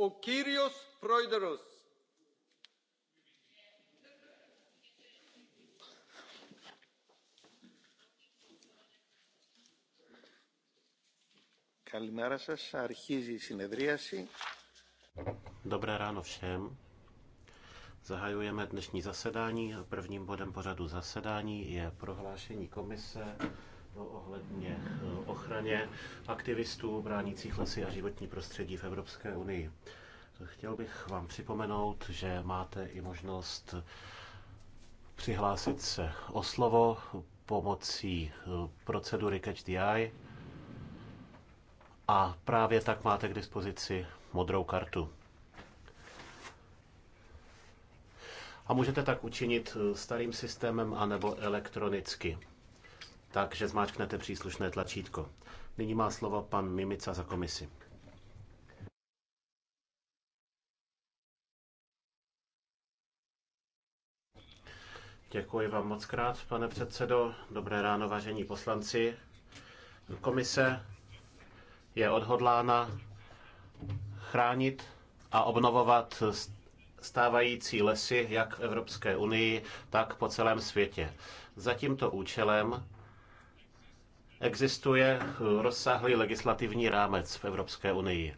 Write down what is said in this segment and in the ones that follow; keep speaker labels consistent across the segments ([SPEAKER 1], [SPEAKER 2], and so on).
[SPEAKER 1] o kyrios proideros
[SPEAKER 2] Καλημέρα σας. Αρχίζει η συνεδρίαση.
[SPEAKER 3] Dobré ráno všem. Zahajujeme dnešní zasedání. Prvním bodem pořadu zasedání je prohlášení komise ohledně eh, ochraně aktivistů bránících lesy a životní prostředí v Evropské unii. Chtěl bych vám připomenout, že máte i možnost přihlásit se o slovo pomocí eh, procedury Catch the Eye a právě tak máte k dispozici modrou kartu. A můžete tak učinit eh, starým systémem anebo elektronicky takže zmáčknete příslušné tlačítko. Nyní má slovo pan Mimica za komisi. Děkuji vám moc krát, pane předsedo. Dobré ráno, vážení poslanci. Komise je odhodlána chránit a obnovovat stávající lesy jak v Evropské unii, tak po celém světě. Za tímto účelem Existuje eh, rozsáhlý legislativní rámec v Evropské unii.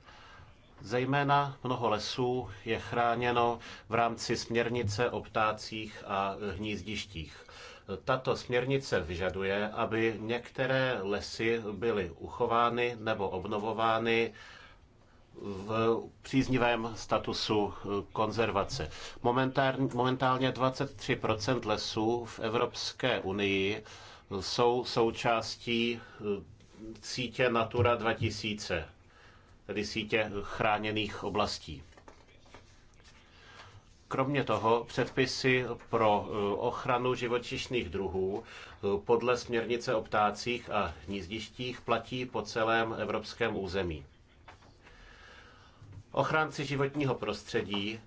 [SPEAKER 3] Zejména mnoho lesů je chráněno v rámci směrnice o ptácích a hnízdištích. Tato směrnice vyžaduje, aby některé lesy byly uchovány nebo obnovovány v příznivém statusu eh, konzervace. Momentárně 23 lesů v Evropské unii jsou součástí eh, sítě Natura 2000, tedy sítě chráněných oblastí. Kromě toho předpisy pro eh, ochranu živočišných druhů eh, podle směrnice o ptácích a hnízdištích platí po celém evropském území. Ochránci životního prostředí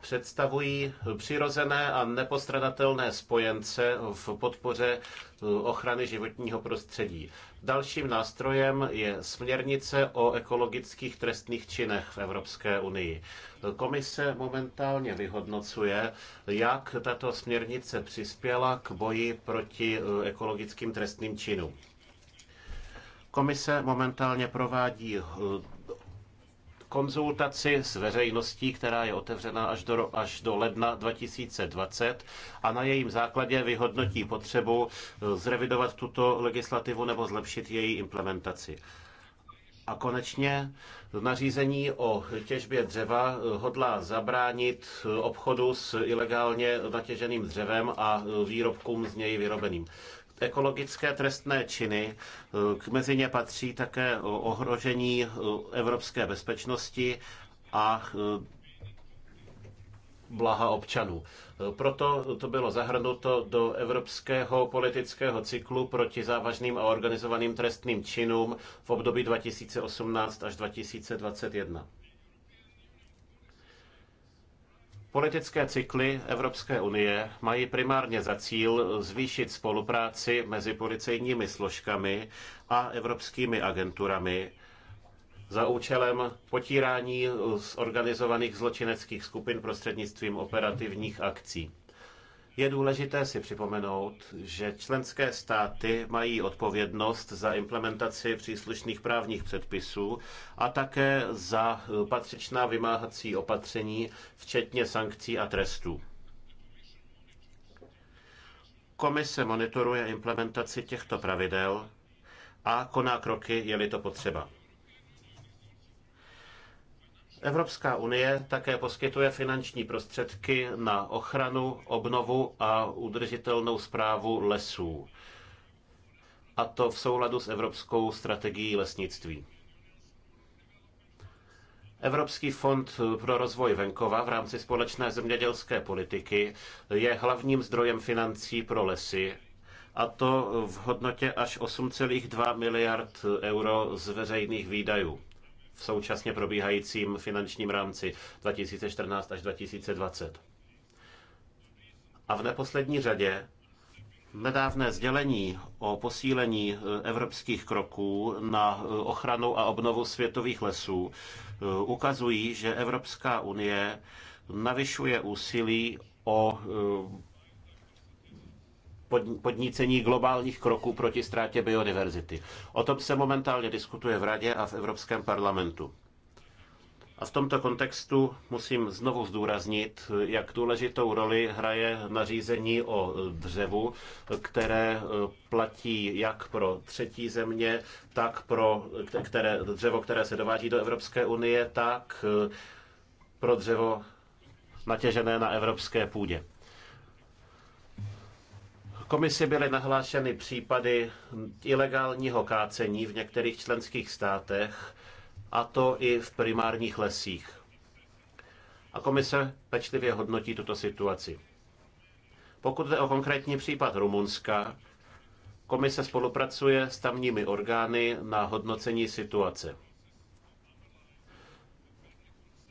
[SPEAKER 3] představují přirozené a nepostradatelné spojence v podpoře ochrany životního prostředí. Dalším nástrojem je směrnice o ekologických trestných činech v Evropské unii. Komise momentálně vyhodnocuje, jak tato směrnice přispěla k boji proti eh, ekologickým trestným činům. Komise momentálně provádí eh, konzultaci s veřejností, která je otevřena až do, až do ledna 2020 a na jejím základě vyhodnotí potřebu eh, zrevidovat tuto legislativu nebo zlepšit její implementaci. A konečně eh, nařízení o těžbě dřeva eh, hodlá zabránit obchodu s ilegálně natěženým dřevem a výrobkům z něj vyrobeným ekologické trestné činy. Eh, k mezi ně patří také ohrožení eh, evropské bezpečnosti a eh, blaha občanů. Proto to bylo zahrnuto do evropského politického cyklu proti závažným a organizovaným trestným činům v období 2018 až 2021. Politické cykly Evropské unie mají primárně za cíl zvýšit spolupráci mezi policejními složkami a evropskými agenturami za účelem potírání organizovaných zločineckých skupin prostřednictvím operativních akcí. Je důležité si připomenout, že členské státy mají odpovědnost za implementaci příslušných právních předpisů a také za patřičná vymáhací opatření, včetně sankcí a trestů. Komise monitoruje implementaci těchto pravidel a koná kroky, je-li to potřeba. Evropská unie také poskytuje finanční prostředky na ochranu, obnovu a udržitelnou správu lesů. A to v souladu s Evropskou strategií lesnictví. Evropský fond pro rozvoj venkova v rámci společné zemědělské politiky je hlavním zdrojem financí pro lesy a to v hodnotě až 8,2 miliard euro z veřejných výdajů v současně probíhajícím finančním rámci 2014 až 2020. A v neposlední řadě Nedávné sdělení o posílení eh, evropských kroků na eh, ochranu a obnovu světových lesů eh, ukazují, že Evropská unie navyšuje úsilí o podnícení globálních kroků proti ztrátě biodiverzity. O tom se momentálně diskutuje v Radě a v Evropském parlamentu. A v tomto kontextu musím znovu zdůraznit, jak důležitou roli hraje nařízení o dřevu, které e, platí jak pro třetí země, tak pro které, dřevo, které se dováží do Evropské unie, tak e, pro dřevo natěžené na evropské půdě. Komisi byly nahlášeny případy ilegálního kácení v některých členských státech, a to i v primárních lesích. A komise pečlivě hodnotí tuto situaci. Pokud jde o konkrétní případ Rumunska, komise spolupracuje s tamními orgány na hodnocení situace.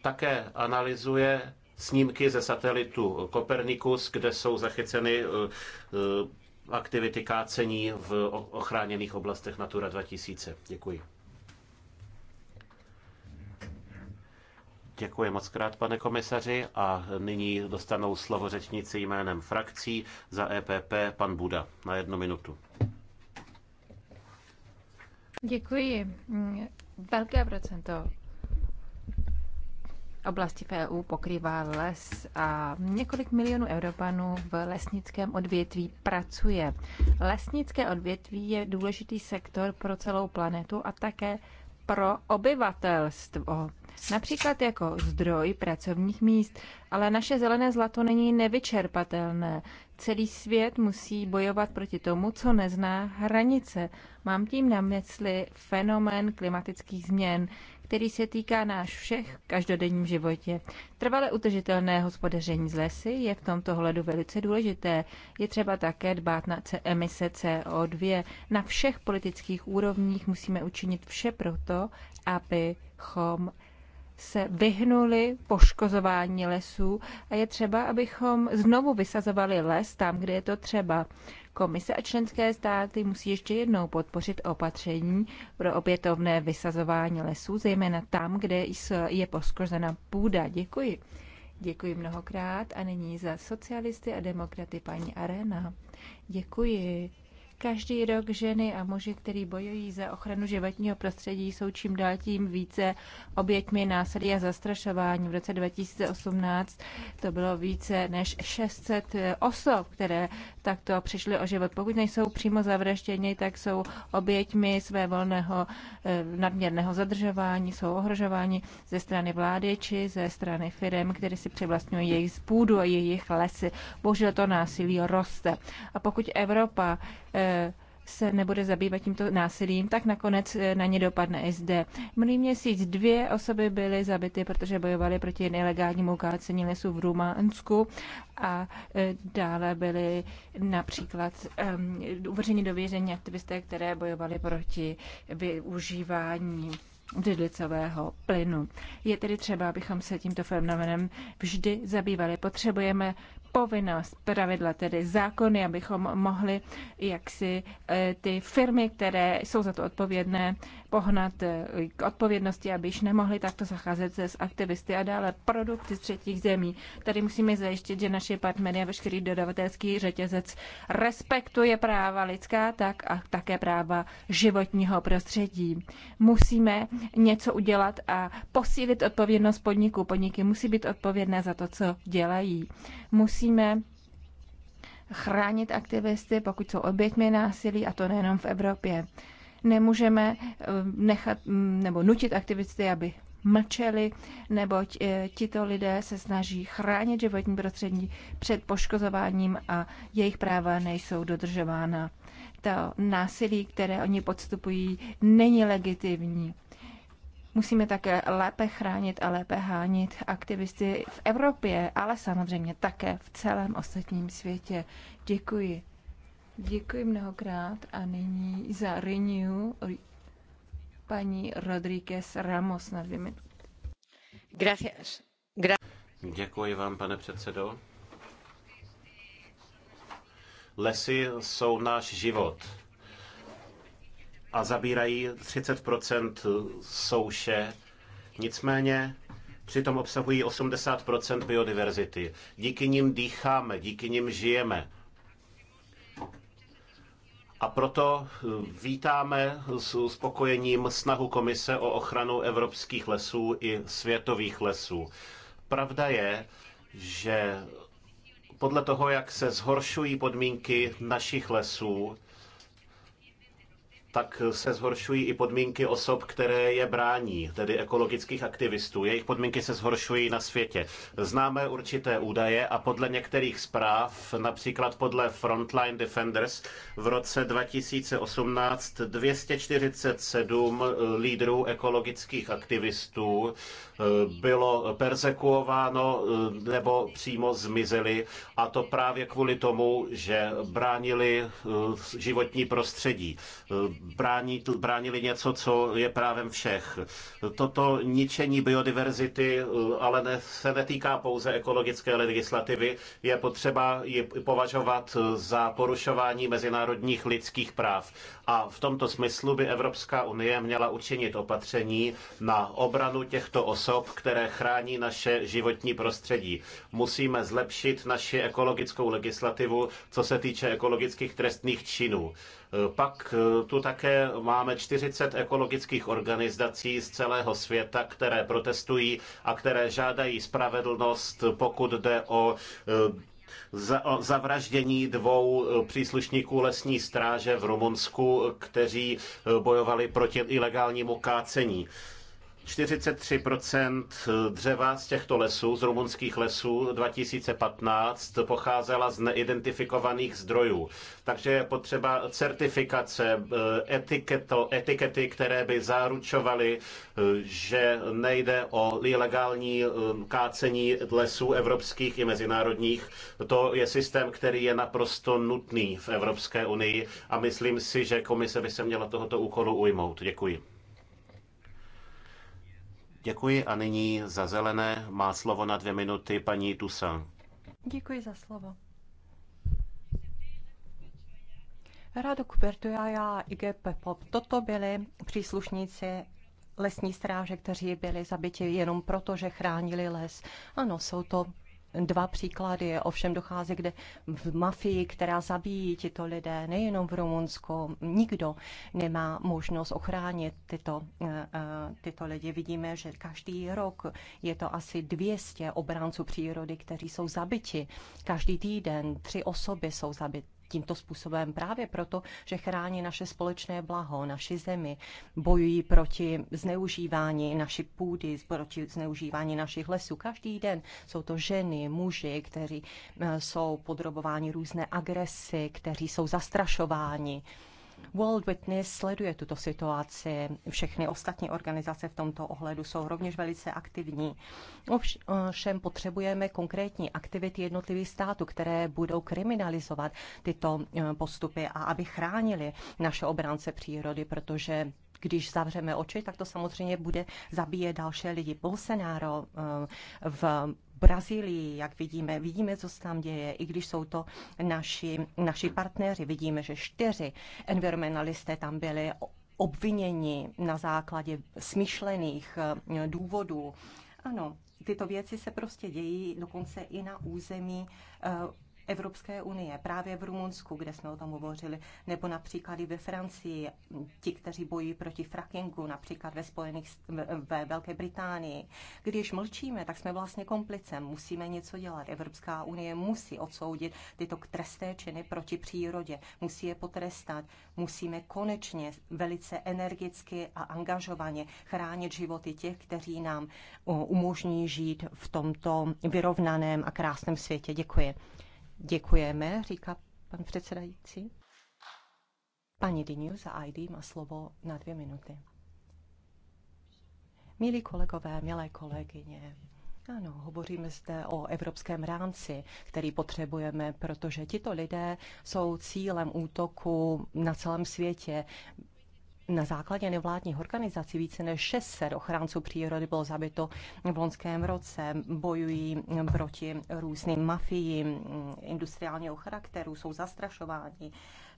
[SPEAKER 3] Také analyzuje snímky ze satelitu Copernicus, kde jsou zachyceny eh, eh, aktivity kácení v ochráněných oblastech Natura 2000. Děkuji. Děkuji moc krát, pane komisaři, a nyní dostanou slovo řečníci jménem frakcí za EPP pan Buda na jednu minutu.
[SPEAKER 4] Děkuji. Mm, velké procento oblasti v EU pokrývá les a několik milionů Evropanů v lesnickém odvětví pracuje. Lesnické odvětví je důležitý sektor pro celou planetu a také pro obyvatelstvo. Například jako zdroj pracovních míst, ale naše zelené zlato není nevyčerpatelné. Celý svět musí bojovat proti tomu, co nezná hranice. Mám tím na mysli fenomén klimatických změn, který se týká náš všech v každodenním životě. Trvale utržitelné hospodaření z lesy je v tomto hledu velice důležité. Je třeba také dbát na emise CO2. Na všech politických úrovních musíme učinit vše proto, abychom se vyhnuli poškozování lesů a je třeba, abychom znovu vysazovali les tam, kde je to třeba. Komise a členské státy musí ještě jednou podpořit opatření pro opětovné vysazování lesů, zejména tam, kde je poskozena půda. Děkuji. Děkuji mnohokrát a nyní za socialisty a demokraty paní Arena. Děkuji. Každý rok ženy a muži, kteří bojují za ochranu životního prostředí, jsou čím dál tím více oběťmi násilí a zastrašování. V roce 2018 to bylo více než 600 osob, které takto přišly o život. Pokud nejsou přímo zavražděni, tak jsou oběťmi své volného eh, nadměrného zadržování, jsou ohrožováni ze strany vlády či ze strany firm, které si přivlastňují jejich půdu a jejich lesy. Bohužel to násilí roste. A pokud Evropa Eh, se nebude zabývat tímto násilím, tak nakonec eh, na ně dopadne i zde. Mný měsíc dvě osoby byly zabity, protože bojovaly proti nelegálnímu kácení lesů v Rumánsku a eh, dále byly například um, ehm, uvrženě do vězení aktivisté, které bojovali proti využívání břidlicového plynu. Je tedy třeba, abychom se tímto fenomenem vždy zabývali. Potřebujeme povinnost, pravidla, tedy zákony, abychom mohli jaksi eh, ty firmy, které jsou za to odpovědné, pohnat eh, k odpovědnosti, aby již nemohli takto zacházet se s aktivisty a dále produkty z třetích zemí. Tady musíme zajistit, že naše partnery a veškerý dodavatelský řetězec respektuje práva lidská, tak a také práva životního prostředí. Musíme něco udělat a posílit odpovědnost podniků. Podniky musí být odpovědné za to, co dělají. Musíme chránit aktivisty, pokud jsou oběťmi násilí, a to nejenom v Evropě. Nemůžeme eh, nechat mm, nebo nutit aktivisty, aby mlčeli, neboť eh, tito lidé se snaží chránit životní prostředí před poškozováním a jejich práva nejsou dodržována. To násilí, které oni podstupují, není legitimní. Musíme také lépe chránit a lépe hánit aktivisty v Evropě, ale samozřejmě také v celém ostatním světě. Děkuji. Děkuji mnohokrát a nyní za Renew paní Rodríguez Ramos na dvě minuty. Gracias. Gra-
[SPEAKER 3] Děkuji vám, pane předsedo. Lesy jsou náš život a zabírají 30 souše. Nicméně přitom obsahují 80 biodiverzity. Díky nim dýcháme, díky nim žijeme a proto eh, vítáme s uspokojením snahu Komise o ochranu evropských lesů i světových lesů. Pravda je, že podle toho, jak se zhoršují podmínky našich lesů, tak se zhoršují i podmínky osob, které je brání, tedy ekologických aktivistů. Jejich podmínky se zhoršují na světě. Známe určité údaje a podle některých zpráv, například podle Frontline Defenders, v roce 2018 247 lídrů ekologických aktivistů eh, bylo persekuováno eh, nebo přímo zmizeli a to právě kvůli tomu, že bránili eh, životní prostředí brání, bránili něco, co je právem všech. Toto ničení biodiverzity eh, ale ne, se netýká pouze ekologické legislativy. Je potřeba ji považovat eh, za porušování mezinárodních lidských práv. A v tomto smyslu by Evropská unie měla učinit opatření na obranu těchto osob, které chrání naše životní prostředí. Musíme zlepšit naši ekologickou legislativu, co se týče ekologických trestných činů. Pak eh, tu také máme 40 ekologických organizací z celého světa, které protestují a které žádají spravedlnost, pokud jde o eh, zavraždění dvou eh, příslušníků lesní stráže v Rumunsku, kteří bojovali proti ilegálnímu kácení. 43% eh, dřeva z těchto lesů, z rumunských lesů 2015, pocházela z neidentifikovaných zdrojů. Takže je potřeba certifikace, eh, etiketo, etikety, které by zaručovaly, eh, že nejde o ilegální kácení lesů evropských i mezinárodních. To je systém, který je naprosto nutný v Evropské unii a myslím si, že komise by se měla tohoto úkolu ujmout. Děkuji. Děkuji a nyní za zelené má slovo na dvě minuty paní Tusa.
[SPEAKER 5] Děkuji za slovo. Rádo Kubertuja a IGP Pop, toto byli příslušníci lesní stráže, kteří byli zabiti jenom proto, že chránili les. Ano, jsou to dva příklady, ovšem dochází kde v mafii, která zabíjí tito lidé, nejenom v Rumunsku, nikdo nemá možnost ochránit tyto, eh, eh, tyto lidi. Vidíme, že každý rok je to asi 200 obránců přírody, kteří jsou zabiti. Každý týden tři osoby jsou zabity tímto způsobem právě proto, že chrání naše společné blaho, naši zemi, bojují proti zneužívání naší půdy, proti zneužívání našich lesů. Každý den jsou to ženy, muži, kteří eh, jsou podrobováni různé agresi, kteří jsou zastrašováni. World Witness sleduje tuto situaci, všechny ostatní organizace v tomto ohledu jsou rovněž velice aktivní. Ovšem potřebujeme konkrétní aktivity jednotlivých států, které budou kriminalizovat tyto eh, postupy a aby chránili naše obránce přírody, protože když zavřeme oči, tak to samozřejmě bude zabíjet další lidi. Bolsonaro eh, v Brazílii, jak vidíme. Vidíme, co se tam děje, i když jsou to naši, naši partneři. Vidíme, že čtyři environmentalisté tam byli obviněni na základě smyšlených eh, důvodů. Ano, tyto věci se prostě dějí dokonce i na území eh, Evropské unie, právě v Rumunsku, kde jsme o tom hovořili, nebo například i ve Francii, ti, kteří bojují proti frackingu, například ve Spojených, ve Velké Británii. Když mlčíme, tak jsme vlastně komplicem, musíme něco dělat. Evropská unie musí odsoudit tyto trestné činy proti přírodě, musí je potrestat, musíme konečně velice energicky a angažovaně chránit životy těch, kteří nám umožní žít v tomto vyrovnaném a krásném světě. Děkuji. Děkujeme, říká pan předsedající. Paní Diniu za ID má slovo na dvě minuty. Milí kolegové, milé kolegyně, ano, hovoříme zde o evropském rámci, který potřebujeme, protože tito lidé jsou cílem útoku na celém světě na základě nevládních organizací více než 600 ochránců přírody bylo zabito v loňském roce. Bojují proti různým mafiím industriálního charakteru, jsou zastrašováni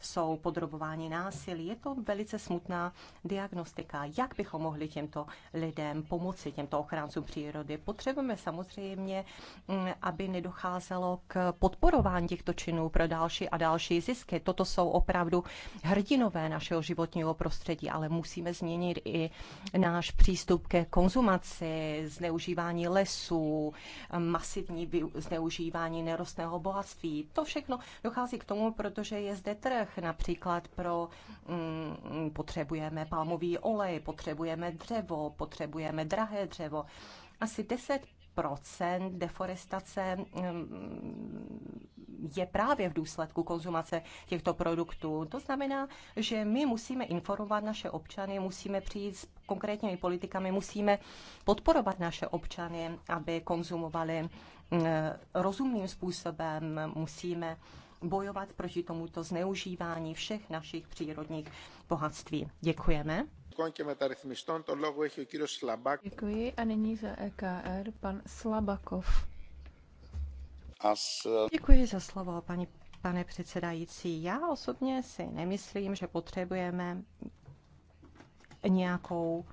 [SPEAKER 5] jsou podrobováni násilí. Je to velice smutná diagnostika. Jak bychom mohli těmto lidem pomoci, těmto ochráncům přírody? Potřebujeme samozřejmě, mm, aby nedocházelo k podporování těchto činů pro další a další zisky. Toto jsou opravdu hrdinové našeho životního prostředí, ale musíme změnit i náš přístup ke konzumaci, zneužívání lesů, masivní zneužívání nerostného bohatství. To všechno dochází k tomu, protože je zde trh trh, například pro mm, potřebujeme palmový olej, potřebujeme dřevo, potřebujeme drahé dřevo. Asi 10 deforestace mm, je právě v důsledku konzumace těchto produktů. To znamená, že my musíme informovat naše občany, musíme přijít s konkrétními politikami, musíme podporovat naše občany, aby konzumovali mm, rozumným způsobem, musíme bojovat proti tomuto zneužívání všech našich přírodních
[SPEAKER 2] bohatství. Děkujeme. Děkuji a nyní za
[SPEAKER 4] EKR pan Slabakov. Děkuji za
[SPEAKER 5] slovo, paní, pane předsedající. Já osobně si nemyslím, že potřebujeme nějakou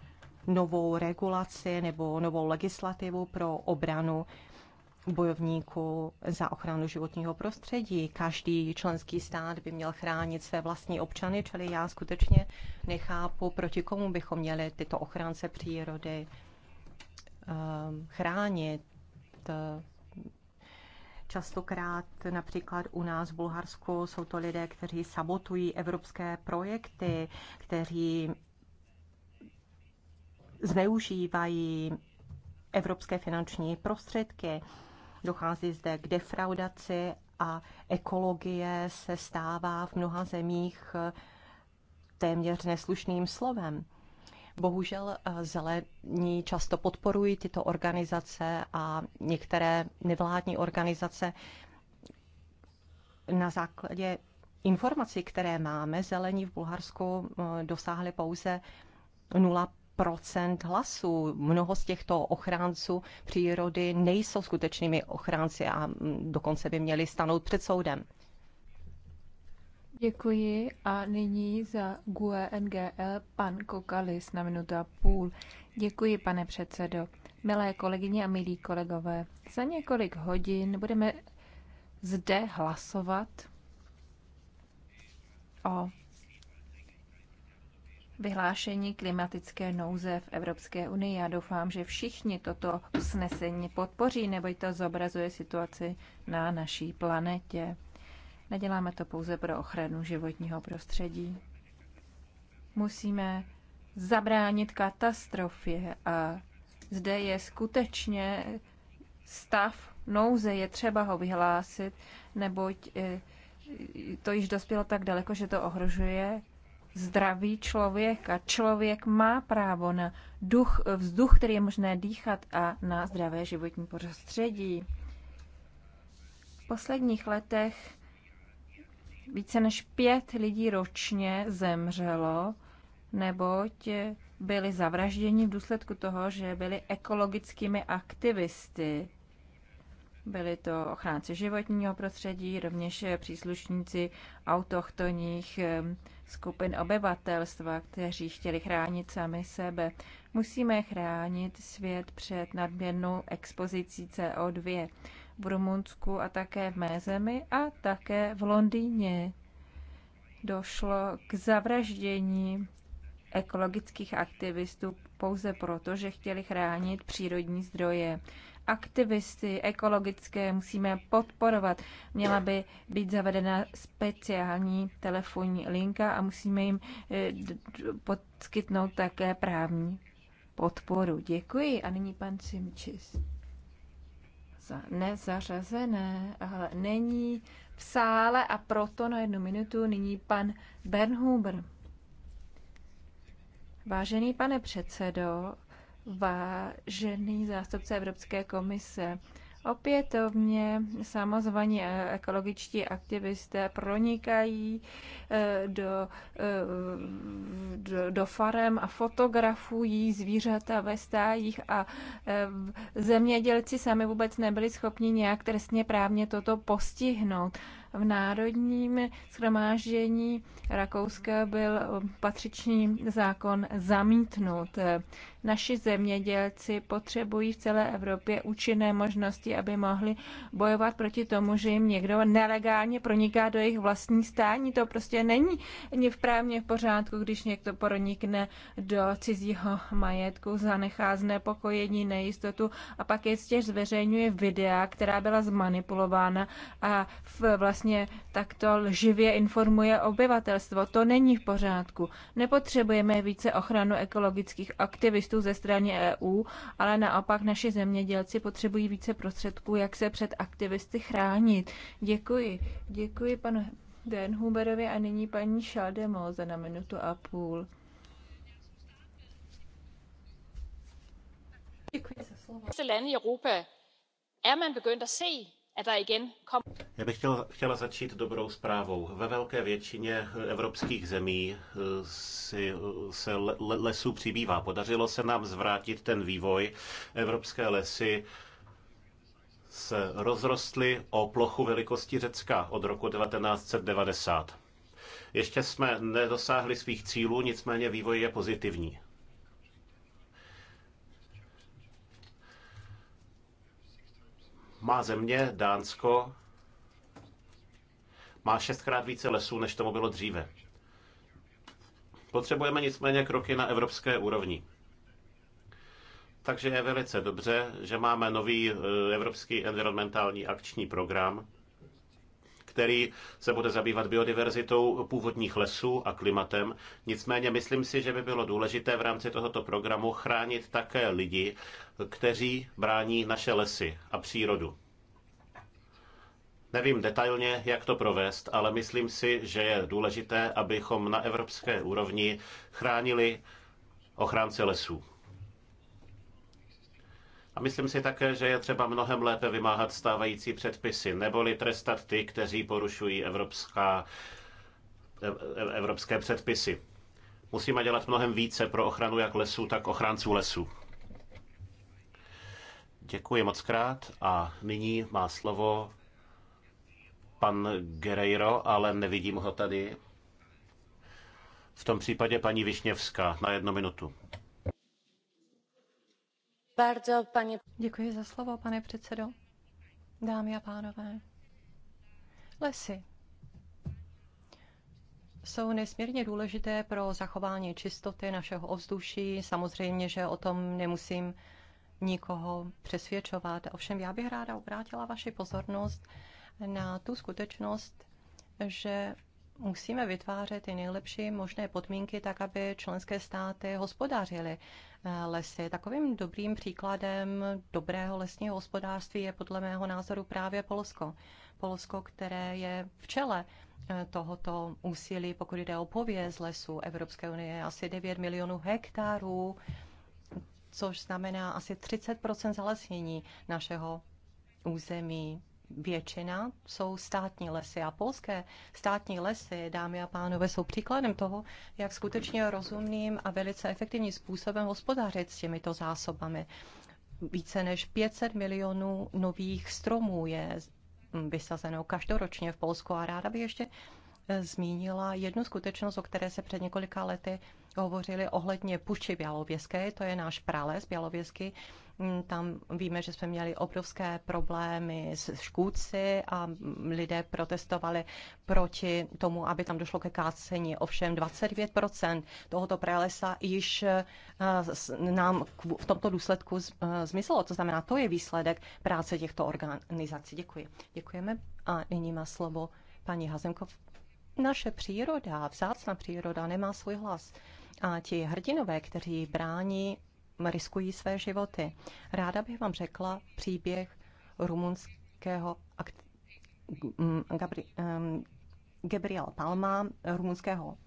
[SPEAKER 5] novou regulaci nebo novou legislativu pro obranu bojovníků za ochranu životního prostředí. Každý členský stát by měl chránit své vlastní občany, čili já skutečně nechápu, proti komu bychom měli tyto ochránce přírody ehm, chránit. Častokrát například u nás v Bulharsku jsou to lidé, kteří sabotují evropské projekty, kteří zneužívají evropské finanční prostředky dochází zde k defraudaci a ekologie se stává v mnoha zemích eh, téměř neslušným slovem. Bohužel eh, zelení často podporují tyto organizace a některé nevládní organizace na základě informací, které máme, zelení v Bulharsku eh, dosáhly pouze procent hlasů. Mnoho z těchto ochránců přírody nejsou skutečnými ochránci a mm, dokonce by měli stanout před soudem.
[SPEAKER 4] Děkuji a nyní za GUE NGL pan Kokalis na minutu a půl. Děkuji, pane předsedo. Milé kolegyně a milí kolegové, za několik hodin budeme zde hlasovat o vyhlášení klimatické nouze v Evropské unii. Já doufám, že všichni toto usnesení podpoří, neboť to zobrazuje situaci na naší planetě. Neděláme to pouze pro ochranu životního prostředí. Musíme zabránit katastrofě a zde je skutečně stav nouze, je třeba ho vyhlásit, neboť eh, to již dospělo tak daleko, že to ohrožuje zdravý člověk a člověk má právo na duch, vzduch, který je možné dýchat a na zdravé životní prostředí. V posledních letech více než pět lidí ročně zemřelo, neboť byli zavražděni v důsledku toho, že byli ekologickými aktivisty. Byli to ochránci životního prostředí, rovněž příslušníci autochtonních skupin obyvatelstva, kteří chtěli chránit sami sebe. Musíme chránit svět před nadměrnou expozicí CO2 v Rumunsku a také v mé zemi a také v Londýně. Došlo k zavraždění ekologických aktivistů pouze proto, že chtěli chránit přírodní zdroje aktivisty ekologické musíme podporovat. Měla by být zavedena speciální telefonní linka a musíme jim eh, poskytnout také právní podporu. Děkuji. A nyní pan Simčis. Za nezařazené, ale není v sále a proto na jednu minutu nyní pan Bernhuber. Vážený pane předsedo, vážený zástupce Evropské komise. Opětovně samozvaní eh, ekologičtí aktivisté pronikají eh, do, eh, do, do farem a fotografují zvířata ve stájích a zemědělci sami vůbec nebyli schopni nějak trestně právně toto postihnout. V národním schromáždění Rakouska byl patřičný zákon zamítnut naši zemědělci potřebují v celé Evropě účinné možnosti, aby mohli bojovat proti tomu, že jim někdo nelegálně proniká do jejich vlastní stání. To prostě není ani v právně v pořádku, když někdo pronikne do cizího majetku, zanechá znepokojení, nejistotu a pak ještě zveřejňuje videa, která byla zmanipulována a vlastně takto lživě informuje obyvatelstvo. To není v pořádku. Nepotřebujeme více ochranu ekologických aktivistů, projektů ze strany EU, ale naopak naši zemědělci potřebují více prostředků, jak se před aktivisty chránit. Děkuji. Děkuji panu Denhuberovi a nyní paní Šaldemo za na minutu a půl.
[SPEAKER 6] Děkuji za slovo. Er
[SPEAKER 3] Já bych chtěla, chtěla začít dobrou zprávou. Ve velké většině eh, evropských zemí eh, si, eh, se lesů přibývá. Podařilo se nám zvrátit ten vývoj. Evropské lesy se rozrostly o plochu velikosti Řecka od roku 1990. Ještě jsme nedosáhli svých cílů, nicméně vývoj je pozitivní. Má země, Dánsko, má šestkrát více lesů, než tomu bylo dříve. Potřebujeme nicméně kroky na evropské úrovni. Takže je velice dobře, že máme nový eh, Evropský environmentální akční program, který se bude zabývat biodiverzitou původních lesů a klimatem. Nicméně myslím si, že by bylo důležité v rámci tohoto programu chránit také lidi, kteří brání naše lesy a přírodu. Nevím detailně, jak to provést, ale myslím si, že je důležité, abychom na evropské úrovni chránili ochránce lesů. A myslím si také, že je třeba mnohem lépe vymáhat stávající předpisy, neboli trestat ty, kteří porušují evropská, evropské předpisy. Musíme dělat mnohem více pro ochranu jak lesů, tak ochránců lesů. Děkuji moc krát a nyní má slovo pan Guerreiro, ale nevidím ho tady. V tom případě paní Višněvská na jednu minutu.
[SPEAKER 5] Děkuji za slovo, pane předsedo. Dámy a pánové, lesy jsou nesmírně důležité pro zachování čistoty našeho ovzduší. Samozřejmě, že o tom nemusím nikoho přesvědčovat. Ovšem, já bych ráda obrátila vaši pozornost na tu skutečnost, že musíme vytvářet ty nejlepší možné podmínky tak, aby členské státy hospodařily eh, lesy. Takovým dobrým příkladem dobrého lesního hospodářství je podle mého názoru právě Polsko. Polsko, které je v čele eh, tohoto úsilí, pokud jde o pověz lesů Evropské unie, asi 9 milionů hektarů, což znamená asi 30 zalesnění našeho území většina jsou státní lesy a polské státní lesy, dámy a pánové, jsou příkladem toho, jak skutečně rozumným a velice efektivním způsobem hospodařit s těmito zásobami. Více než 500 milionů nových stromů je vysazeno každoročně v Polsku a ráda bych ještě eh, zmínila jednu skutečnost, o které se před několika lety hovořili ohledně Puši Bělověské, to je náš prales Bělověský, Mm, tam víme, že jsme měli obrovské problémy s škůdci a lidé protestovali proti tomu, aby tam došlo ke kácení. Ovšem 29% tohoto prelesa již eh, nám v tomto důsledku eh, zmizelo. To znamená, to je výsledek práce těchto organizací. Děkuji. Děkujeme a nyní má slovo paní Hazemkov. Naše příroda, vzácná příroda, nemá svůj hlas. A ti hrdinové, kteří brání riskují své životy. Ráda bych vám řekla příběh rumunského akt- Gabri- Gabriel Palma, rumunského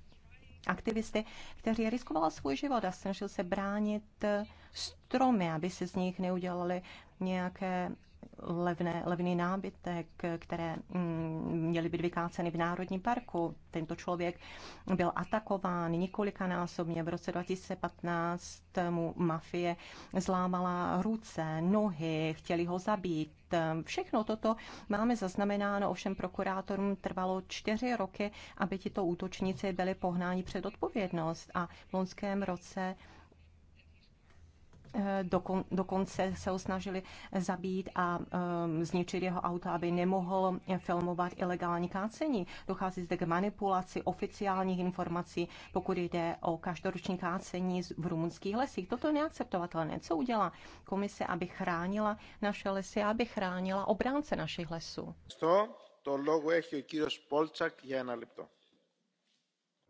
[SPEAKER 5] aktivisty, kteří riskovala svůj život a snažil se bránit stromy, aby se z nich neudělali nějaké levné, levný nábytek, které mm, měly být vykáceny v Národním parku. Tento člověk byl atakován několikanásobně. V roce 2015 mu mafie zlámala ruce, nohy, chtěli ho zabít. Všechno toto máme zaznamenáno, ovšem prokurátorům trvalo čtyři roky, aby tito útočníci byli pohnáni před odpovědnost. A v loňském roce Eh, dokon, dokonce se ho snažili zabít a um, zničit jeho auto, aby nemohl filmovat ilegální kácení. Dochází zde k manipulaci oficiálních informací, pokud jde o každoroční kácení v rumunských lesích. Toto je neakceptovatelné. Co udělá komise, aby chránila naše lesy, aby chránila obránce našich lesů?
[SPEAKER 2] To, to logo je Polčak, je na lipto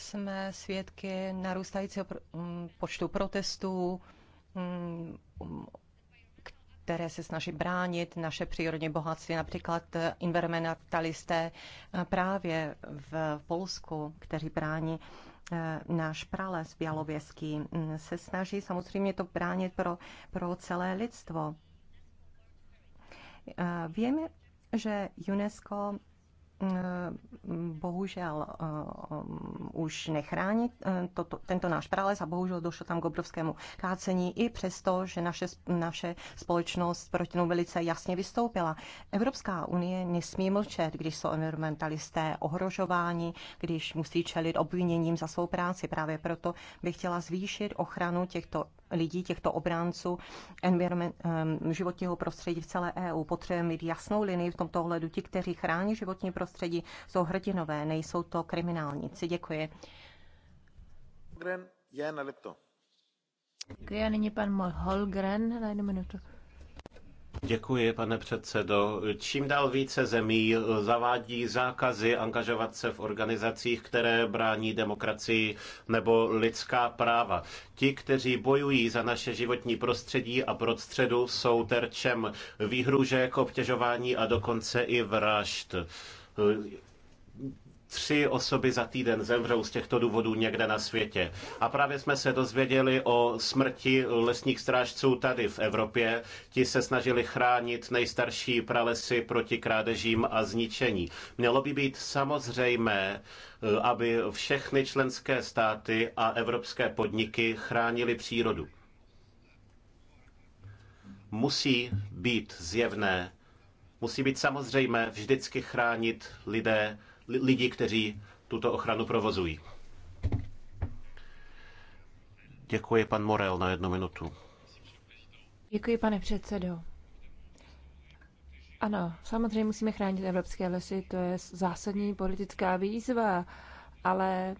[SPEAKER 5] jsme svědky narůstajícího mm, počtu protestů, mm, které se snaží bránit naše přírodní bohatství, například environmentalisté eh, právě v Polsku, kteří brání eh, náš prales bělověský, mm, se snaží samozřejmě to bránit pro, pro celé lidstvo. Eh, víme, že UNESCO Eh, bohužel uh, už eh, to, to, tento náš prales a bohužel došlo tam k obrovskému kácení i přesto, že naše, naše společnost proti tomu velice jasně vystoupila. Evropská unie nesmí mlčet, když jsou environmentalisté ohrožováni, když musí čelit obviněním za svou práci. Právě proto bych chtěla zvýšit ochranu těchto lidí, těchto obránců životního prostředí v celé EU. Potřebujeme mít jasnou linii v tomto ohledu. Ti, kteří chrání životní prostředí, jsou hrdinové, nejsou to kriminálníci.
[SPEAKER 4] Děkuji. Děkuji a nyní pan Holgren na jednu minutu.
[SPEAKER 3] Děkuji, pane předsedo. Čím dál více zemí zavádí zákazy angažovat se v organizacích, které brání demokracii nebo lidská práva. Ti, kteří bojují za naše životní prostředí a prostředu, jsou terčem výhružek, obtěžování a dokonce i vražd tři osoby za týden zemřou z těchto důvodů někde na světě. A právě jsme se dozvěděli o smrti lesních strážců tady v Evropě. Ti se snažili chránit nejstarší pralesy proti krádežím a zničení. Mělo by být samozřejmé, eh, aby všechny členské státy a evropské podniky chránili přírodu. Musí být zjevné, musí být samozřejmé vždycky chránit lidé lidi, kteří tuto ochranu provozují. Děkuji, pan Morel, na jednu minutu.
[SPEAKER 4] Děkuji, pane předsedo. Ano, samozřejmě musíme chránit evropské lesy, to je zásadní politická výzva, ale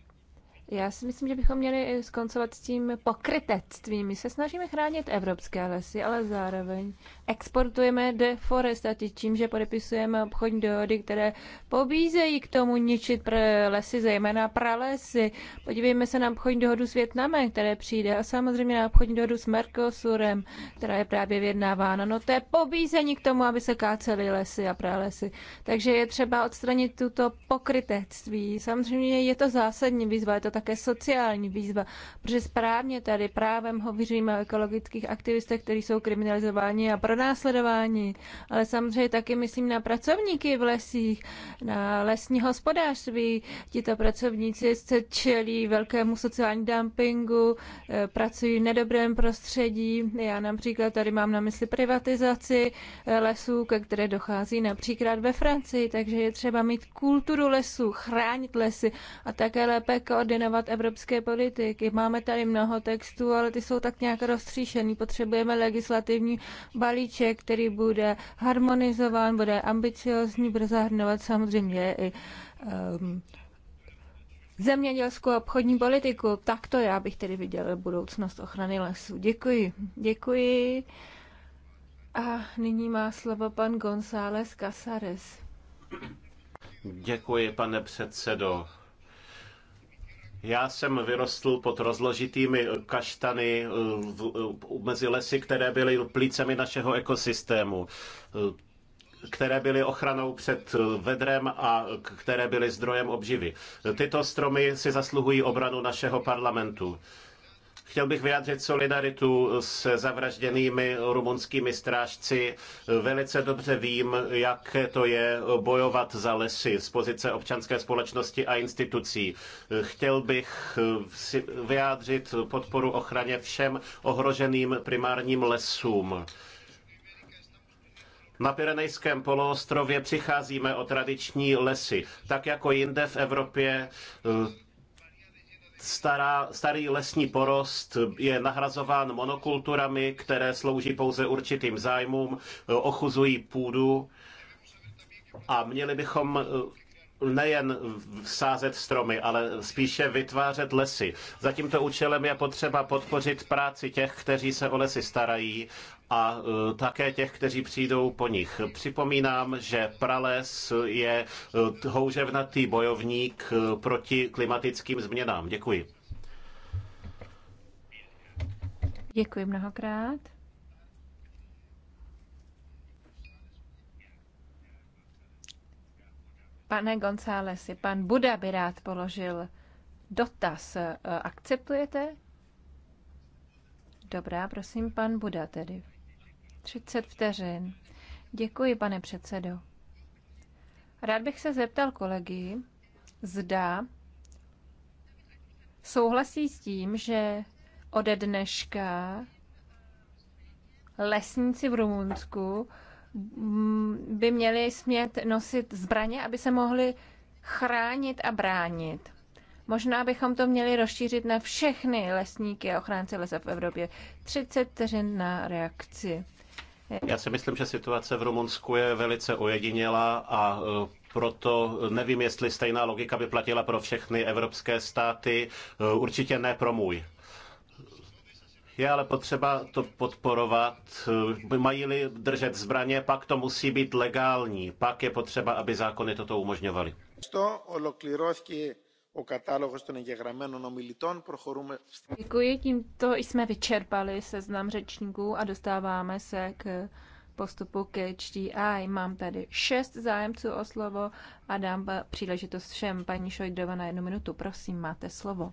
[SPEAKER 4] já si myslím, že bychom měli skoncovat s tím pokrytectvím. My se snažíme chránit evropské lesy, ale zároveň exportujeme deforestaci tím, že podepisujeme obchodní dohody, které pobízejí k tomu ničit lesy, zejména pralesy. Podívejme se na obchodní dohodu s Větnamem, které přijde, a samozřejmě na obchodní dohodu s Mercosurem, která je právě vyjednávána. No to je pobízení k tomu, aby se kácely lesy a pralesy. Takže je třeba odstranit tuto pokrytectví. Samozřejmě je to zásadní výzva, je to také sociální výzva, protože správně tady právem hovoříme o ekologických aktivistech, kteří jsou kriminalizováni a pronásledováni, ale samozřejmě taky myslím na pracovníky v lesích, na lesní hospodářství. Tito pracovníci se čelí velkému sociální dumpingu, eh, pracují v nedobrém prostředí. Já například tady mám na mysli privatizaci eh, lesů, ke které dochází například ve Francii, takže je třeba mít kulturu lesů, chránit lesy a také lépe koordinovat věnovat evropské politiky. Máme tady mnoho textů, ale ty jsou tak nějak roztříšený. Potřebujeme legislativní balíček, který bude harmonizován, bude ambiciozní, bude zahrnovat samozřejmě i um, zemědělskou obchodní politiku. Tak to já bych tedy viděla budoucnost ochrany lesů. Děkuji. Děkuji. A nyní má slovo pan González Casares.
[SPEAKER 3] Děkuji, pane předsedo. Já jsem vyrostl pod rozložitými kaštany eh, v, eh, mezi lesy, které byly plícemi našeho ekosystému eh, které byly ochranou před vedrem a které byly zdrojem obživy. Tyto stromy si zasluhují obranu našeho parlamentu. Chtěl bych vyjádřit solidaritu se zavražděnými rumunskými strážci. Velice dobře vím, jak to je bojovat za lesy z pozice občanské společnosti a institucí. Chtěl bych vyjádřit podporu ochraně všem ohroženým primárním lesům. Na Pyrenejském poloostrově přicházíme o tradiční lesy. Tak jako jinde v Evropě stará, starý lesní porost je nahrazován monokulturami, které slouží pouze určitým zájmům, ochuzují půdu a měli bychom eh, nejen sázet stromy, ale spíše vytvářet lesy. Za tímto účelem je potřeba podpořit práci těch, kteří se o lesy starají a e, také těch, kteří přijdou po nich. Připomínám, že prales je e, houževnatý bojovník e, proti klimatickým změnám. Děkuji.
[SPEAKER 4] Děkuji mnohokrát. Pane Gonzálesi, pan Buda by rád položil dotaz. Akceptujete? Dobrá, prosím, pan Buda tedy. 30 vteřin. Děkuji, pane předsedo. Rád bych se zeptal kolegy, zda souhlasí s tím, že ode dneška lesníci v Rumunsku by měli smět nosit zbraně, aby se mohli chránit a bránit. Možná bychom to měli rozšířit na všechny lesníky a ochránce lesa v Evropě. 30 vteřin na reakci.
[SPEAKER 3] Já si myslím, že situace v Rumunsku je velice ojedinělá a e, proto nevím, jestli stejná logika by platila pro všechny evropské státy. E, určitě ne pro můj. Je ale potřeba to podporovat. E, mají-li držet zbraně, pak to musí být legální. Pak je potřeba, aby zákony toto umožňovaly.
[SPEAKER 2] To
[SPEAKER 4] Děkuji, tímto jsme vyčerpali seznam řečníků a dostáváme se k postupu k HDI. Mám tady šest zájemců o slovo a dám příležitost všem. Paní Šojdrova na jednu minutu, prosím, máte slovo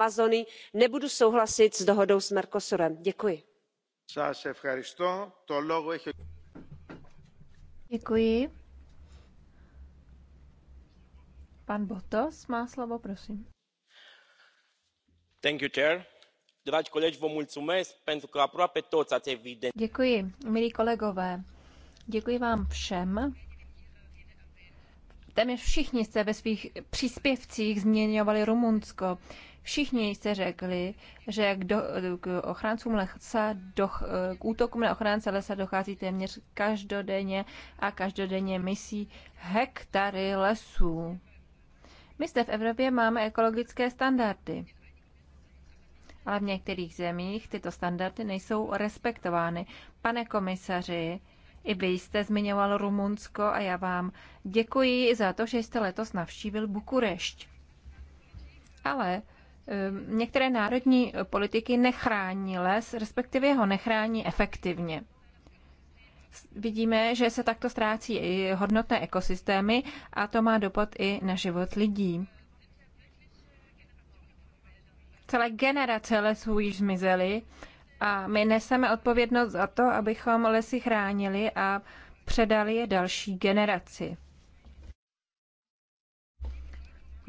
[SPEAKER 7] amazony nebudu souhlasit s dohodou s mercosurem. děkuji.
[SPEAKER 4] děkuji. Pan Botos má slovo, prosím.
[SPEAKER 8] Thank you, chair.
[SPEAKER 4] Děkuji, milí kolegové. Děkuji vám všem. Téměř všichni jste ve svých příspěvcích změňovali Rumunsko. Všichni jste řekli, že jak do, k ochráncům lesa, do, k útokům na ochránce lesa dochází téměř každodenně a každodenně misí hektary lesů. My zde v Evropě máme ekologické standardy, ale v některých zemích tyto standardy nejsou respektovány. Pane komisaři, i vy jste zmiňoval Rumunsko a já vám děkuji za to, že jste letos navštívil Bukurešť. Ale Ehm, některé národní politiky nechrání les, respektive ho nechrání efektivně. Vidíme, že se takto ztrácí i hodnotné ekosystémy a to má dopad i na život lidí. Celé generace lesů již zmizely a my neseme odpovědnost za to, abychom lesy chránili a předali je další generaci.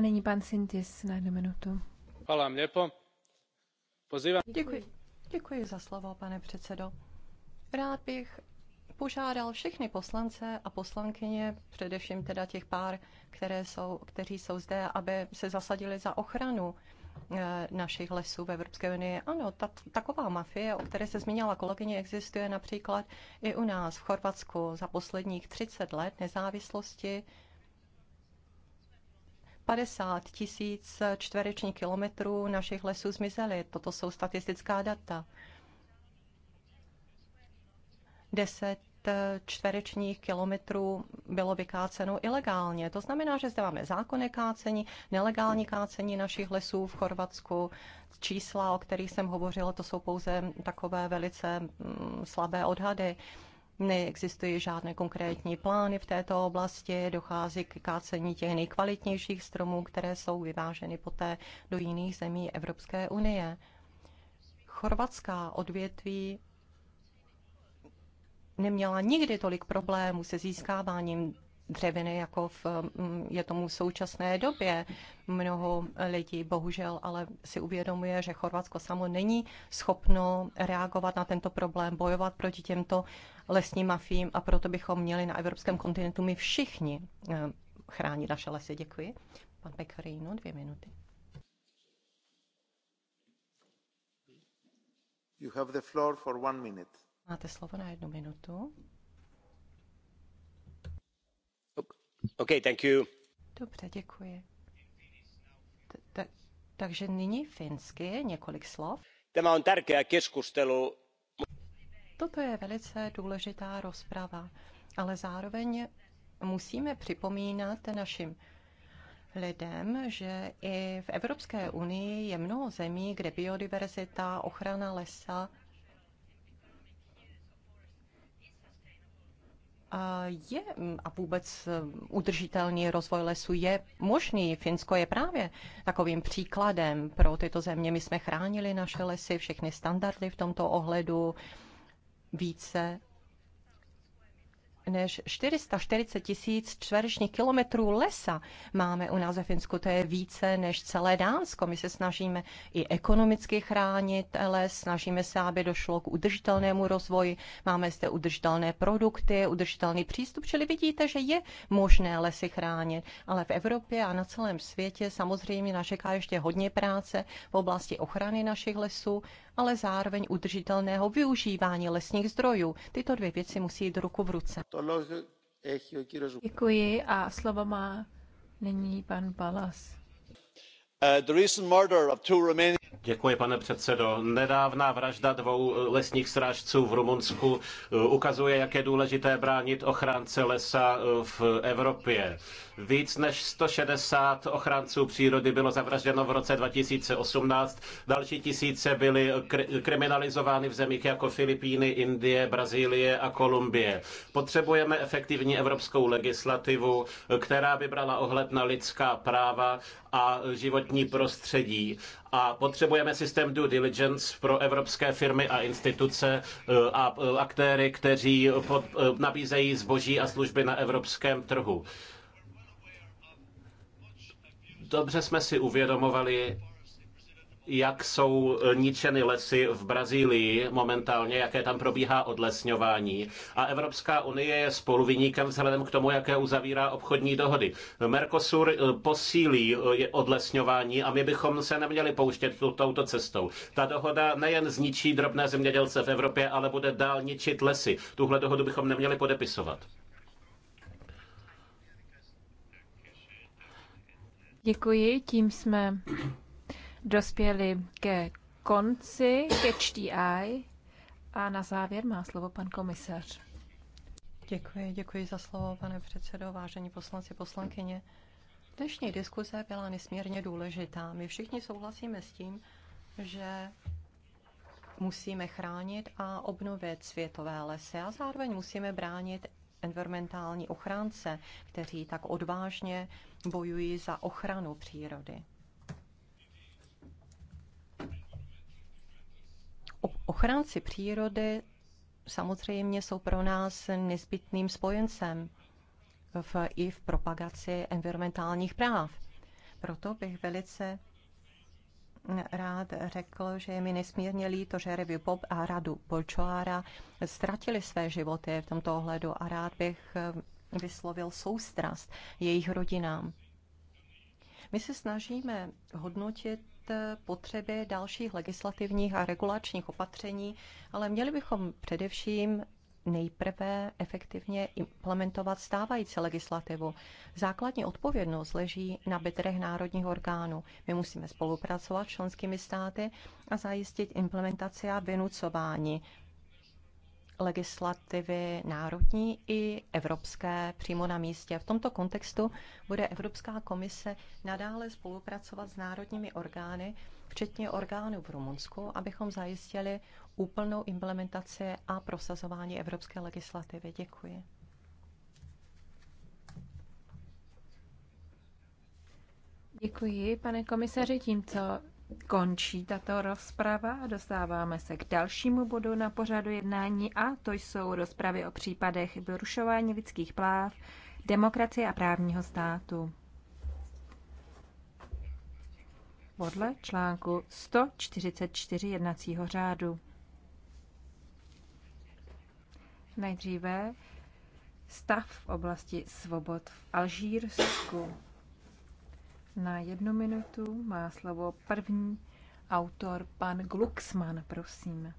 [SPEAKER 4] nyní pan Sintis na jednu minutu. Děkuji. Děkuji za slovo, pane předsedo. Rád bych
[SPEAKER 5] požádal všechny poslance a poslankyně, především teda těch pár, které jsou, kteří jsou zde, aby se zasadili za ochranu eh, našich lesů v Evropské unii. Ano, ta, taková mafie, o které se zmínila kolegyně, existuje například i u nás v Chorvatsku za posledních 30 let nezávislosti. 50 tisíc čtverečních kilometrů našich lesů zmizely. Toto jsou statistická data. 10 čtverečních kilometrů bylo vykáceno ilegálně. To znamená, že zde máme zákonné kácení, nelegální kácení našich lesů v Chorvatsku. Čísla, o kterých jsem hovořila, to jsou pouze takové velice mm, slabé odhady neexistují žádné konkrétní plány v této oblasti, dochází k kácení těch nejkvalitnějších stromů, které jsou vyváženy poté do jiných zemí Evropské unie. Chorvatská odvětví neměla nikdy tolik problémů se získáváním dřeviny, jako v, mm, je tomu v současné době. Mnoho lidí bohužel ale si uvědomuje, že Chorvatsko samo není schopno reagovat na tento problém, bojovat proti těmto lesním mafím a proto bychom měli na evropském kontinentu my všichni eh, chránit naše lesy. Děkuji. Pan Pekarino, dvě minuty.
[SPEAKER 2] You have the floor for one minute.
[SPEAKER 5] Máte slovo na jednu minutu.
[SPEAKER 8] Okay, thank you.
[SPEAKER 5] Dobře, děkuji. takže nyní finsky několik slov.
[SPEAKER 8] Tämä on tärkeä keskustelu
[SPEAKER 5] Toto je velice důležitá rozprava, ale zároveň musíme připomínat našim lidem, že i v Evropské unii je mnoho zemí, kde biodiverzita, ochrana lesa je a vůbec udržitelný rozvoj lesu je možný. Finsko je právě takovým příkladem pro tyto země. My jsme chránili naše lesy, všechny standardy v tomto ohledu více než 440 tisíc čtverečních kilometrů lesa máme u nás ve Finsku. To je více než celé Dánsko. My se snažíme i ekonomicky chránit les, snažíme se, aby došlo k udržitelnému rozvoji. Máme zde udržitelné produkty, udržitelný přístup, čili vidíte, že je možné lesy chránit. Ale v Evropě a na celém světě samozřejmě nás čeká ještě hodně práce v oblasti ochrany našich lesů ale zároveň udržitelného využívání lesních zdrojů. Tyto dvě
[SPEAKER 4] věci musí jít ruku v ruce. Eh, Děkuji a slovo má nyní pan Balas.
[SPEAKER 3] Uh, Děkuji, pane předsedo. Nedávná vražda dvou lesních strážců v Rumunsku uh, ukazuje, jak je důležité bránit ochránce lesa uh, v Evropě. Víc než 160 ochránců přírody bylo zavražděno v roce 2018, další tisíce byly kriminalizovány v zemích jako Filipíny, Indie, Brazílie a Kolumbie. Potřebujeme efektivní evropskou legislativu, která by brala ohled na lidská práva a životní prostředí. A potřebujeme systém due diligence pro evropské firmy a instituce e, a e, aktéry, kteří pod, e, nabízejí zboží a služby na evropském trhu. Dobře jsme si uvědomovali, jak jsou eh, ničeny lesy v Brazílii momentálně, jaké tam probíhá odlesňování. A Evropská unie je spoluviníkem vzhledem k tomu, jaké uzavírá obchodní dohody. Mercosur eh, posílí eh, odlesňování a my bychom se neměli pouštět touto cestou. Ta dohoda nejen zničí drobné zemědělce v Evropě, ale bude dál ničit lesy. Tuhle dohodu bychom neměli podepisovat.
[SPEAKER 4] Děkuji, tím jsme dospěli ke konci, ke HDI a na závěr má slovo pan komisař. Děkuji, děkuji za slovo, pane předsedo, vážení poslanci, poslankyně.
[SPEAKER 5] Dnešní diskuze byla nesmírně důležitá. My všichni souhlasíme s tím, že musíme chránit a obnovit světové lesy a zároveň musíme bránit environmentální ochránce, kteří tak odvážně bojují za ochranu přírody. ochránci přírody samozřejmě jsou pro nás nezbytným spojencem v, i v propagaci environmentálních práv. Proto bych velice rád řekl, že je mi nesmírně líto, že Revy Bob a Radu Bolčoára ztratili své životy v tomto ohledu a rád bych vyslovil soustrast jejich rodinám. My se snažíme hodnotit potřeby dalších legislativních a regulačních opatření, ale měli bychom především nejprve efektivně implementovat stávající legislativu. Základní odpovědnost leží na bedrech národních orgánů. My musíme spolupracovat s členskými státy a zajistit implementaci a vynucování legislativy národní i evropské přímo na místě. V tomto kontextu bude Evropská komise nadále spolupracovat s národními orgány, včetně orgánů v Rumunsku, abychom zajistili úplnou implementaci a prosazování evropské
[SPEAKER 4] legislativy. Děkuji. Děkuji, pane komisaři. Tímto Končí tato rozprava a dostáváme se k dalšímu bodu na pořadu jednání a to jsou rozpravy o případech vyrušování lidských práv, demokracie a právního státu. Podle článku 144 jednacího řádu. Nejdříve stav v oblasti svobod v Alžírsku. Na jednu minutu má slovo první autor, pan Glucksmann, prosím.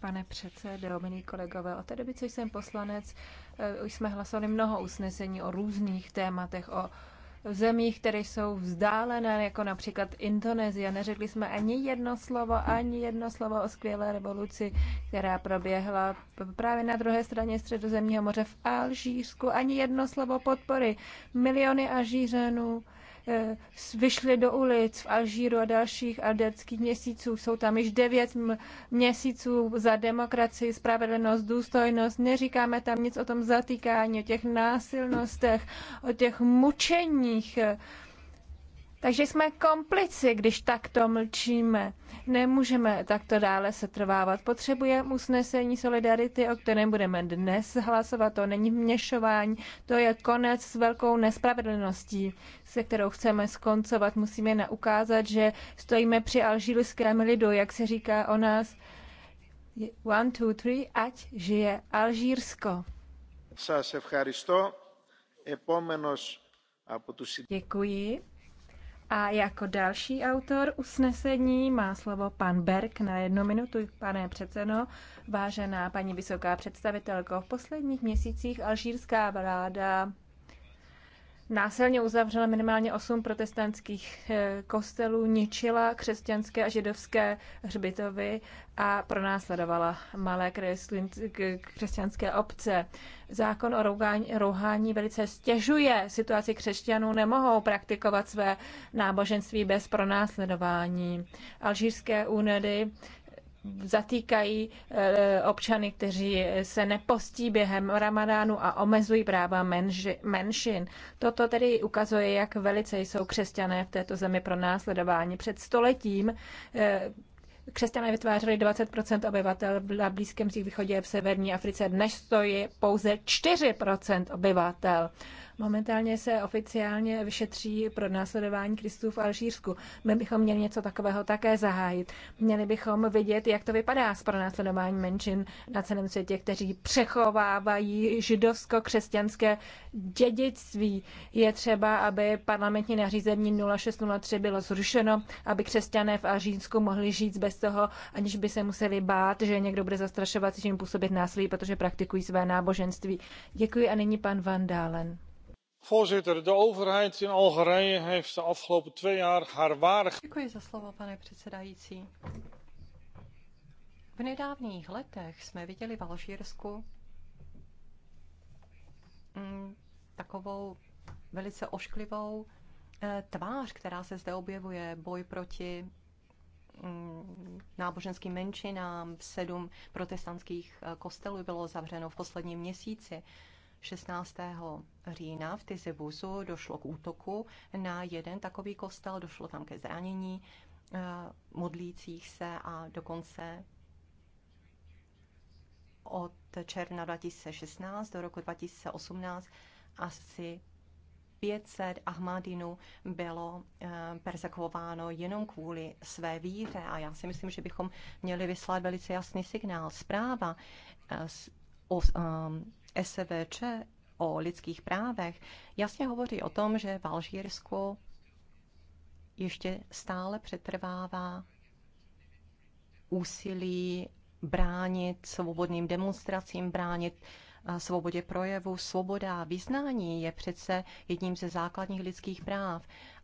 [SPEAKER 4] Pane předsedo, milí kolegové, od té doby, co jsem poslanec, eh, už jsme hlasovali mnoho usnesení o různých tématech, o zemích, které jsou vzdálené, jako například Indonésie. Neřekli jsme ani jedno slovo, ani jedno slovo o skvělé revoluci, která proběhla právě na druhé straně Středozemního moře v Alžírsku. Ani jedno slovo podpory. Miliony Alžířanů Eh, vyšli do ulic v Alžíru a dalších alderských měsíců. Jsou tam již devět měsíců za demokracii, spravedlnost, důstojnost. Neříkáme tam nic o tom zatýkání, o těch násilnostech, o těch mučeních. Takže jsme komplici, když takto mlčíme. Nemůžeme takto dále se trvávat. Potřebujeme usnesení solidarity, o kterém budeme dnes hlasovat. To není vměšování, to je konec s velkou nespravedlností, se kterou chceme skoncovat. Musíme naukázat, že stojíme při alžírském lidu, jak se říká o nás. One, two, three, ať žije Alžírsko.
[SPEAKER 2] Děkuji.
[SPEAKER 4] A jako další autor usnesení má slovo pan Berg na jednu minutu. Pane předseno, vážená paní vysoká představitelko, v posledních měsících alžírská vláda násilně uzavřela minimálně osm protestantských eh, kostelů, ničila křesťanské a židovské hřbitovy a pronásledovala malé křesťanské obce. Zákon o rouhání, rouhání velice stěžuje situaci křesťanů, nemohou praktikovat své náboženství bez pronásledování. Alžírské únedy zatýkají eh, občany, kteří se nepostí během ramadánu a omezují práva menži, menšin. Toto tedy ukazuje, jak velice jsou křesťané v této zemi pro následování. Před stoletím eh, křesťané vytvářeli 20 obyvatel na Blízkém východě v severní Africe, dnes to je pouze 4 obyvatel. Momentálně se oficiálně vyšetří pro následování Kristů v Alžírsku. My bychom měli něco takového také zahájit. Měli bychom vidět, jak to vypadá s pronásledováním menšin na celém světě, kteří přechovávají židovsko-křesťanské dědictví. Je třeba, aby parlamentní nařízení 0603 bylo zrušeno, aby křesťané v Alžírsku mohli žít bez toho, aniž by se museli bát, že někdo bude zastrašovat, že jim působit násilí, protože praktikují své náboženství. Děkuji a nyní pan Van Dalen.
[SPEAKER 1] Voorzitter, de overheid in Algerije heeft de afgelopen twee jaar haar ware...
[SPEAKER 5] pane předsedající. V nedávných letech jsme viděli v Alžírsku mm, takovou velice ošklivou eh, tvář, která se zde objevuje, boj proti mm, náboženským menšinám, sedm protestantských eh, kostelů bylo zavřeno v posledním měsíci. 16. října v Tizibuzu došlo k útoku na jeden takový kostel, došlo tam ke zranění eh, modlících se a dokonce od června 2016 do roku 2018 asi 500 Ahmadinů bylo eh, persekvováno jenom kvůli své víře. A já si myslím, že bychom měli vyslat velice jasný signál. Zpráva eh, o SVČ o lidských právech jasně hovoří o tom, že v Alžírsku ještě stále přetrvává úsilí bránit svobodným demonstracím, bránit svobodě projevu. Svoboda vyznání je přece jedním ze základních lidských práv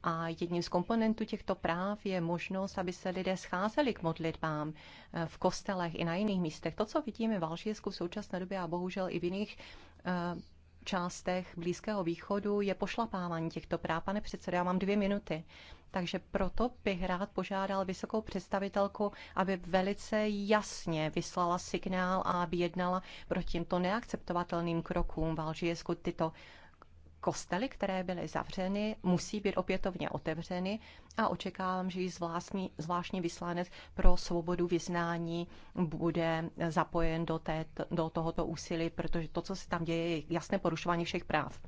[SPEAKER 5] a jedním z komponentů těchto práv je možnost, aby se lidé scházeli k modlitbám eh, v kostelech i na jiných místech. To, co vidíme v Alžírsku v současné době a bohužel i v jiných eh, částech Blízkého východu je pošlapávání těchto práv. Pane předsedo, já mám dvě minuty. Takže proto bych rád požádal vysokou představitelku, aby velice jasně vyslala signál a aby jednala proti těmto neakceptovatelným krokům v Alžírsku. Tyto kostely, které byly zavřeny, musí být opětovně otevřeny a očekávám, že i zvláštní, zvláštní vyslanec pro svobodu vyznání bude zapojen do, té, do tohoto úsilí, protože to, co se tam děje, je jasné porušování všech práv.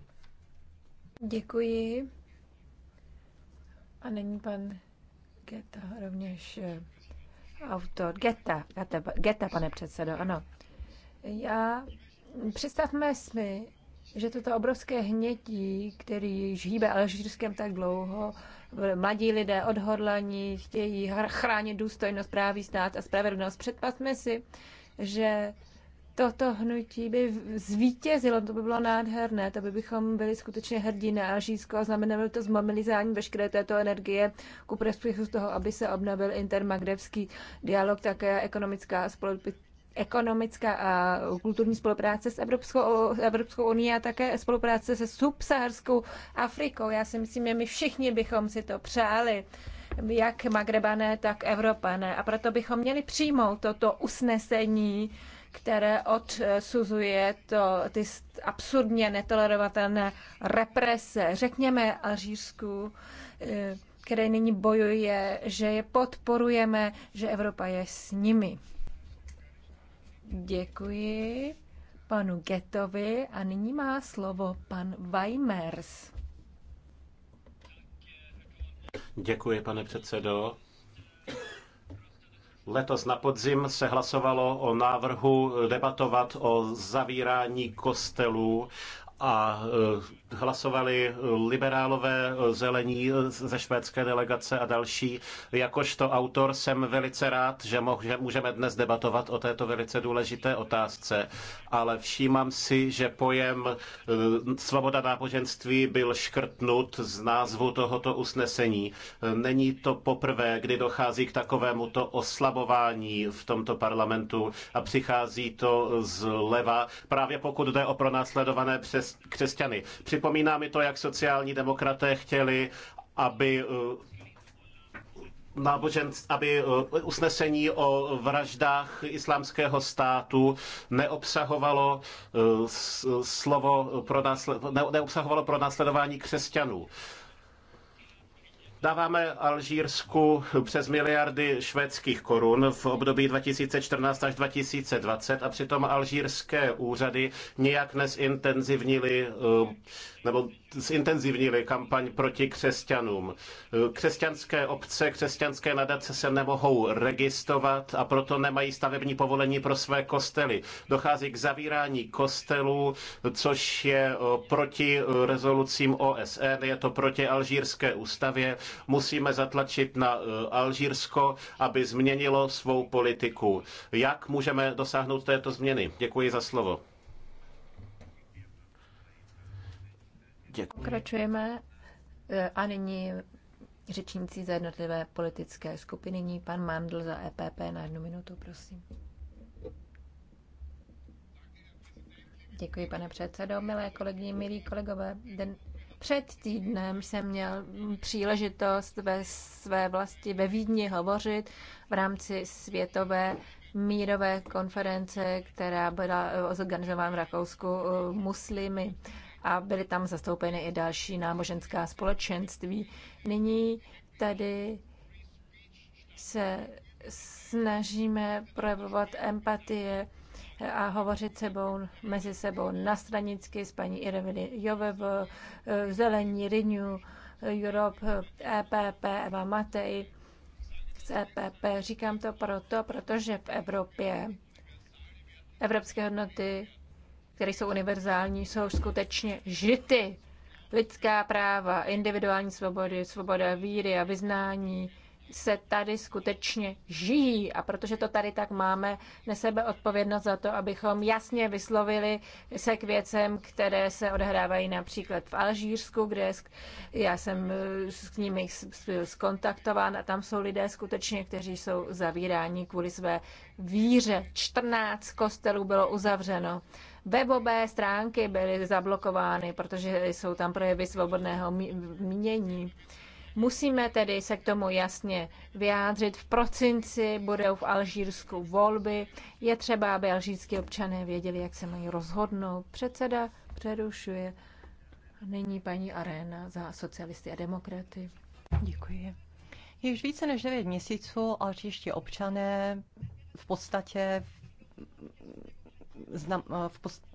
[SPEAKER 4] Děkuji. A není pan Geta rovněž eh, autor. Geta, Geta, Geta pane předsedo, ano. Já Představme si, že toto obrovské hnětí, který žíbe alžířském tak dlouho, mladí lidé odhodlaní, chtějí chránit důstojnost, právý stát a spravedlnost. Předpatme si, že toto hnutí by zvítězilo, to by bylo nádherné, to by bychom byli skutečně hrdí na Alžísko a znamenalo to zmobilizování veškeré této energie ku prospěchu z toho, aby se obnovil intermagrevský dialog, také ekonomická a ekonomická a kulturní spolupráce s Evropskou, Evropskou unii a také spolupráce se subsaharskou Afrikou. Já si myslím, že my všichni bychom si to přáli jak Magrebané, tak Evropané. A proto bychom měli přijmout toto usnesení, které odsuzuje to, ty absurdně netolerovatelné represe. Řekněme Alžířsku, eh, které nyní bojuje, že je podporujeme, že Evropa je s nimi. Děkuji panu Getovi a nyní má slovo pan Weimers.
[SPEAKER 3] Děkuji, pane předsedo. Letos na podzim se hlasovalo o návrhu debatovat o zavírání kostelů a e, hlasovali liberálové zelení ze švédské delegace a další. Jakožto autor jsem velice rád, že můžeme dnes debatovat o této velice důležité otázce, ale všímám si, že pojem eh, svoboda náboženství byl škrtnut z názvu tohoto usnesení. Není to poprvé, kdy dochází k takovému to oslabování v tomto parlamentu a přichází to zleva, právě pokud jde o pronásledované přes křesťany. Při Připomíná mi to, jak sociální demokraté chtěli, aby eh, náboženství, aby eh, usnesení o vraždách islámského státu neobsahovalo eh, slovo pro neobsahovalo pro následování křesťanů. Dáváme Alžírsku přes miliardy švédských korun v období 2014 až 2020 a přitom alžírské úřady nijak nezintenzivnili eh, nebo zintenzivnili kampaň proti křesťanům. Křesťanské obce, křesťanské nadace se nemohou registrovat a proto nemají stavební povolení pro své kostely. Dochází k zavírání kostelů, což je eh, proti eh, rezolucím OSN, je to proti alžírské ústavě. Musíme zatlačit na eh, Alžírsko, aby změnilo svou politiku. Jak můžeme dosáhnout této změny? Děkuji za slovo. Děkuji.
[SPEAKER 4] Pokračujeme eh, a nyní řečníci za jednotlivé politické skupiny. Nyní pan Mandl za EPP na jednu minutu, prosím. Děkuji, pane předsedo, milé kolegyně, milí kolegové. Den, před týdnem jsem měl příležitost ve své vlasti ve Vídni hovořit v rámci světové mírové konference, která byla eh, organizována v Rakousku eh, muslimy a byly tam zastoupeny i další náboženská společenství. Nyní tady se snažíme projevovat empatie a hovořit sebou, mezi sebou nastranicky s paní Irviny Jovev, Zelení, Renew, Europe, EPP, Eva Matej, z EPP. Říkám to proto, protože v Evropě evropské hodnoty které jsou univerzální, jsou skutečně žity. Lidská práva, individuální svobody, svoboda víry a vyznání se tady skutečně žijí. A protože to tady tak máme, nesebe odpovědnost za to, abychom jasně vyslovili se k věcem, které se odehrávají například v Alžírsku, kde já jsem eh, s nimi skontaktován a tam jsou lidé skutečně, kteří jsou zavíráni kvůli své víře. 14 kostelů bylo uzavřeno webové stránky byly zablokovány, protože jsou tam projevy svobodného mění. Musíme tedy se k tomu jasně vyjádřit. V prosinci budou v Alžírsku volby. Je třeba, aby alžírskí občané věděli, jak se mají rozhodnout. Předseda přerušuje. Nyní paní Arena za socialisty a demokraty. Děkuji. Již více než
[SPEAKER 5] 9 měsíců alžírští občané v podstatě znam, eh, v post,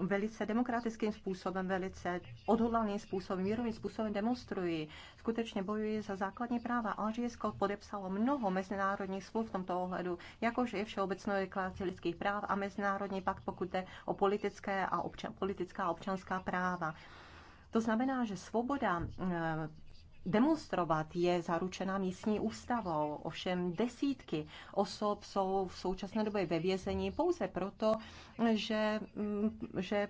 [SPEAKER 5] velice demokratickým způsobem, velice odhodlaným způsobem, mírovým způsobem demonstrují. Skutečně bojují za základní práva. Alžírsko podepsalo mnoho mezinárodních smluv v tomto ohledu, jakož je Všeobecnou deklaraci lidských práv a Mezinárodní pak pokud je o politické a občan, politická a občanská práva. To znamená, že svoboda eh, demonstrovat je zaručena místní ústavou. Ovšem desítky osob jsou v současné době ve vězení pouze proto, že, mm, že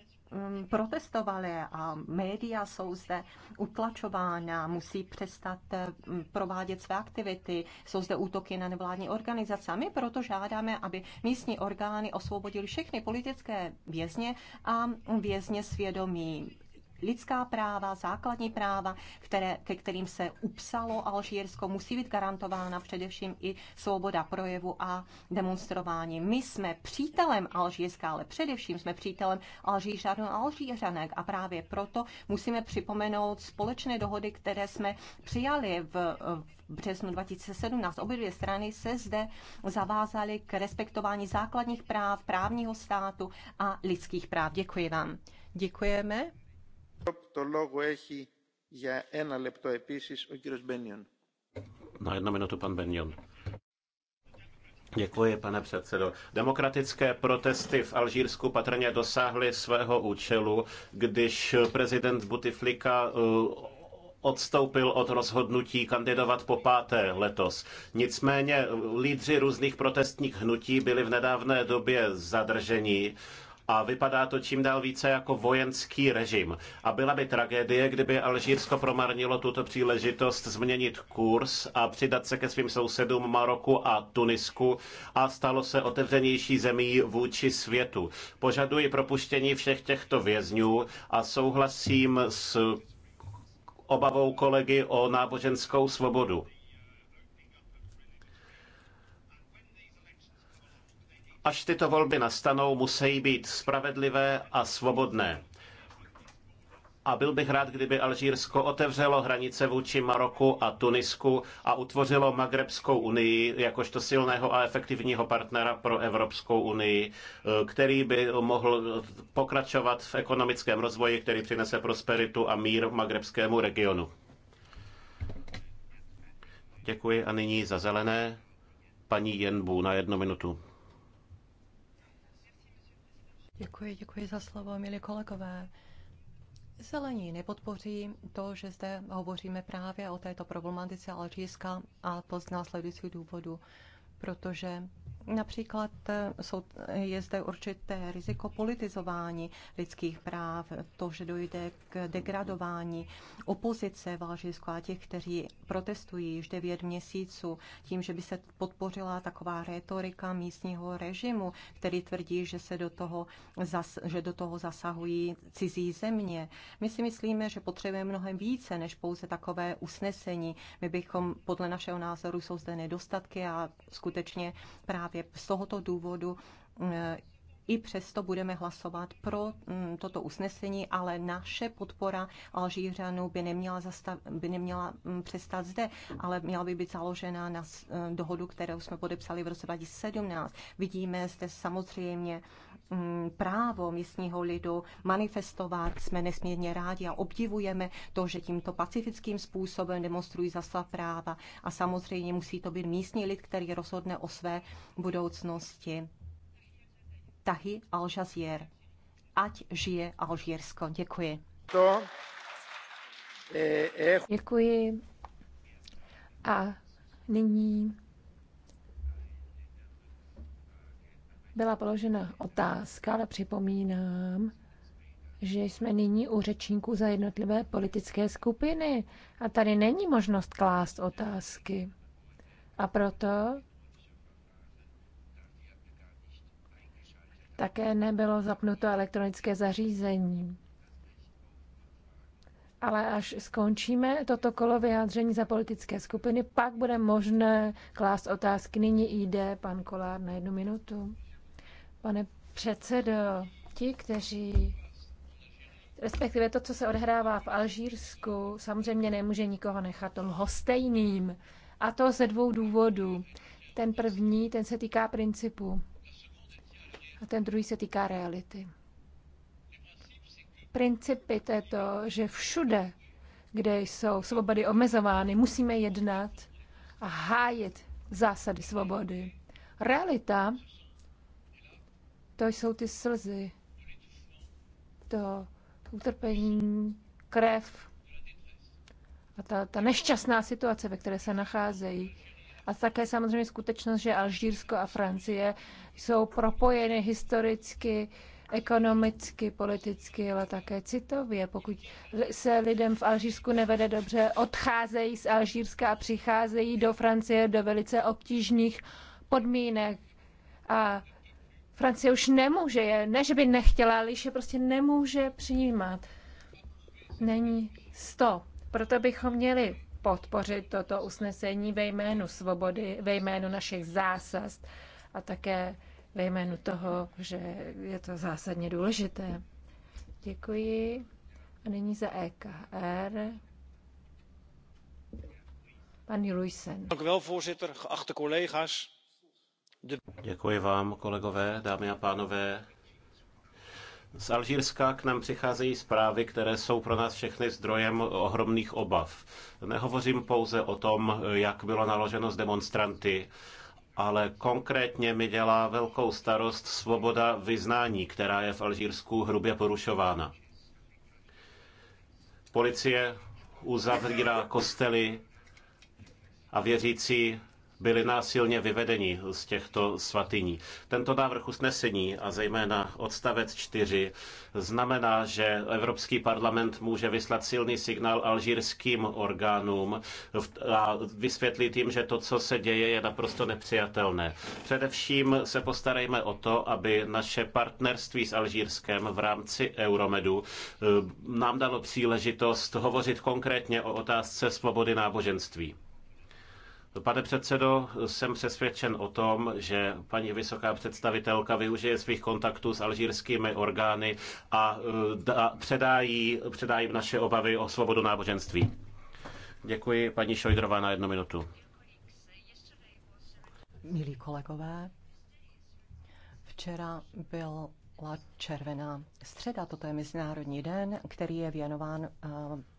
[SPEAKER 5] mm, protestovali a média jsou zde utlačována, musí přestat mm, provádět své aktivity, jsou zde útoky na nevládní organizace. A my proto žádáme, aby místní orgány osvobodili všechny politické vězně a vězně svědomí lidská práva, základní práva, které, ke kterým se upsalo Alžírsko, musí být garantována především i svoboda projevu a demonstrování. My jsme přítelem Alžírska, ale především jsme přítelem Alžířanů a Alžířanek a právě proto musíme připomenout společné dohody, které jsme přijali v, v březnu 2017. Obě dvě strany se zde zavázaly k respektování základních práv, právního státu a lidských práv. Děkuji vám. Děkujeme.
[SPEAKER 3] Na jednu minutu pan Benjon. Děkuji, pane předsedo. Demokratické protesty v Alžírsku patrně dosáhly svého účelu, když prezident Butiflika uh, odstoupil od rozhodnutí kandidovat po páté letos. Nicméně uh, lídři různých protestních hnutí byli v nedávné době zadrženi a vypadá to čím dál více jako vojenský režim. A byla by tragédie, kdyby Alžírsko promarnilo tuto příležitost změnit kurz a přidat se ke svým sousedům Maroku a Tunisku a stalo se otevřenější zemí vůči světu. Požaduji propuštění všech těchto vězňů a souhlasím s obavou kolegy o náboženskou svobodu. Až tyto volby nastanou, musí být spravedlivé a svobodné. A byl bych rád, kdyby Alžírsko otevřelo hranice vůči Maroku a Tunisku a utvořilo Magrebskou unii jakožto silného a efektivního partnera pro Evropskou unii, který by mohl pokračovat v ekonomickém rozvoji, který přinese prosperitu a mír magrebskému regionu. Děkuji a nyní za zelené paní Jenbu na jednu minutu.
[SPEAKER 5] Děkuji, děkuji za slovo, milí kolegové. Zelení nepodpoří to, že zde hovoříme právě o této problematice Alžírska a to z následujících důvodů, protože Například e, jsou, e, je zde určité riziko politizování lidských práv, to, že dojde k degradování opozice v Alžírsku a těch, kteří protestují již 9 měsíců, tím, že by se podpořila taková retorika místního režimu, který tvrdí, že, se do toho zas, že do toho zasahují cizí země. My si myslíme, že potřebujeme mnohem více než pouze takové usnesení. My bychom, podle našeho názoru, jsou zde nedostatky a skutečně právě právě z tohoto důvodu eh, i přesto budeme hlasovat pro mm, toto usnesení, ale naše podpora Alžířanů by neměla, zastav, by neměla mm, přestat zde, ale měla by být založena na e, dohodu, kterou jsme podepsali v roce 2017. Vidíme zde samozřejmě mm, právo místního lidu manifestovat. Jsme nesmírně rádi a obdivujeme to, že tímto pacifickým způsobem demonstrují za svá práva. A samozřejmě musí to být místní lid, který rozhodne o své budoucnosti. Tahy al Ať žije Alžírsko. Děkuji.
[SPEAKER 2] To, e, e,
[SPEAKER 4] Děkuji. A nyní byla položena otázka, ale připomínám, že jsme nyní u řečníků za jednotlivé politické skupiny a tady není možnost klást otázky. A proto Také nebylo zapnuto elektronické zařízení. Ale až skončíme toto kolo vyjádření za politické skupiny, pak bude možné klást otázky. Nyní jde pan Kolár na jednu minutu. Pane předsedo, ti, kteří respektive to, co se odhrává v Alžírsku, samozřejmě nemůže nikoho nechat lhostejným. A to ze dvou důvodů. Ten první, ten se týká principu a ten druhý se týká reality. Principy je to, že všude, kde jsou svobody omezovány, musíme jednat a hájit zásady svobody. Realita, to jsou ty slzy, to utrpení, krev a ta, ta nešťastná situace, ve které se nacházejí a také samozřejmě skutečnost, že Alžírsko a Francie jsou propojeny historicky, ekonomicky, politicky, ale také citově. Pokud se lidem v Alžírsku nevede dobře, odcházejí z Alžírska a přicházejí do Francie do velice obtížných podmínek. A Francie už nemůže je, ne že by nechtěla, ale je prostě nemůže přijímat. Není sto. Proto bychom měli podpořit toto usnesení ve jménu svobody, ve jménu našich zásad a také ve jménu toho, že je to zásadně důležité. Děkuji. A nyní za EKR. Pan Juluisen.
[SPEAKER 3] Děkuji vám, kolegové, dámy a pánové. Z Alžírska k nám přicházejí zprávy, které jsou pro nás všechny zdrojem ohromných obav. Nehovořím pouze o tom, jak bylo naloženo s demonstranty, ale konkrétně mi dělá velkou starost svoboda vyznání, která je v Alžírsku hrubě porušována. Policie uzavírá kostely a věřící byli násilně vyvedeni z těchto svatyní. Tento návrh usnesení a zejména odstavec 4 znamená, že Evropský parlament může vyslat silný signál alžírským orgánům a vysvětlit jim, že to, co se děje, je naprosto nepřijatelné. Především se postarejme o to, aby naše partnerství s Alžírskem v rámci Euromedu eh, nám dalo příležitost hovořit konkrétně o otázce svobody náboženství. Pane předsedo, jsem přesvědčen o tom, že paní vysoká představitelka využije svých kontaktů s alžírskými orgány a da, e, předá, jí, předá jim naše obavy o svobodu náboženství. Děkuji, paní Šojdrová, na jednu minutu.
[SPEAKER 5] Milí kolegové, včera byla červená středa, toto je Mezinárodní den, který je věnován e,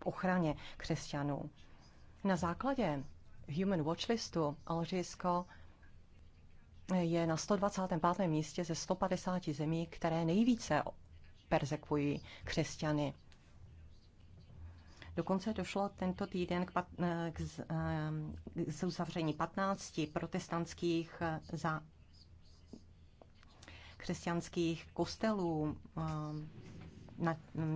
[SPEAKER 5] ochraně křesťanů. Na základě Human Watch listu Alžírsko je na 125. místě ze 150 zemí, které nejvíce persekují křesťany. Dokonce došlo tento týden k, pat, eh, k, z, eh, k uzavření 15 protestantských eh, za křesťanských kostelů na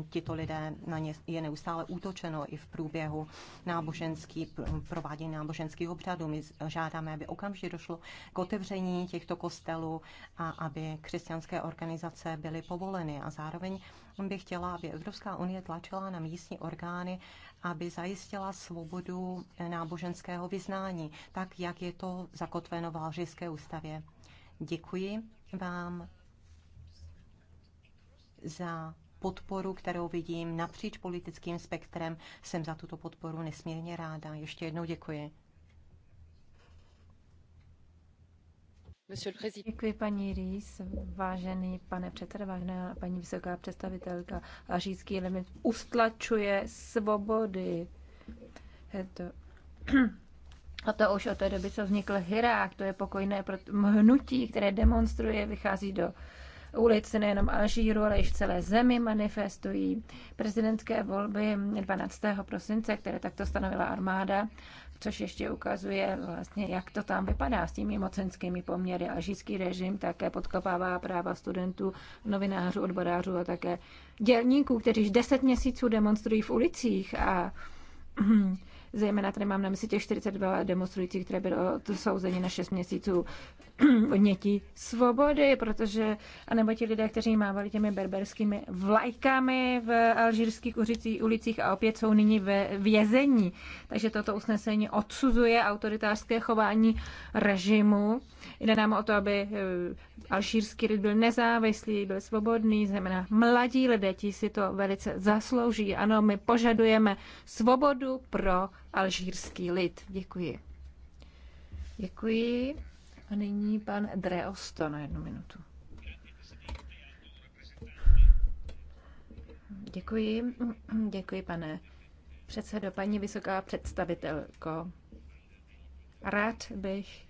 [SPEAKER 5] tito lidé na ně je neustále útočeno i v průběhu náboženský, provádění náboženských obřadů. My žádáme, aby okamžitě došlo k otevření těchto kostelů a aby křesťanské organizace byly povoleny. A zároveň bych chtěla, aby Evropská unie tlačila na místní orgány, aby zajistila svobodu náboženského vyznání, tak jak je to zakotveno v Alžírské ústavě. Děkuji vám za podporu, kterou vidím napříč politickým spektrem. Jsem za tuto podporu nesmírně ráda. Ještě jednou děkuji.
[SPEAKER 4] Děkuji paní Rýs, vážený pane předseda, vážená paní vysoká představitelka. Řízký limit ustlačuje svobody. Je to. A to už od té doby, co vznikl Hirák, to je pokojné hnutí, které demonstruje, vychází do ulice nejenom Alžíru, ale i v celé zemi manifestují. Prezidentské volby 12. prosince, které takto stanovila armáda, což ještě ukazuje vlastně, jak to tam vypadá s těmi mocenskými poměry. Alžírský režim také podkopává práva studentů, novinářů, odborářů a také dělníků, kteří 10 měsíců demonstrují v ulicích a
[SPEAKER 9] hm,
[SPEAKER 4] Zejména tady mám na mysli těch 42 demonstrujících, které byly souzeni na 6 měsíců odnětí svobody, protože, anebo ti lidé, kteří mávali těmi berberskými vlajkami v alžírských ulicích a opět jsou nyní ve vězení. Takže toto usnesení odsuzuje autoritářské chování režimu. Jde nám o to, aby eh, alžírský lid byl nezávislý, byl svobodný, znamená mladí lidé, ti si to velice zaslouží. Ano, my požadujeme svobodu pro alžírský lid. Děkuji. Děkuji. A nyní pan Dreosto na jednu minutu. Děkuji. Děkuji, pane předsedo, paní vysoká představitelko. Rád bych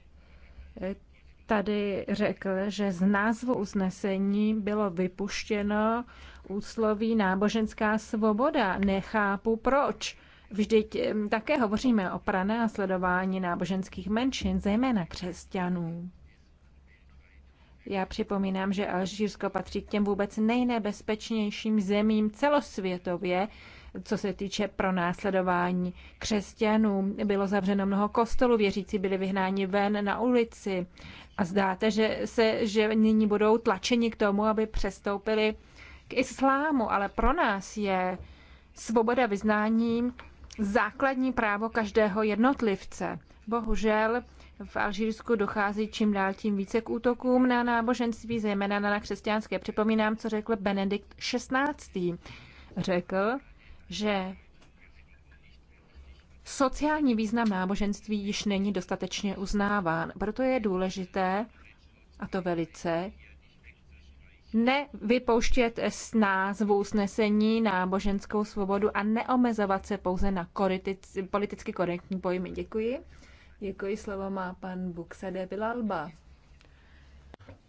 [SPEAKER 4] tady řekl, že z názvu usnesení bylo vypuštěno úsloví náboženská svoboda. Nechápu proč. Vždyť také hovoříme o prané a sledování náboženských menšin, zejména křesťanů. Já připomínám, že Alžírsko patří k těm vůbec nejnebezpečnějším zemím celosvětově, co se týče pronásledování křesťanů. Bylo zavřeno mnoho kostelů, věřící byli vyhnáni ven na ulici a zdáte, že, se, že nyní budou tlačeni k tomu, aby přestoupili k islámu, ale pro nás je svoboda vyznání základní právo každého jednotlivce. Bohužel v Alžírsku dochází čím dál tím více k útokům na náboženství, zejména na křesťanské. Připomínám, co řekl Benedikt XVI. Řekl, že sociální význam náboženství již není dostatečně uznáván. Proto je důležité, a to velice, nevypouštět z názvu usnesení náboženskou svobodu a neomezovat se pouze na politicky korektní pojmy. Děkuji. Děkuji, slovo má pan Buxade Bilalba.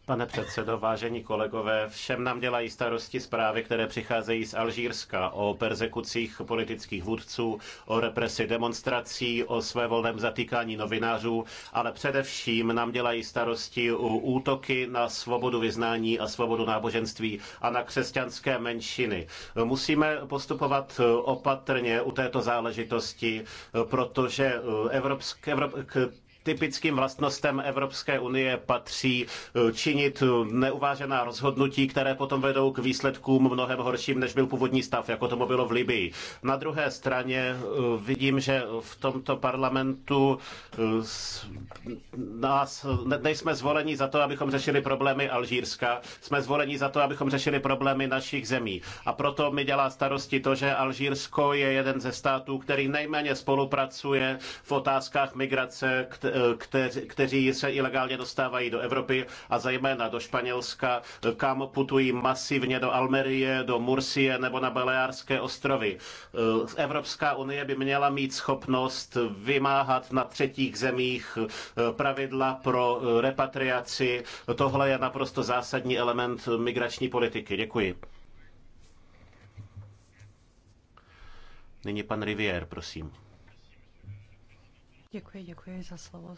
[SPEAKER 3] Pane předsedo, vážení kolegové, všem nám dělají starosti zprávy, které přicházejí z Alžírska o persekucích politických vůdců, o represi demonstrací, o svévolném zatýkání novinářů, ale především nám dělají starosti útoky na svobodu vyznání a svobodu náboženství a na křesťanské menšiny. Musíme postupovat opatrně u této záležitosti, protože Evropsk, Evrop, typickým vlastnostem Evropské unie patří eh, činit eh, neuvážená rozhodnutí, které potom vedou k výsledkům mnohem horším, než byl původní stav, jako tomu bylo v Libii. Na druhé straně eh, vidím, že v tomto parlamentu nás, nejsme zvoleni za to, abychom řešili problémy Alžírska, jsme zvoleni za to, abychom řešili problémy našich zemí. A proto mi dělá starosti to, že Alžírsko je jeden ze států, který nejméně spolupracuje v otázkách migrace, které kteři, kteří se ilegálně dostávají do Evropy a zejména do Španělska, kam putují masivně do Almerie, do Mursie nebo na Baleárské ostrovy. Evropská unie by měla mít schopnost vymáhat na třetích zemích eh, pravidla pro eh, repatriaci. Tohle je naprosto zásadní element migrační politiky. Děkuji. Nyní pan Rivière, prosím.
[SPEAKER 5] Děkuji, děkuji za slovo.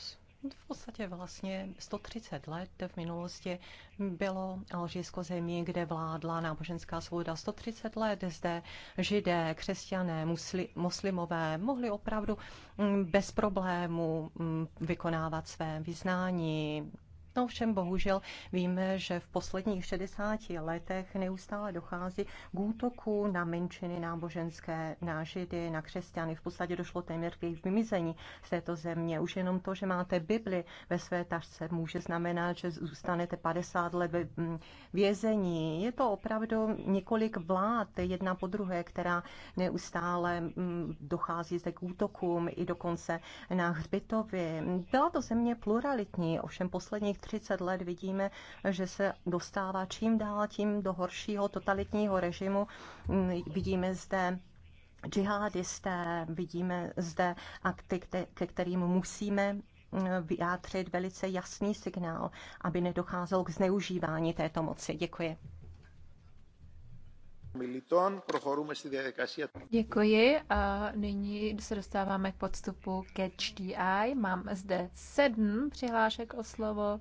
[SPEAKER 5] V podstatě vlastně 130 let v minulosti bylo Alžírsko zemí, kde vládla náboženská svoboda. 130 let zde židé, křesťané, musli, muslimové mohli opravdu mm, bez problému mm, vykonávat své vyznání, No všem bohužel víme, že v posledních 60 letech neustále dochází k útoku na menšiny náboženské, na židy, na křesťany. V podstatě došlo téměř k jejich vymizení z této země. Už jenom to, že máte Bibli ve své tašce, může znamenat, že zůstanete 50 let ve mm, vězení. Je to opravdu několik vlád, jedna po druhé, která neustále mm, dochází zde k útokům i dokonce na hřbitovy. Byla to země pluralitní, ovšem posledních 30 let vidíme, že se dostává čím dál tím do horšího totalitního režimu. Vidíme zde džihadisté, vidíme zde akty, ke kterým musíme vyjádřit velice jasný signál, aby nedocházelo k zneužívání této moci. Děkuji.
[SPEAKER 4] Děkuji a nyní se dostáváme k podstupu ke HDI. Mám zde sedm přihlášek o slovo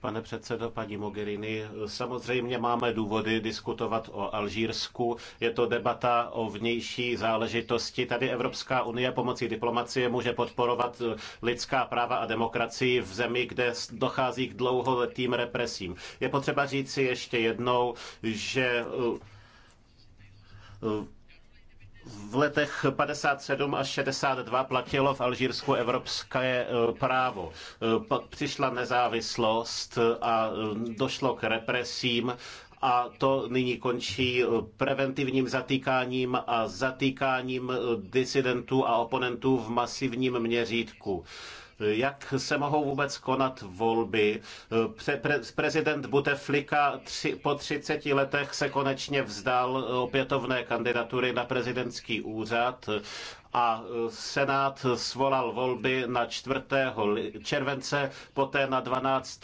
[SPEAKER 3] Pane předsedo, paní Mogherini, samozřejmě máme důvody diskutovat o Alžírsku. Je to debata o vnější záležitosti. Tady Evropská unie pomocí diplomacie může podporovat lidská práva a demokracii v zemi, kde dochází k dlouholetým represím. Je potřeba říci ještě jednou, že v letech 57 až 62 platilo v Alžírsku evropské e, právo. E, přišla nezávislost a e, došlo k represím a to nyní končí preventivním zatýkáním a zatýkáním disidentů a oponentů v masivním měřítku jak se mohou vůbec konat volby. Pre, pre, prezident Buteflika tři, po 30 letech se konečně vzdal opětovné kandidatury na prezidentský úřad a e, Senát svolal volby na 4. července, poté na 12.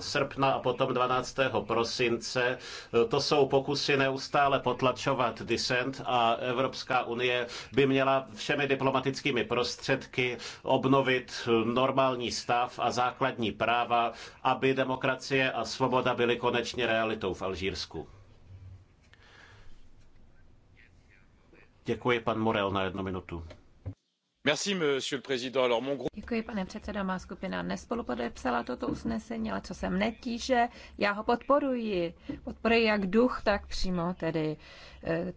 [SPEAKER 3] srpna a potom 12. prosince. E, to jsou pokusy neustále potlačovat disent a Evropská unie by měla všemi diplomatickými prostředky obnovit e, normální stav a základní práva, aby demokracie a svoboda byly konečně realitou v Alžírsku. Děkuji, pan Morel, na jednu minutu.
[SPEAKER 4] Děkuji, pane předsedo. Má skupina nespolupodepsala toto usnesení, ale co jsem netíže, já ho podporuji. Podporuji jak duch, tak přímo tedy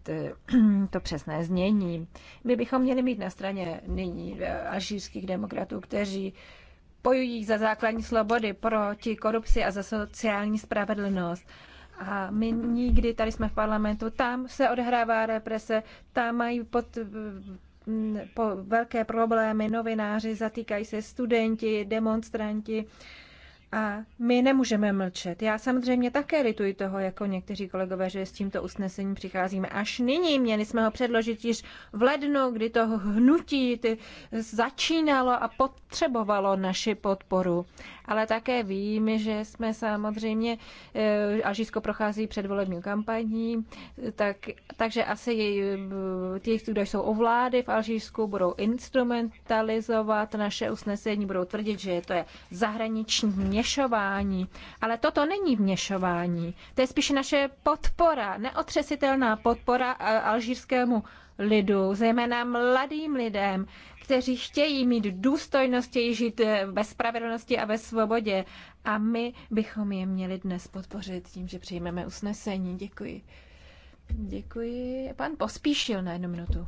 [SPEAKER 4] eh, to přesné znění. My bychom měli mít na straně nyní eh, alžírských demokratů, kteří bojují za základní svobody proti korupci a za sociální spravedlnost. A my nikdy tady jsme v parlamentu, tam se odhrává represe, tam mají pod, mm, po velké problémy novináři, zatýkají se studenti, demonstranti. A my nemůžeme mlčet. Já samozřejmě také lituji toho, jako někteří kolegové, že s tímto usnesením přicházíme až nyní. Měli jsme ho předložit již v lednu, kdy to hnutí ty začínalo a potřebovalo naši podporu. Ale také vím, že jsme samozřejmě, eh, Žízko prochází předvolební kampaní, tak, takže asi eh, ti, kdo jsou u vlády v Alžísku, budou instrumentalizovat naše usnesení, budou tvrdit, že to je zahraniční vněšování, Ale toto není vněšování. To je spíše naše podpora, neotřesitelná podpora alžírskému lidu, zejména mladým lidem, kteří chtějí mít důstojnost, chtějí žít eh, ve spravedlnosti a ve svobodě. A my bychom je měli dnes podpořit tím, že přijmeme usnesení. Děkuji. Děkuji. Pan pospíšil na jednu minutu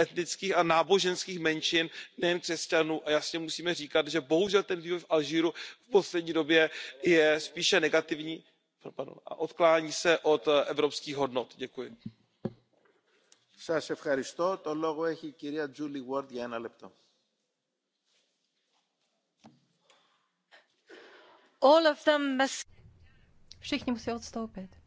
[SPEAKER 1] etnických a náboženských menšin nejen křesťanů a jasně musíme říkat že bohužel ten vývoj v alžírsku v poslední době je spíše negativní a odklání se od eh, evropských hodnot. děkuji.
[SPEAKER 5] všichni musí odstoupit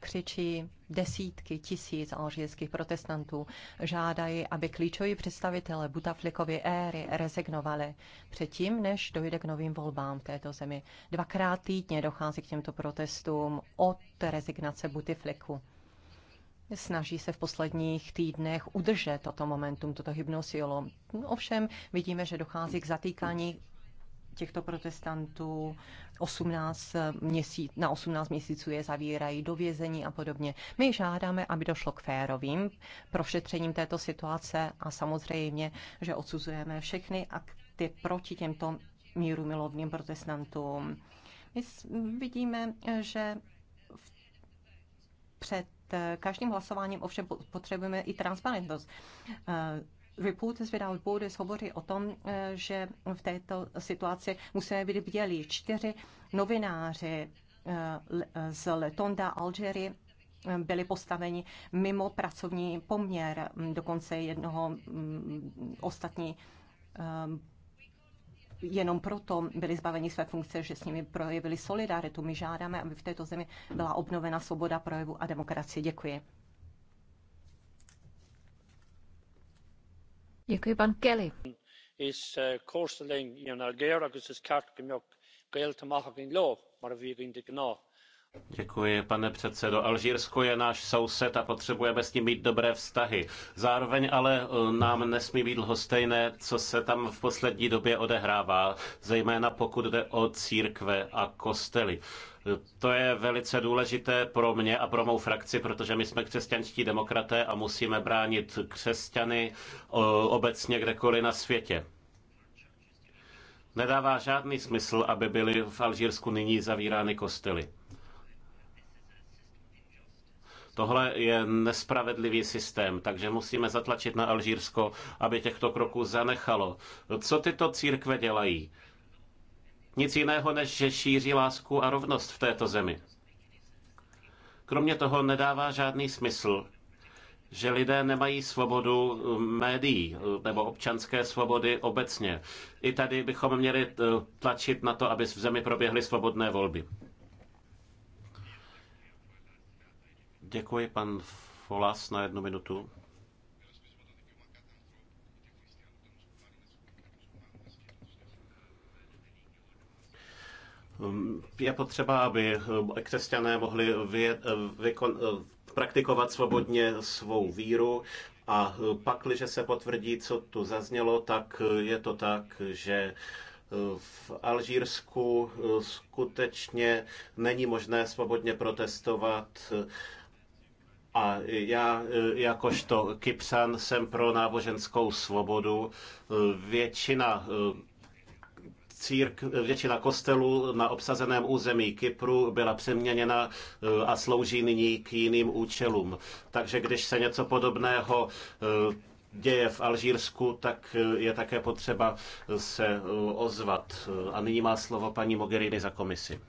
[SPEAKER 5] křičí desítky tisíc alžírských protestantů. Žádají, aby klíčoví představitelé Butaflikovy éry rezignovali předtím, než dojde k novým volbám v této zemi. Dvakrát týdně dochází k těmto protestům od rezignace Butifliku. Snaží se v posledních týdnech udržet toto momentum, toto hybnou silou. No, ovšem vidíme, že dochází k zatýkání těchto protestantů 18 měsíc, na 18 měsíců je zavírají do vězení a podobně. My žádáme, aby došlo k férovým prošetřením této situace a samozřejmě, že odsuzujeme všechny akty proti těmto míru milovným protestantům. My vidíme, že v, před každým hlasováním ovšem potřebujeme i transparentnost. Eh, z Without Borders hovoří o tom, eh, že v této situaci musíme být bdělí. Čtyři novináři eh, eh, z Letonda Algery byli postaveni mimo pracovní poměr, hm, dokonce jednoho hm, ostatní jenom proto byli zbaveni své funkce, že s nimi projevili solidaritu. My žádáme, aby v této zemi byla obnovena svoboda projevu a demokracie. Děkuji.
[SPEAKER 4] Děkuji, pan Kelly.
[SPEAKER 2] Eh,
[SPEAKER 3] Děkuji, pane předsedo. Alžírsko je náš soused a potřebujeme s ním mít dobré vztahy. Zároveň ale eh, nám nesmí být lhostejné, co se tam v poslední době odehrává, zejména pokud jde o církve a kostely. To je velice důležité pro mě a pro mou frakci, protože my jsme křesťanští demokraté a musíme bránit křesťany obecně kdekoliv na světě. Nedává žádný smysl, aby byly v Alžírsku nyní zavírány kostely. Tohle je nespravedlivý systém, takže musíme zatlačit na Alžírsko, aby těchto kroků zanechalo. Co tyto církve dělají? Nic jiného, než že šíří lásku a rovnost v této zemi. Kromě toho nedává žádný smysl, že lidé nemají svobodu médií nebo občanské svobody obecně. I tady bychom měli eh, tlačit na to, aby v zemi proběhly svobodné volby. Děkuji, pan Folas, na jednu minutu. Um, je potřeba, aby um, křesťané mohli vě, uh, vykon, uh, praktikovat svobodně svou víru a uh, pak, když se potvrdí, co tu zaznělo, tak je to tak, že v Alžírsku skutečně není možné svobodně protestovat a já jakožto Kypsan jsem pro náboženskou svobodu. Většina círk, většina kostelů na obsazeném území Kypru byla přeměněna eh, a slouží nyní k jiným účelům. Takže když se něco podobného eh, děje v Alžírsku, tak eh, je také potřeba se ozvat. A nyní má slovo paní Mogherini za komisi.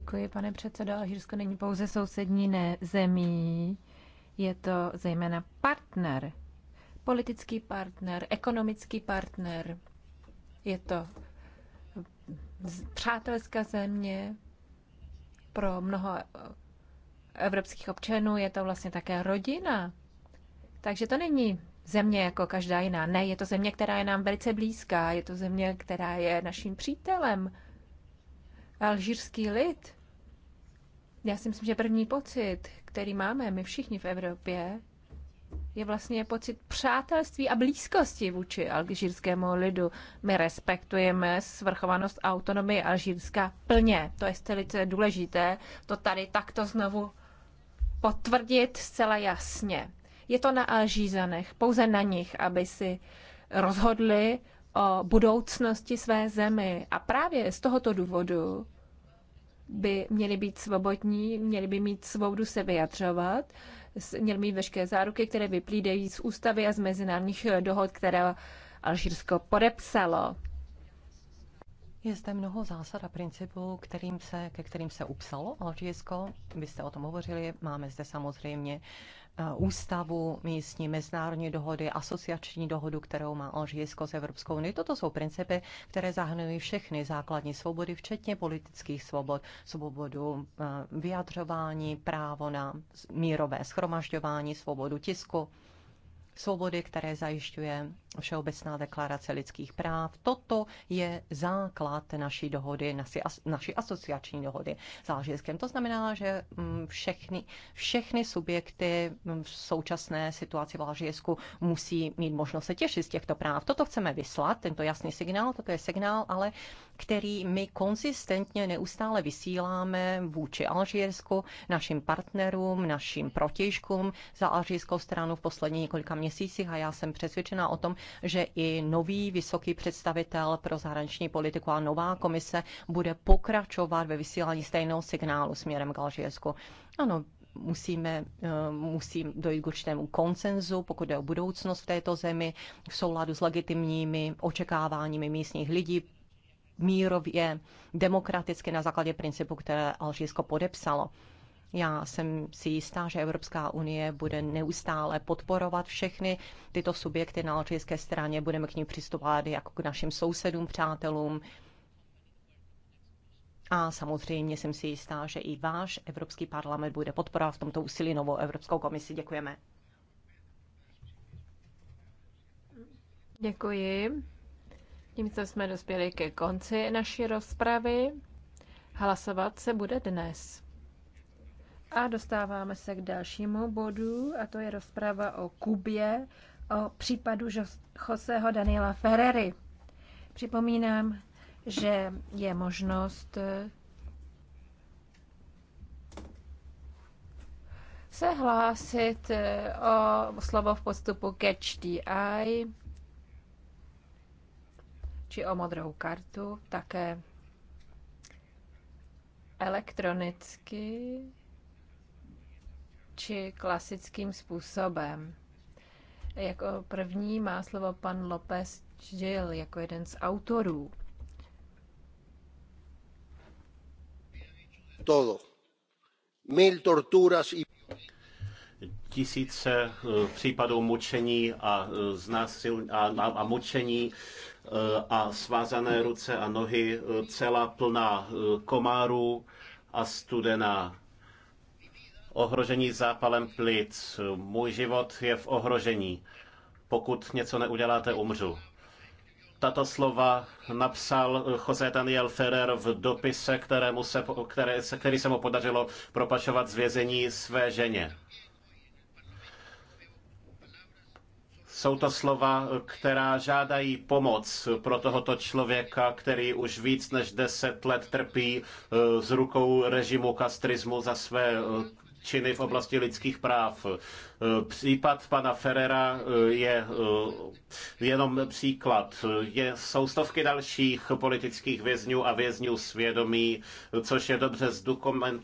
[SPEAKER 4] Děkuji, pane předsedo. Alžírsko není pouze sousední ne, zemí, je to zejména partner politický partner, ekonomický partner. Je to přátelská země pro mnoho evropských občanů, je to vlastně také rodina. Takže to není země jako každá jiná. Ne, je to země, která je nám velice blízká, je to země, která je naším přítelem. Alžírský lid. Já si myslím, že první pocit, který máme my všichni v Evropě, je vlastně pocit přátelství a blízkosti vůči alžírskému lidu. My respektujeme svrchovanost a autonomii Alžírska plně. To je velice důležité to tady takto znovu potvrdit zcela jasně. Je to na Alžízanech, pouze na nich, aby si rozhodli o budoucnosti své zemi. A právě z tohoto důvodu by měli být svobodní, měli by mít svobodu se vyjadřovat, měl mít veškeré záruky, které vyplývají z ústavy a z mezinárodních eh, dohod, které Alžírsko podepsalo.
[SPEAKER 5] Je zde mnoho zásad a principů, kterým se, ke kterým se upsalo Alžírsko. Vy jste o tom hovořili. Máme zde samozřejmě Eh, ústavu místní, mezinárodní dohody, asociační dohodu, kterou má Alžírsko s Evropskou unii. Toto jsou principy, které zahrnují všechny základní svobody, včetně politických svobod, svobodu eh, vyjadřování, právo na mírové schromažďování, svobodu tisku, svobody, které zajišťuje Všeobecná deklarace lidských práv. Toto je základ naší dohody, naší, naší asociační dohody s Alžírskem. To znamená, že mm, všechny, všechny subjekty v současné situaci v Alžírsku musí mít možnost se těšit z těchto práv. Toto chceme vyslat, tento jasný signál, toto je signál, ale který my konzistentně neustále vysíláme vůči Alžírsku, našim partnerům, našim protěžkům za alžírskou stranu v posledních několika měsících a já jsem přesvědčena o tom, že i nový vysoký představitel pro zahraniční politiku a nová komise bude pokračovat ve vysílání stejného signálu směrem k Alžírsku. Ano, musíme, eh, musím dojít k určitému konsenzu, pokud jde o budoucnost v této zemi, v souladu s legitimními očekáváními místních lidí, mírově, demokraticky na základě principu, které Alžírsko podepsalo. Já jsem si jistá, že Evropská unie bude neustále podporovat všechny tyto subjekty na alžírské straně. Budeme k ní přistupovat jako k našim sousedům, přátelům. A samozřejmě jsem si jistá, že i váš Evropský parlament bude podporovat v tomto úsilí novou Evropskou komisi.
[SPEAKER 4] Děkujeme. Děkuji. Tímto jsme dospěli ke konci naší rozpravy. Hlasovat se bude dnes. A dostáváme se k dalšímu bodu, a to je rozprava o Kubě, o případu Joseho Daniela Ferrery. Připomínám, že je možnost eh, se hlásit eh, o slovo v postupu Catch the Eye či o modrou kartu také elektronicky či klasickým způsobem. Jako první má slovo pan López Gil jako jeden z autorů.
[SPEAKER 2] Todo. Mil torturas y
[SPEAKER 3] tisíce eh, případů mučení a, eh, znásil, a, a, a mučení eh, a svázané ruce a nohy, celá plná komárů a studená ohrožení zápalem plic. Můj život je v ohrožení. Pokud něco neuděláte, umřu. Tato slova napsal José Daniel Ferrer v dopise, kterému se, které, který se mu podařilo propašovat z vězení své ženě. Jsou to slova, která žádají pomoc pro tohoto člověka, který už víc než deset let trpí eh, z rukou režimu kastrizmu za své eh, činy v oblasti lidských práv. Eh, případ pana Ferrera eh, je eh, jenom příklad. Je, jsou stovky dalších politických vězňů a vězňů svědomí, což je dobře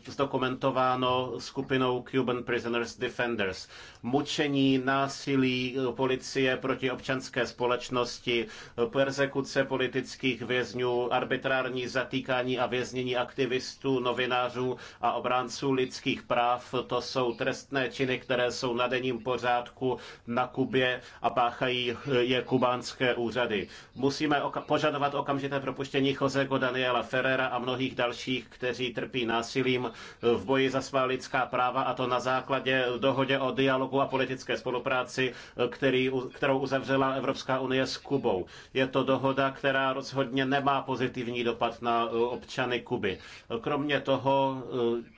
[SPEAKER 3] zdokumentováno skupinou Cuban Prisoners Defenders. Mučení, násilí policie proti občanské společnosti, persekuce politických vězňů, arbitrární zatýkání a věznění aktivistů, novinářů a obránců lidských práv, to jsou trestné činy, které jsou na nezádenním pořádku na Kubě a páchají je kubánské úřady. Musíme oka- požadovat okamžité propuštění Joseho Daniela Ferrera a mnohých dalších, kteří trpí násilím v boji za svá lidská práva a to na základě dohodě o dialogu a politické spolupráci, který, kterou uzavřela Evropská unie s Kubou. Je to dohoda, která rozhodně nemá pozitivní dopad na eh, občany Kuby. Kromě toho eh,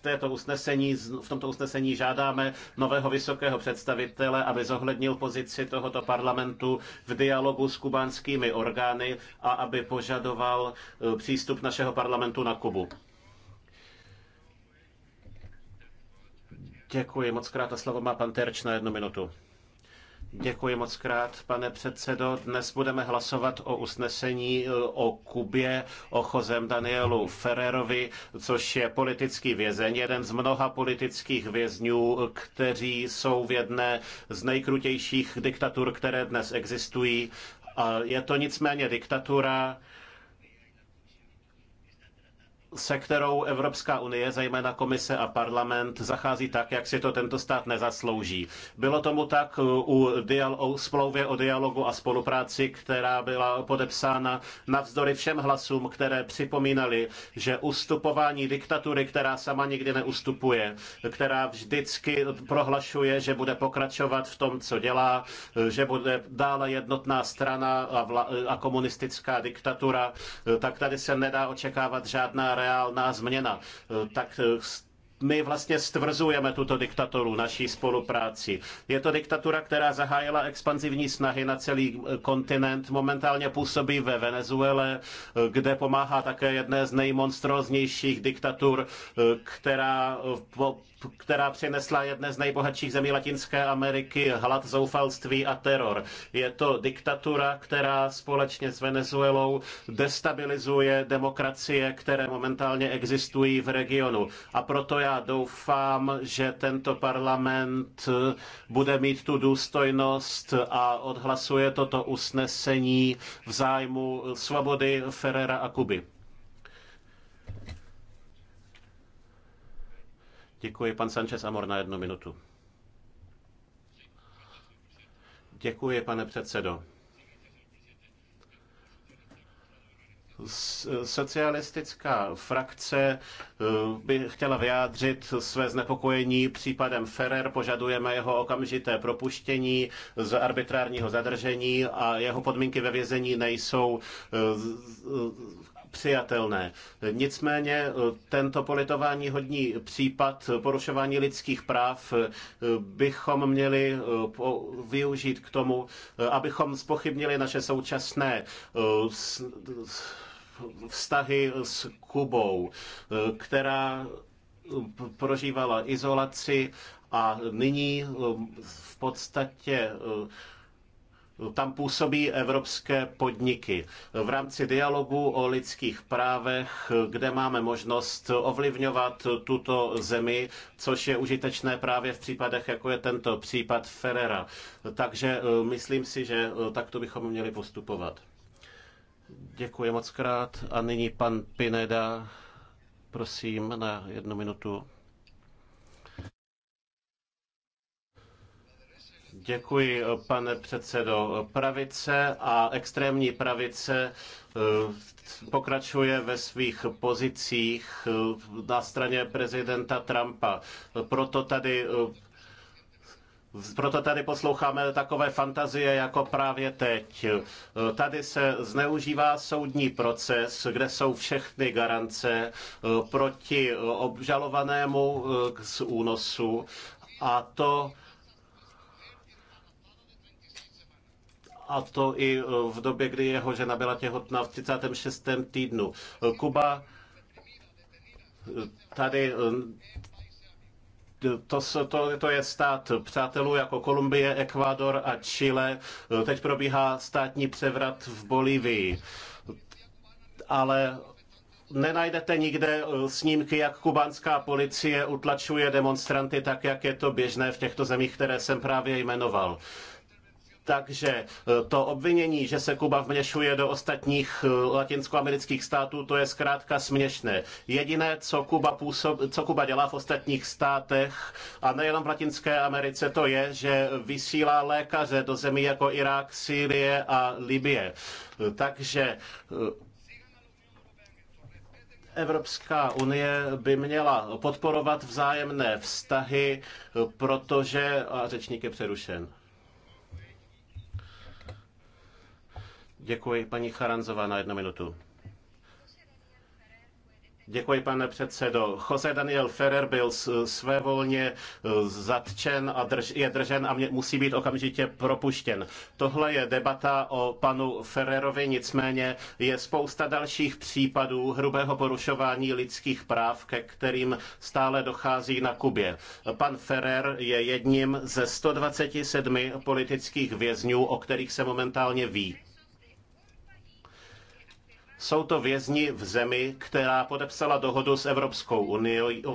[SPEAKER 3] v, této usnesení, v tomto usnesení žádáme nového vysokého představitele, aby zohlednil pozici tohoto parlamentu v dialogu s kubánskými orgány a aby požadoval e, přístup našeho parlamentu na Kubu. Děkuji moc krát a slovo má pan Terč na jednu minutu. Děkuji moc krát, pane předsedo. Dnes budeme hlasovat o usnesení eh, o Kubě, o Chozem Danielu Ferrerovi, což je politický vězeň, jeden z mnoha politických vězňů, kteří jsou v jedné z nejkrutějších diktatur, které dnes existují. Je to nicméně diktatura, se kterou Evropská unie, zejména komise a parlament, zachází tak, jak si to tento stát nezaslouží. Bylo tomu tak u dial- smlouvě o dialogu a spolupráci, která byla podepsána navzdory všem hlasům, které připomínali, že ustupování diktatury, která sama nikdy neustupuje, která vždycky prohlašuje, že bude pokračovat v tom, co dělá, že bude dále jednotná strana a, a komunistická diktatura, tak tady se nedá očekávat žádná reálná změna. Eh, tak eh, my vlastně stvrzujeme tuto diktaturu naší spolupráci. Je to diktatura, která zahájila expanzivní snahy na celý eh, kontinent, momentálně působí ve Venezuele, eh, kde pomáhá také jedné z nejmonstróznějších diktatur, eh, která, která přinesla jedné z nejbohatších zemí Latinské Ameriky hlad, zoufalství a teror. Je to diktatura, která společně s Venezuelou destabilizuje demokracie, které momentálně existují v regionu. A proto já já doufám, že tento parlament eh, bude mít tu důstojnost a odhlasuje toto usnesení v zájmu svobody Ferrera a Kuby. Děkuji, pan Sanchez Amor, na jednu minutu. Děkuji, pane předsedo. Socialistická frakce eh, by chtěla vyjádřit své znepokojení případem Ferrer. Požadujeme jeho okamžité propuštění z arbitrárního zadržení a jeho podmínky ve vězení nejsou eh, přijatelné. Nicméně eh, tento politování hodní případ porušování lidských práv bychom měli využít k tomu, abychom spochybnili naše současné vztahy s Kubou, která prožívala izolaci a nyní um, v podstatě um, tam působí evropské podniky. V rámci dialogu o lidských právech, kde máme možnost ovlivňovat tuto zemi, což je užitečné právě v případech, jako je tento případ Ferrera. Takže um, myslím si, že uh, takto bychom měli postupovat. Děkuji moc krát. A nyní pan Pineda, prosím, na jednu minutu. Děkuji, pane předsedo. Pravice a extrémní pravice eh, pokračuje ve svých pozicích eh, na straně prezidenta Trumpa. Proto tady eh, proto tady posloucháme takové fantazie jako právě teď. Tady se zneužívá soudní proces, kde jsou všechny garance eh, proti eh, obžalovanému eh, z únosu a to a to i v době, kdy jeho žena byla těhotná v 36. týdnu. Kuba tady to, to, to je stát přátelů jako Kolumbie, Ekvádor a Chile. Teď probíhá státní převrat v Bolívii. Ale nenajdete nikde eh, snímky, jak kubánská policie utlačuje demonstranty tak, jak je to běžné v těchto zemích, které jsem právě jmenoval. Takže e, to obvinění, že se Kuba vměšuje do ostatních e, latinskoamerických států, to je zkrátka směšné. Jediné, co Kuba, působ, co Kuba dělá v ostatních státech, a nejenom v Latinské Americe, to je, že vysílá lékaře do zemí jako Irák, Sýrie a Libye. E, takže Evropská unie by měla podporovat vzájemné vztahy, protože... A řečník je přerušen. Děkuji, paní Charanzová, na jednu minutu. Děkuji, pane předsedo. Jose Daniel Ferrer byl svévolně eh, zatčen a drž, je držen a mě, musí být okamžitě propuštěn. Tohle je debata o panu Ferrerovi, nicméně je spousta dalších případů hrubého porušování lidských práv, ke kterým stále dochází na Kubě. Pan Ferrer je jedním ze 127 politických vězňů, o kterých se momentálně ví. Jsou to vězni v zemi, která podepsala dohodu s Evropskou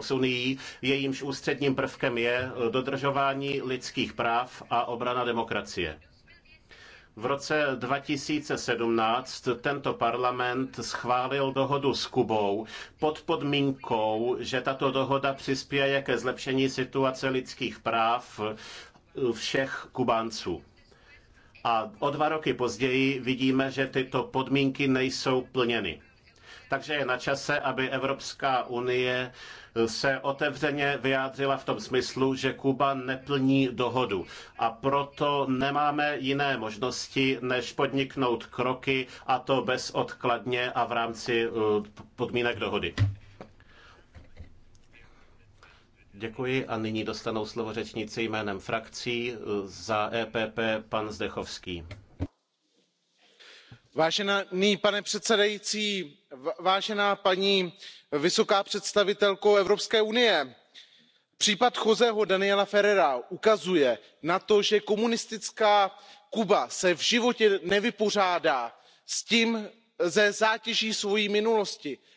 [SPEAKER 3] unii, jejímž ústředním prvkem je dodržování lidských práv a obrana demokracie. V roce 2017 tento parlament schválil dohodu s Kubou pod podmínkou, že tato dohoda přispěje ke zlepšení situace lidských práv všech Kubánců. A o dva roky později vidíme, že tyto podmínky nejsou plněny. Takže je na čase, aby Evropská unie se otevřeně vyjádřila v tom smyslu, že Kuba neplní dohodu a proto nemáme jiné možnosti, než podniknout kroky a to bezodkladně a v rámci eh, podmínek dohody. Děkuji a nyní dostanou slovo řečníci jménem frakcí eh, za EPP pan Zdechovský.
[SPEAKER 10] Vážený pane předsedající, vážená paní vysoká představitelko Evropské unie, případ joseho daniela ferrera ukazuje na to že komunistická kuba se v životě nevypořádá ze zátěží svojí minulosti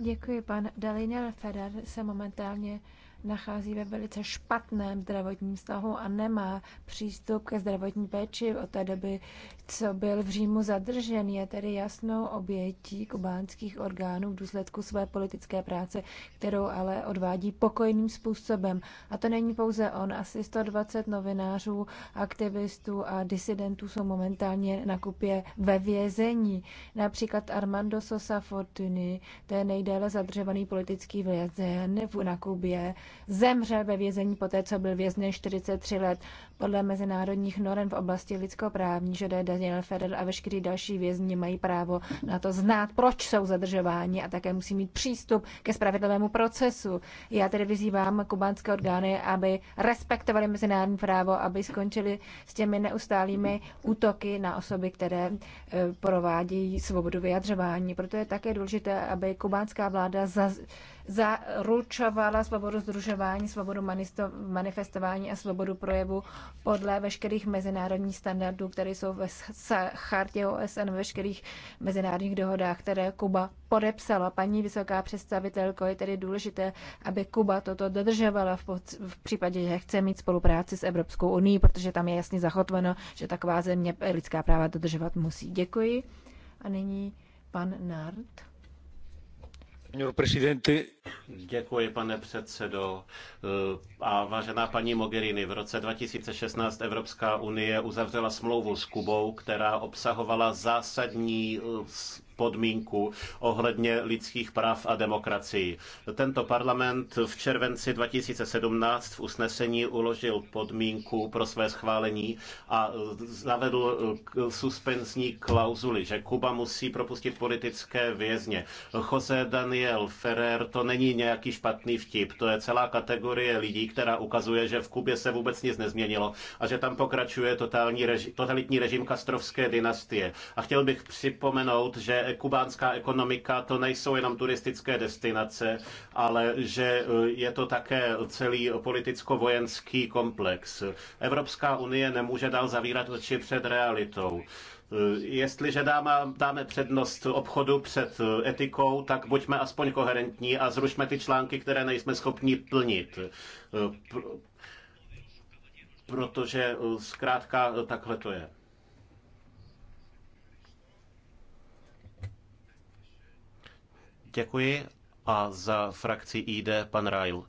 [SPEAKER 4] Děkuji, pan Daniel Feder se momentálně nachází ve velice špatném zdravotním stavu a nemá přístup ke zdravotní péči od té doby, co byl v Římu zadržen. Je tedy jasnou obětí kubánských orgánů v důsledku své politické práce, kterou ale odvádí pokojným způsobem. A to není pouze on, asi 120 novinářů, aktivistů a disidentů jsou momentálně na kupě ve vězení. Například Armando Sosa Fortuny, to je nejdéle zadržovaný politický vězen na Kubě, zemřel ve vězení poté, co byl vězněn 43 let. Podle mezinárodních norm v oblasti lidskoprávní že Daniel Federer a veškerý další vězni mají právo na to znát, proč jsou zadržováni a také musí mít přístup ke spravedlivému procesu. Já tedy vyzývám kubánské orgány, aby respektovali mezinárodní právo, aby skončili s těmi neustálými útoky na osoby, které eh, provádějí svobodu vyjadřování. Proto je také důležité, aby kubánská vláda za, zaručovala svobodu združování, svobodu manifestování a svobodu projevu podle veškerých mezinárodních standardů, které jsou ve chartě OSN, ve veškerých mezinárodních dohodách, které Kuba podepsala. Paní vysoká představitelko, je tedy důležité, aby Kuba toto dodržovala v, v případě, že chce mít spolupráci s Evropskou unii, protože tam je jasně zachotveno, že taková země lidská práva dodržovat musí. Děkuji. A nyní pan Nard.
[SPEAKER 3] Děkuji, pane předsedo. Eh, a vážená paní Mogherini, v roce 2016 Evropská unie uzavřela smlouvu s Kubou, která obsahovala zásadní eh, podmínku ohledně lidských práv a demokracii. Tento parlament v červenci 2017 v usnesení uložil podmínku pro své schválení a zavedl suspenzní klauzuly, že Kuba musí propustit politické vězně. Jose Daniel Ferrer to není nějaký špatný vtip, to je celá kategorie lidí, která ukazuje, že v Kubě se vůbec nic nezměnilo a že tam pokračuje totální reži- totalitní režim kastrovské dynastie. A chtěl bych připomenout, že E, kubánská ekonomika to nejsou jenom turistické destinace, ale že e, je to také celý politicko-vojenský komplex. Evropská unie nemůže dál zavírat oči před realitou. E, jestliže dáme, dáme přednost obchodu před etikou, tak buďme aspoň koherentní a zrušme ty články, které nejsme schopni plnit. Protože zkrátka takhle to je. Děkuji a za frakci ID pan Rajl.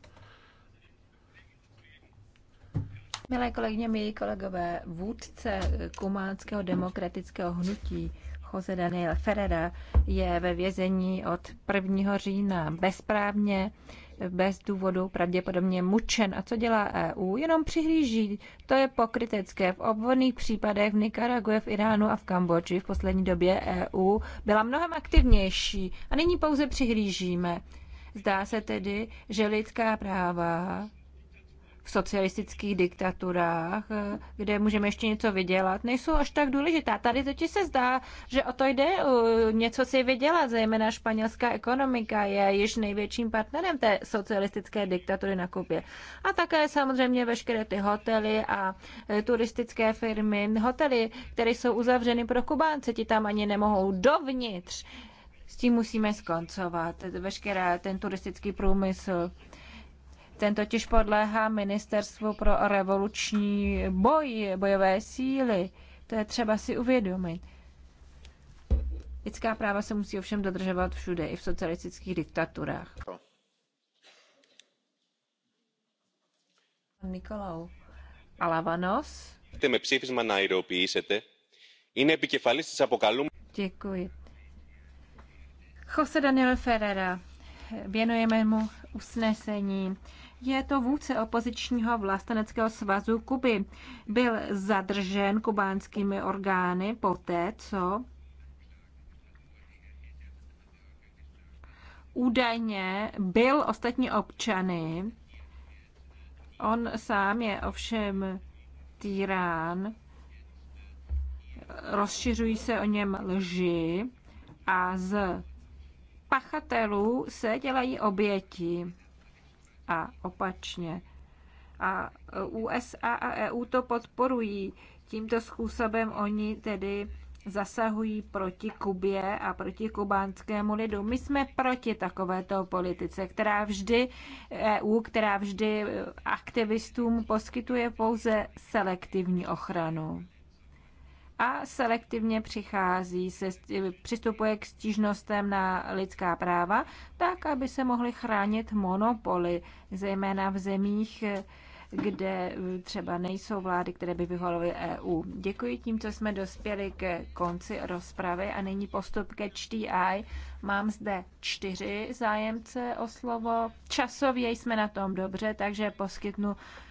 [SPEAKER 4] Milé kolegyně, milí kolegové, vůdce kumánského demokratického hnutí Jose Daniel Ferrera je ve vězení od 1. října bezprávně bez důvodu pravděpodobně mučen. A co dělá EU? Jenom přihlíží. To je pokrytecké. V obvodných případech v Nikaragu, v Iránu a v Kambodži v poslední době EU byla mnohem aktivnější a nyní pouze přihlížíme. Zdá se tedy, že lidská práva socialistických diktaturách, eh, kde můžeme ještě něco vydělat, nejsou až tak důležitá. Tady totiž se zdá, že o to jde eh, něco si vydělat, zejména španělská ekonomika je již největším partnerem té socialistické diktatury na Kubě. A také samozřejmě veškeré ty hotely a eh, turistické firmy, hotely, které jsou uzavřeny pro Kubánce, ti tam ani nemohou dovnitř. S tím musíme skoncovat. Veškerá ten turistický průmysl ten totiž podléhá Ministerstvu pro revoluční boj, bojové síly. To je třeba si uvědomit. Lidská práva se musí ovšem dodržovat všude, i v socialistických diktaturách. Nikolau Alavanos.
[SPEAKER 8] Με ψήφισμα να ηρωποιήσετε. Είναι επικεφαλής της αποκαλούμενης...
[SPEAKER 4] Děkuji. Jose Daniel Ferrera, věnujeme mu usnesení je to vůdce opozičního vlasteneckého svazu Kuby. Byl zadržen kubánskými orgány poté, co údajně byl ostatní občany. On sám je ovšem týrán, rozšiřují se o něm lži a z pachatelů se dělají oběti a opačně. A USA a EU to podporují. Tímto způsobem oni tedy zasahují proti Kubě a proti kubánskému lidu. My jsme proti takovéto politice, která vždy EU, která vždy aktivistům poskytuje pouze selektivní ochranu a selektivně přichází, se, přistupuje k stížnostem na lidská práva, tak, aby se mohly chránit monopoly, zejména v zemích, kde třeba nejsou vlády, které by vyhovovaly EU. Děkuji co jsme dospěli ke konci rozpravy a nyní postup ke čtí Mám zde čtyři zájemce o slovo. Časově jsme na tom dobře, takže poskytnu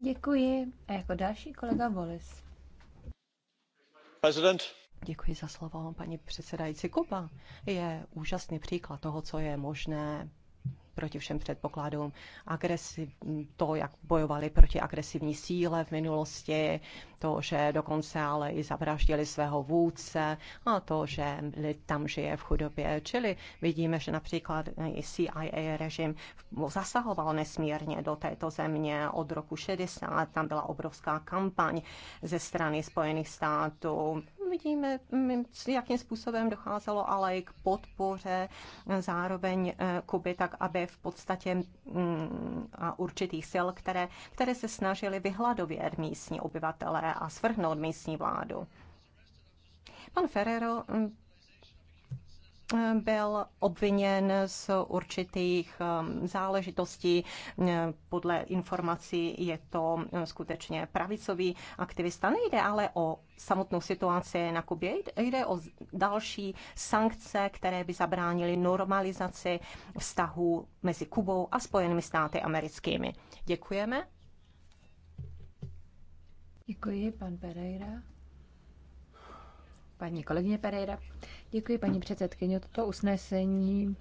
[SPEAKER 4] Děkuji. Jako
[SPEAKER 5] kolega President. Děkuji paní předsedající. Kuba je úžasný příklad toho, co je možné proti všem předpokladům. Agresiv, to, jak bojovali proti agresivní síle v minulosti, to, že dokonce ale i zavraždili svého vůdce a to, že lid tam žije v chudobě. Čili vidíme, že například i CIA režim zasahoval nesmírně do této země od roku 60. Tam byla obrovská kampaň ze strany Spojených států Vidíme, mm, jakým způsobem docházelo ale i k podpoře zároveň eh, Kuby, tak aby v podstatě mm, a určitých sil, které, které se snažili vyhladovět místní obyvatele a svrhnout místní vládu. Pan Ferrero mm, byl obviněn z určitých um, záležitostí. E, podle informací je to e, skutečně pravicový aktivista. Nejde ale o samotnou situaci na Kubě, jde o další sankce, které by zabránily normalizaci vztahů mezi Kubou a Spojenými státy americkými. Děkujeme.
[SPEAKER 4] Děkuji, pan Pereira. Paní kolegyně Pereira. Děkuji, paní předsedkyně. Toto usnesení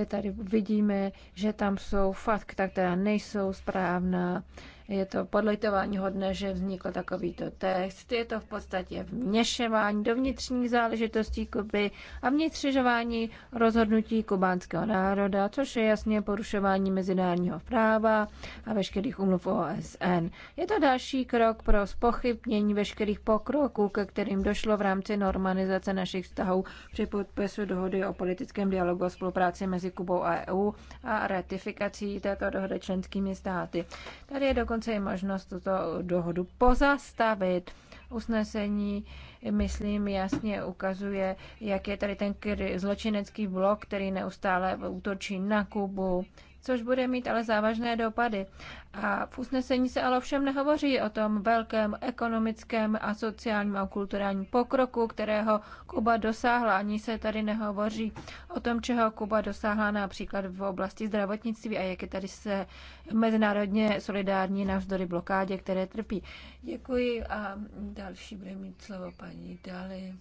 [SPEAKER 4] eh, tady vidíme, že tam jsou fakta, která nejsou správná je to podlitování hodné, že vznikl takovýto text. Je to v podstatě vměšování do vnitřních záležitostí Kuby a vnitřižování rozhodnutí kubánského národa, což je jasně porušování mezinárodního práva a veškerých umluv OSN. Je to další krok pro spochybnění veškerých pokroků, ke kterým došlo v rámci normalizace našich vztahů při podpisu dohody o politickém dialogu a spolupráci mezi Kubou a EU a ratifikací této dohody členskými státy. Tady je dokonce dokonce i možnost tuto dohodu pozastavit. Usnesení, myslím, jasně ukazuje, jak je tady ten zločinecký blok, který neustále útočí na Kubu, což bude mít ale závažné dopady. A v usnesení se ale ovšem nehovoří o tom velkém ekonomickém a sociálním a kulturálním pokroku, kterého Kuba dosáhla. Ani se tady nehovoří o tom, čeho Kuba dosáhla například v oblasti zdravotnictví a jak je tady se mezinárodně solidární navzdory blokádě, které trpí. Děkuji a další bude mít slovo paní Dali.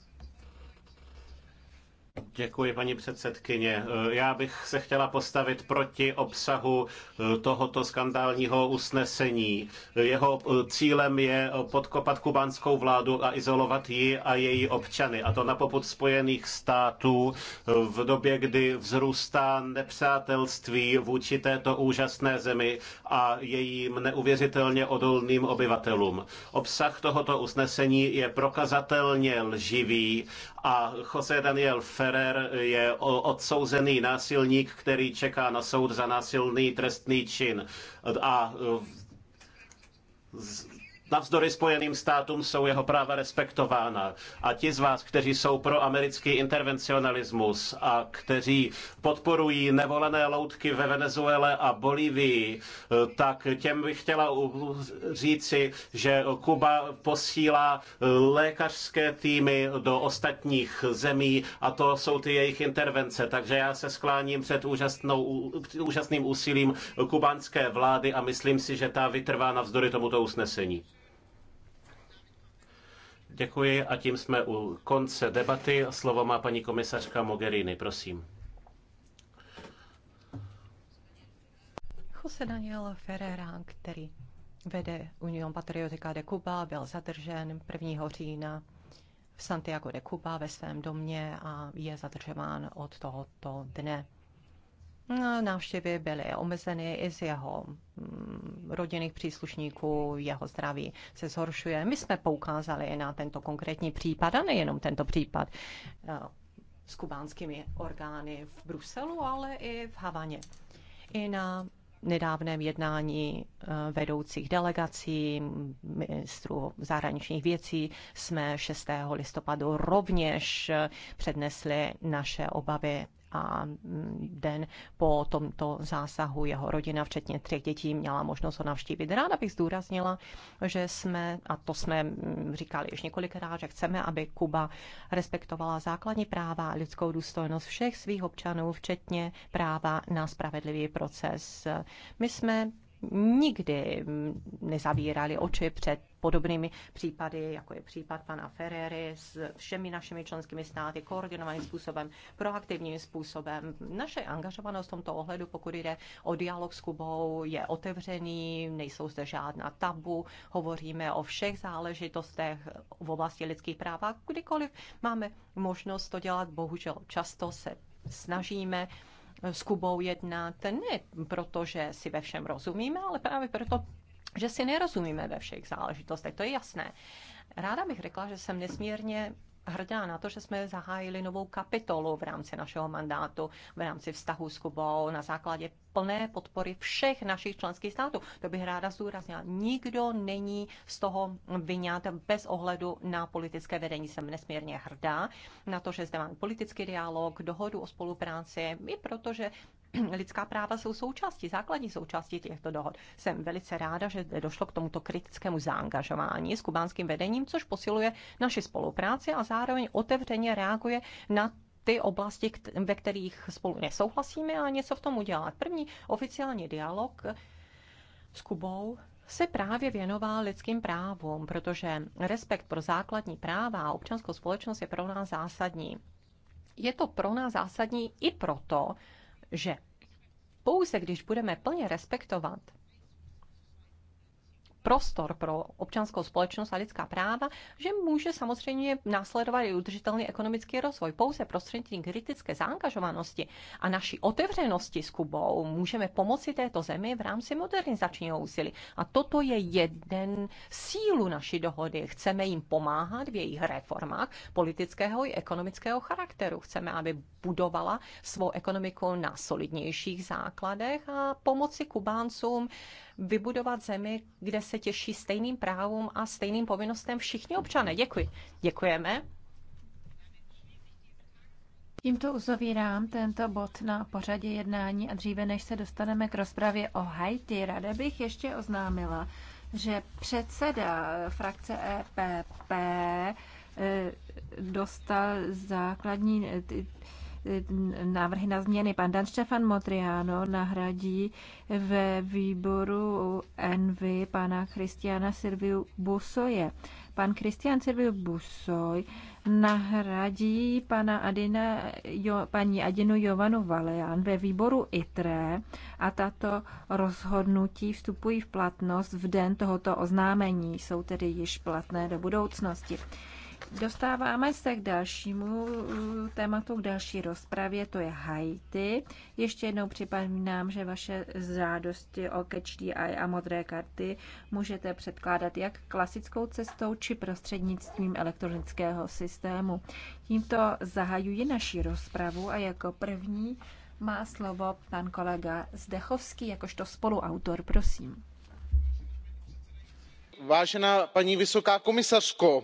[SPEAKER 3] Děkuji, paní předsedkyně. Eh, já bych se chtěla postavit proti obsahu eh, tohoto skandálního usnesení. Jeho eh, cílem je podkopat kubánskou vládu a izolovat ji a její občany. A to na popud Spojených států v době, kdy vzrůstá nepřátelství vůči této úžasné zemi a jejím neuvěřitelně odolným obyvatelům. Obsah tohoto usnesení je prokazatelně lživý a José Daniel Ferrer je odsouzený násilník, který čeká na soud za násilný trestný čin. A eh, Navzdory Spojeným státům jsou jeho práva respektována. A ti z vás, kteří jsou pro americký intervencionalismus a kteří podporují nevolené loutky ve Venezuele a Bolívii, tak těm bych chtěla říci, že Kuba posílá lékařské týmy do ostatních zemí a to jsou ty jejich intervence. Takže já se skláním před úžasnou, úžasným úsilím kubánské vlády a myslím si, že ta vytrvá navzdory tomuto usnesení. Děkuji a tím jsme u konce debaty. Slovo má paní komisařka Mogherini, prosím.
[SPEAKER 5] Jose Daniel Ferreira, který vede Union Patriotica de Cuba, byl zadržen 1. října v Santiago de Cuba ve svém domě a je zadržován od tohoto dne návštěvy byly omezeny i z jeho mm, rodinných příslušníků, jeho zdraví se zhoršuje. My jsme poukázali na tento konkrétní případ a nejenom tento případ eh, s kubánskými orgány v Bruselu, ale i v Havaně. I na nedávném jednání eh, vedoucích delegací, ministrů zahraničních věcí jsme 6. listopadu rovněž eh, přednesli naše obavy a mm, den po tomto zásahu jeho rodina, včetně třech dětí, měla možnost ho navštívit. Ráda bych zdůraznila, že jsme, a to jsme mm, říkali již několikrát, že chceme, aby Kuba respektovala základní práva a lidskou důstojnost všech svých občanů, včetně práva na spravedlivý proces. My jsme nikdy nezavírali oči před podobnými případy, jako je případ pana Ferrery, s všemi našimi členskými státy, koordinovaným způsobem, proaktivním způsobem. Naše angažovanost v tomto ohledu, pokud jde o dialog s Kubou, je otevřený, nejsou zde žádná tabu, hovoříme o všech záležitostech v oblasti lidských práv a kdykoliv máme možnost to dělat, bohužel často se snažíme s Kubou jednat, ne protože si ve všem rozumíme, ale právě proto, že si nerozumíme ve všech záležitostech, to je jasné. Ráda bych řekla, že jsem nesmírně hrdá na to, že jsme zahájili novou kapitolu v rámci našeho mandátu, v rámci vztahu s Kubou na základě plné podpory všech našich členských států. To bych ráda zdůraznila. Nikdo není z toho vyňat bez ohledu na politické vedení. Jsem nesmírně hrdá na to, že zde máme politický dialog, dohodu o spolupráci, i protože lidská práva jsou součástí, základní součástí těchto dohod. Jsem velice ráda, že došlo k tomuto kritickému zaangažování s kubánským vedením, což posiluje naši spolupráci a zároveň otevřeně reaguje na ty oblasti, ve kterých spolu nesouhlasíme a něco v tom udělat. První oficiální dialog s Kubou se právě věnoval lidským právům, protože respekt pro základní práva a občanskou společnost je pro nás zásadní. Je to pro nás zásadní i proto, že pouze když budeme plně respektovat prostor pro občanskou společnost a lidská práva, že může samozřejmě následovat i udržitelný ekonomický rozvoj. Pouze prostřednictvím kritické zaangažovanosti a naší otevřenosti s Kubou můžeme pomoci této zemi v rámci modernizačního úsilí. A toto je jeden sílu naší dohody. Chceme jim pomáhat v jejich reformách politického i ekonomického charakteru. Chceme, aby budovala svou ekonomiku na solidnějších základech a pomoci Kubáncům vybudovat zemi, kde se těší stejným právům a stejným povinnostem všichni občané. Děkuji. Děkujeme.
[SPEAKER 4] Tímto uzavírám tento bod na pořadě jednání a dříve, než se dostaneme k rozpravě o Haiti, ráda bych ještě oznámila, že předseda frakce EPP eh, dostal základní návrhy na změny. Pan Dan Štefan Motriano nahradí ve výboru Envy pana Christiana Silviu Busoje. Pan Kristian Silviu Busoj nahradí pana Adina, jo, paní Adinu Jovanu Valean ve výboru ITRE a tato rozhodnutí vstupují v platnost v den tohoto oznámení. Jsou tedy již platné do budoucnosti. Dostáváme se k dalšímu eh, tématu, k další rozpravě, to je Haiti. Ještě jednou připomínám, že vaše žádosti o kečtí a modré karty můžete předkládat jak klasickou cestou, či prostřednictvím elektronického systému. Tímto zahajuji naši rozpravu a jako první má slovo pan kolega Zdechovský, jakožto spoluautor, prosím.
[SPEAKER 10] Vážená paní vysoká komisařko,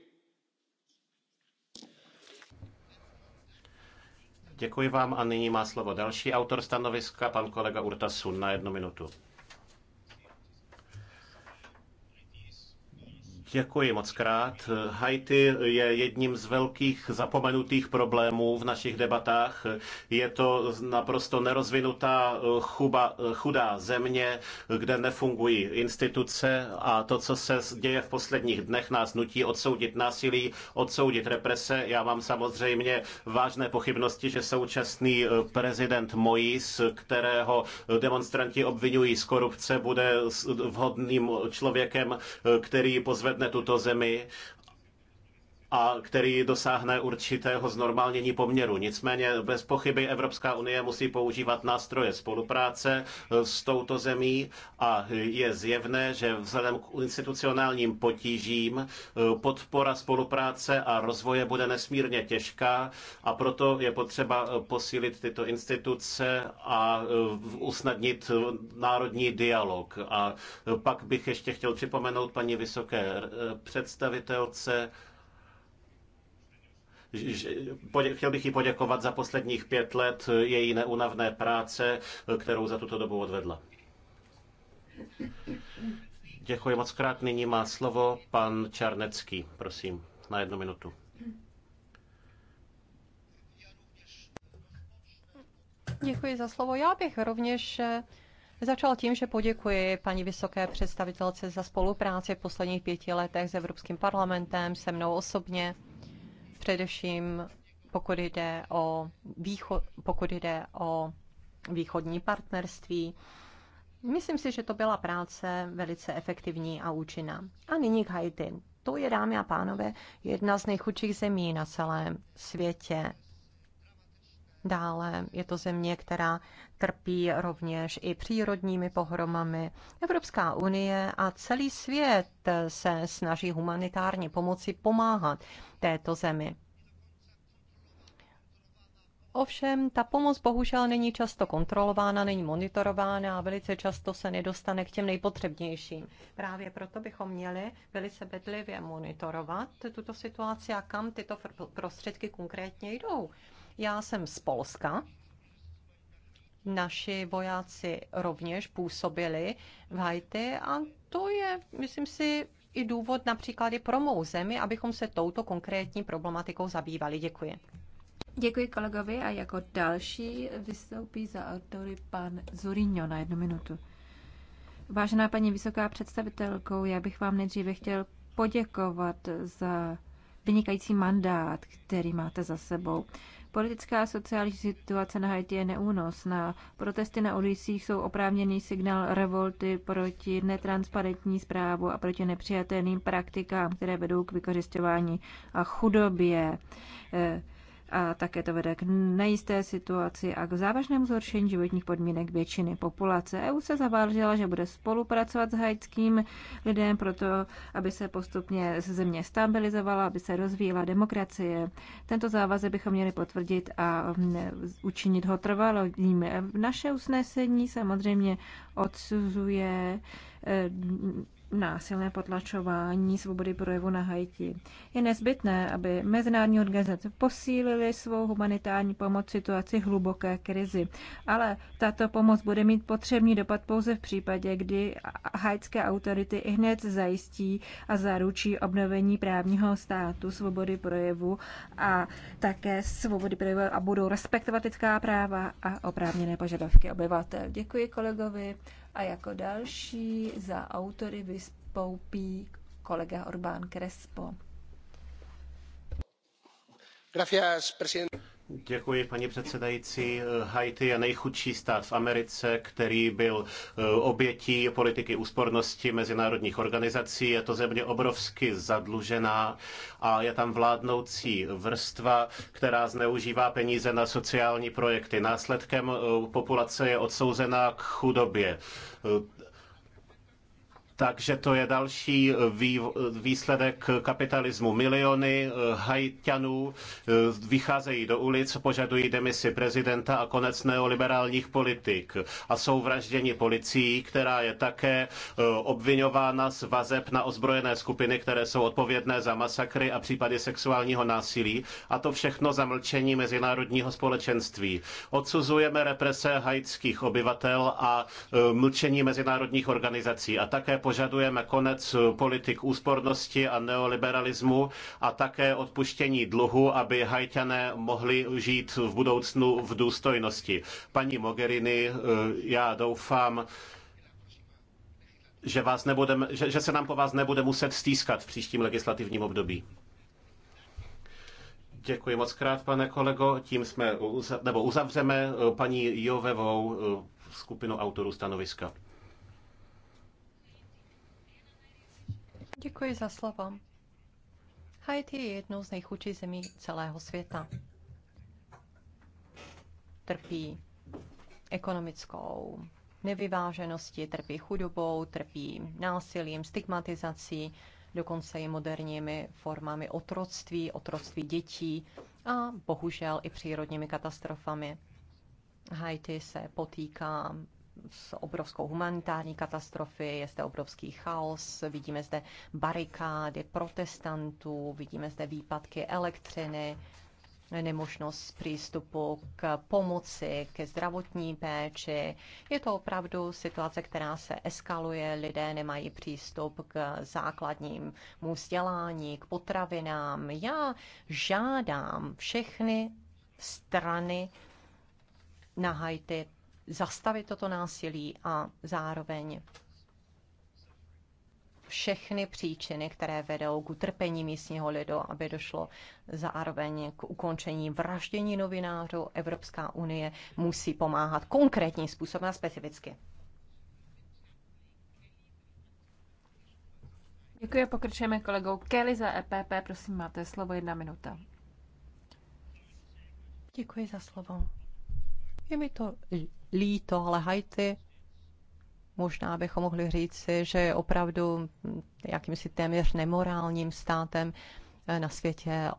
[SPEAKER 3] Děkuji vám a nyní má slovo další autor stanoviska, pan kolega Urta Sun na jednu minutu. Děkuji moc krát. Haiti je jedním z velkých zapomenutých problémů v našich debatách. Je to naprosto nerozvinutá chuba, chudá země, kde nefungují instituce a to, co se děje v posledních dnech, nás nutí odsoudit násilí, odsoudit represe. Já mám samozřejmě vážné pochybnosti, že současný prezident Mois, kterého demonstranti obvinují z korupce, bude vhodným člověkem, který pozvedne napadne tuto zemi a který dosáhne určitého znormálnění poměru. Nicméně bez pochyby Evropská unie musí používat nástroje spolupráce eh, s touto zemí a je zjevné, že vzhledem k institucionálním potížím eh, podpora spolupráce a rozvoje bude nesmírně těžká a proto je potřeba eh, posílit tyto instituce a usnadnit národní dialog. A pak bych ještě chtěl připomenout paní vysoké představitelce, chtěl bych jí poděkovat za posledních pět let její neunavné práce, kterou za tuto dobu odvedla. Děkuji moc krát. Nyní má slovo pan Čarnecký, prosím, na jednu minutu.
[SPEAKER 5] Děkuji za slovo. Já bych rovněž eh, začal tím, že poděkuji paní vysoké představitelce za spolupráci v posledních pěti letech s Evropským parlamentem, se mnou osobně především pokud jde o, výcho, pokud jde o východní partnerství. Myslím si, že to byla práce velice efektivní a účinná. A nyní k Haiti. To je, dámy a pánové, jedna z nejchudších zemí na celém světě. Dále je to země, která trpí rovněž i přírodními pohromami. Evropská unie a celý svět se snaží humanitárně pomoci pomáhat této zemi. Ovšem, ta pomoc bohužel není často kontrolována, není monitorována a velice často se nedostane k těm nejpotřebnějším. Právě proto bychom měli velice bedlivě monitorovat tuto situaci a kam tyto prostředky konkrétně jdou. Já jsem z Polska. Naši vojáci rovněž působili v Haiti a to je, myslím si, i důvod například i pro mou zemi, abychom se touto konkrétní problematikou zabývali. Děkuji.
[SPEAKER 4] Děkuji kolegovi a jako další vystoupí za autory pan Zurino na jednu minutu. Vážená paní vysoká představitelkou, já bych vám nejdříve chtěl poděkovat za vynikající mandát, který máte za sebou. Politická a sociální situace na Haiti je neúnosná. Protesty na ulicích jsou oprávněný signál revolty proti netransparentní zprávu a proti nepřijatelným praktikám, které vedou k vykořišťování a chudobě. Eh, a také to vede k nejisté situaci a k závažnému zhoršení životních podmínek většiny populace. EU se zavážela, že bude spolupracovat s haitským lidem proto, aby se postupně země stabilizovala, aby se rozvíjela demokracie. Tento závazek bychom měli potvrdit a mm, učinit ho trvalým. Naše usnesení samozřejmě odsuzuje e, násilné potlačování svobody projevu na Haiti. Je nezbytné, aby mezinárodní organizace posílily svou humanitární pomoc v situaci hluboké krizi. Ale tato pomoc bude mít potřebný dopad pouze v případě, kdy haitské autority i hned zajistí a zaručí obnovení právního státu, svobody projevu a také svobody projevu a budou respektovat lidská práva a oprávněné požadavky obyvatel. Děkuji kolegovi a jako další za autory vyspoupí kolega Orbán Crespo.
[SPEAKER 3] Gracias, presidente. Děkuji, paní předsedající. Haiti je nejchudší stát v Americe, který byl eh, obětí politiky úspornosti mezinárodních organizací. Je to země obrovsky zadlužená a je tam vládnoucí vrstva, která zneužívá peníze na sociální projekty. Následkem eh, populace je odsouzená k chudobě. Eh, takže to je další eh, eh, výsledek kapitalismu. Miliony eh, hajťanů vycházejí do ulic, požadují demisi prezidenta a konec neoliberálních politik. A jsou vražděni policií, která je také obvinována z vazeb na ozbrojené skupiny, které jsou odpovědné za masakry a případy sexuálního násilí. A to všechno za mlčení mezinárodního společenství. Odsuzujeme represe haitských obyvatel a mlčení mezinárodních organizací a také po požadujeme konec politik úspornosti a neoliberalismu a také odpuštění dluhu, aby hajťané mohli žít v budoucnu v důstojnosti. Paní Mogherini, eh, já doufám, že, vás nebudem, že, že se nám po vás nebude muset stýskat v příštím legislativním období. Děkuji moc krát, pane kolego. Tím jsme, nebo uzavřeme eh, paní Jovevou eh, skupinu autorů stanoviska.
[SPEAKER 5] Děkuji za slovo. Haiti je jednou z nejchudších zemí celého světa. Trpí ekonomickou nevyvážeností, trpí chudobou, trpí násilím, stigmatizací, dokonce i moderními formami otroctví, otroctví dětí a bohužel i přírodními katastrofami. Haiti se potýká s obrovskou humanitární katastrofy, je zde obrovský chaos, vidíme zde barikády protestantů, vidíme zde výpadky elektřiny, nemožnost přístupu k pomoci, ke zdravotní péči. Je to opravdu situace, která se eskaluje, lidé nemají přístup k základnímu vzdělání, k potravinám. Já žádám všechny strany na Haiti, zastavit toto násilí a zároveň všechny příčiny, které vedou k utrpení místního lidu, aby došlo zároveň k ukončení vraždění novinářů. Evropská unie musí pomáhat konkrétním způsobem a specificky.
[SPEAKER 4] Děkuji, pokračujeme kolegou Kelly za EPP. Prosím, máte slovo jedna minuta. Děkuji za slovo.
[SPEAKER 5] Je mi to líto, ale Haiti možná bychom mohli říci, že je opravdu jakýmsi téměř nemorálním státem eh, na světě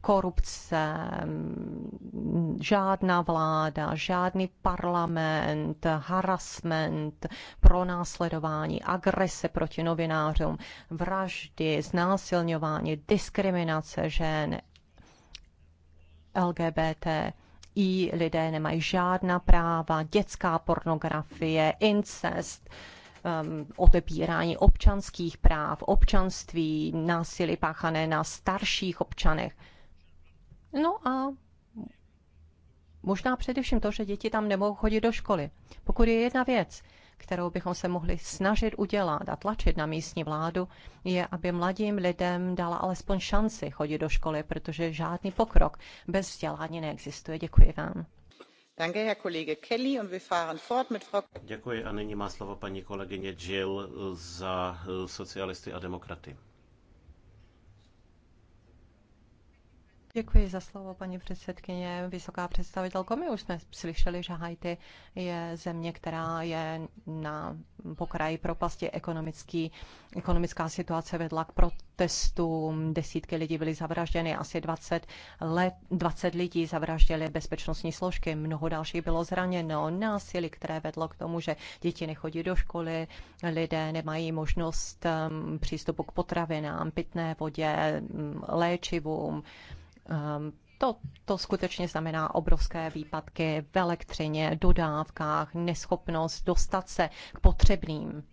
[SPEAKER 5] korupce, mm, žádná vláda, žádný parlament, harassment, pronásledování, agrese proti novinářům, vraždy, znásilňování, diskriminace žen, LGBT i lidé nemají žádná práva, dětská pornografie, incest, um, odepírání občanských práv, občanství, násilí páchané na starších občanech. No a možná především to, že děti tam nemohou chodit do školy. Pokud je jedna věc, kterou bychom se mohli snažit udělat a tlačit na místní vládu, je, aby mladým lidem dala alespoň šanci chodit do školy, protože žádný pokrok bez vzdělání neexistuje. Děkuji vám.
[SPEAKER 3] Děkuji a nyní má slovo paní kolegyně Jill za eh, socialisty a demokraty.
[SPEAKER 5] Děkuji za slovo, paní předsedkyně. Vysoká představitelko, my už jsme slyšeli, že Haiti je země, která je na pokraji propasti ekonomický. Ekonomická situace vedla k protestům, desítky lidí byly zavražděny, asi 20, let, 20 lidí zavražděly bezpečnostní složky, mnoho dalších bylo zraněno, násilí, které vedlo k tomu, že děti nechodí do školy, lidé nemají možnost um, přístupu k potravinám, pitné vodě, um, léčivům Ehm, to, to skutečně znamená obrovské výpadky v elektřině, dodávkách, neschopnost dostat se k potřebným.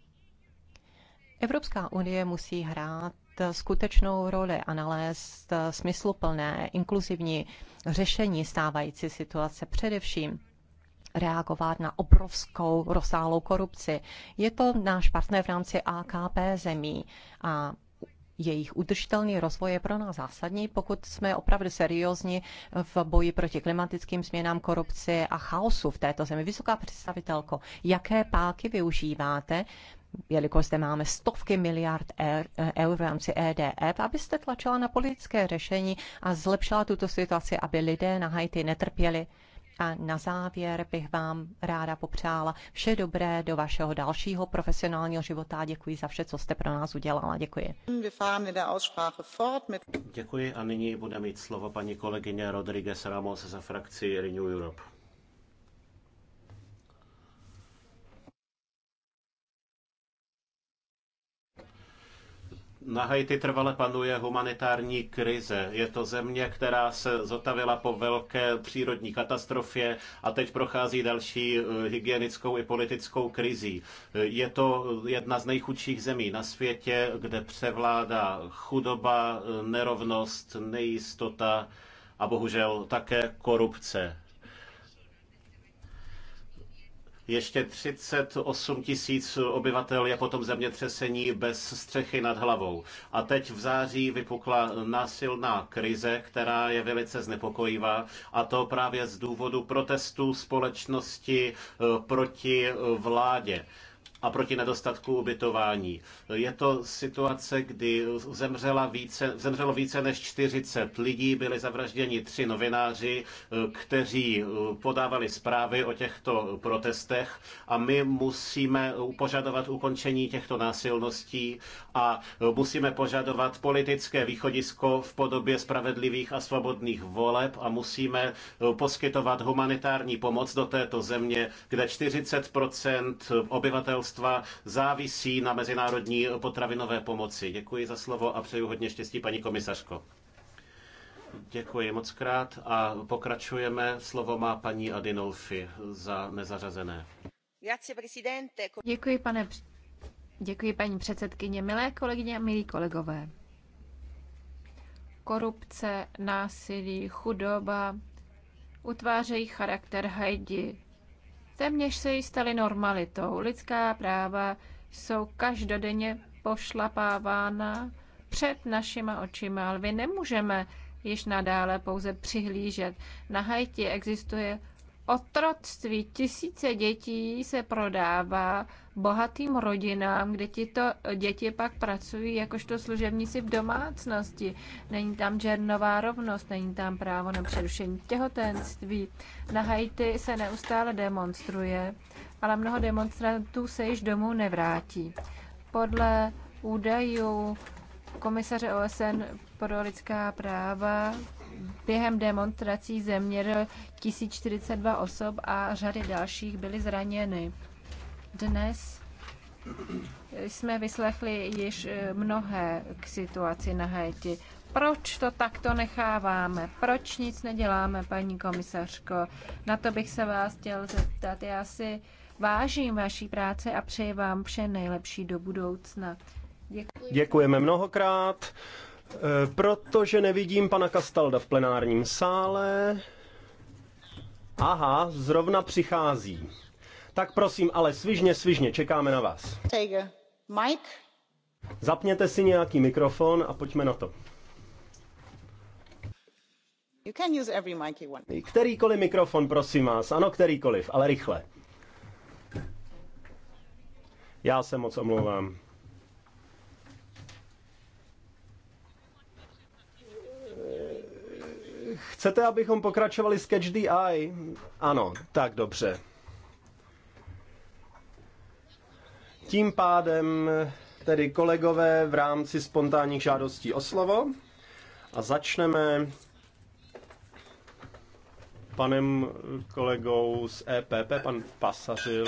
[SPEAKER 5] Evropská unie musí hrát skutečnou roli a nalézt smysluplné, inkluzivní řešení stávající situace především reagovat na obrovskou rozsáhlou korupci. Je to náš partner v rámci AKP zemí a jejich udržitelný rozvoj je pro nás zásadní, pokud jsme opravdu seriózní v boji proti klimatickým změnám, korupci a chaosu v této zemi. Vysoká představitelko, jaké páky využíváte jelikož zde máme stovky miliard er, eur v rámci EDF, abyste tlačila na politické řešení a zlepšila tuto situaci, aby lidé na Haiti netrpěli a na závěr bych vám ráda popřála vše dobré do vašeho dalšího profesionálního života. Děkuji za vše, co jste pro nás udělala. Děkuji.
[SPEAKER 3] Děkuji a nyní bude mít slovo paní kolegyně Rodriguez Ramos za frakci Renew Europe. Na Haiti trvale panuje humanitární krize. Je to země, která se zotavila po velké přírodní katastrofě a teď prochází další eh, hygienickou i politickou krizí. Eh, je to jedna z nejchudších zemí na světě, kde převládá chudoba, eh, nerovnost, nejistota a bohužel také korupce. Ještě 38 tisíc obyvatel je potom zemětřesení bez střechy nad hlavou. A teď v září vypukla násilná krize, která je velice znepokojivá a to právě z důvodu protestů společnosti eh, proti eh, vládě a proti nedostatku ubytování. Je to situace, kdy zemřela více, zemřelo více než 40 lidí, byli zavražděni tři novináři, kteří podávali zprávy o těchto protestech a my musíme požadovat ukončení těchto násilností a musíme požadovat politické východisko v podobě spravedlivých a svobodných voleb a musíme poskytovat humanitární pomoc do této země, kde 40 obyvatelstva zemědělstva závisí na mezinárodní potravinové pomoci. Děkuji za slovo a přeju hodně štěstí, paní komisařko. Děkuji moc krát a pokračujeme. Slovo má paní Adinolfi za nezařazené.
[SPEAKER 4] Děkuji, pane, děkuji paní předsedkyně, milé kolegyně a milí kolegové. Korupce, násilí, chudoba utvářejí charakter Heidi. Téměř se jí staly normalitou. Lidská práva jsou každodenně pošlapávána před našima očima, ale my nemůžeme již nadále pouze přihlížet. Na Haiti existuje otroctví. Tisíce dětí se prodává bohatým rodinám, kde tyto děti pak pracují jakožto služebníci v domácnosti. Není tam žernová rovnost, není tam právo na přerušení těhotenství. Na Haiti se neustále demonstruje, ale mnoho demonstrantů se již domů nevrátí. Podle údajů komisaře OSN pro lidská práva během demonstrací zeměřil 1042 osob a řady dalších byly zraněny. Dnes jsme vyslechli již eh, mnohé k situaci na Haiti. Proč to takto necháváme? Proč nic neděláme, paní komisařko? Na to bych se vás chtěl zeptat. Já si vážím vaší práce a přeji vám vše nejlepší do budoucna. Děkuji.
[SPEAKER 8] Děkujeme mnohokrát. Eh, protože nevidím pana Kastalda v plenárním sále. Aha, zrovna přichází. Tak prosím, ale svižně, svižně, čekáme na vás.
[SPEAKER 10] Take
[SPEAKER 11] Mike?
[SPEAKER 8] Zapněte si nějaký mikrofon a pojďme na to.
[SPEAKER 11] You can use every mic you want.
[SPEAKER 8] Kterýkoliv mikrofon, prosím vás. Ano, kterýkoliv, ale rychle. Já se moc omlouvám. Chcete, abychom pokračovali s Catch the Eye? Ano, tak dobře. Tím pádem tedy kolegové v rámci spontánních žádostí o slovo a začneme panem kolegou z EPP, pan Pasařil.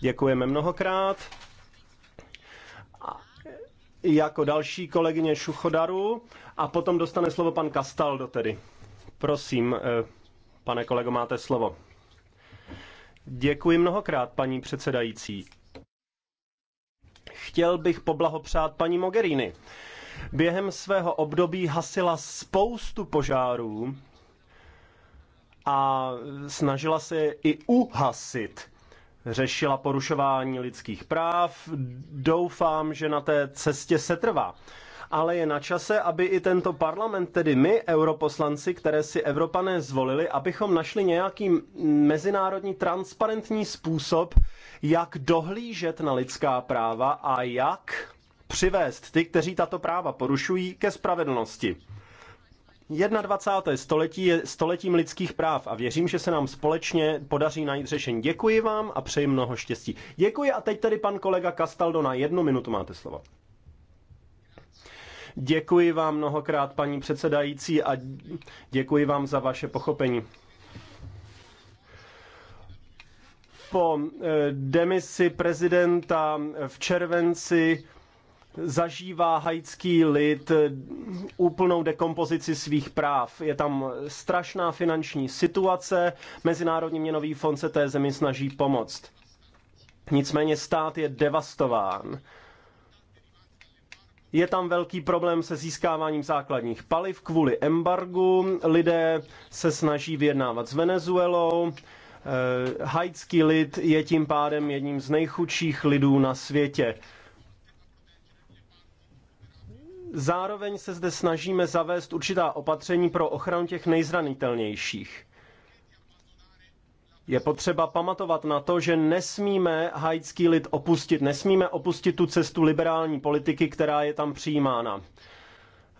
[SPEAKER 8] Děkujeme mnohokrát. Jako další kolegyně Šuchodaru a potom dostane slovo pan Kastaldo tedy. Prosím, eh, pane kolego, máte slovo. Děkuji mnohokrát, paní předsedající. Chtěl bych poblahopřát paní Mogherini. Během svého období hasila spoustu požárů a snažila se je i uhasit řešila porušování lidských práv. Doufám, že na té cestě se trvá. Ale je na čase, aby i tento parlament, tedy my, europoslanci, které si Evropané zvolili, abychom našli nějaký mezinárodní transparentní způsob, jak dohlížet na lidská práva a jak přivést ty, kteří tato práva porušují, ke spravedlnosti. 21. století je stoletím lidských práv a věřím, že se nám společně podaří najít řešení. Děkuji vám a přeji mnoho štěstí. Děkuji a teď tedy pan kolega Kastaldo na jednu minutu máte slovo. Děkuji vám mnohokrát, paní předsedající, a děkuji vám za vaše pochopení. Po eh, demisi prezidenta v červenci zažívá haitský lid eh, úplnou dekompozici svých práv. Je tam strašná finanční situace, Mezinárodní měnový fond se té zemi snaží pomoct. Nicméně stát je devastován. Je tam velký problém se získáváním základních paliv kvůli embargu. Lidé se snaží vyjednávat s Venezuelou. Eh, haitský lid je tím pádem jedním z nejchudších lidů na světě. Zároveň se zde snažíme zavést určitá opatření pro ochranu těch nejzranitelnějších. Je potřeba pamatovat na to, že nesmíme haitský lid opustit, nesmíme opustit tu cestu liberální politiky, která je tam přijímána.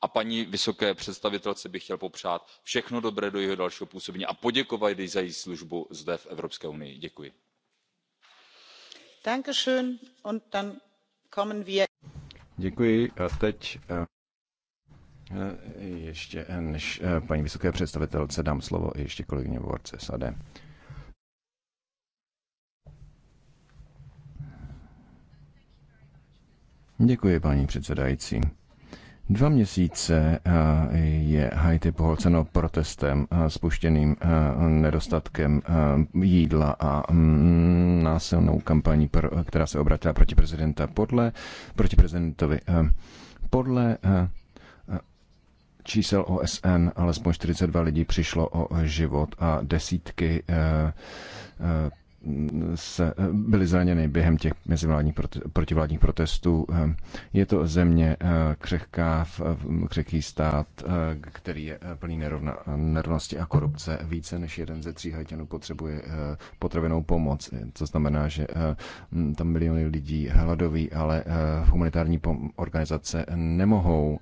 [SPEAKER 12] a paní vysoké představitelce bych chtěl popřát všechno dobré do jejího dalšího působení a poděkovat jí za její službu zde v evropské unii. děkuji.
[SPEAKER 13] děkuji a teď eh, ještě eh, než eh, paní vysoké představitelce dám slovo ještě kolegyně Borce Sade. Děkuji, paní předsedající. Dva měsíce eh, je Haiti pohlceno protestem eh, spuštěným eh, nedostatkem jídla a mm, násilnou kampaní, která se obratila proti prezidenta podle, proti prezidentovi podle čísel OSN alespoň 42 lidí přišlo o život a desítky se, byly zraněny během těch mezivládních protivládních protestů. Je to země eh, křehká, křehký stát, eh, který je eh, plný nerovna, nerovnosti a korupce. Více než jeden ze tří hajťanů potřebuje potravenou pomoc, co znamená, že tam miliony lidí hladoví, ale humanitární organizace nemohou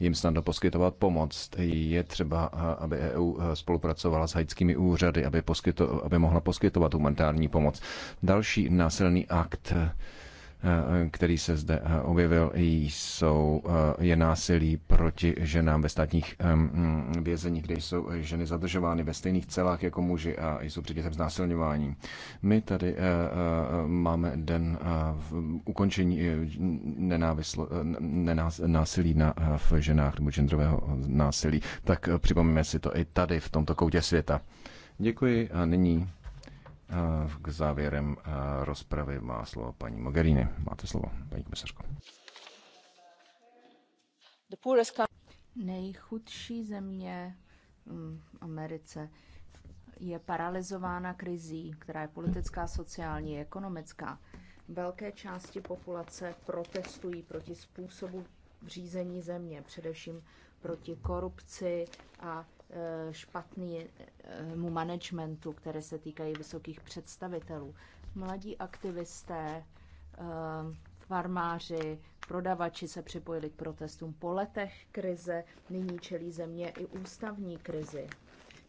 [SPEAKER 13] jim snadno poskytovat pomoc. Je třeba, aby EU spolupracovala s haitskými úřady, aby, poskyto, aby mohla poskytovat humanitární humanitární pomoc. Další násilný akt eh, který se zde eh, objevil, jsou, eh, je násilí proti ženám ve státních vězeních, kde jsou ženy zadržovány ve stejných celách jako muži a jsou předmětem znásilňování. My tady máme den v ukončení násilí na, v ženách nebo genderového násilí, tak připomeňme si to i tady v tomto koutě světa. Děkuji a nyní k závěrem rozpravy má slovo paní Mogherini. Máte slovo,
[SPEAKER 14] paní komisařko. Nejchudší země mm, Americe je paralizována krizí, která je politická, sociální, ekonomická. Velké části populace protestují proti způsobu řízení země, především proti korupci a Eh, špatnému eh, managementu, které se týkají vysokých představitelů. Mladí aktivisté, eh, farmáři, prodavači se připojili k protestům po letech krize, nyní čelí země i ústavní krizi.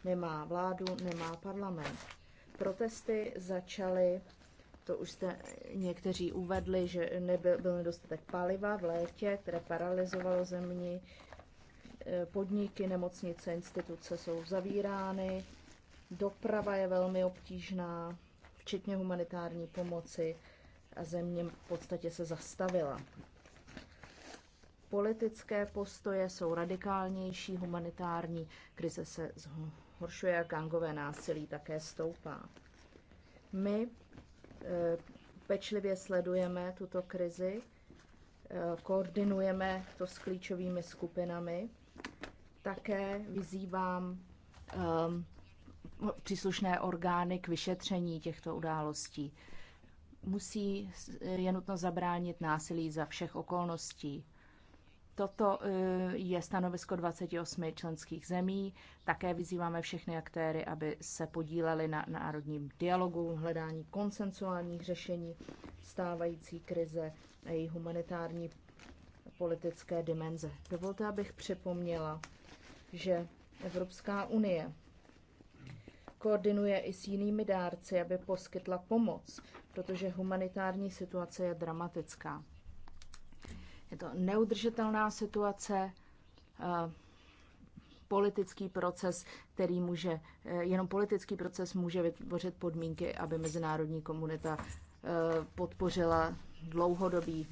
[SPEAKER 14] Nemá vládu, nemá parlament. Protesty začaly, to už jste někteří uvedli, že nebyl byl nedostatek paliva v létě, které paralizovalo zemi, Eh, podniky, nemocnice, instituce jsou zavírány, doprava je velmi obtížná, včetně humanitární pomoci a země v podstatě se zastavila. Politické postoje jsou radikálnější, humanitární krize se zhoršuje a gangové násilí také stoupá. My eh, pečlivě sledujeme tuto krizi, eh, koordinujeme to s klíčovými skupinami také vyzývám um, příslušné orgány k vyšetření těchto událostí. Musí, je nutno zabránit násilí za všech okolností. Toto eh, je stanovisko 28 členských zemí. Také vyzýváme všechny aktéry, aby se podíleli na národním dialogu, hledání konsensuálních řešení stávající krize a její humanitární politické dimenze. Dovolte, abych připomněla, že Evropská unie koordinuje i s jinými dárci, aby poskytla pomoc, protože humanitární situace je dramatická. Je to neudržitelná situace, eh, politický proces, který může, eh, jenom politický proces může vytvořit podmínky, aby mezinárodní komunita eh, podpořila dlouhodobý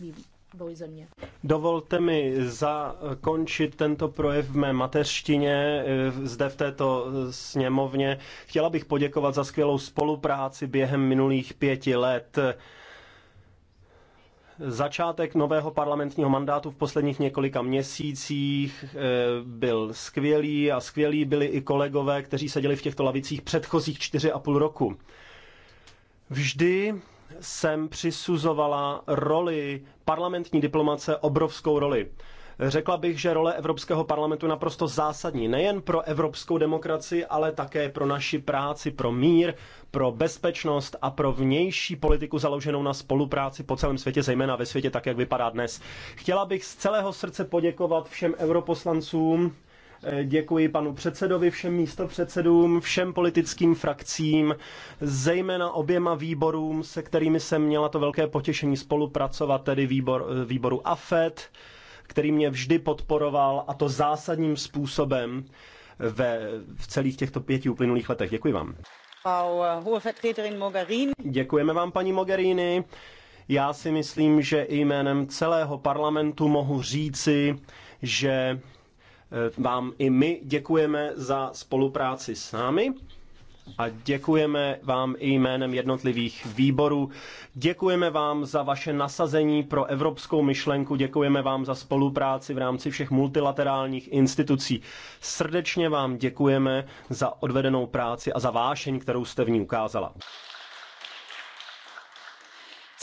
[SPEAKER 14] země.
[SPEAKER 8] Dovolte mi zakončit tento projev v mé mateřštině eh, zde v této eh, sněmovně. Chtěla bych poděkovat za skvělou spolupráci během minulých pěti let. Začátek nového parlamentního mandátu v posledních několika měsících eh, byl skvělý a skvělí byli i kolegové, kteří seděli v těchto lavicích předchozích čtyři a půl roku. Vždy jsem přisuzovala roli parlamentní diplomace obrovskou roli. Řekla bych, že role Evropského parlamentu naprosto zásadní, nejen pro evropskou demokracii, ale také pro naši práci, pro mír, pro bezpečnost a pro vnější politiku založenou na spolupráci po celém světě, zejména ve světě tak, jak vypadá dnes. Chtěla bych z celého srdce poděkovat všem europoslancům, Děkuji panu předsedovi, všem místopředsedům, všem politickým frakcím, zejména oběma výborům, se kterými jsem měla to velké potěšení spolupracovat, tedy výbor, výboru AFET, který mě vždy podporoval a to zásadním způsobem ve, v celých těchto pěti uplynulých letech. Děkuji vám. Děkujeme vám, paní Mogherini. Já si myslím, že i jménem celého parlamentu mohu říci, že Eh, vám i my děkujeme za spolupráci s námi a děkujeme vám i jménem jednotlivých výborů. Děkujeme vám za vaše nasazení pro evropskou myšlenku, děkujeme vám za spolupráci v rámci všech multilaterálních institucí. Srdečně vám děkujeme za odvedenou práci a za vášeň, kterou jste v ní ukázala.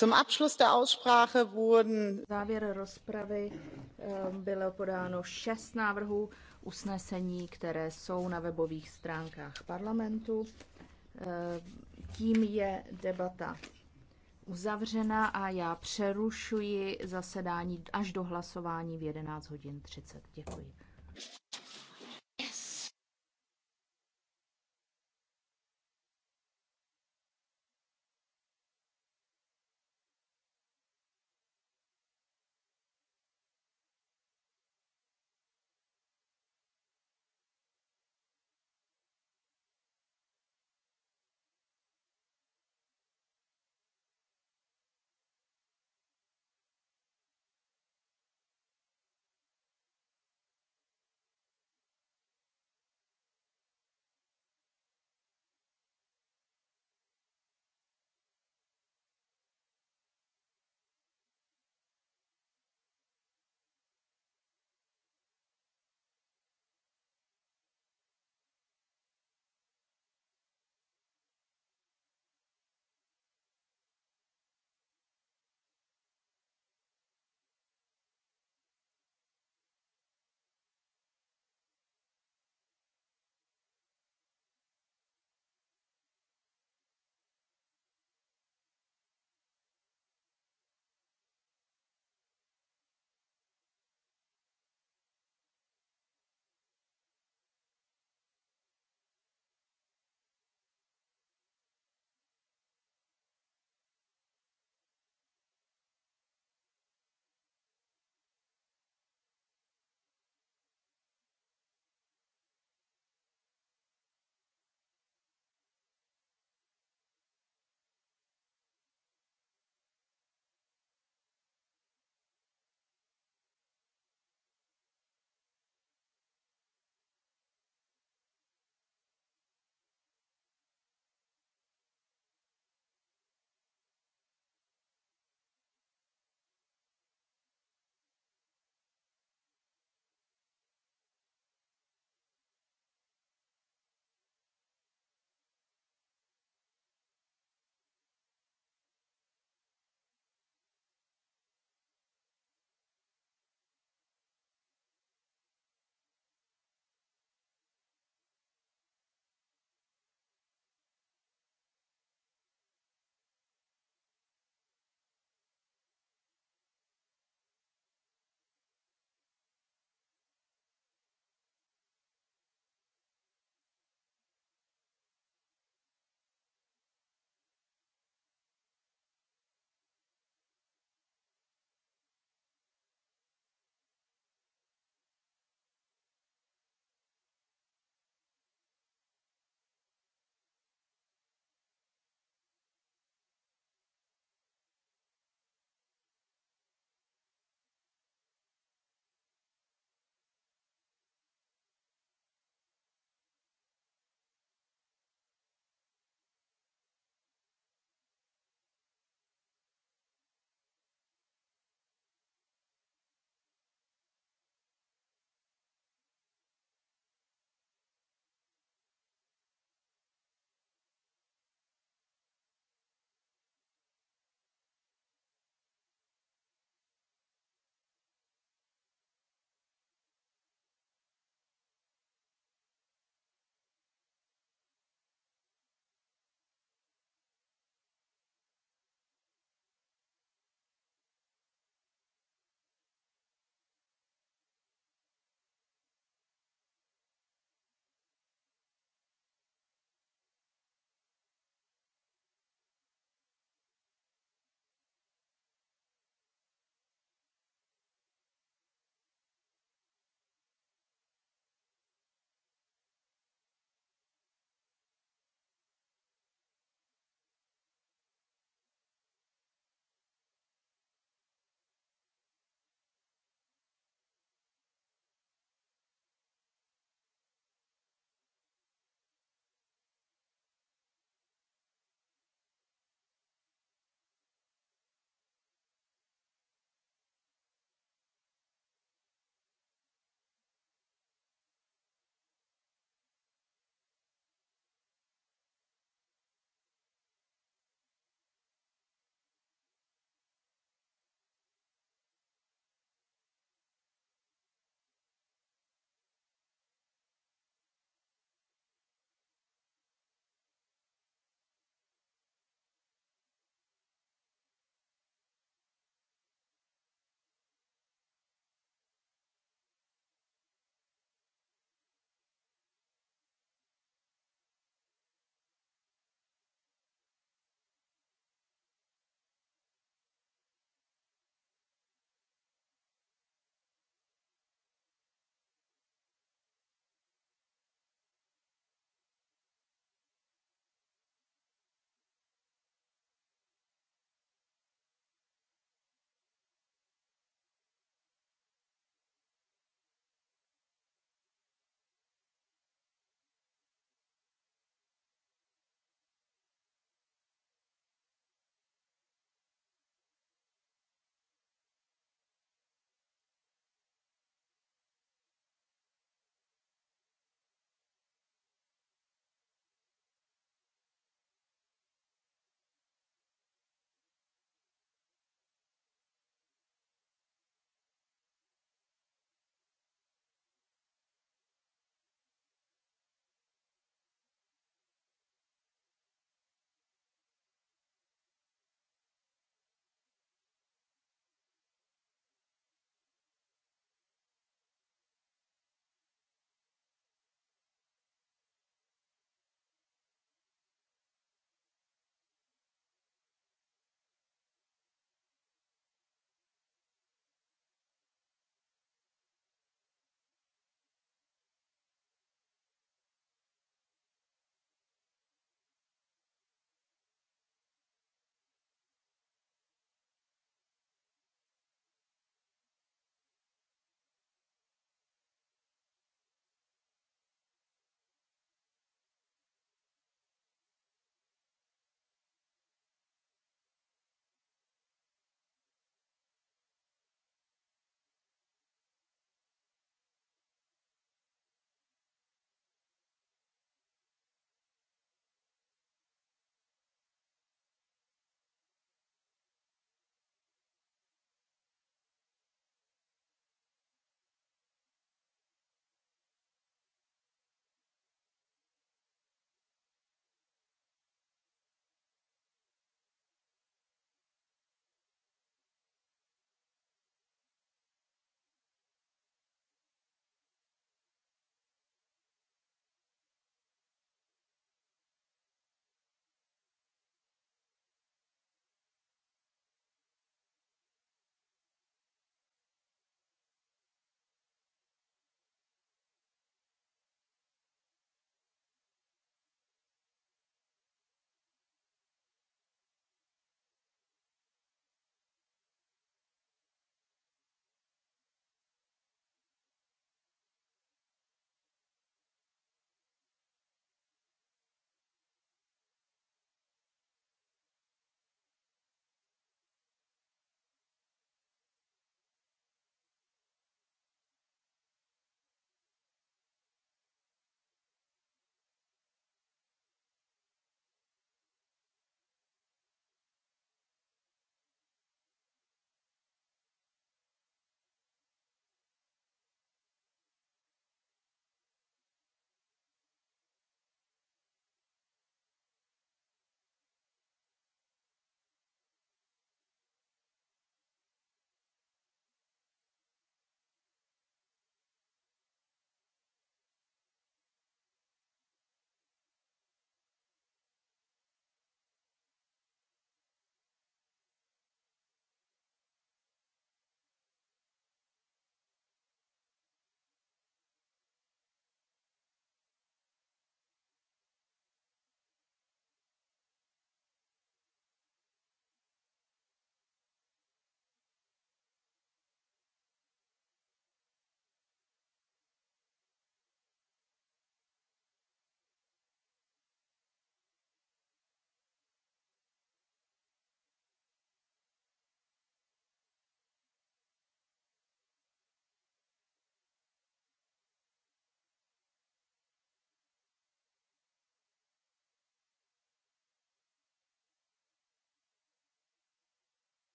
[SPEAKER 14] Zum Abschluss rozpravy eh, bylo podáno šest návrhů usnesení, které jsou na webových stránkách parlamentu. Eh, tím je debata uzavřena a já přerušuji zasedání až do hlasování v 11 hodin 30. Děkuji.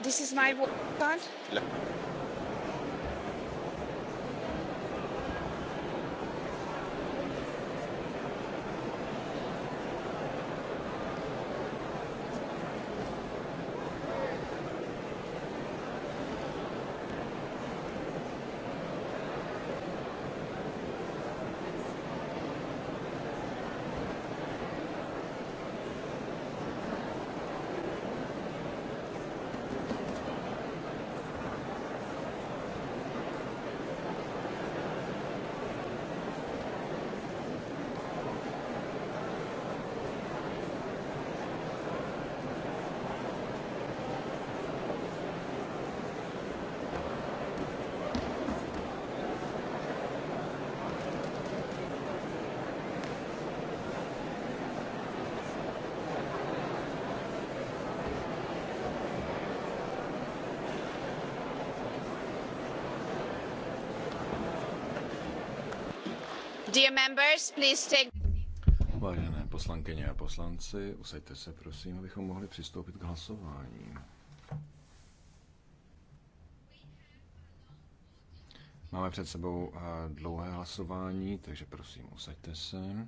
[SPEAKER 11] This is my card.
[SPEAKER 13] Vážené poslankyně a poslanci, usaďte se prosím, abychom mohli přistoupit k hlasování. Máme před sebou eh, dlouhé hlasování, takže prosím, usaďte se.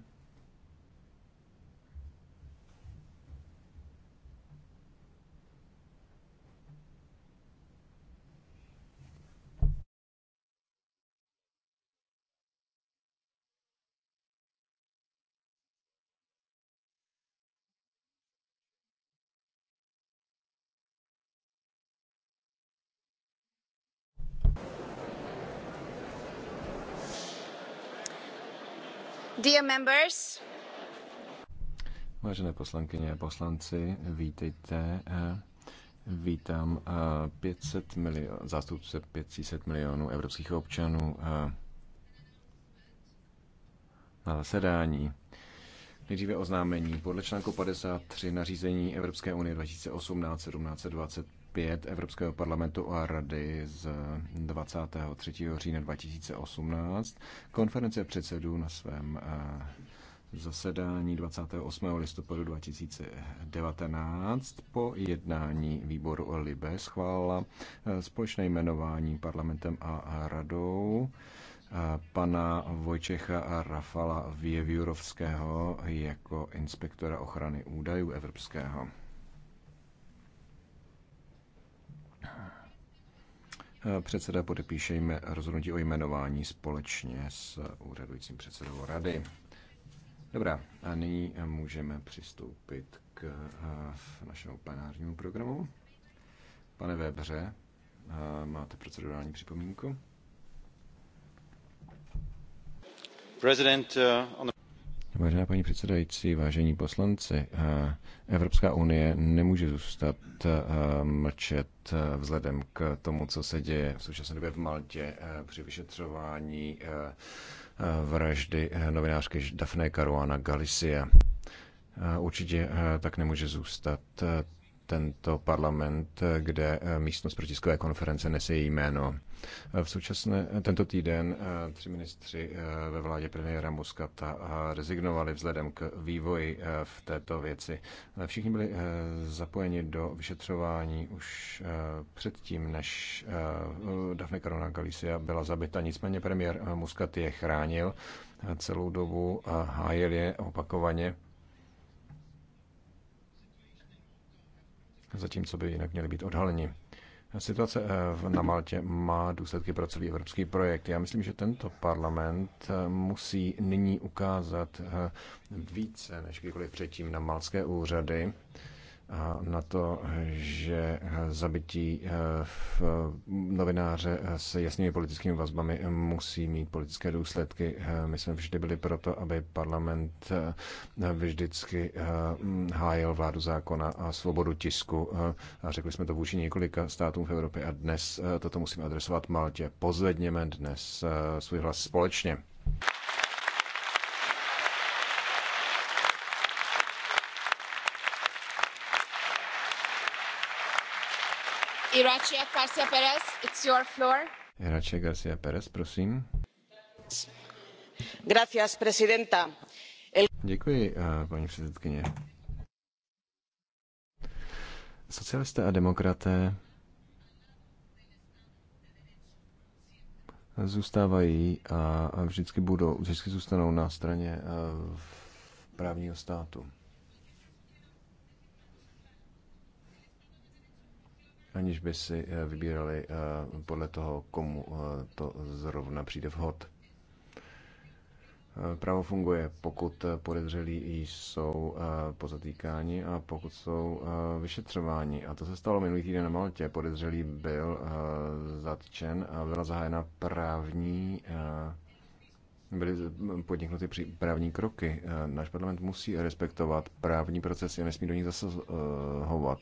[SPEAKER 11] Dear members.
[SPEAKER 13] Vážené poslankyně a poslanci, vítejte. Eh, vítám 500 eh, milion, zástupce 500 milionů evropských občanů eh, na zasedání. Nejdříve oznámení. Podle článku 53 nařízení Evropské unie 2018 1720 5 Evropského parlamentu a rady z 23. října 2018. Konference předsedů na svém eh, zasedání 28. listopadu 2019 po jednání výboru Libe schválila eh, společné jmenování parlamentem a radou eh, pana Vojčecha a Rafala Věvjurovského jako inspektora ochrany údajů evropského. Eh, předseda podepíše rozhodnutí o jmenování společně s úřadujícím předsedou rady. Dobrá, a nyní eh, můžeme přistoupit k eh, našemu plenárnímu programu. Pane Webře, máte procedurální připomínku? President, uh, Vážená paní předsedající, vážení poslanci, eh, Evropská unie nemůže zůstat eh, mlčet eh, vzhledem k tomu, co se děje v současné době v Maltě při vyšetřování vraždy novinářky Daphne Caruana Galicia. Určitě tak nemůže zůstat tento parlament, kde eh, místnost pro tiskové konference nese její jméno. V současné, tento týden eh, tři ministři eh, ve vládě premiéra Muskata rezignovali vzhledem k vývoji v této věci. Všichni byli zapojeni do vyšetřování už předtím, než Daphne Caruana Galicia byla zabita. Nicméně premiér Muskat je chránil celou dobu a hájil je opakovaně zatímco by jinak měli být odhaleni. Situace eh, na Maltě má důsledky pro celý evropský projekt. Já myslím, že tento parlament eh, musí nyní ukázat eh, více než kdykoliv předtím na malské úřady, a na to, že zabití eh, v eh, novináře s jasnými politickými vazbami musí mít politické důsledky. Eh, my jsme vždy byli proto, aby parlament vždycky hájil vládu zákona a svobodu tisku a řekli jsme to vůči několika státům v Evropě a dnes toto musíme adresovat Maltě. Pozvedněme dnes svůj hlas společně.
[SPEAKER 11] Irache Garcia Perez, it's your floor.
[SPEAKER 13] Irache Garcia Perez, prosím.
[SPEAKER 15] Gracias, presidenta. El...
[SPEAKER 13] Děkuji, eh, paní předsedkyně. Socialisté a demokraté zůstávají a vždycky budou, vždycky zůstanou na straně eh, právního státu. aniž by si eh, vybírali eh, podle toho, komu eh, to zrovna přijde vhod. Právo funguje, pokud podezřelí jsou pozatýkáni a pokud jsou vyšetřováni. A to se stalo minulý týden na Maltě. Podezřelý byl zatčen a byla zahájena právní byly podniknuty právní kroky. Eh, náš parlament musí respektovat právní procesy a nesmí do nich zasahovat.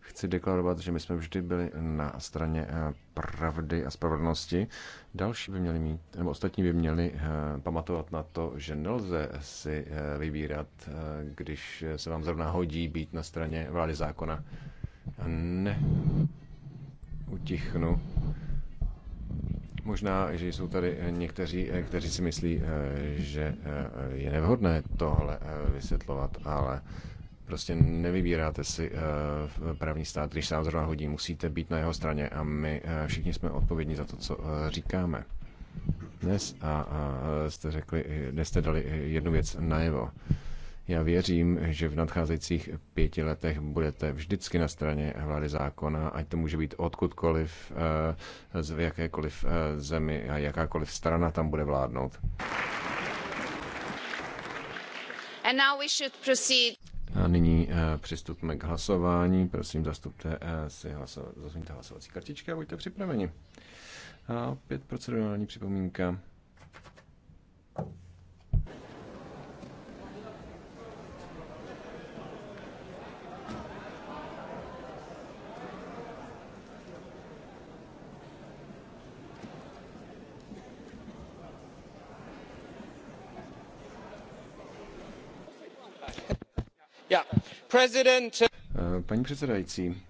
[SPEAKER 13] Chci deklarovat, že my jsme vždy byli na straně eh, pravdy a spravedlnosti. Další by měli mít, nebo ostatní by měli eh, pamatovat na to, že nelze si vybírat, když se vám zrovna hodí být na straně vlády zákona. Ne, utichnu Možná, že jsou tady eh, někteří, eh, kteří si myslí, eh, že je nevhodné tohle vysvětlovat, ale prostě nevybíráte si právní stát, když se vám zrovna hodí, musíte být na jeho straně a my všichni jsme odpovědní za to, co říkáme dnes a, a jste řekli, dnes jste dali jednu věc najevo. Já věřím, že v nadcházejících pěti letech budete vždycky na straně vlády zákona, ať to může být odkudkoliv, eh, z jakékoliv eh, zemi a jakákoliv strana tam bude vládnout. A nyní eh, přistupme k hlasování. Prosím, zastupte si hlasovat hlasovací kartičky a buďte připraveni. A opět procedurální připomínka.
[SPEAKER 3] Eh,
[SPEAKER 13] paní předsedající,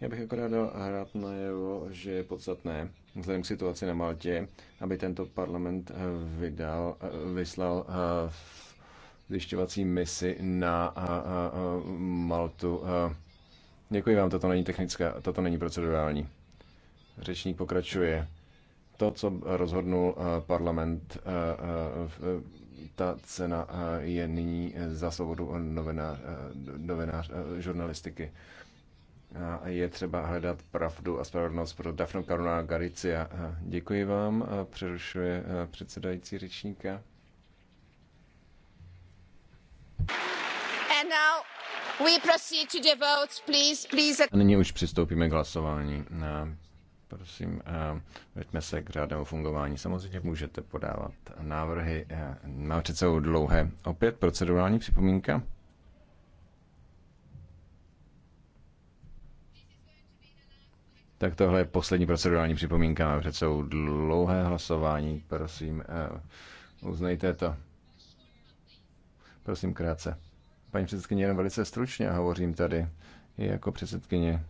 [SPEAKER 13] já bych akorát dal rád najevo, že je podstatné, vzhledem k situaci na Maltě, aby tento parlament eh, vydal, eh, vyslal zjišťovací misi na Maltu. Děkuji vám, toto není technická, toto není procedurální. Řečník pokračuje. To, co rozhodnul parlament, ta cena eh, je nyní eh, za svobodu eh, novinář, novinář žurnalistiky. A je třeba hledat pravdu a spravedlnost pro Dafno Karuna Garicia. Děkuji vám, přerušuje předsedající řečníka.
[SPEAKER 11] And now we proceed to the votes, please, please. Nyní
[SPEAKER 13] už přistoupíme k hlasování. Prosím, eh, veďme se k řádnému fungování. Samozřejmě můžete podávat návrhy. Eh, Mám před sebou dlouhé. Opět procedurální připomínka. Tak tohle je poslední procedurální připomínka. Mám před sebou dlouhé hlasování. Prosím, eh, uznejte to. Prosím krátce. Paní předsedkyně, jenom velice stručně hovořím tady jako předsedkyně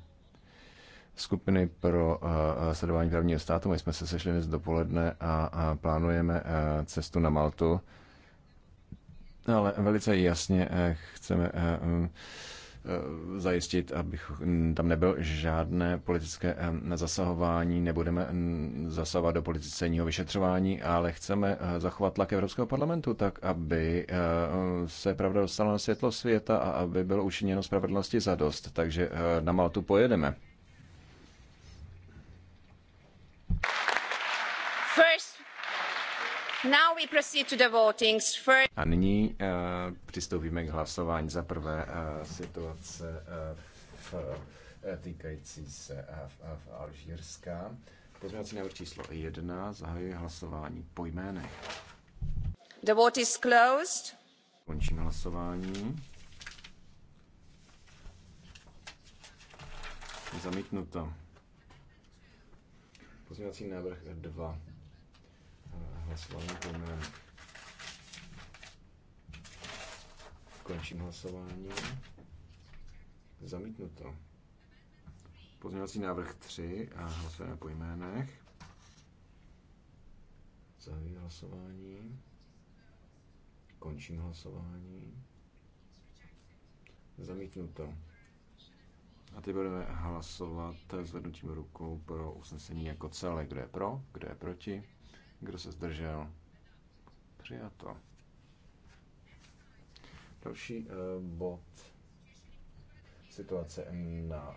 [SPEAKER 13] skupiny pro eh, eh, sledování právního státu. My jsme se sešli dnes dopoledne a plánujeme eh, cestu na Maltu. Ale velice jasně chceme mm, zajistit, aby tam nebyl žádné politické zasahování, nebudeme mm, zasahovat do politického vyšetřování, ale chceme zachovat tlak Evropského parlamentu tak, aby se pravda dostala na světlo světa a aby bylo učiněno spravedlnosti dost, Takže na Maltu pojedeme. A nyní uh, přistoupíme k hlasování. Za prvé uh, situace uh, v, týkající se uh, v, v Alžírska. Pozměňovací návrh číslo 1. Zahajuji hlasování po jménech.
[SPEAKER 11] The vote is closed.
[SPEAKER 13] Končím hlasování. Zamítnuto. Pozměňovací návrh 2 hlasování po jménech. Končím hlasování. Zamítnuto. Pozměňovací návrh 3 a hlasujeme po jménech. Zahajuji hlasování. Končím hlasování. Zamítnuto. A teď budeme hlasovat zvednutím rukou pro usnesení jako celé. Kdo je pro, kdo je proti, kdo se zdržel? Přijato. Další eh, bod. Situace na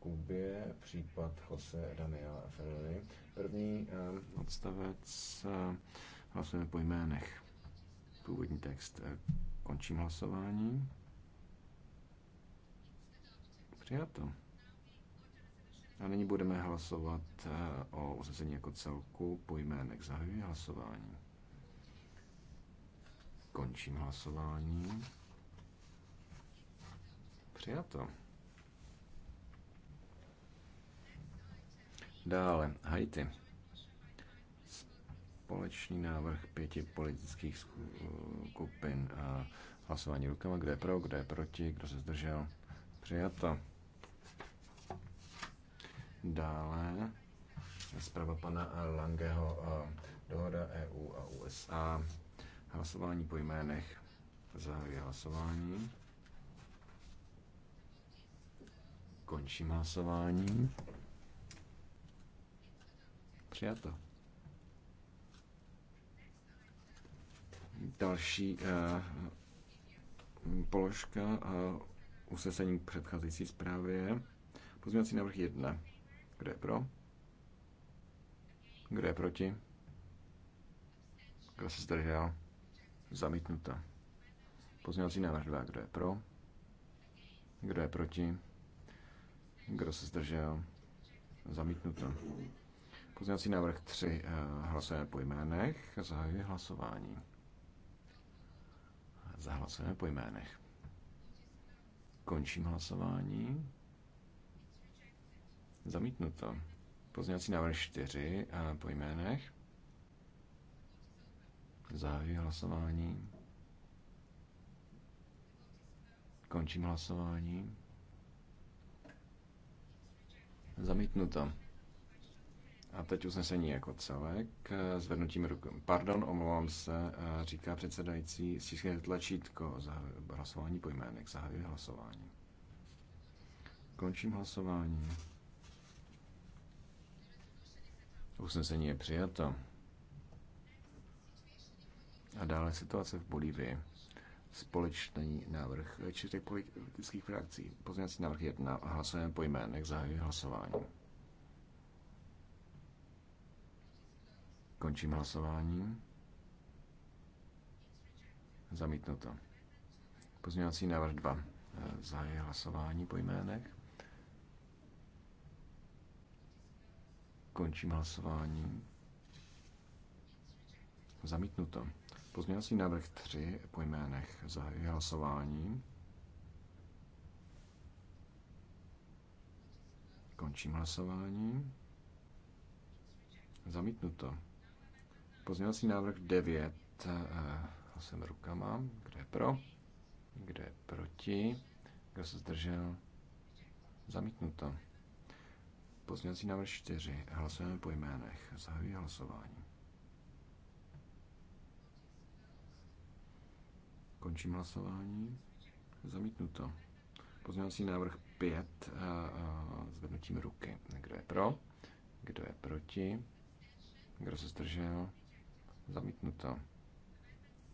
[SPEAKER 13] Kubě, případ Jose Daniela Ferrari. První eh, odstavec eh, hlasujeme po jménech. Původní text. Končím hlasování. Přijato. A nyní budeme hlasovat eh, o usnesení jako celku po jménech. Zahajuji hlasování. Končím hlasování. Přijato. Dále Haiti. Společný návrh pěti politických skupin a hlasování rukama. Kdo je pro, kdo je proti, kdo se zdržel. Přijato. Dále zpráva pana Langeho eh, dohoda EU a USA. Hlasování po jménech. Zahajuji hlasování. Končím hlasování. Přijato. Další uh, položka uh, eh, usesení k předcházející zprávě. Pozměňovací návrh 1. Kdo je pro? Kdo je proti? Kdo se zdržel? Zamítnuto. Pozměňovací návrh 2. Kdo je pro? Kdo je proti? Kdo se zdržel? Zamítnuto. Pozměňovací návrh 3. Eh, hlasujeme po jménech. Zahajuji hlasování. Zahlasujeme po jménech. Končím hlasování. Zamítnuto. Pozměňovací návrh 4 a po jménech. Zahajuji hlasování. Končím hlasování. Zamítnuto. A teď usnesení jako celek. Zvednutím ruku. Pardon, omlouvám se, říká předsedající. Stiskněte tlačítko. Zahajuji hlasování po jménech. Zahajuji hlasování. Končím hlasování. Usnesení je přijato. A dále situace v Bolívii. Společný návrh čtyřech politických frakcí. Pozměňovací návrh 1. Hlasujeme po jménech. Zahajuji hlasování. Končím hlasování. Zamítnuto. Pozměňovací návrh 2. Zahajuji hlasování po jménech. Končím hlasování. Zamítnuto. Pozměňovací návrh 3 po jménech zahajuji hlasování. Končím hlasování. Zamítnuto. Pozměňovací návrh 9 eh, hlasujeme rukama. Kdo je pro? Kdo je proti? Kdo se zdržel? Zamítnuto. Pozměňovací návrh 4. Hlasujeme po jménech. Zahajuji hlasování. Končím hlasování. Zamítnuto. Pozměňovací návrh 5 eh, eh, zvednutím ruky. Kdo je pro? Kdo je proti? Kdo se zdržel? Zamítnuto.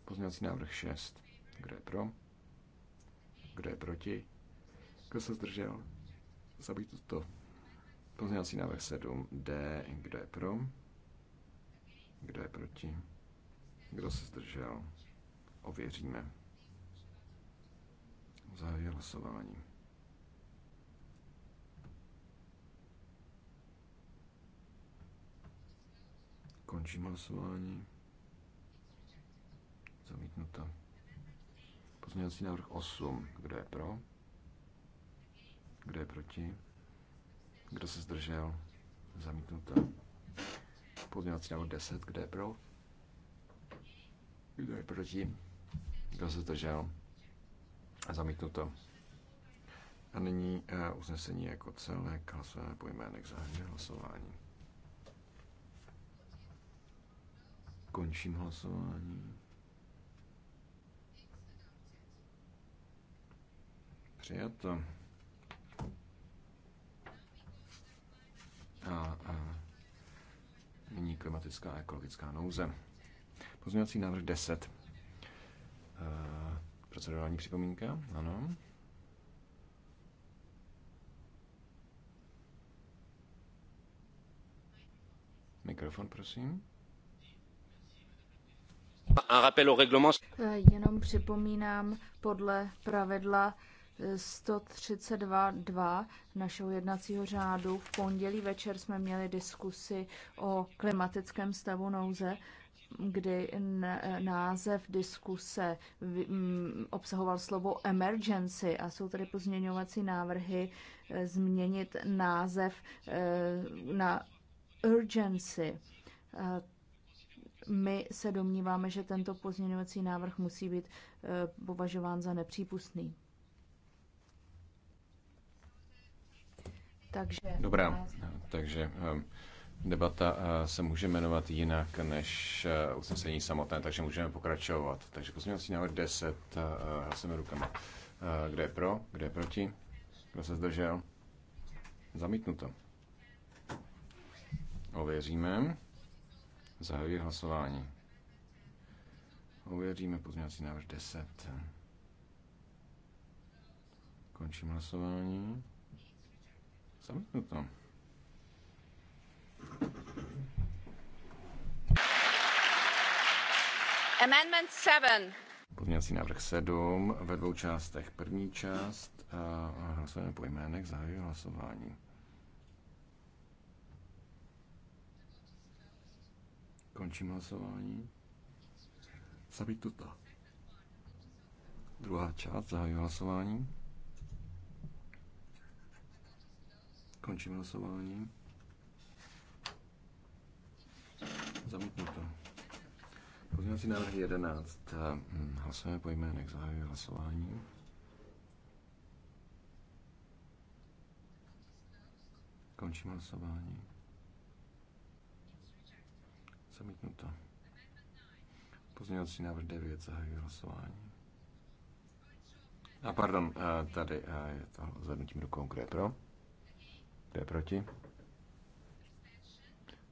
[SPEAKER 13] Pozměňovací návrh 6. Kdo je pro? Kdo je proti? Kdo se zdržel? Zabít to. Pozměňovací návrh 7D. Kdo je pro? Kdo je proti? Kdo se zdržel? Ověříme. Zahajuji hlasování. Končím hlasování. Zamítnuto. Pozměňovací návrh 8. Kdo je pro? Kdo je proti? Kdo se zdržel? Zamítnuto. Pozměňovací návrh 10. Kde je pro? Kdo je proti? Kdo se zdržel? Zamítnuto. A nyní uh, usnesení jako celek. Hlasujeme po jménech. Zahájíme hlasování. Končím hlasování. Přijato. a, a nyní klimatická a ekologická nouze. Pozměňovací návrh 10. Uh, e, procedurální připomínka, ano. Mikrofon, prosím.
[SPEAKER 14] E, jenom připomínám podle pravidla 132.2 našeho jednacího řádu. V pondělí večer jsme měli diskusi o klimatickém stavu nouze, kdy název diskuse obsahoval slovo emergency a jsou tady pozměňovací návrhy e, změnit název e, na urgency. E, my se domníváme, že tento pozměňovací návrh musí být považován za nepřípustný. Takže... Dobrá, eh,
[SPEAKER 13] takže ehm, debata eh, se může jmenovat jinak než eh, usnesení samotné, takže můžeme pokračovat. Takže pozměňovací návrh 10, hlasujeme rukama. Kdo je pro, kdo je proti, kdo se zdržel? Zamítnuto. Ověříme. Zahajuji hlasování. Ověříme pozměňovací návrh 10. Končím hlasování. Zamítnuto.
[SPEAKER 11] Amendment 7.
[SPEAKER 13] Pozměňovací návrh 7 ve dvou částech. První část a eh, hlasujeme po jménech, zahajuji hlasování. Končím hlasování. Zabít tuto. Druhá část, zahajuji hlasování. Končím hlasování. Zamítnuto. Pozměňovací návrh 11. Eh, hm, hlasujeme po jménech. Zahajuji hlasování. Končím hlasování. Zamítnuto. Pozměňovací návrh 9. Zahajuji hlasování. A pardon, eh, tady eh, je to zvednutím rukou, kde je pro. Kdo je proti?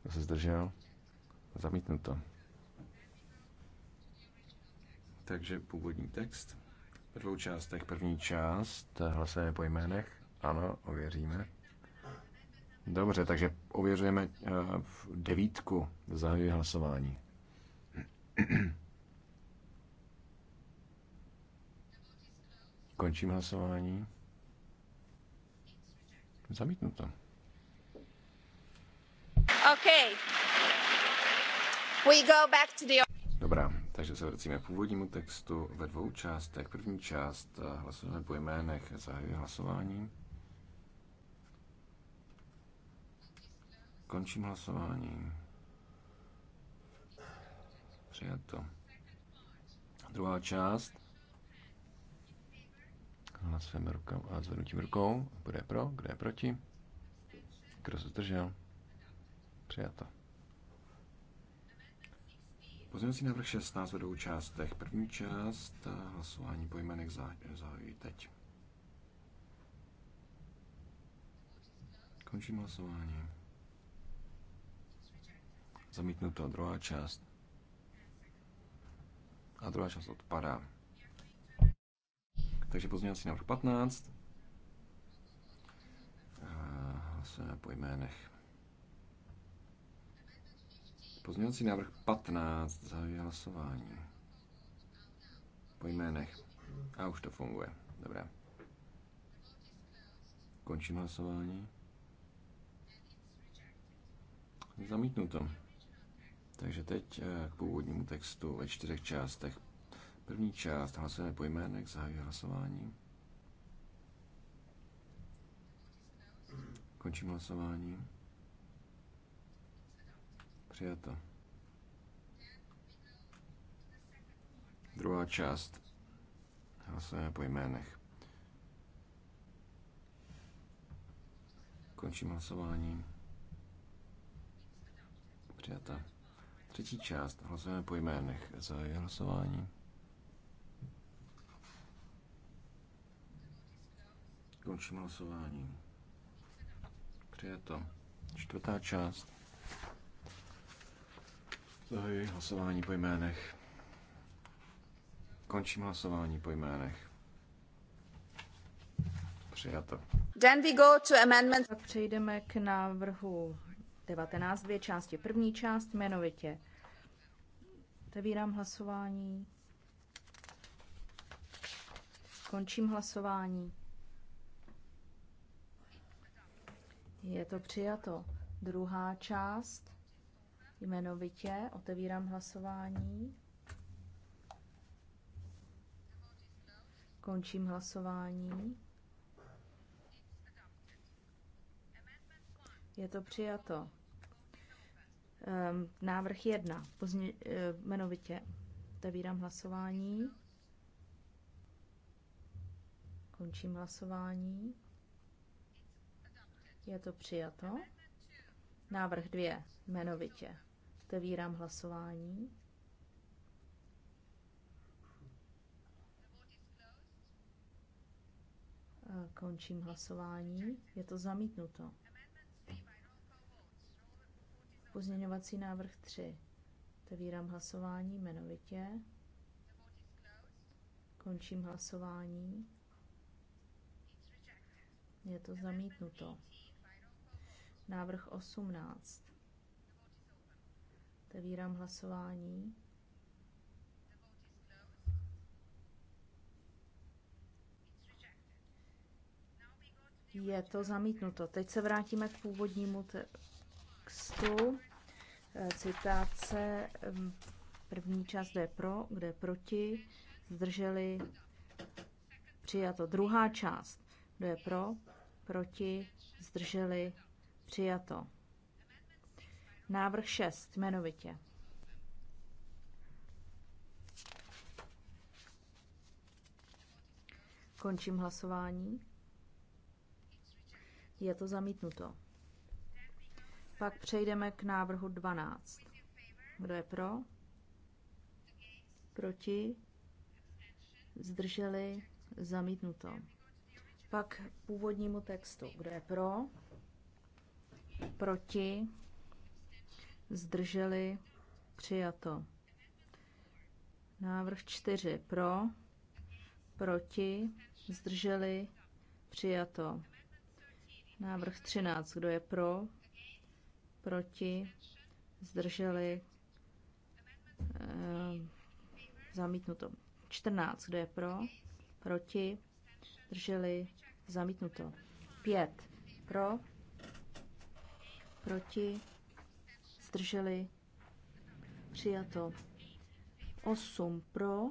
[SPEAKER 13] Kdo se zdržel? Zamítnuto. Takže původní text. V dvou částech. První část hlasujeme po jménech. Ano, ověříme. Dobře, takže ověřujeme eh, v devítku. Zahajuji hlasování. Končím hlasování. Zamítnuto. Dobrá, takže se vracíme k původnímu textu ve dvou částech. První část eh, hlasujeme po jménech, zahajuje hlasování. Končím hlasování. Přijato. Druhá část. Hlasujeme rukou a zvednutím rukou. Kdo je pro, kdo je proti? Kdo se zdržel? Přijato. Pozměňovací návrh 16 ve dvou částech. První část eh, hlasování po jménech zahajuji teď. Končím hlasování. Zamítnuto druhá část. A druhá část odpadá. Takže pozměňovací návrh 15. Hlasujeme po jménech. Pozměňovací návrh 15. Zahajuji hlasování. Po jménech. A už to funguje. Dobré. Končím hlasování. Zamítnu to. Takže teď eh, k původnímu textu ve čtyřech částech. První část hlasujeme po jménech, zahajuji hlasování. Končím hlasování. Přijato. Druhá část. Hlasujeme po jménech. Končím hlasování. Přijata. Třetí část. Hlasujeme po jménech. Zahajuji hlasování. Končím hlasování. Přijeto. Čtvrtá část. Zahajuji hlasování po jménech. Končím hlasování po jménech. Přijato.
[SPEAKER 11] Then we
[SPEAKER 14] go to amendment. Tak přejdeme k návrhu 19, dvě části. První část jmenovitě. Otevírám hlasování. Končím hlasování. Je to přijato. Druhá část jmenovitě. Otevírám hlasování. Končím hlasování. Je to přijato. Ehm, návrh jedna. Pozně, eh, jmenovitě. Otevírám hlasování. Končím hlasování. Je to přijato. Návrh dvě. Jmenovitě. Otevírám hlasování. Končím hlasování. Je to zamítnuto. Pozměňovací návrh 3. Otevírám hlasování jmenovitě. Končím hlasování. Je to zamítnuto. Návrh 18. Otevírám hlasování. Je to zamítnuto. Teď se vrátíme k původnímu textu. Eh, citace. První část, kde je pro, kde je proti. Zdrželi. Přijato. Druhá část, kde je pro, proti. Zdrželi. Přijato. Návrh 6 jmenovitě. Končím hlasování. Je to zamítnuto. Pak přejdeme k návrhu 12. Kdo je pro? Proti? Zdrželi? Zamítnuto. Pak původnímu textu. Kdo je pro? proti, zdrželi, přijato. Návrh čtyři pro, proti, zdrželi, přijato. Návrh třináct, kdo je pro, proti, zdrželi, eh, zamítnuto. čtrnáct, kdo je pro, proti, zdrželi, zamítnuto. pět pro, proti, zdrželi, přijato. 8 pro,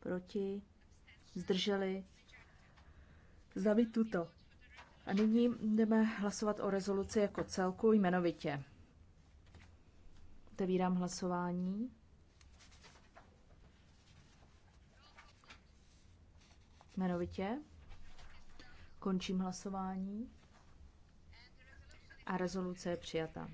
[SPEAKER 14] proti, zdrželi, zavituto. A nyní jdeme hlasovat o rezoluci jako celku jmenovitě. Otevírám hlasování. Jmenovitě. Končím hlasování a rezoluce je přijata.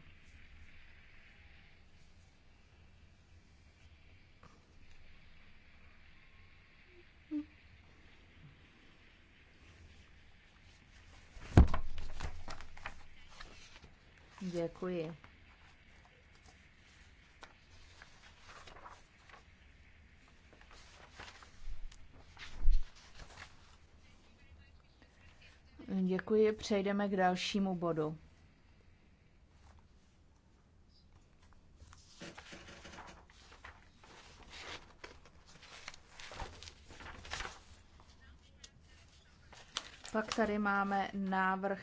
[SPEAKER 14] Děkuji. Děkuji, přejdeme k dalšímu bodu. Pak tady máme návrh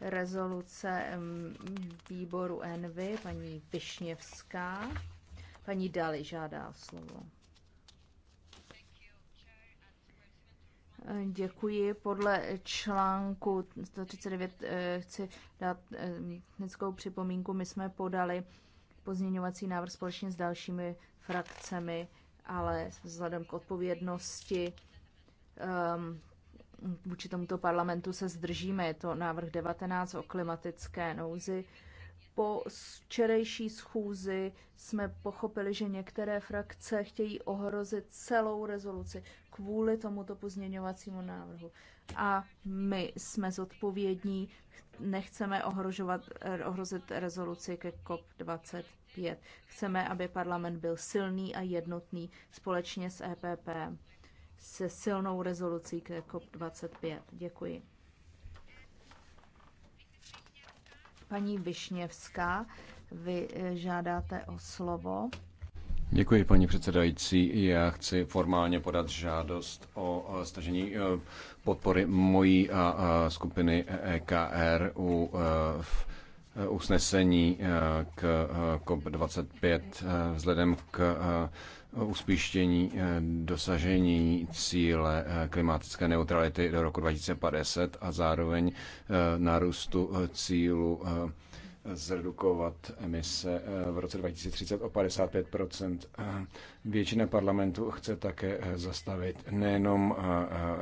[SPEAKER 14] rezoluce mm, výboru Envy, paní Višněvská. Paní Dali žádá slovo. Děkuji. Podle článku 139 eh, chci dát eh, technickou připomínku. My jsme podali pozměňovací návrh společně s dalšími frakcemi, ale vzhledem k odpovědnosti ehm, vůči tomuto parlamentu se zdržíme. Je to návrh 19 o klimatické nouzi. Po včerejší schůzi jsme pochopili, že některé frakce chtějí ohrozit celou rezoluci kvůli tomuto pozměňovacímu návrhu. A my jsme zodpovědní, nechceme ohrožovat, ohrozit rezoluci ke COP25. Chceme, aby parlament byl silný a jednotný společně s EPP se silnou rezolucí k COP25. Děkuji. Paní Višněvská, vy eh, žádáte o slovo.
[SPEAKER 13] Děkuji, paní předsedající. Já chci formálně podat žádost o stažení eh, podpory mojí a skupiny EKR u eh, usnesení k COP25 vzhledem k uspíštění eh, dosažení cíle eh, klimatické neutrality do roku 2050 a zároveň eh, nárůstu cílu zredukovat emise v roce 2030 o 55 Většina parlamentu chce také zastavit nejenom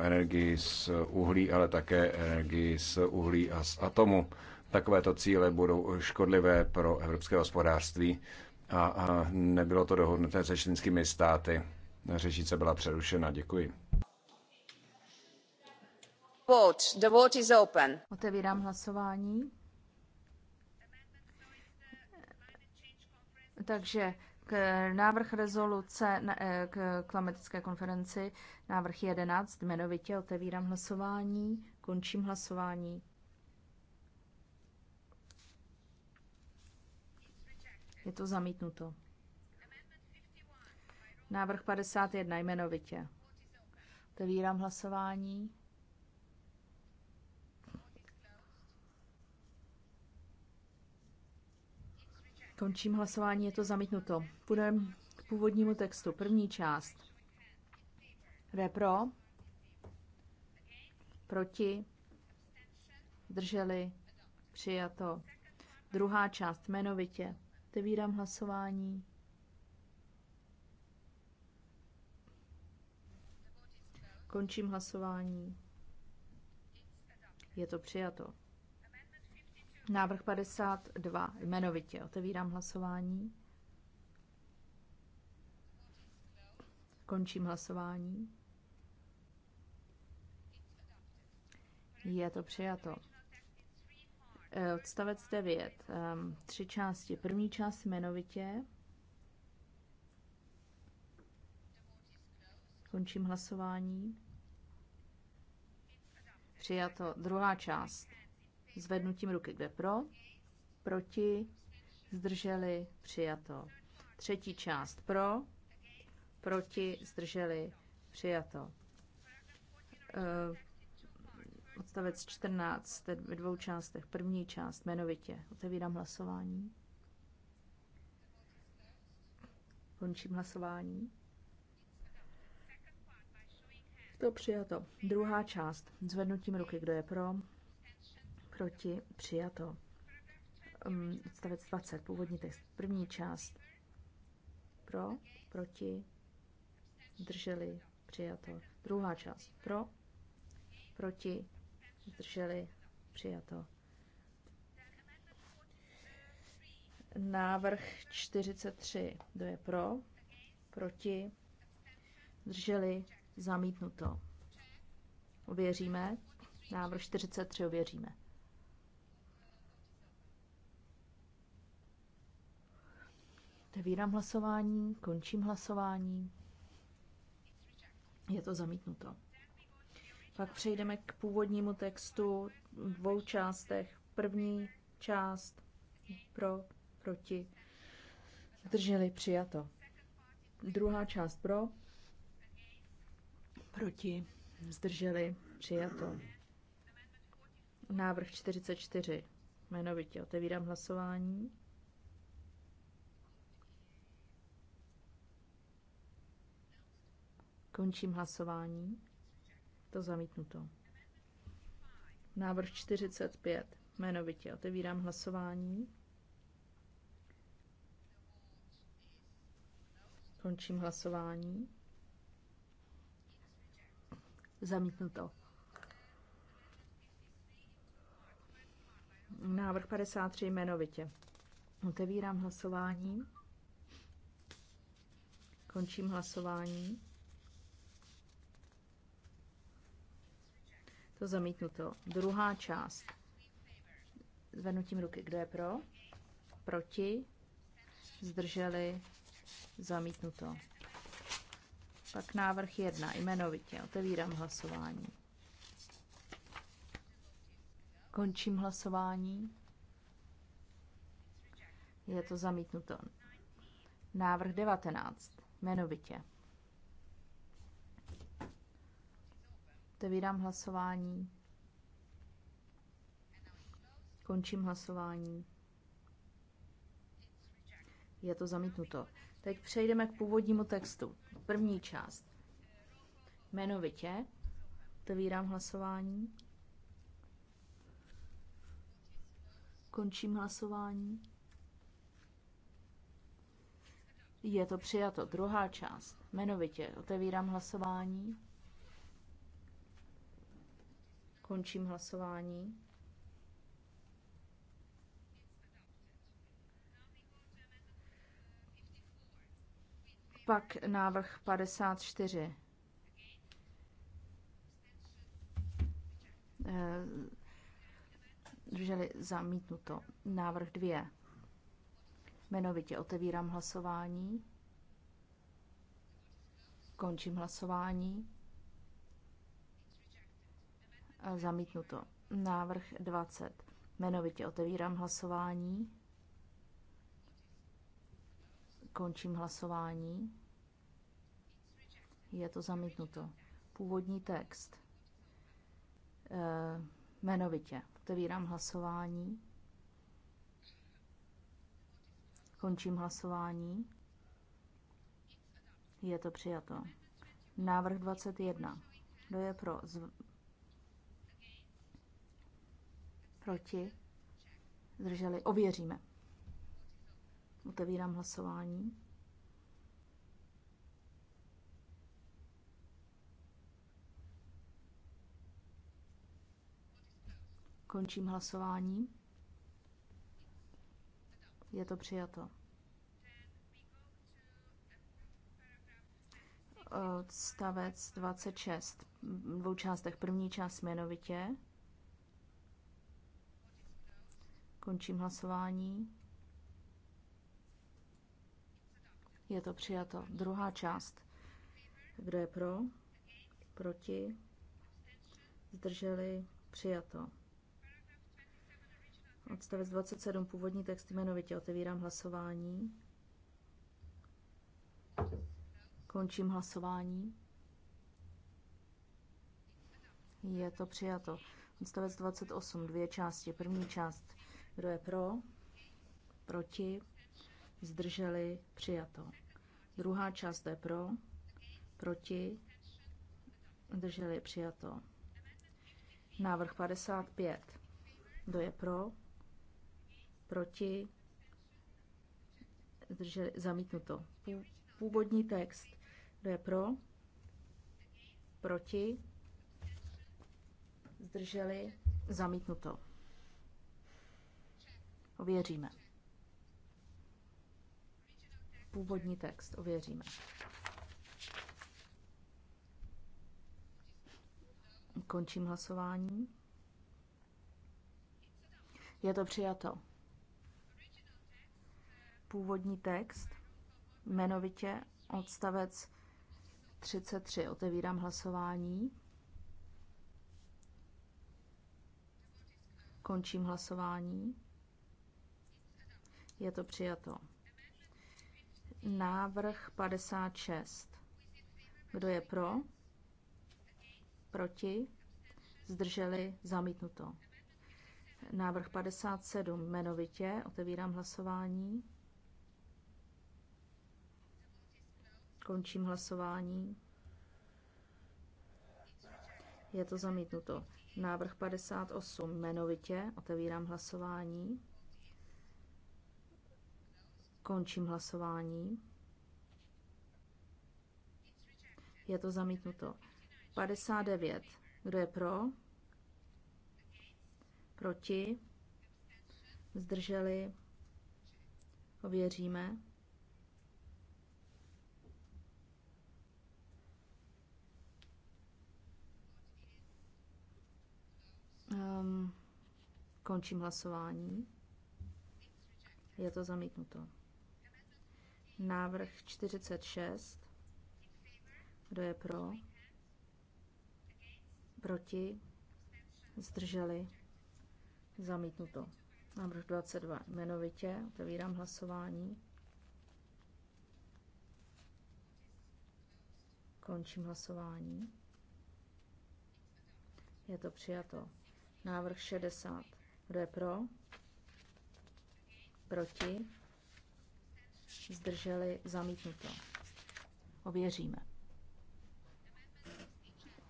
[SPEAKER 13] energii z uhlí, ale také energii z uhlí a z atomu. Takovéto cíle budou škodlivé pro evropské hospodářství a, a nebylo to dohodnuté se členskými státy. Řešice byla přerušena. Děkuji.
[SPEAKER 11] Vote. The vote is open.
[SPEAKER 14] Otevírám hlasování. Takže k návrh rezoluce eh, k klimatické konferenci, návrh 11, jmenovitě otevírám hlasování, končím hlasování. Je to zamítnuto. Návrh 51 jmenovitě. Otevírám hlasování. Končím hlasování, je to zamítnuto. Půjdeme k původnímu textu. První část. Kde pro? Proti? Drželi? Přijato. Druhá část jmenovitě. Otevírám hlasování. Končím hlasování. Je to přijato. Návrh 52. Jmenovitě. Otevírám hlasování. Končím hlasování. Je to přijato. Eh, odstavec 9. Ehm, tři části. První část jmenovitě. Končím hlasování. Přijato druhá část. Zvednutím ruky kde pro, proti, zdrželi, přijato. Třetí část pro, proti, zdrželi, přijato. Ehm, Odstavec 14 ve dvou částech. První část jmenovitě. Otevírám hlasování. Končím hlasování. To přijato. Druhá část. Zvednutím ruky. Kdo je pro? Proti. Přijato. Um, odstavec 20. Původní text. První část. Pro. Proti. Drželi. Přijato. Druhá část. Pro. Proti zdrželi, přijato. Návrh 43, kdo je pro, proti, zdrželi, zamítnuto. Ověříme. Návrh 43 ověříme. Otevírám hlasování, končím hlasování. Je to zamítnuto. Pak přejdeme k původnímu textu v dvou částech. První část pro, proti, zdrželi, přijato. Druhá část pro, proti, zdrželi, přijato. Návrh 44. Jmenovitě otevírám hlasování. Končím hlasování to zamítnuto. Návrh 45. Jmenovitě otevírám hlasování. Končím hlasování. Zamítnuto. Návrh 53 jmenovitě. Otevírám hlasování. Končím hlasování. to zamítnuto. Druhá část. Zvednutím ruky. Kdo je pro? Proti? Zdrželi? Zamítnuto. Pak návrh jedna. Jmenovitě. Otevírám hlasování. Končím hlasování. Je to zamítnuto. Návrh 19. Jmenovitě. Otevírám hlasování. Končím hlasování. Je to zamítnuto. Teď přejdeme k původnímu textu. První část. Jmenovitě. Otevírám hlasování. Končím hlasování. Je to přijato. Druhá část. Jmenovitě. Otevírám hlasování. Končím hlasování. Pak návrh 54. Drželi eh, zamítnuto. Návrh 2. Jmenovitě otevírám hlasování. Končím hlasování. Zamítnuto. Návrh 20. Jmenovitě otevírám hlasování. Končím hlasování. Je to zamítnuto. Původní text. E, jmenovitě otevírám hlasování. Končím hlasování. Je to přijato. Návrh 21. Kdo je pro? proti, zdrželi, ověříme. Otevírám hlasování. Končím hlasování. Je to přijato. Odstavec 26. V dvou částech. První část jmenovitě. Končím hlasování. Je to přijato. Druhá část. Kdo je pro? Proti? Zdrželi? Přijato. Odstavec 27, původní text jmenovitě. Otevírám hlasování. Končím hlasování. Je to přijato. Odstavec 28, dvě části. První část kdo je pro? Proti? Zdrželi? Přijato. Druhá část je pro? Proti? Zdrželi? Přijato. Návrh 55. Kdo je pro? Proti? Zdrželi? Zamítnuto. Původní text. Kdo je pro? Proti? Zdrželi? Zamítnuto. Ověříme. Původní text ověříme. Končím hlasování. Je to přijato. Původní text, jmenovitě odstavec 33. Otevírám hlasování. Končím hlasování. Je to přijato. Návrh 56. Kdo je pro? Proti? Zdrželi? Zamítnuto. Návrh 57. Jmenovitě. Otevírám hlasování. Končím hlasování. Je to zamítnuto. Návrh 58. Jmenovitě. Otevírám hlasování. Končím hlasování. Je to zamítnuto. 59. Kdo je pro? Proti? Zdrželi? Ověříme. Um, končím hlasování. Je to zamítnuto. Návrh 46. Kdo je pro? Proti? Zdrželi? Zamítnuto. Návrh 22. Jmenovitě. Otevírám hlasování. Končím hlasování. Je to přijato. Návrh 60. Kdo je pro? Proti? zdrželi, zamítnuto. Ověříme.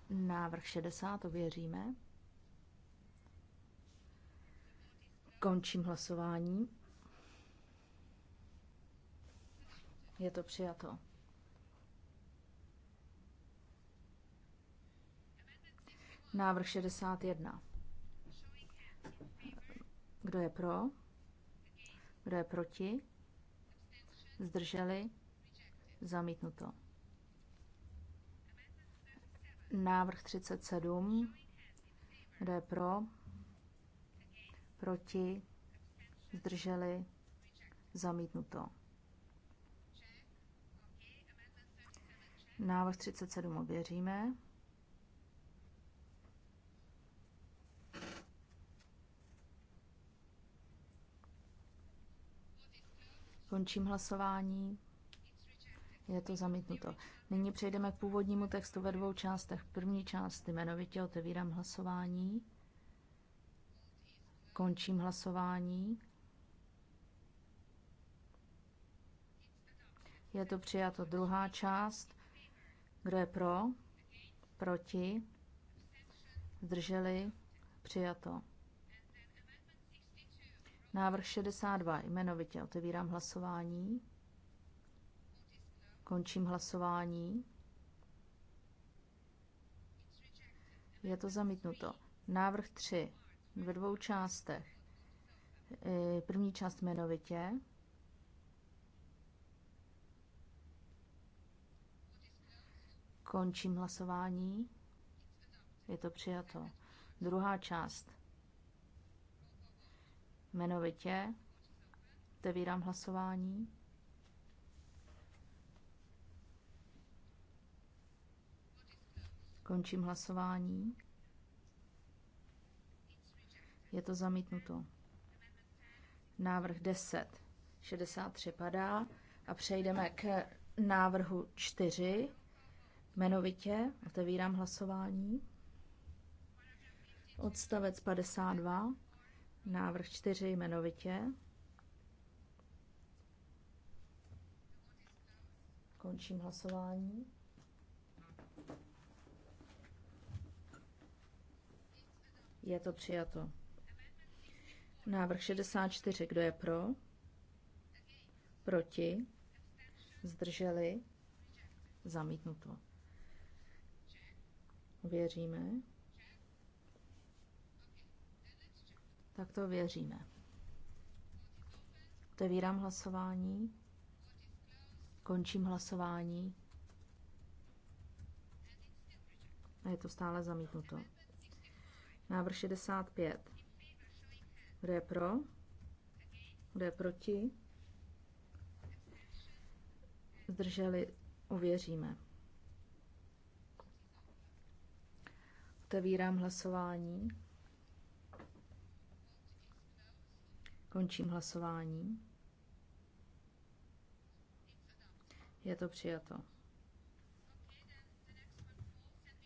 [SPEAKER 14] Návrh 60 ověříme. Končím hlasování. Je to přijato. Návrh 61. Kdo je pro? Kdo je proti? zdrželi, zamítnuto. Návrh 37, kdo je pro, proti, zdrželi, zamítnuto. Návrh 37 ověříme. Končím hlasování. Je to zamítnuto. Nyní přejdeme k původnímu textu ve dvou částech. První část jmenovitě otevírám hlasování. Končím hlasování. Je to přijato druhá část. Kdo je pro? Proti? Zdrželi? Přijato. Návrh 62. Jmenovitě otevírám hlasování. Končím hlasování. Je to zamítnuto. Návrh 3 ve dvou částech. E, první část jmenovitě. Končím hlasování. Je to přijato. Druhá část jmenovitě. Otevírám hlasování. Končím hlasování. Je to zamítnuto. Návrh 10. 63 padá a přejdeme k návrhu 4. Jmenovitě otevírám hlasování. Odstavec 52. Návrh 4 jmenovitě. Končím hlasování. Je to přijato. Návrh 64. Kdo je pro? Proti? Zdrželi? Zamítnuto. Věříme. Tak to věříme. Otevírám hlasování. Končím hlasování. A je to stále zamítnuto. Návrh 65. Kdo je pro? Kdo je proti? Zdrželi, Uvěříme. Otevírám hlasování. Končím hlasování. Je to přijato.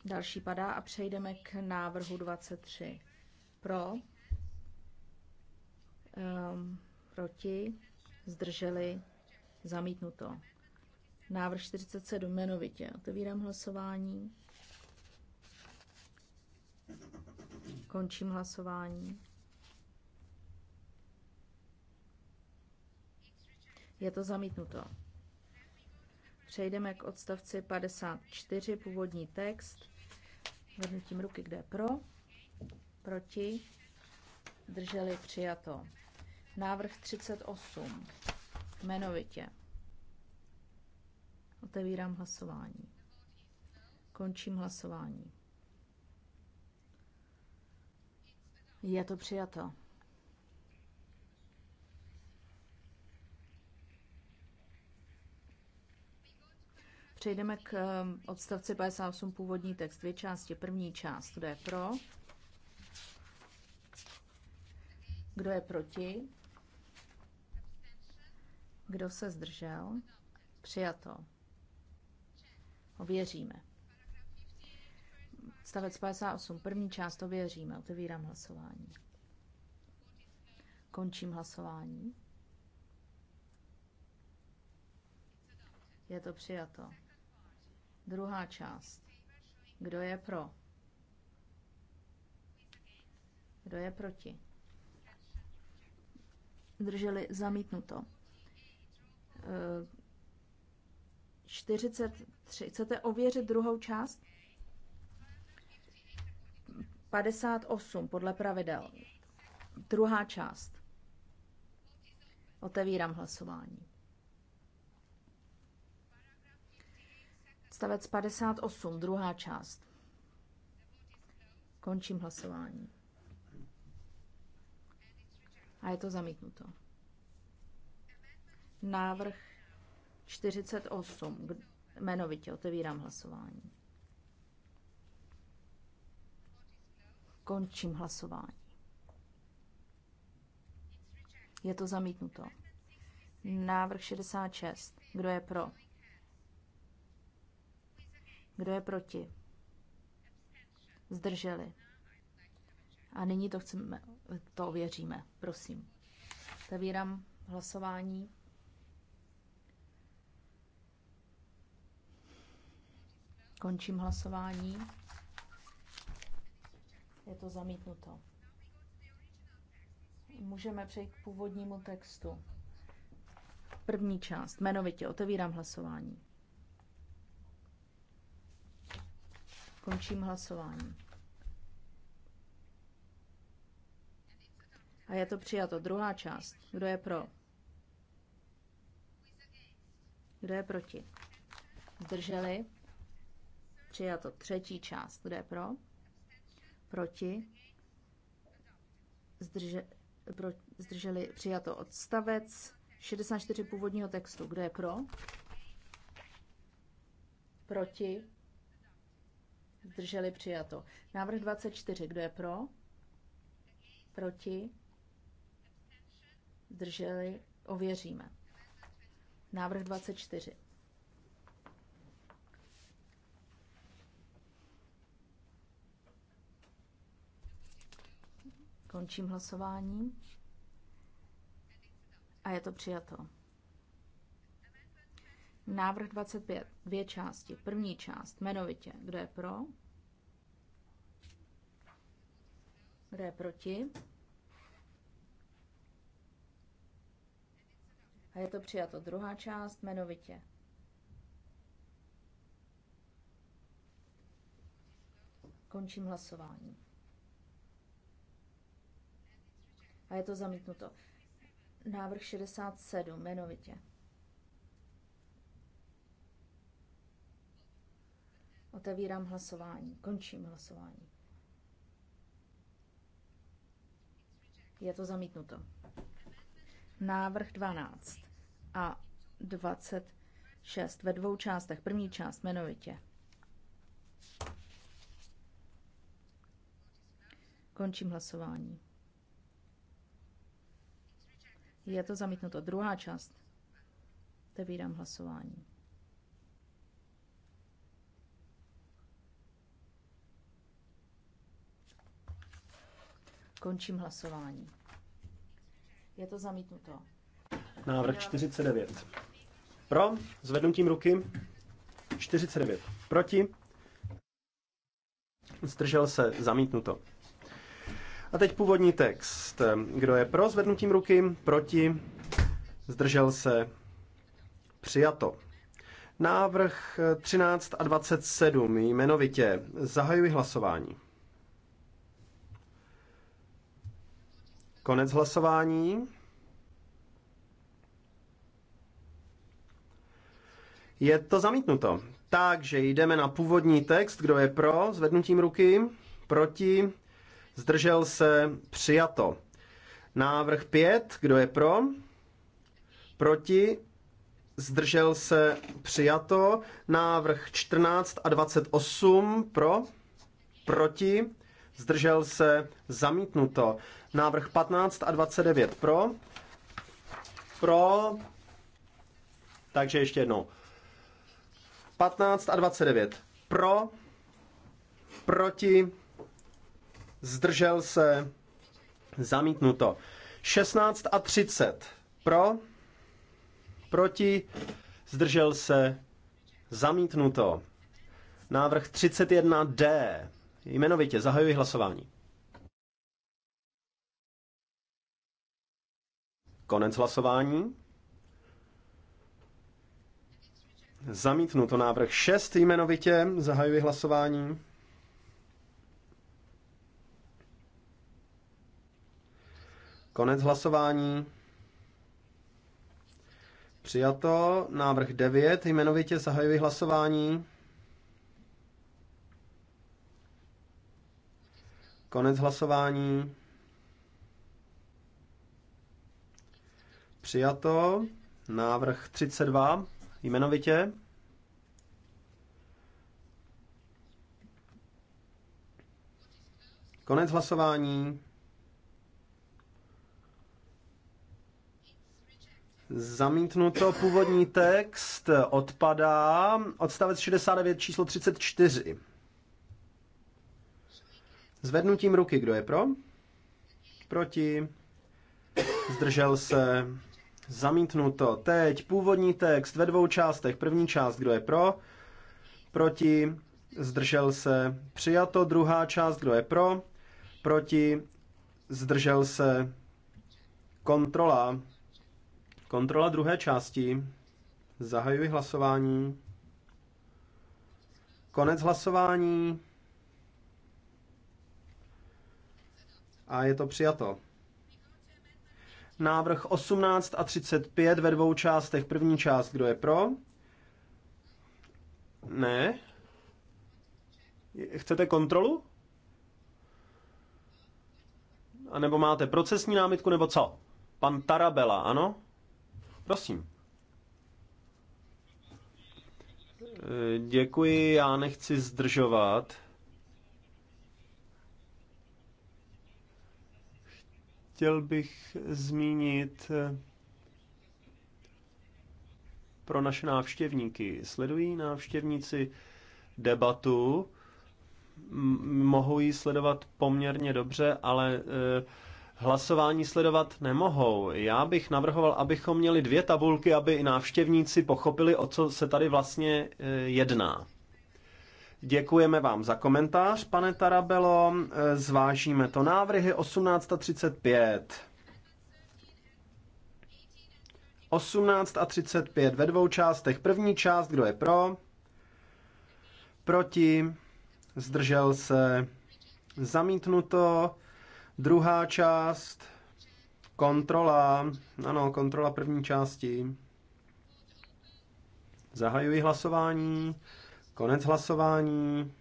[SPEAKER 14] Další padá a přejdeme k návrhu 23. Pro, um, proti, zdrželi, zamítnuto. Návrh 47 jmenovitě. Otevírám hlasování. Končím hlasování. Je to zamítnuto. Přejdeme k odstavci 54, původní text. Vrnutím ruky, kde pro, proti, drželi přijato. Návrh 38, jmenovitě. Otevírám hlasování. Končím hlasování. Je to přijato. Přejdeme k ehm, odstavci 58 původní text. Dvě části. První část. Kdo je pro? Kdo je proti? Kdo se zdržel? Přijato. Ověříme. Stavec 58. První část ověříme. Otevírám hlasování. Končím hlasování. Je to přijato. Druhá část. Kdo je pro? Kdo je proti? Drželi zamítnuto. 43. Eh, Chcete ověřit druhou část? 58 podle pravidel. Druhá část. Otevírám hlasování. Odstavec 58, druhá část. Končím hlasování. A je to zamítnuto. Návrh 48. Jmenovitě otevírám hlasování. Končím hlasování. Je to zamítnuto. Návrh 66. Kdo je pro? Kdo je proti? Zdrželi. A nyní to, chceme, to ověříme, prosím. Zavírám hlasování. Končím hlasování. Je to zamítnuto. Můžeme přejít k původnímu textu. První část. Jmenovitě otevírám hlasování. Končím hlasování. A je to přijato. Druhá část. Kdo je pro? Kdo je proti? Zdrželi? Přijato. Třetí část. Kdo je pro? Proti? Zdrže, pro, zdrželi? Přijato. Odstavec 64 původního textu. Kdo je pro? Proti? Zdrželi přijato. Návrh 24. Kdo je pro? Proti? Zdrželi? Ověříme. Návrh 24. Končím hlasování. A je to přijato. Návrh 25. Dvě části. První část. Jmenovitě. Kdo je pro? Kdo je proti? A je to přijato. Druhá část. Jmenovitě. Končím hlasování. A je to zamítnuto. Návrh 67. Jmenovitě. Otevírám hlasování. Končím hlasování. Je to zamítnuto. Návrh 12 a 26 ve dvou částech. První část jmenovitě. Končím hlasování. Je to zamítnuto. Druhá část. Otevírám hlasování. Končím hlasování. Je to zamítnuto.
[SPEAKER 8] Návrh 49. Pro, zvednutím ruky. 49. Proti. Zdržel se, zamítnuto. A teď původní text. Kdo je pro zvednutím ruky, proti, zdržel se, přijato. Návrh 13 a 27 jmenovitě. Zahajuji hlasování. Konec hlasování. Je to zamítnuto. Takže jdeme na původní text. Kdo je pro? Zvednutím ruky. Proti? Zdržel se? Přijato. Návrh 5. Kdo je pro? Proti? Zdržel se? Přijato. Návrh 14 a 28. Pro? Proti? zdržel se, zamítnuto. Návrh 15 a 29 pro, pro, takže ještě jednou. 15 a 29 pro, proti, zdržel se, zamítnuto. 16 a 30 pro, proti, zdržel se, zamítnuto. Návrh 31D Jmenovitě zahajuji hlasování. Konec hlasování. Zamítnuto návrh 6 jmenovitě. Zahajuji hlasování. Konec hlasování. Přijato. Návrh 9 jmenovitě. Zahajuji hlasování. Konec hlasování. Přijato. Návrh 32 jmenovitě. Konec hlasování. Zamítnuto původní text odpadá. Odstavec 69 číslo 34. Zvednutím ruky, kdo je pro? Proti? Zdržel se? Zamítnuto. Teď původní text ve dvou částech. První část, kdo je pro? Proti? Zdržel se? Přijato. Druhá část, kdo je pro? Proti? Zdržel se? Kontrola. Kontrola druhé části. Zahajuji hlasování. Konec hlasování. A je to přijato. Návrh 18 a 35 ve dvou částech. První část, kdo je pro? Ne. Chcete kontrolu? A nebo máte procesní námitku, nebo co? Pan Tarabela, ano? Prosím. E, děkuji, já nechci zdržovat. chtěl bych zmínit eh, pro naše návštěvníky. Sledují návštěvníci debatu, mohou ji sledovat poměrně dobře, ale eh, hlasování sledovat nemohou. Já bych navrhoval, abychom měli dvě tabulky, aby i návštěvníci pochopili, o co se tady vlastně eh, jedná. Děkujeme vám za komentář, pane Tarabelo. E, zvážíme to návrhy 1835. 18 a 35 ve dvou částech. První část, kdo je pro? Proti? Zdržel se? Zamítnuto. Druhá část. Kontrola. Ano, kontrola první části. Zahajuji hlasování. Konec hlasování.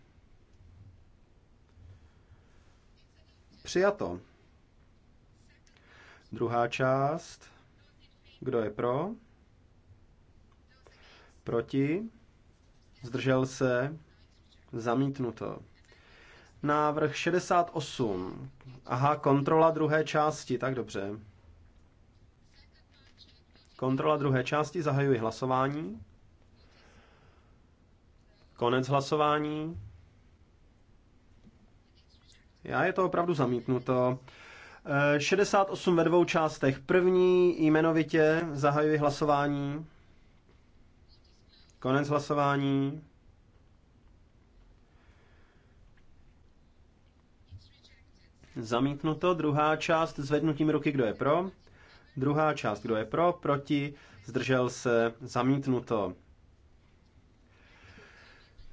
[SPEAKER 8] Přijato. Druhá část. Kdo je pro? Proti? Zdržel se? Zamítnuto. Návrh 68. Aha, kontrola druhé části, tak dobře. Kontrola druhé části, zahajuji hlasování. Konec hlasování. Já je to opravdu zamítnuto. 68 eh, ve dvou částech. První jmenovitě zahajuji hlasování. Konec hlasování. Zamítnuto. Druhá část zvednutím ruky, kdo je pro. Druhá část, kdo je pro, proti, zdržel se, zamítnuto.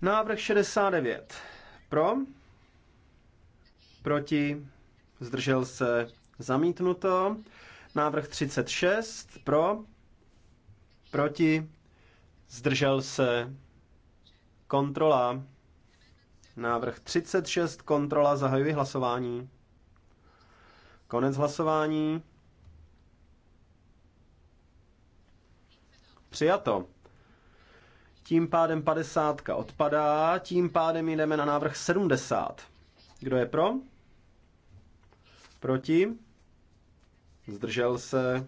[SPEAKER 8] Návrh 69. Pro? Proti? Zdržel se? Zamítnuto. Návrh 36. Pro? Proti? Zdržel se? Kontrola. Návrh 36. Kontrola. Zahajuji hlasování. Konec hlasování. Přijato. Tím pádem 50 odpadá, tím pádem jdeme na návrh 70. Kdo je pro? Proti? Zdržel se?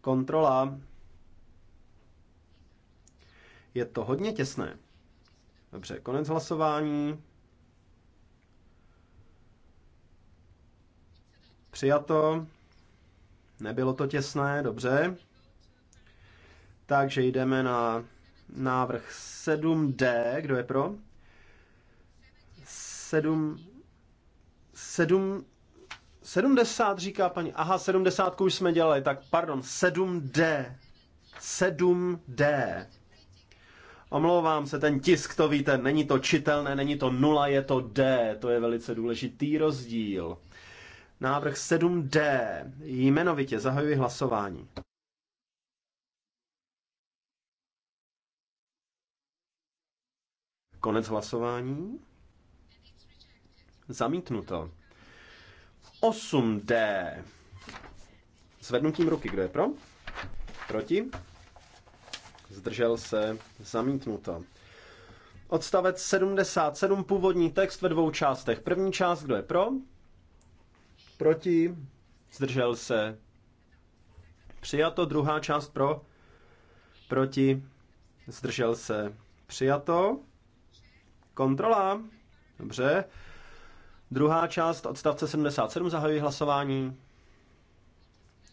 [SPEAKER 8] Kontrola. Je to hodně těsné. Dobře, konec hlasování. Přijato. Nebylo to těsné, dobře. Takže jdeme na návrh 7D, kdo je pro? 7, 7, 70 říká paní, aha, 70 už jsme dělali, tak pardon, 7D, 7D. Omlouvám se, ten tisk, to víte, není to čitelné, není to nula, je to D, to je velice důležitý rozdíl. Návrh 7D, jmenovitě zahajuji hlasování. Konec hlasování. Zamítnuto. 8D. Zvednutím ruky, kdo je pro? Proti? Zdržel se. Zamítnuto. Odstavec 77, původní text ve dvou částech. První část, kdo je pro? Proti? Zdržel se. Přijato. Druhá část pro? Proti? Zdržel se. Přijato. Kontrola. Dobře. Druhá část odstavce 77 zahajuji hlasování.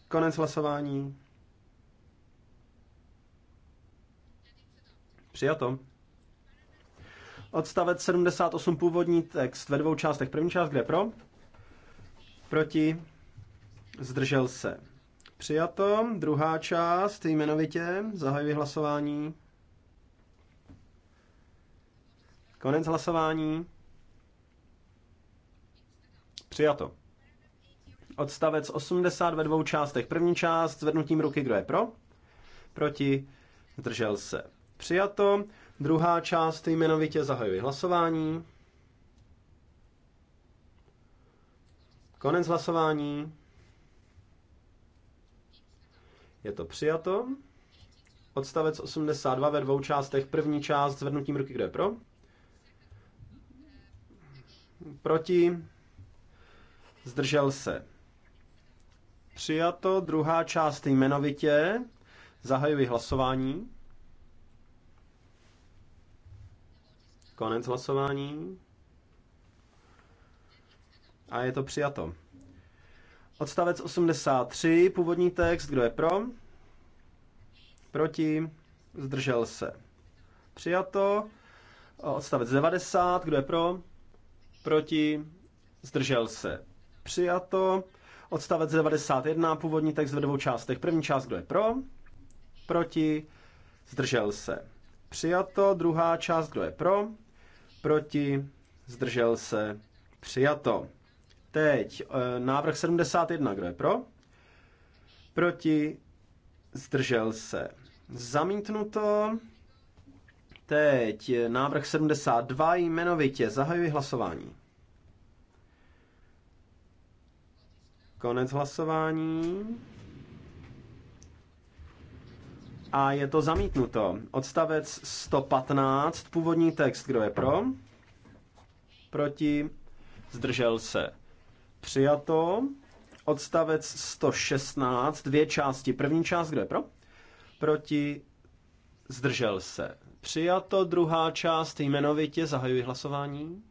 [SPEAKER 8] Konec hlasování. Přijato. Odstavec 78 původní text ve dvou částech. První část kde pro? Proti. Zdržel se. Přijato. Druhá část jmenovitě. Zahajuji hlasování. Konec hlasování. Přijato. Odstavec 80 ve dvou částech. První část zvednutím ruky, kdo je pro? Proti? Zdržel se. Přijato. Druhá část jmenovitě zahajuje hlasování. Konec hlasování. Je to přijato. Odstavec 82 ve dvou částech. První část zvednutím ruky, kdo je pro? Proti? Zdržel se. Přijato druhá část jmenovitě. Zahajuji hlasování. Konec hlasování. A je to přijato. Odstavec 83, původní text, kdo je pro? Proti? Zdržel se. Přijato. Odstavec 90, kdo je pro? proti, zdržel se přijato. Odstavec 91, původní text ve dvou částech. První část, kdo je pro, proti, zdržel se přijato. Druhá část, kdo je pro, proti, zdržel se přijato. Teď eh, návrh 71, kdo je pro, proti, zdržel se zamítnuto. Teď eh, návrh 72, jmenovitě zahajuji hlasování. Konec hlasování. A je to zamítnuto. Odstavec 115, původní text, kdo je pro? Proti? Zdržel se. Přijato. Odstavec 116, dvě části. První část, kdo je pro? Proti? Zdržel se. Přijato. Druhá část, jmenovitě zahajuji hlasování.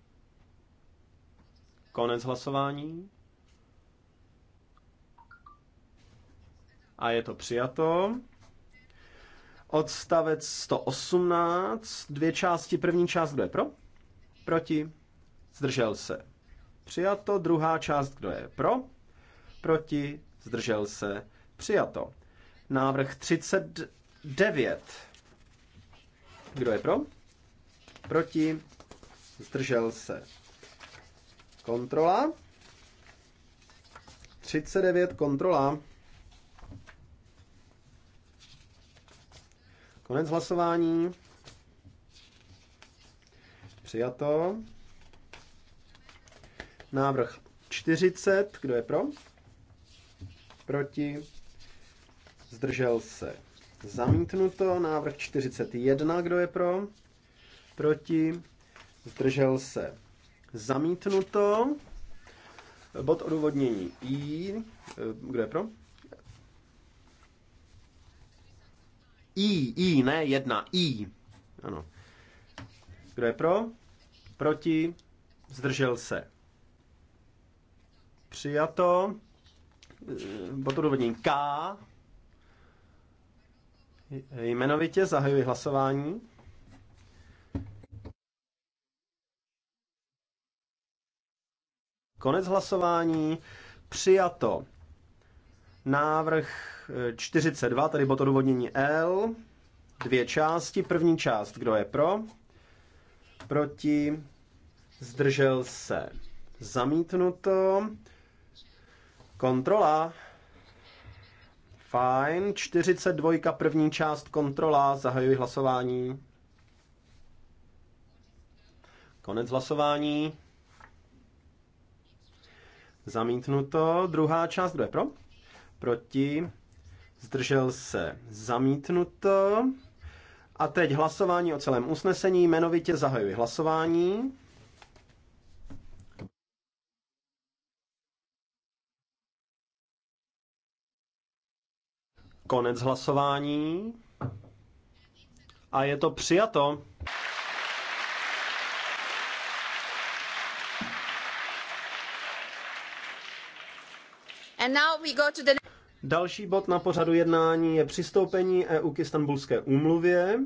[SPEAKER 8] Konec hlasování. a je to přijato. Odstavec 118, dvě části, první část, kdo je pro? Proti? Zdržel se. Přijato, druhá část, kdo je pro? Proti? Zdržel se. Přijato. Návrh 39. Kdo je pro? Proti? Zdržel se. Kontrola. 39 kontrola. Konec hlasování. Přijato. Návrh 40. Kdo je pro? Proti. Zdržel se. Zamítnuto. Návrh 41. Kdo je pro? Proti. Zdržel se. Zamítnuto. Bod odůvodnění I. Kdo je pro? I, I, ne jedna, I. Ano. Kdo je pro? Proti? Zdržel se. Přijato. E, bod K. Jmenovitě zahajuji hlasování. Konec hlasování. Přijato. Návrh 42, eh, tady bod odůvodnění L, dvě části. První část, kdo je pro? Proti? Zdržel se. Zamítnuto. Kontrola. Fajn. 42, první část, kontrola. Zahajuji hlasování. Konec hlasování. Zamítnuto. Druhá část, kdo je pro? proti, zdržel se zamítnuto. A teď hlasování o celém usnesení, jmenovitě zahajuji hlasování. Konec hlasování. A je to přijato.
[SPEAKER 11] And now we go to the...
[SPEAKER 8] Další bod na pořadu jednání je přistoupení EU k Istanbulské úmluvě.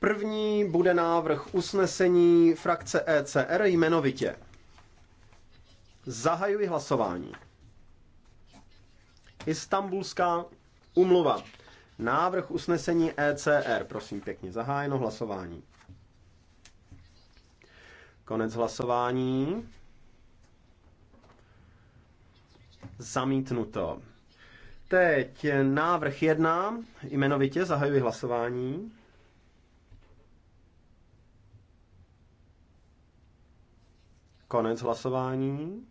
[SPEAKER 8] První bude návrh usnesení frakce ECR jmenovitě. Zahajuji hlasování. Istanbulská umluva. Návrh usnesení ECR. Prosím pěkně, zahájeno hlasování. Konec hlasování. Zamítnuto. Teď návrh jedna, jmenovitě zahajuji hlasování. Konec hlasování.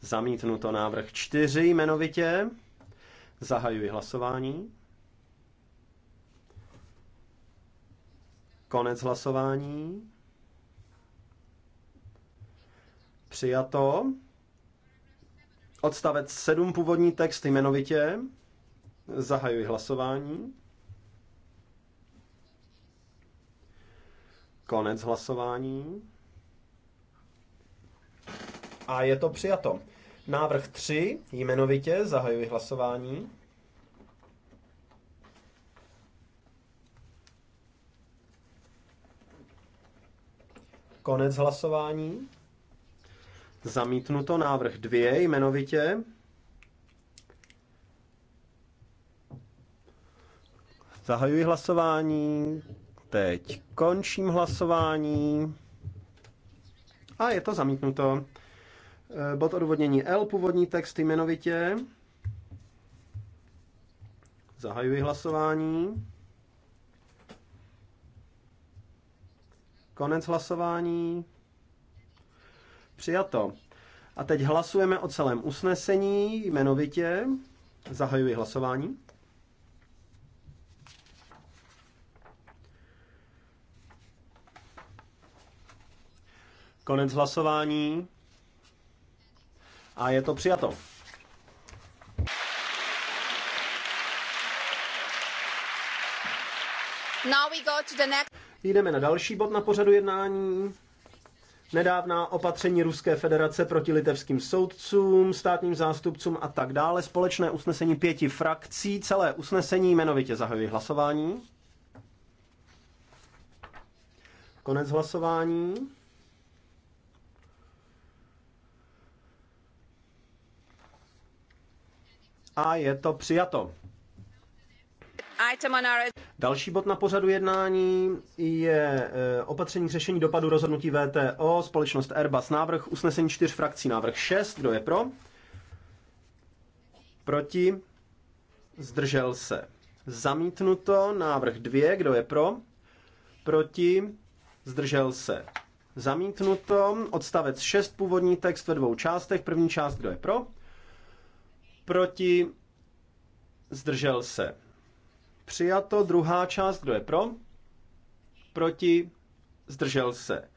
[SPEAKER 8] Zamítnuto návrh čtyři jmenovitě. Zahajuji hlasování. Konec hlasování. Přijato. Odstavec 7 původní text jmenovitě. Zahajuji hlasování. Konec hlasování. A je to přijato. Návrh 3 jmenovitě zahajuji hlasování. Konec hlasování. Zamítnuto návrh 2 jmenovitě. Zahajuji hlasování. Teď končím hlasování. A je to zamítnuto. E, bod odvodnění L, původní text jmenovitě. Zahajuji hlasování. Konec hlasování. Přijato. A teď hlasujeme o celém usnesení jmenovitě. Zahajuji hlasování. Konec hlasování. A je to přijato.
[SPEAKER 11] Now we go to the next...
[SPEAKER 8] Jdeme na další bod na pořadu jednání nedávná opatření Ruské federace proti litevským soudcům, státním zástupcům a tak dále, společné usnesení pěti frakcí, celé usnesení jmenovitě zahajuji hlasování. Konec hlasování. A je to přijato. Další bod na pořadu jednání je eh, opatření k řešení dopadu rozhodnutí VTO, společnost Airbus, návrh usnesení čtyř frakcí, návrh 6, kdo je pro? Proti? Zdržel se. Zamítnuto, návrh 2, kdo je pro? Proti? Zdržel se. Zamítnuto, odstavec 6, původní text ve dvou částech, první část, kdo je pro? Proti? Zdržel se Přijato druhá část, kdo je pro? Proti? Zdržel se.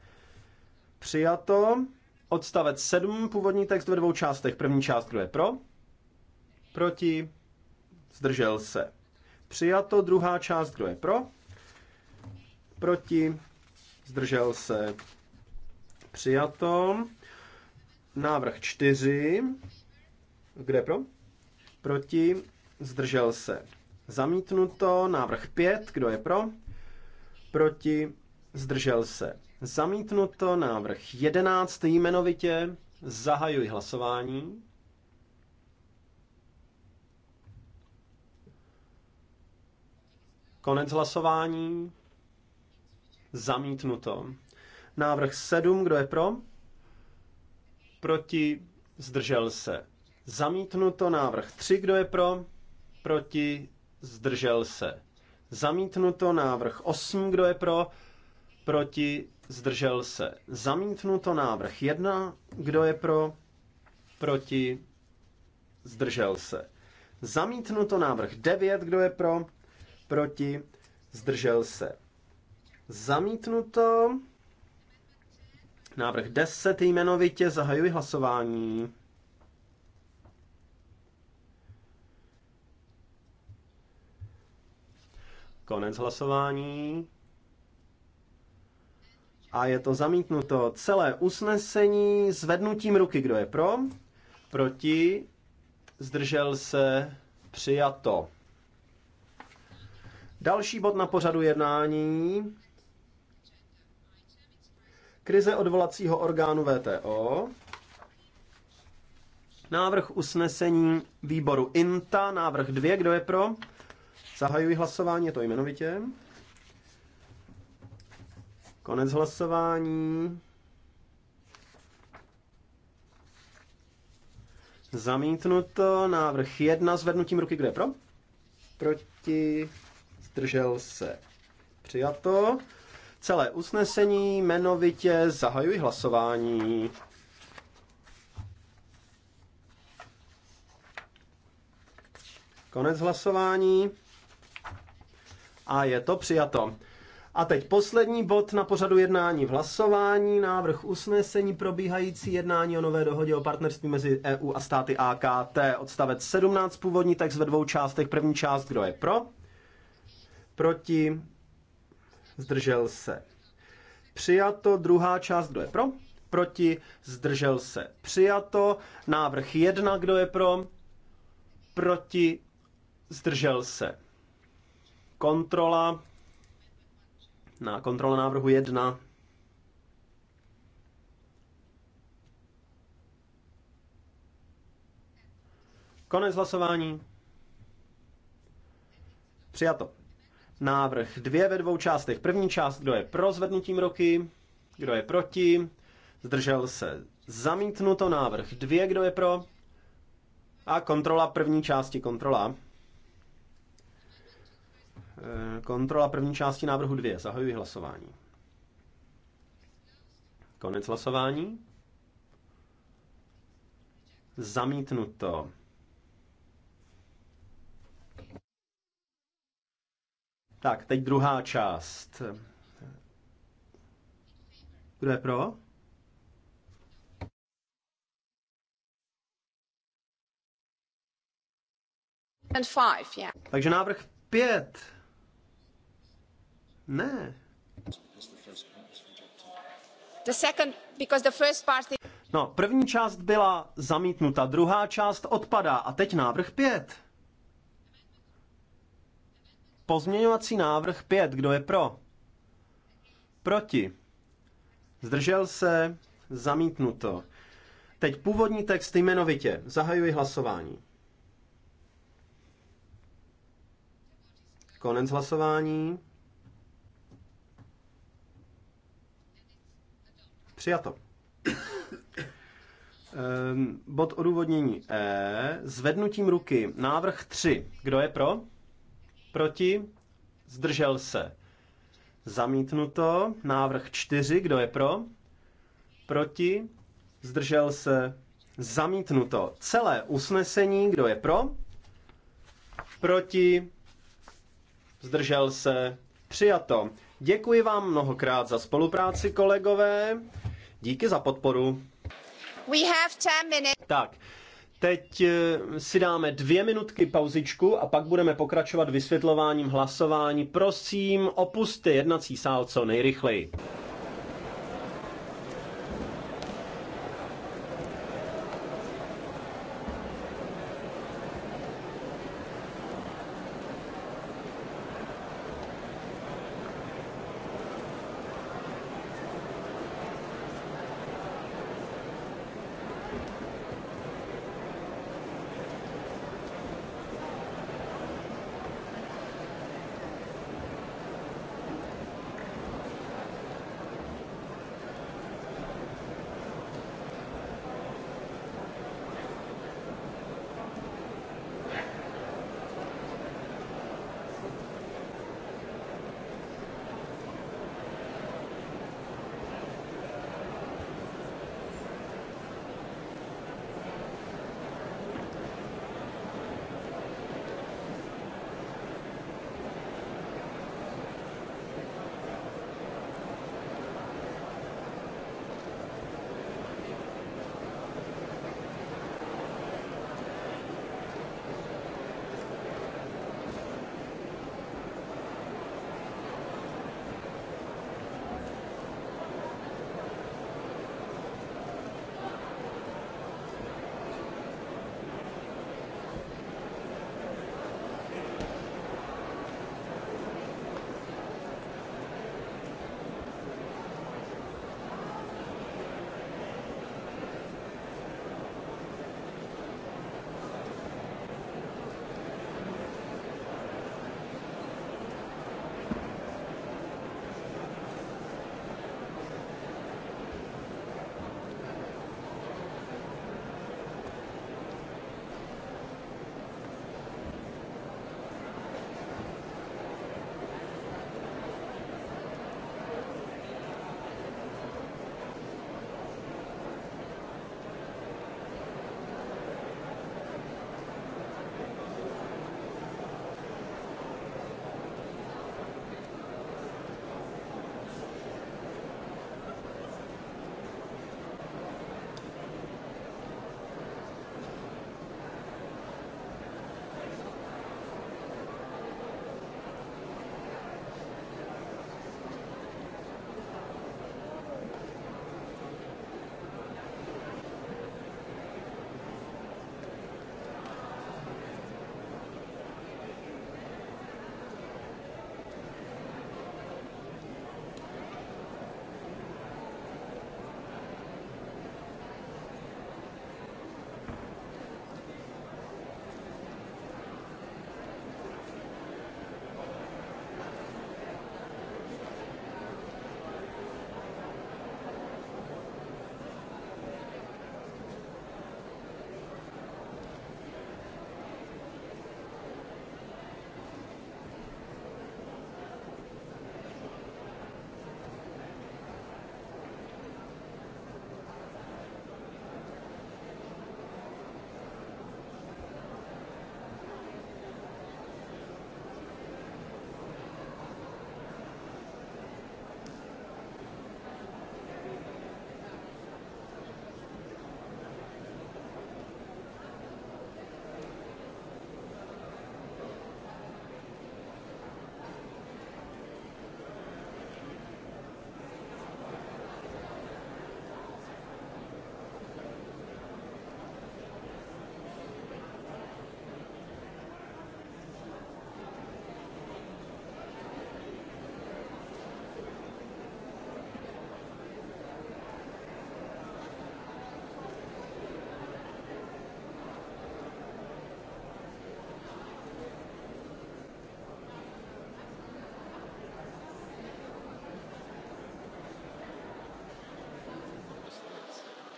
[SPEAKER 8] Přijato odstavec 7, původní text ve dvou částech. První část, kdo je pro? Proti? Zdržel se. Přijato druhá část, kdo je pro? Proti? Zdržel se. Přijato. Návrh 4. Kde pro? Proti? Zdržel se. Zamítnuto. Návrh 5. Kdo je pro? Proti. Zdržel se. Zamítnuto. Návrh 11. Jmenovitě. Zahajuji hlasování. Konec hlasování. Zamítnuto. Návrh 7. Kdo je pro? Proti. Zdržel se. Zamítnuto. Návrh 3. Kdo je pro? Proti zdržel se. Zamítnuto návrh 8, kdo je pro, proti, zdržel se. Zamítnuto návrh 1, kdo je pro, proti, zdržel se. Zamítnuto návrh 9, kdo je pro, proti, zdržel se. Zamítnuto návrh 10, jmenovitě zahajuji hlasování. Konec hlasování. A je to zamítnuto celé usnesení zvednutím ruky. Kdo je pro? Proti? Zdržel se? Přijato. Další bod na pořadu jednání. Krize odvolacího orgánu VTO. Návrh usnesení výboru INTA, návrh 2, kdo je pro? Zahajuji hlasování, je to jmenovitě. Konec hlasování. Zamítnuto. Návrh 1 zvednutím ruky. Kdo je pro? Proti. Zdržel se. Přijato. Celé usnesení jmenovitě zahajuji hlasování. Konec hlasování. A je to přijato. A teď poslední bod na pořadu jednání v hlasování, návrh usnesení probíhající jednání o nové dohodě o partnerství mezi EU a státy AKT, odstavec 17 původní text ve dvou částech. První část, kdo je pro? Proti? Zdržel se. Přijato. Druhá část, kdo je pro? Proti? Zdržel se. Přijato. Návrh 1, kdo je pro? Proti? Zdržel se Kontrola na kontrola návrhu 1. Konec hlasování. Přijato. Návrh dvě ve dvou částech. První část, kdo je pro zvednutím roky, kdo je proti, zdržel se zamítnuto. Návrh dvě, kdo je pro a kontrola první části kontrola. Eh, kontrola první části návrhu 2. Zahajuji hlasování. Konec hlasování. Zamítnuto. Tak, teď druhá část. Kdo je pro?
[SPEAKER 11] And five, yeah.
[SPEAKER 8] Takže návrh pět. Ne.
[SPEAKER 11] The second, because the first part...
[SPEAKER 8] No, první část byla zamítnuta, druhá část odpadá a teď návrh pět. Pozměňovací návrh pět, kdo je pro? Proti. Zdržel se, zamítnuto. Teď původní text jmenovitě. Zahajuji hlasování. Konec hlasování. Přijato. Ehm, bod odůvodnění E. Zvednutím ruky. Návrh 3. Kdo je pro? Proti? Zdržel se. Zamítnuto. Návrh 4. Kdo je pro? Proti? Zdržel se. Zamítnuto. Celé usnesení. Kdo je pro? Proti? Zdržel se. Přijato. Děkuji vám mnohokrát za spolupráci, kolegové. Díky za podporu.
[SPEAKER 11] We have ten minutes.
[SPEAKER 8] Tak, teď eh, si dáme dvě minutky pauzičku a pak budeme pokračovat vysvětlováním hlasování. Prosím, opuste jednací sál co
[SPEAKER 3] nejrychleji.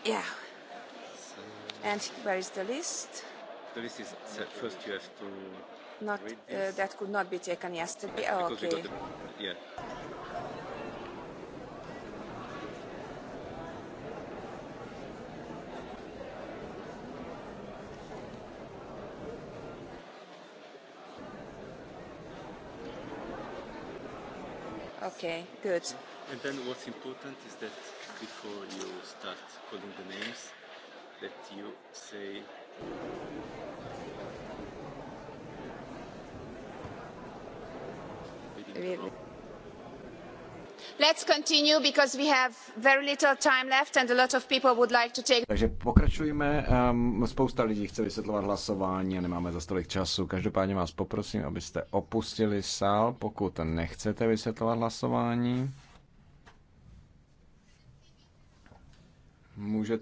[SPEAKER 11] Yeah. And where is the list?
[SPEAKER 2] The list is set. First, you have to.
[SPEAKER 11] Not read uh, this. Uh, that could not be taken yesterday. Oh, okay. the, yeah. Okay, good.
[SPEAKER 8] And then what's important is that before you start calling the names
[SPEAKER 13] that you say really.
[SPEAKER 11] Let's continue because we have very little time left and a lot of people would like to take... Takže
[SPEAKER 13] pokračujeme. Um, spousta lidí chce vysvětlovat hlasování a nemáme za tolik času. Každopádně vás poprosím, abyste opustili sál, pokud nechcete vysvětlovat hlasování.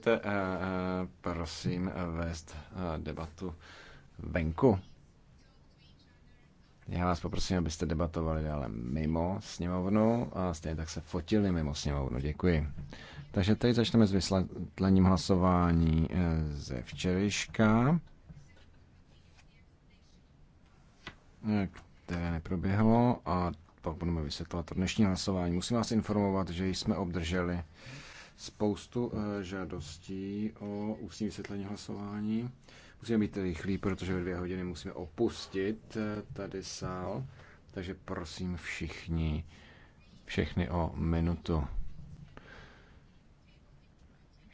[SPEAKER 13] můžete eh, eh, prosím eh, vést debatu venku. Já vás poprosím, abyste debatovali dále mimo sněmovnu a stejně tak se fotili mimo sněmovnu. Děkuji. Takže teď začneme s vysvětlením hlasování ze včerejška, které neproběhlo a pak budeme vysvětlovat to dnešní hlasování. Musím vás informovat, že jsme obdrželi spoustu eh, žádostí o ústní vysvětlení hlasování. Musíme být rychlí, protože ve dvě hodiny musíme opustit eh, tady sál. Takže prosím všichni, všechny o minutu.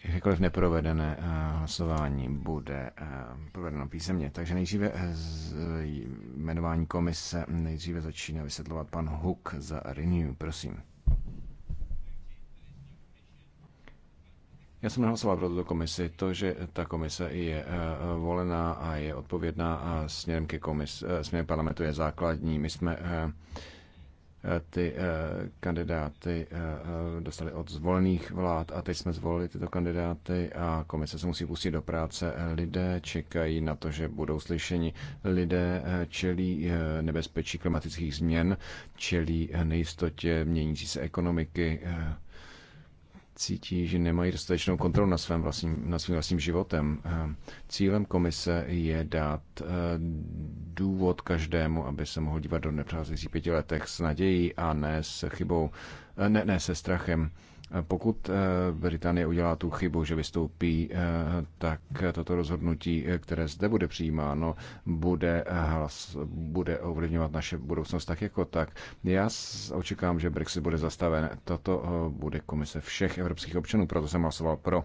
[SPEAKER 13] Jakékoliv neprovedené eh, hlasování bude provedeno písemně. Takže nejdříve z jmenování komise, nejdříve začíná vysvětlovat pan Hook za Renew, prosím. Já jsem nehlasoval pro tuto komisi. To, že ta komise je eh, volená a je odpovědná a směrem, ke komis, eh, směrem parlamentu je základní. My jsme eh, ty kandidáty dostali od zvolených vlád a teď jsme zvolili tyto kandidáty a komise se musí pustit do práce. Lidé čekají na to, že budou slyšeni. Lidé čelí nebezpečí klimatických změn, čelí nejistotě měnící se ekonomiky, cítí, že nemají dostatečnou kontrolu na svém vlastním, na svým vlastním životem. Eh, cílem komise je dát eh, důvod každému, aby se mohl dívat do nepřázejících pěti letech s nadějí a ne s chybou, eh, ne, ne se strachem. Eh, pokud eh, Británie udělá tu chybu, že vystoupí, eh, tak toto rozhodnutí, které zde bude přijímáno, bude, hlas, bude ovlivňovat naše budoucnost tak jako tak. Já očekám, že Brexit bude zastaven. Toto bude komise všech evropských občanů, proto jsem hlasoval pro.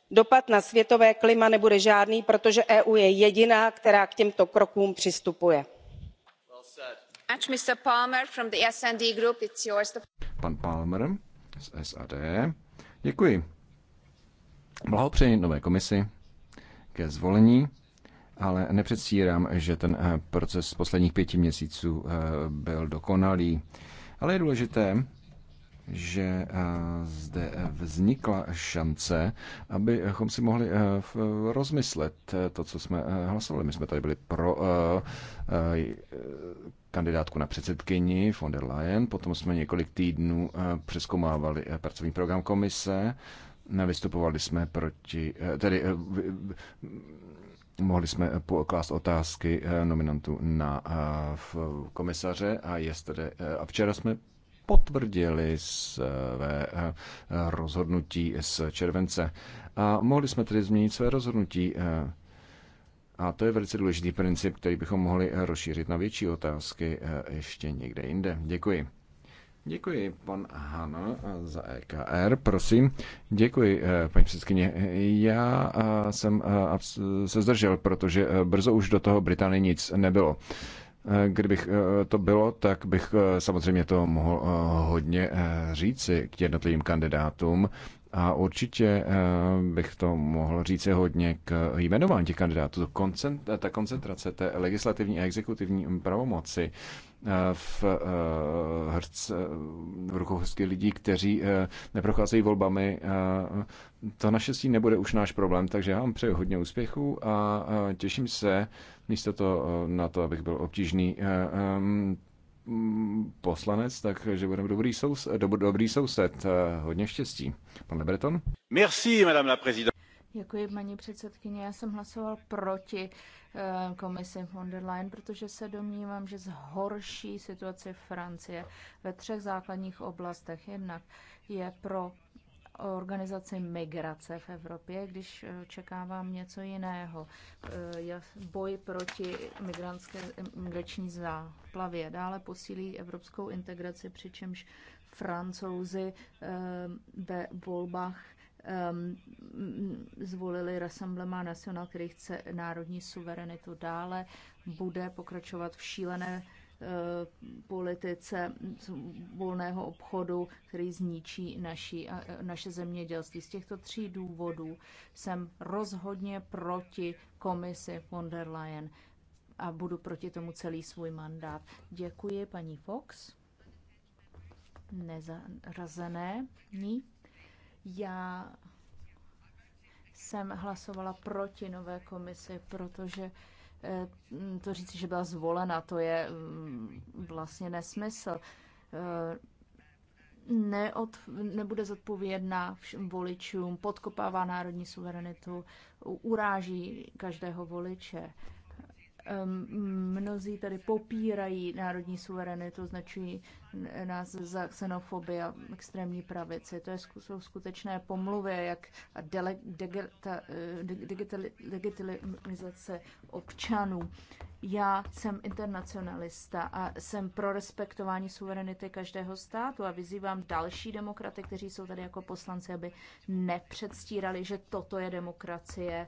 [SPEAKER 15] dopad na světové klima nebude žádný protože eu je jediná která k těmto krokům přistupuje.
[SPEAKER 13] Pan Palmer z Děkuji. Blahopřeji nové komisi ke zvolení ale nepředstírám, že ten eh, proces posledních pěti měsíců eh, byl dokonalý. Ale je důležité, že eh, zde eh, vznikla šance, abychom si mohli eh, rozmyslet to, co jsme hlasovali. My jsme tady byli pro kandidátku na předsedkyni von der Leyen, potom jsme několik týdnů přeskomávali pracovní program komise, vystupovali jsme proti, tedy mohli jsme poklást otázky nominantů na v komisaře a, jestli, a včera jsme potvrdili své eh, rozhodnutí z července. A mohli jsme tedy změnit své rozhodnutí. Eh, a to je velice důležitý princip, který bychom mohli eh, rozšířit na větší otázky ještě někde jinde. Děkuji. Děkuji, pan Hana za EKR, prosím. Děkuji, paní předsedkyně. Já jsem se zdržel, protože brzo už do toho Británie nic nebylo. Eh, kdybych eh, to bylo, tak bych eh, samozřejmě to mohl hodně říci k jednotlivým kandidátům a určitě bych to mohl říci hodně k jmenování těch kandidátů. Ta koncentrace té legislativní a exekutivní pravomoci v, v rukou hezky lidí, kteří neprocházejí volbami. To naštěstí nebude už náš problém, takže já vám přeju hodně úspěchů a těším se Místo to eh, na to, abych byl obtížný eh, eh, mm, poslanec, takže budeme dobrý, soused, dob, dobrý soused. Hodně štěstí. Pane Breton?
[SPEAKER 10] Merci, madame la présidente.
[SPEAKER 14] Děkuji, paní předsedkyně. Já jsem hlasoval proti komisi von der Leyen, protože se domnívám, že zhorší situaci Francie ve třech základních oblastech. Jednak je pro organizaci migrace v Evropě, když očekávám eh, něco jiného. Eh, boj proti migrantské migrační záplavě dále posílí evropskou integraci, přičemž francouzi eh, ve volbách zvolili Rassemblement National, který chce národní suverenitu dále, bude pokračovat v šílené Eh, politice volného obchodu, který zničí naši, eh, naše zemědělství. Z těchto tří důvodů jsem rozhodně proti komisi von der Leyen a budu proti tomu celý svůj mandát. Děkuji, paní Fox. Nezarazené. Ní. Já jsem hlasovala proti nové komisi, protože to říci, že byla zvolena, to je mm, vlastně nesmysl. E, neod, nebude zodpovědná všem voličům, podkopává národní suverenitu, uráží každého voliče. Mnozí tady popírají národní suverenitu, značují nás za xenofobie a extrémní pravici. To je, jsou skutečné pomluvy, jak eh, digitalizace občanů. Já jsem internacionalista a jsem pro respektování suverenity každého státu a vyzývám další demokraty, kteří jsou tady jako poslanci, aby nepředstírali, že toto je demokracie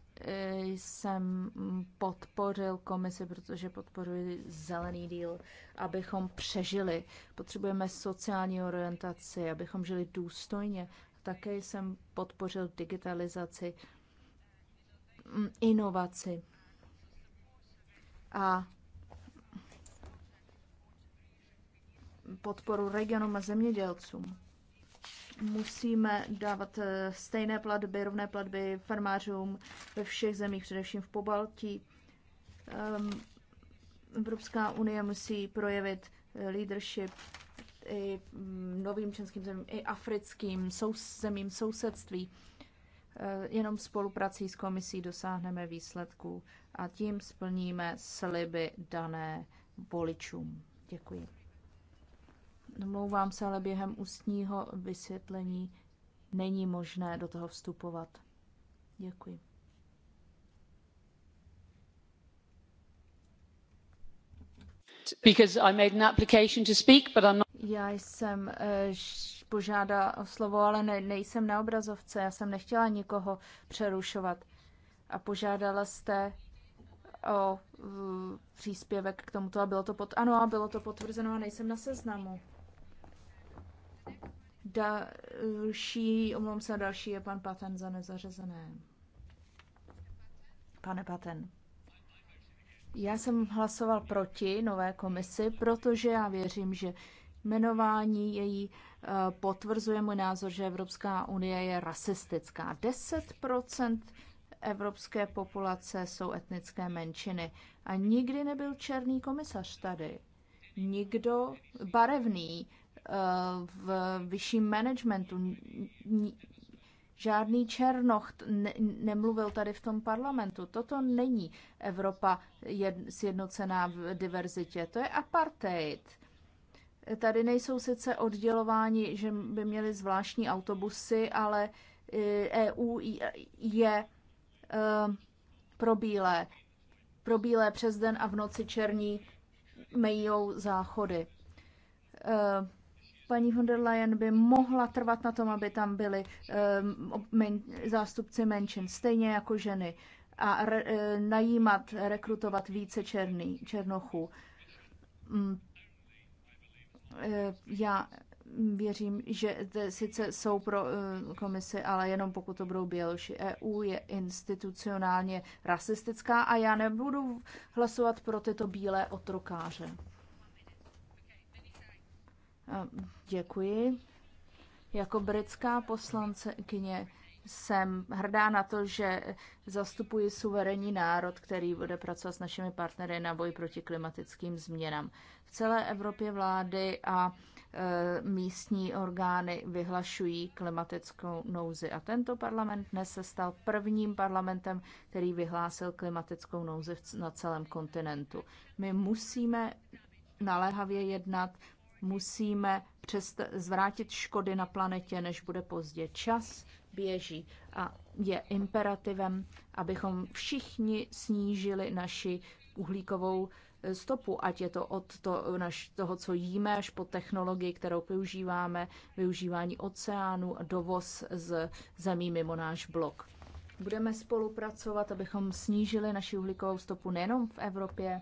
[SPEAKER 14] jsem podpořil komisi, protože podporuji zelený díl, abychom přežili. Potřebujeme sociální orientaci, abychom žili důstojně. Také jsem podpořil digitalizaci, mm, inovaci. A podporu regionům a zemědělcům musíme dávat eh, stejné platby, rovné platby farmářům ve všech zemích, především v Pobaltí. Ehm, Evropská unie musí projevit eh, leadership i mm, novým členským zemím, i africkým zemím sousedství. Eh, jenom spoluprací s komisí dosáhneme výsledků a tím splníme sliby dané voličům. Děkuji. Mlouvám se, ale během ústního vysvětlení není možné do toho vstupovat. Děkuji. Já jsem eh, požádala o slovo, ale ne, nejsem na obrazovce. Já jsem nechtěla nikoho přerušovat. A požádala jste o příspěvek k tomuto a bylo to pod... Ano, a bylo to potvrzeno a nejsem na seznamu. Další, omlouvám se, další je pan Paten za nezařazené. Pane Paten. Já jsem hlasoval proti nové komisi, protože já věřím, že jmenování její eh, potvrzuje můj názor, že Evropská unie je rasistická. 10% evropské populace jsou etnické menšiny a nikdy nebyl černý komisař tady. Nikdo barevný v vyšším managementu. Žádný Černoch ne- nemluvil tady v tom parlamentu. Toto není Evropa jed- sjednocená v diverzitě. To je apartheid. Tady nejsou sice oddělováni, že by měli zvláštní autobusy, ale EU e je e, pro bílé. Pro bílé přes den a v noci černí mejou záchody. E, paní von der Leyen by mohla trvat na tom, aby tam byli ehm, men, zástupci menšin, stejně jako ženy, a re, e, najímat, rekrutovat více černý, černochů. Mm. E, já věřím, že sice jsou pro e, komisi, ale jenom pokud to budou běloši. EU je institucionálně rasistická a já nebudu hlasovat pro tyto bílé otrokáře. Děkuji. Jako britská poslankyně jsem hrdá na to, že zastupuji suverénní národ, který bude pracovat s našimi partnery na boji proti klimatickým změnám. V celé Evropě vlády a e, místní orgány vyhlašují klimatickou nouzi. A tento parlament dnes se stal prvním parlamentem, který vyhlásil klimatickou nouzi na celém kontinentu. My musíme naléhavě jednat, Musíme přest- zvrátit škody na planetě, než bude pozdě. Čas běží a je imperativem, abychom všichni snížili naši uhlíkovou e, stopu, ať je to od to, naš, toho, co jíme, až po technologii, kterou využíváme, využívání oceánu a dovoz z zemí mimo náš blok. Budeme spolupracovat, abychom snížili naši uhlíkovou stopu nejenom v Evropě,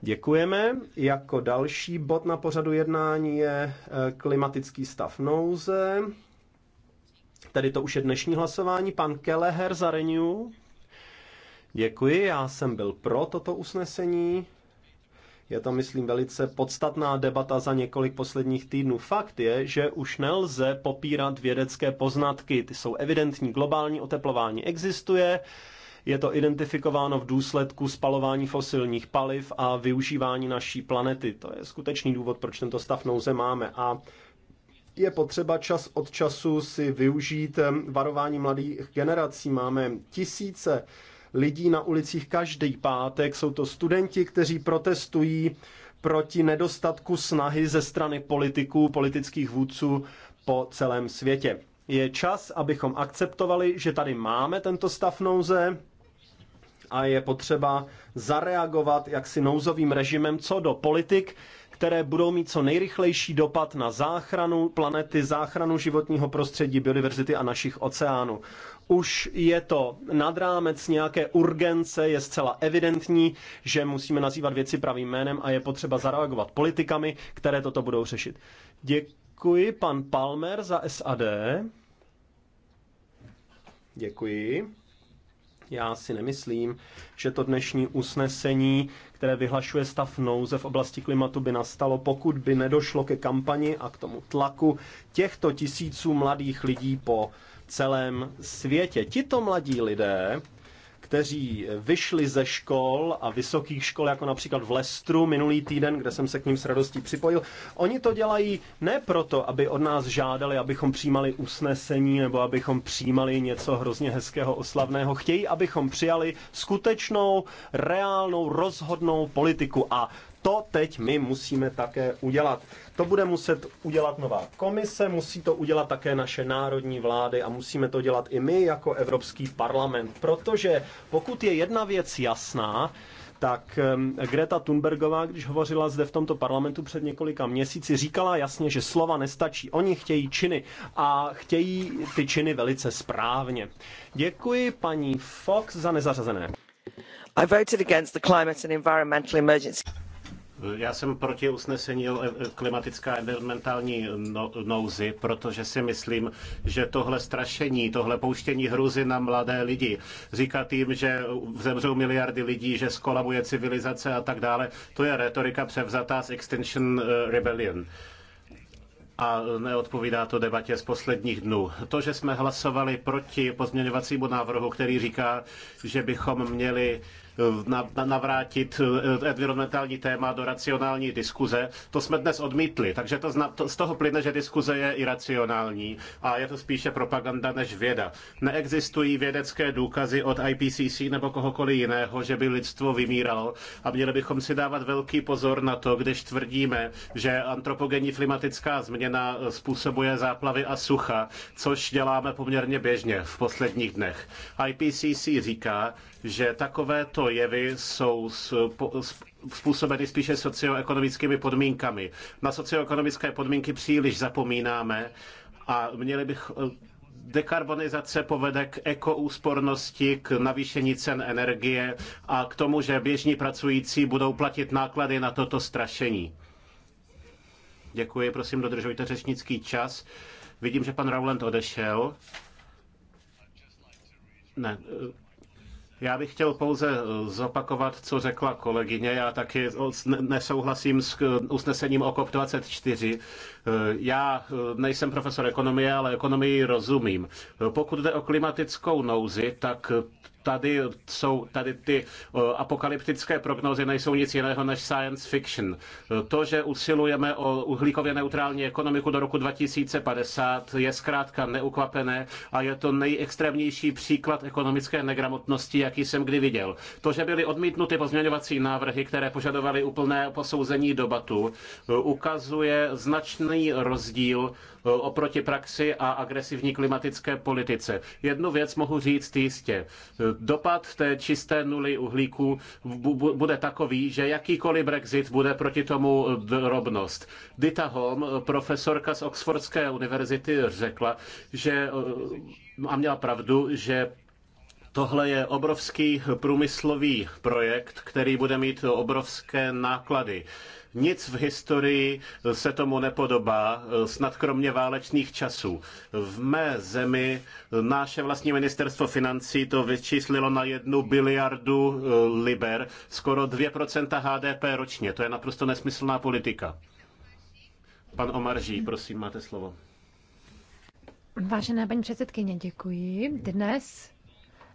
[SPEAKER 8] Děkujeme. Jako další bod na pořadu jednání je e, klimatický stav nouze. Tady to už je dnešní hlasování. Pan Keleher za Renew. Děkuji, já jsem byl pro toto usnesení. Je to, myslím, velice podstatná debata za několik posledních týdnů. Fakt je, že už nelze popírat vědecké poznatky. Ty jsou evidentní. Globální oteplování existuje je to identifikováno v důsledku spalování fosilních paliv a využívání naší planety. To je skutečný důvod, proč tento stav nouze máme. A je potřeba čas od času si využít eh, varování mladých generací. Máme tisíce lidí na ulicích každý pátek. Jsou to studenti, kteří protestují proti nedostatku snahy ze strany politiků, politických vůdců po celém světě. Je čas, abychom akceptovali, že tady máme tento stav nouze, a je potřeba zareagovat jaksi nouzovým režimem co do politik, které budou mít co nejrychlejší dopad na záchranu planety, záchranu životního prostředí, biodiverzity a našich oceánů. Už je to nad rámec nějaké urgence, je zcela evidentní, že musíme nazývat věci pravým jménem a je potřeba zareagovat politikami, které toto budou řešit. Děkuji pan Palmer za SAD. Děkuji. Já si nemyslím, že to dnešní usnesení, které vyhlašuje stav nouze v oblasti klimatu, by nastalo, pokud by nedošlo ke kampani a k tomu tlaku těchto tisíců mladých lidí po celém světě. Tito mladí lidé kteří vyšli ze škol a vysokých škol, jako například v Lestru minulý týden, kde jsem se k ním s radostí připojil. Oni to dělají ne proto, aby od nás žádali, abychom přijímali usnesení nebo abychom přijímali něco hrozně hezkého, oslavného. Chtějí, abychom přijali skutečnou, reálnou, rozhodnou politiku. A to teď my musíme také udělat. To bude muset udělat nová komise, musí to udělat také naše národní vlády a musíme to dělat i my jako Evropský parlament, protože pokud je jedna věc jasná, tak Greta Thunbergová, když hovořila zde v tomto parlamentu před několika měsíci, říkala jasně, že slova nestačí. Oni chtějí činy a chtějí ty činy velice správně. Děkuji paní Fox za nezařazené.
[SPEAKER 4] I voted against the climate and environmental emergency.
[SPEAKER 3] Já jsem proti usnesení o e- klimatická environmentální no- nouzi, protože si myslím, že tohle strašení, tohle pouštění hruzy na mladé lidi, říkat jim, že zemřou miliardy lidí, že skolabuje civilizace a tak dále, to je retorika převzatá z Extinction e, Rebellion a neodpovídá to debatě z posledních dnů. To, že jsme hlasovali proti pozměňovacímu návrhu, který říká, že bychom měli uh, Eh, navrátit environmentální eh, téma do racionální diskuze. To jsme dnes odmítli, takže to, zna, to z toho plyne, že diskuze je iracionální a je to spíše propaganda než věda. Neexistují vědecké důkazy od IPCC nebo kohokoliv jiného, že by lidstvo vymíralo a měli bychom si dávat velký pozor na to, když tvrdíme, že antropogenní klimatická změna eh, způsobuje záplavy a sucha, což děláme poměrně běžně v posledních dnech. IPCC říká, že takovéto jevy jsou způsobeny spíše socioekonomickými podmínkami. Na socioekonomické podmínky příliš zapomínáme a měli bych eh, dekarbonizace povede k ekoúspornosti, k navýšení cen energie a k tomu, že běžní pracující budou platit náklady na toto strašení. Děkuji, prosím, dodržujte řečnický čas. Vidím, že pan Rowland odešel. Ne, eh, já bych chtěl pouze eh, zopakovat, co řekla kolegyně. Já taky nesouhlasím s eh, usnesením OKOP 24 Eh, já eh, nejsem profesor ekonomie, ale ekonomii rozumím. Pokud jde o klimatickou nouzi, tak tady jsou tady ty eh, apokalyptické prognózy nejsou nic jiného než science fiction. To, že usilujeme o uhlíkově neutrální ekonomiku do roku 2050, je zkrátka neukvapené a je to nejextrémnější příklad ekonomické negramotnosti, jaký jsem kdy viděl. To, že byly odmítnuty pozměňovací návrhy, které požadovaly úplné posouzení dobatu, ukazuje značný významný rozdíl eh, oproti praxi a agresivní klimatické politice. Jednu věc mohu říct jistě. Eh, dopad té čisté nuly uhlíku bude takový, že jakýkoliv Brexit bude proti tomu eh, drobnost. Dita Holm, profesorka z Oxfordské univerzity, řekla, že a měla pravdu, že Tohle je obrovský průmyslový projekt, který bude mít obrovské náklady. Nic v historii se tomu nepodobá, snad kromě válečných časů. V mé zemi naše vlastní ministerstvo financí to vyčíslilo na jednu biliardu eh, liber, skoro 2% HDP ročně. To je naprosto nesmyslná politika. Pan Omarží, prosím, máte slovo.
[SPEAKER 4] Vážená paní předsedkyně, děkuji. Dnes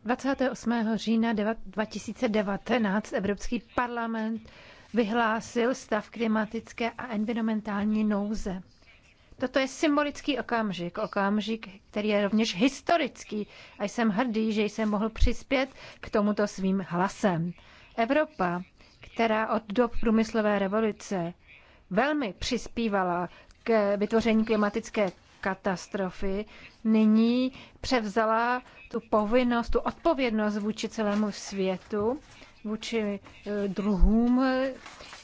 [SPEAKER 4] 28. října 2019 Evropský parlament vyhlásil stav klimatické a environmentální nouze. Toto je symbolický okamžik, okamžik, který je rovněž historický a jsem hrdý, že jsem mohl přispět k tomuto svým hlasem. Evropa, která od dob průmyslové revoluce velmi přispívala k vytvoření klimatické katastrofy, nyní převzala tu povinnost, tu odpovědnost vůči celému světu vůči eh, druhům eh,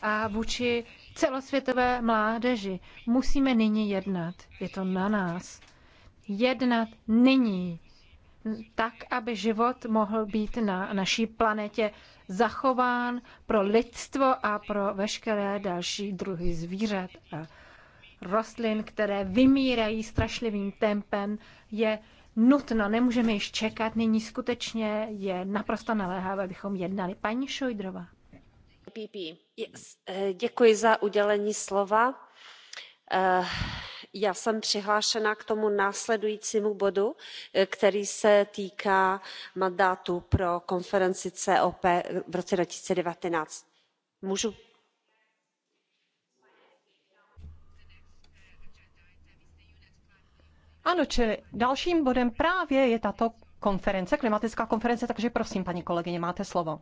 [SPEAKER 4] a vůči celosvětové mládeži. Musíme nyní jednat. Je to na nás. Jednat nyní tak, aby život mohl být na naší planetě zachován pro lidstvo a pro veškeré další druhy zvířat a rostlin, které vymírají strašlivým tempem, je nutno, nemůžeme již čekat, nyní skutečně je naprosto naléhavé, abychom jednali. Paní Šojdrova.
[SPEAKER 7] Yes. Eh, děkuji za udělení slova. Eh, já jsem přihlášena k tomu následujícímu bodu, eh, který se týká mandátu pro konferenci COP v roce 2019. Můžu Ano, čili dalším bodem
[SPEAKER 5] právě je tato konference, klimatická konference, takže prosím, paní kolegyně, máte slovo.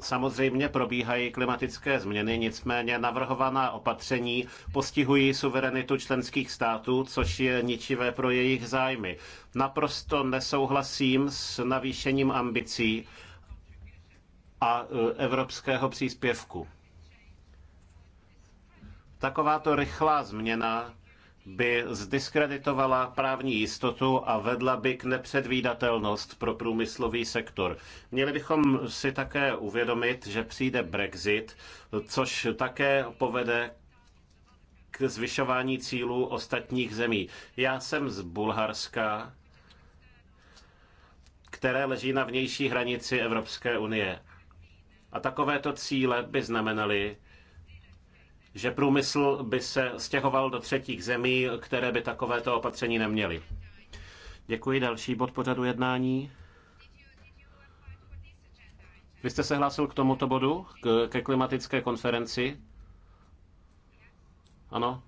[SPEAKER 3] Samozřejmě probíhají klimatické změny, nicméně navrhovaná opatření postihují suverenitu členských států, což je ničivé pro jejich zájmy. Naprosto nesouhlasím s navýšením ambicí a e, evropského příspěvku. Takováto rychlá změna by zdiskreditovala právní jistotu a vedla by k nepředvídatelnost pro průmyslový sektor. Měli bychom si také uvědomit, že přijde Brexit, což také povede k zvyšování cílů ostatních zemí. Já jsem z Bulharska, které leží na vnější hranici Evropské unie. A takovéto cíle by znamenaly, že průmysl by se stěhoval do třetích zemí, které by takovéto opatření neměly. Děkuji. Další bod pořadu jednání. Vy jste se hlásil k tomuto bodu, k, ke klimatické konferenci? Ano?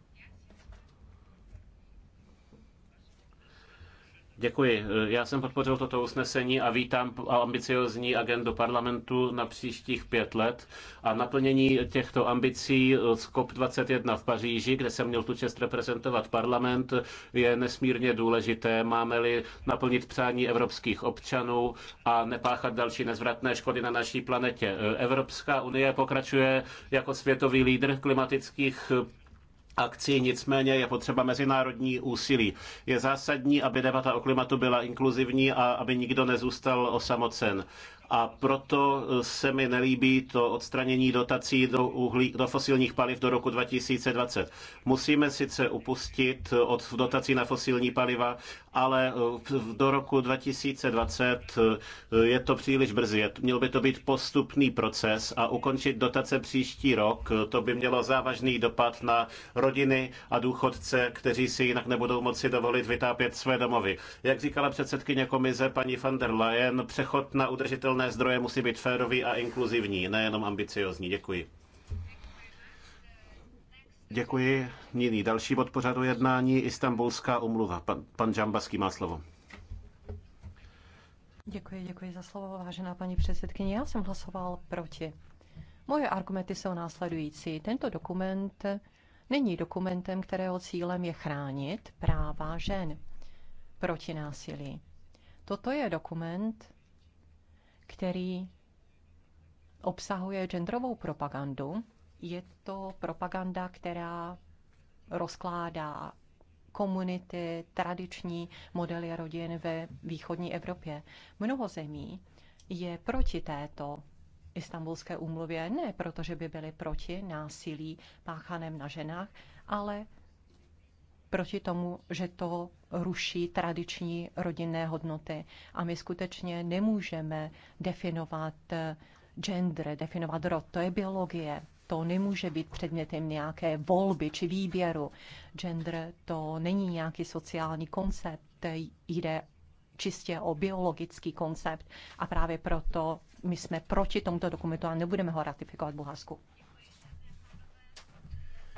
[SPEAKER 3] Děkuji. Já jsem podpořil toto usnesení a vítám ambiciozní agendu parlamentu na příštích pět let a naplnění těchto ambicí z COP21 v Paříži, kde jsem měl tu čest reprezentovat parlament, je nesmírně důležité. Máme-li naplnit přání evropských občanů a nepáchat další nezvratné škody na naší planetě. Evropská unie pokračuje jako světový lídr klimatických akcí, nicméně je potřeba mezinárodní úsilí. Je zásadní, aby debata o klimatu byla inkluzivní a aby nikdo nezůstal osamocen a proto eh, se mi nelíbí to odstranění dotací do, uhlí, do fosilních paliv do roku 2020. Musíme sice upustit eh, od dotací na fosilní paliva, ale eh, do roku 2020 je to příliš brzy. Měl by to být postupný proces a ukončit dotace příští rok, to by mělo závažný dopad na rodiny a důchodce, kteří si jinak nebudou moci dovolit vytápět své domovy. Jak říkala předsedkyně komise paní van der Leyen, přechod na udržitelný obnovitelné zdroje musí být férový a inkluzivní, nejenom ambiciozní. Děkuji. Děkuji. Nyní další bod pořadu jednání Istanbulská umluva. Pan, pan Džambaský má slovo.
[SPEAKER 5] Děkuji, děkuji za slovo, vážená paní předsedkyně. Já jsem hlasoval proti. Moje argumenty jsou následující. Tento dokument není dokumentem, kterého cílem je chránit práva žen proti násilí. Toto je dokument, který obsahuje genderovou propagandu. Je to propaganda, která rozkládá komunity, tradiční modely rodin ve východní Evropě. Mnoho zemí je proti této istambulské úmluvě, ne proto, že by byly proti násilí páchaném na ženách, ale proti tomu, že to ruší tradiční rodinné hodnoty. A my skutečně nemůžeme definovat eh, gender, definovat rod. To je biologie. To nemůže být předmětem nějaké volby či výběru. Gender to není nějaký sociální koncept, jde čistě o biologický koncept a právě proto my jsme proti tomuto dokumentu a nebudeme ho ratifikovat v Bulharsku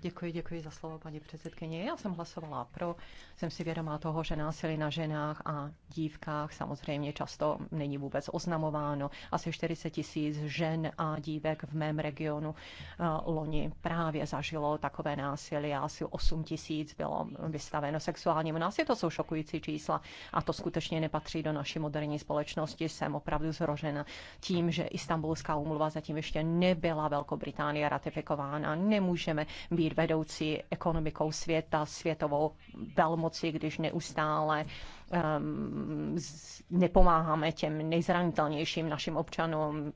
[SPEAKER 5] Děkuji, děkuji za slovo, paní předsedkyně. Já jsem hlasovala pro. Jsem si vědomá toho, že násilí na ženách a dívkách samozřejmě často není vůbec oznamováno. Asi 40 tisíc žen a dívek v mém regionu eh, loni právě zažilo takové násilí asi 8 tisíc bylo vystaveno sexuálnímu násilí. To jsou šokující čísla a to skutečně nepatří do naší moderní společnosti. Jsem opravdu zrožena tím, že Istanbulská umluva zatím ještě nebyla Velkou Británii ratifikována. Nemůžeme být být vedoucí ekonomikou světa, světovou velmoci, když neustále um, nepomáháme těm nejzranitelnějším našim občanům,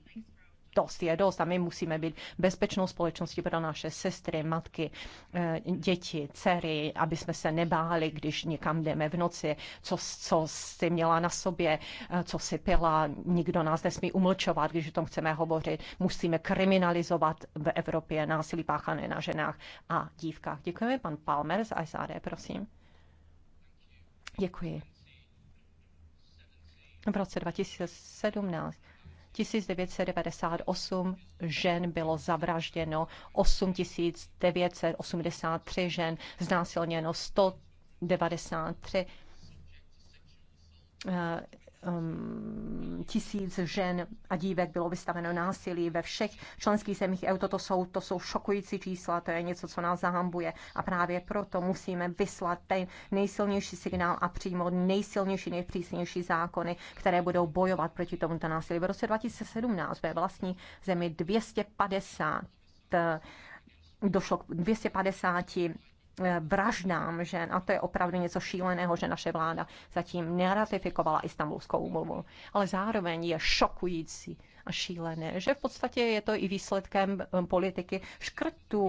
[SPEAKER 5] dost je dost a my musíme být bezpečnou společností pro naše sestry, matky, eh, děti, dcery, aby jsme se nebáli, když někam jdeme v noci, co, co jsi měla na sobě, eh, co si pila, nikdo nás nesmí umlčovat, když o tom chceme hovořit. Musíme kriminalizovat v Evropě násilí páchané na ženách a dívkách. Děkujeme, pan Palmer z ISAD, prosím. Děkuji. V roce 2017 1998 žen bylo zavražděno, 8983 žen znásilněno, 193 um, tisíc žen a dívek bylo vystaveno násilí ve všech členských zemích EU. Toto jsou, to jsou šokující čísla, to je něco, co nás zahambuje a právě proto musíme vyslat ten nejsilnější signál a přijmout nejsilnější, nejpřísnější zákony, které budou bojovat proti tomuto násilí. V roce 2017 ve vlastní zemi 250 eh, došlo k 250 Eh, vraždám žen. A to je opravdu něco šíleného, že naše vláda zatím neratifikovala Istanbulskou úmluvu. Ale zároveň je šokující a šílené, že v podstatě je to i výsledkem eh, politiky škrtů,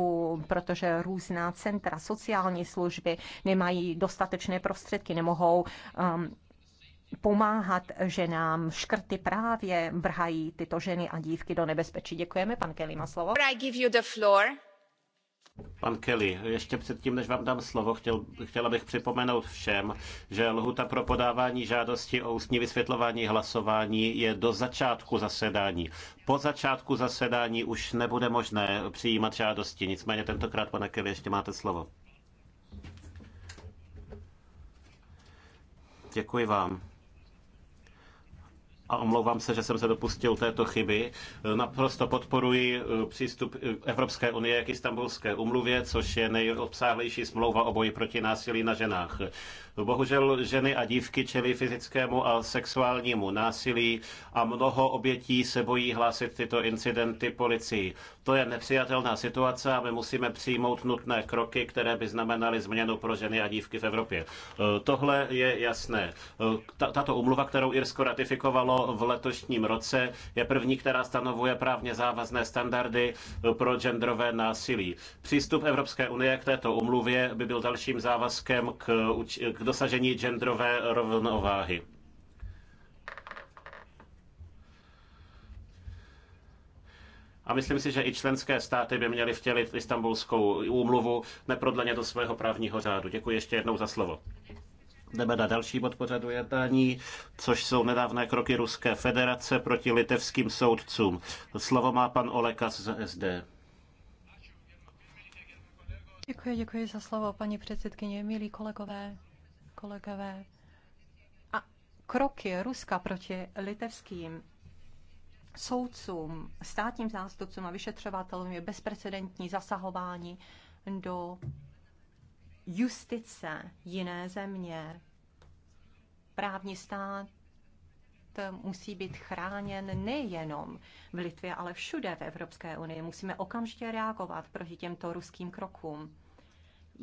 [SPEAKER 5] protože různá centra, sociální služby nemají dostatečné prostředky, nemohou um, pomáhat ženám. Škrty právě vrhají tyto ženy a dívky do nebezpečí. Děkujeme, pan Kelly má slovo. I give you
[SPEAKER 11] the floor.
[SPEAKER 3] Pan Kelly, ještě předtím, než vám dám slovo, chtěl, chtěla bych připomenout všem, že lhuta pro podávání žádosti o ústní vysvětlování hlasování je do začátku zasedání. Po začátku zasedání už nebude možné přijímat žádosti. Nicméně tentokrát, pane Kelly, ještě máte slovo. Děkuji vám a omlouvám se, že jsem se dopustil této chyby. Naprosto podporuji eh, přístup eh, Evropské unie k Istanbulské umluvě, což je nejobsáhlejší smlouva o boji proti násilí na ženách. No, bohužel ženy a dívky čelí fyzickému a sexuálnímu násilí a mnoho obětí se bojí hlásit tyto incidenty policii. To je nepřijatelná situace a my musíme přijmout nutné kroky, které by znamenaly změnu pro ženy a dívky v Evropě. E, tohle je jasné. E, tato umluva, kterou Irsko ratifikovalo v letošním roce, je první, která stanovuje právně závazné standardy e, pro genderové násilí. Přístup Evropské unie k této umluvě by byl dalším závazkem k, k k dosažení genderové rovnováhy. A myslím si, že i členské státy by měly vtělit istambulskou úmluvu neprodleně do svého právního řádu. Děkuji ještě jednou za slovo. Jdeme na další bod pořadu jednání, což jsou nedávné kroky Ruské federace proti litevským soudcům. Slovo má pan Oleka z SD.
[SPEAKER 5] Děkuji, děkuji za slovo, paní předsedkyně, milí kolegové kolegové. A kroky Ruska proti litevským soudcům, státním zástupcům a vyšetřovatelům je bezprecedentní zasahování do justice jiné země. Právní stát musí být chráněn nejenom v Litvě, ale všude v Evropské unii. Musíme okamžitě reagovat proti těmto ruským krokům.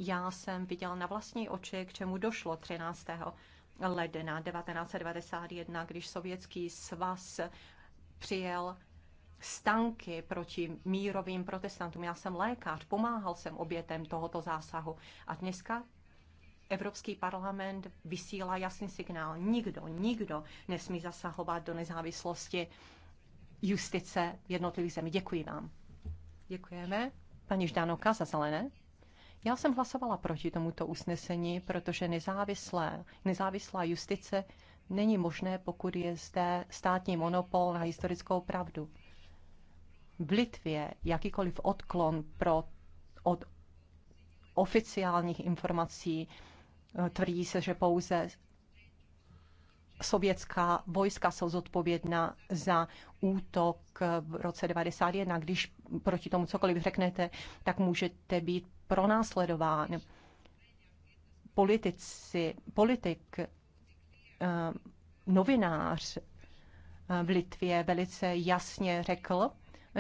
[SPEAKER 5] Já jsem viděl na vlastní oči, k čemu došlo 13. ledna 1991, když sovětský svaz přijel stanky proti mírovým protestantům. Já jsem lékař, pomáhal jsem obětem tohoto zásahu. A dneska Evropský parlament vysílá jasný signál. Nikdo, nikdo nesmí zasahovat do nezávislosti justice jednotlivých zemí. Děkuji vám. Děkujeme. Paní Ždánoka za zelené. Já jsem hlasovala proti tomuto usnesení, protože nezávislé, nezávislá justice není možné, pokud je zde státní monopol na historickou pravdu. V Litvě jakýkoliv odklon pro, od oficiálních informací eh, tvrdí se, že pouze sovětská vojska jsou zodpovědná za útok v roce 91. Když proti tomu cokoliv řeknete, tak můžete být pronásledován. Politici, politik, eh, novinář eh, v Litvě velice jasně řekl,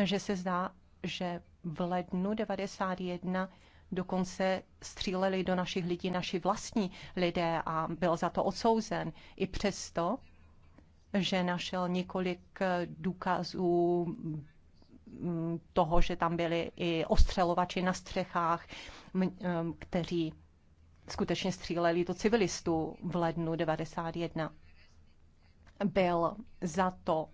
[SPEAKER 5] že se zdá, že v lednu 91 dokonce stříleli do našich lidí naši vlastní lidé a byl za to odsouzen. I přesto, že našel několik eh, důkazů Mm, toho, že tam byli i ostřelovači na střechách, mm, kteří skutečně stříleli to civilistu v lednu 91. Byl za to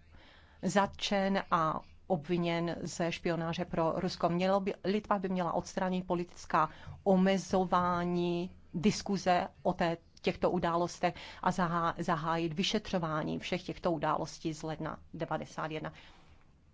[SPEAKER 5] zatčen a obviněn ze špionáže pro Rusko. Mělo by, Litva by měla odstranit politická omezování diskuze o té, těchto událostech a zahá, zahájit vyšetřování všech těchto událostí z ledna 91.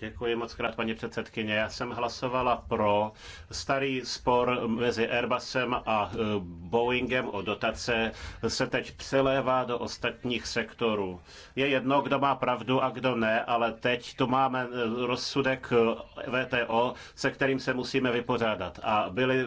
[SPEAKER 3] Děkuji moc krát, paní předsedkyně. Já jsem hlasovala pro starý spor mezi Airbusem a e, Boeingem o dotace se teď přelévá do ostatních sektorů. Je jedno, kdo má pravdu a kdo ne, ale teď tu máme e, rozsudek e, VTO, se kterým se musíme vypořádat. A byly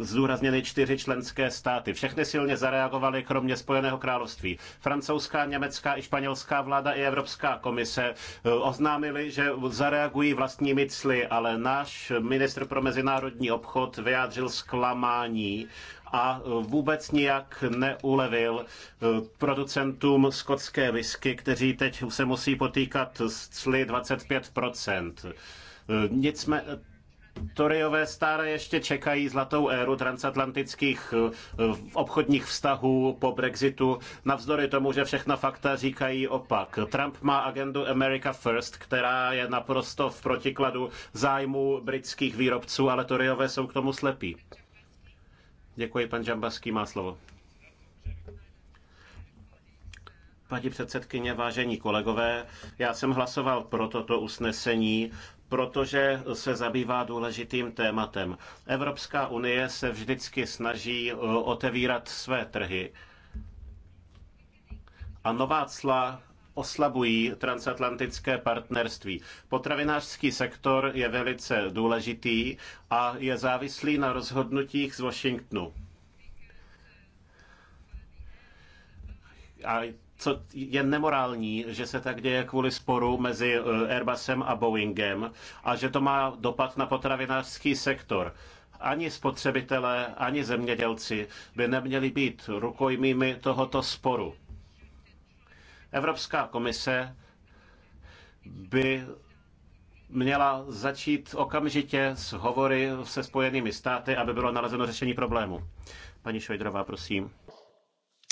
[SPEAKER 3] zdůrazněny čtyři členské státy. Všechny silně zareagovaly, kromě Spojeného království. Francouzská, německá i španělská vláda i Evropská komise oznámili, že zareagují vlastními cly, ale náš ministr pro mezinárodní obchod vyjádřil zklamání a vůbec nijak neulevil eh, producentům skotské whisky, kteří teď se musí potýkat s cly 25%. Eh, Nicméně Toriové stále ještě čekají zlatou éru transatlantických eh, eh, obchodních vztahů po Brexitu, navzdory tomu, že všechna fakta říkají opak. Trump má agendu America First, která je naprosto v protikladu zájmu britských výrobců, ale Toriové jsou k tomu slepí. Děkuji, pan Žambaský má slovo. Paní předsedkyně, vážení kolegové, já jsem hlasoval pro toto usnesení, protože se zabývá důležitým tématem. Evropská unie se vždycky snaží eh, otevírat své trhy. A nová cla oslabují transatlantické partnerství. Potravinářský sektor je velice důležitý a je závislý na rozhodnutích z Washingtonu. A co je nemorální, že se tak děje kvůli sporu mezi eh, Airbusem a Boeingem a že to má dopad na potravinářský sektor ani spotřebitelé, ani zemědělci by neměli být rukojmími tohoto sporu. Evropská komise by měla začít okamžitě s hovory se Spojenými státy, aby bylo nalezeno řešení problému. Paní Švejdrová, prosím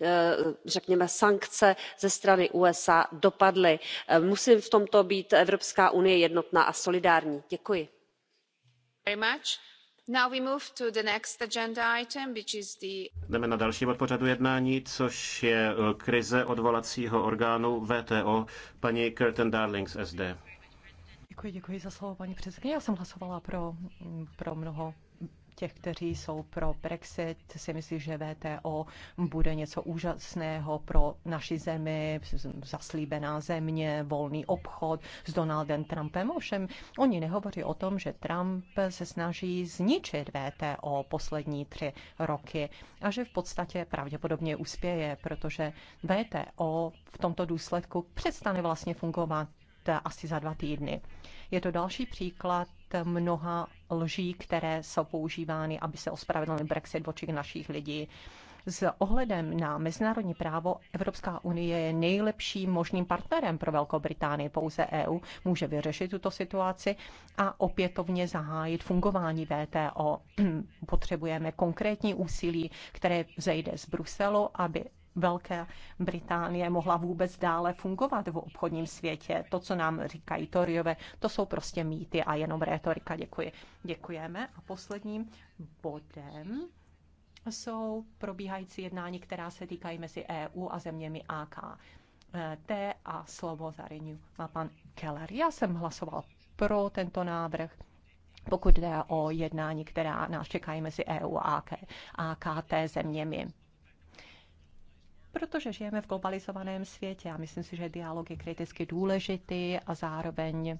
[SPEAKER 7] Eh, řekněme sankce ze strany usa dopadly. Eh, musí v tomto být evropská unie jednotná a solidární. děkuji.
[SPEAKER 3] jdeme na další bod pořadu jednání což je eh, krize odvolacího orgánu wto paní curtin darling z sd.
[SPEAKER 5] Děkuji, děkuji za slovo, paní předsedkyně. Já jsem hlasovala pro, pro mnoho těch, kteří jsou pro Brexit, si myslí, že VTO bude něco úžasného pro naši zemi, zaslíbená země, volný obchod s Donaldem Trumpem. Ovšem, oni nehovoří o tom, že Trump se snaží zničit VTO poslední tři roky a že v podstatě pravděpodobně uspěje, protože VTO v tomto důsledku přestane vlastně fungovat asi za dva týdny. Je to další příklad mnoha lží, které jsou používány, aby se ospravedlnil Brexit v očích našich lidí. S ohledem na mezinárodní právo Evropská unie je nejlepším možným partnerem pro Velkou Británii. Pouze EU může vyřešit tuto situaci a opětovně zahájit fungování VTO. Potřebujeme konkrétní úsilí, které zejde z Bruselu, aby Velké Británie mohla vůbec dále fungovat v obchodním světě. To, co nám říkají Toriové, to jsou prostě mýty a jenom rétorika. Děkuji. Děkujeme. A posledním bodem jsou probíhající jednání, která se týkají mezi EU a zeměmi AK. E, T a slovo za Renew má pan Keller. Já jsem hlasoval pro tento návrh pokud jde o jednání, která nás čekají mezi EU a AKT zeměmi protože žijeme v globalizovaném světě a myslím si, že dialog je kriticky důležitý a zároveň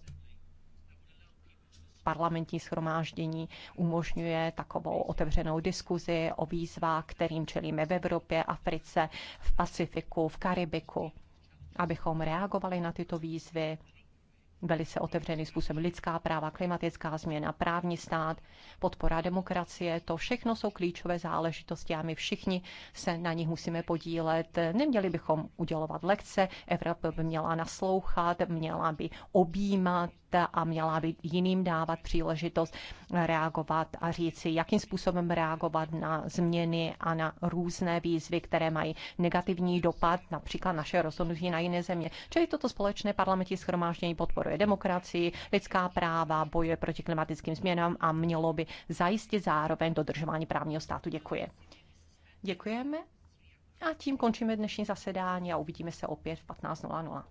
[SPEAKER 5] parlamentní schromáždění umožňuje takovou otevřenou diskuzi o výzvách, kterým čelíme v Evropě, Africe, v Pacifiku, v Karibiku, abychom reagovali na tyto výzvy velice otevřený způsob. Lidská práva, klimatická změna, právní stát, podpora demokracie, to všechno jsou klíčové záležitosti a my všichni se na nich musíme podílet. Neměli bychom udělovat lekce, Evropa by měla naslouchat, měla by objímat a měla by jiným dávat příležitost reagovat a říci, jakým způsobem reagovat na změny a na různé výzvy, které mají negativní dopad, například naše rozhodnutí na jiné země. Čili toto společné parlamentní schromáždění podporuje demokracii, lidská práva, boje proti klimatickým změnám a mělo by zajistit zároveň dodržování právního státu. Děkuji. Děkujeme a tím končíme dnešní zasedání a uvidíme se opět v 15.00.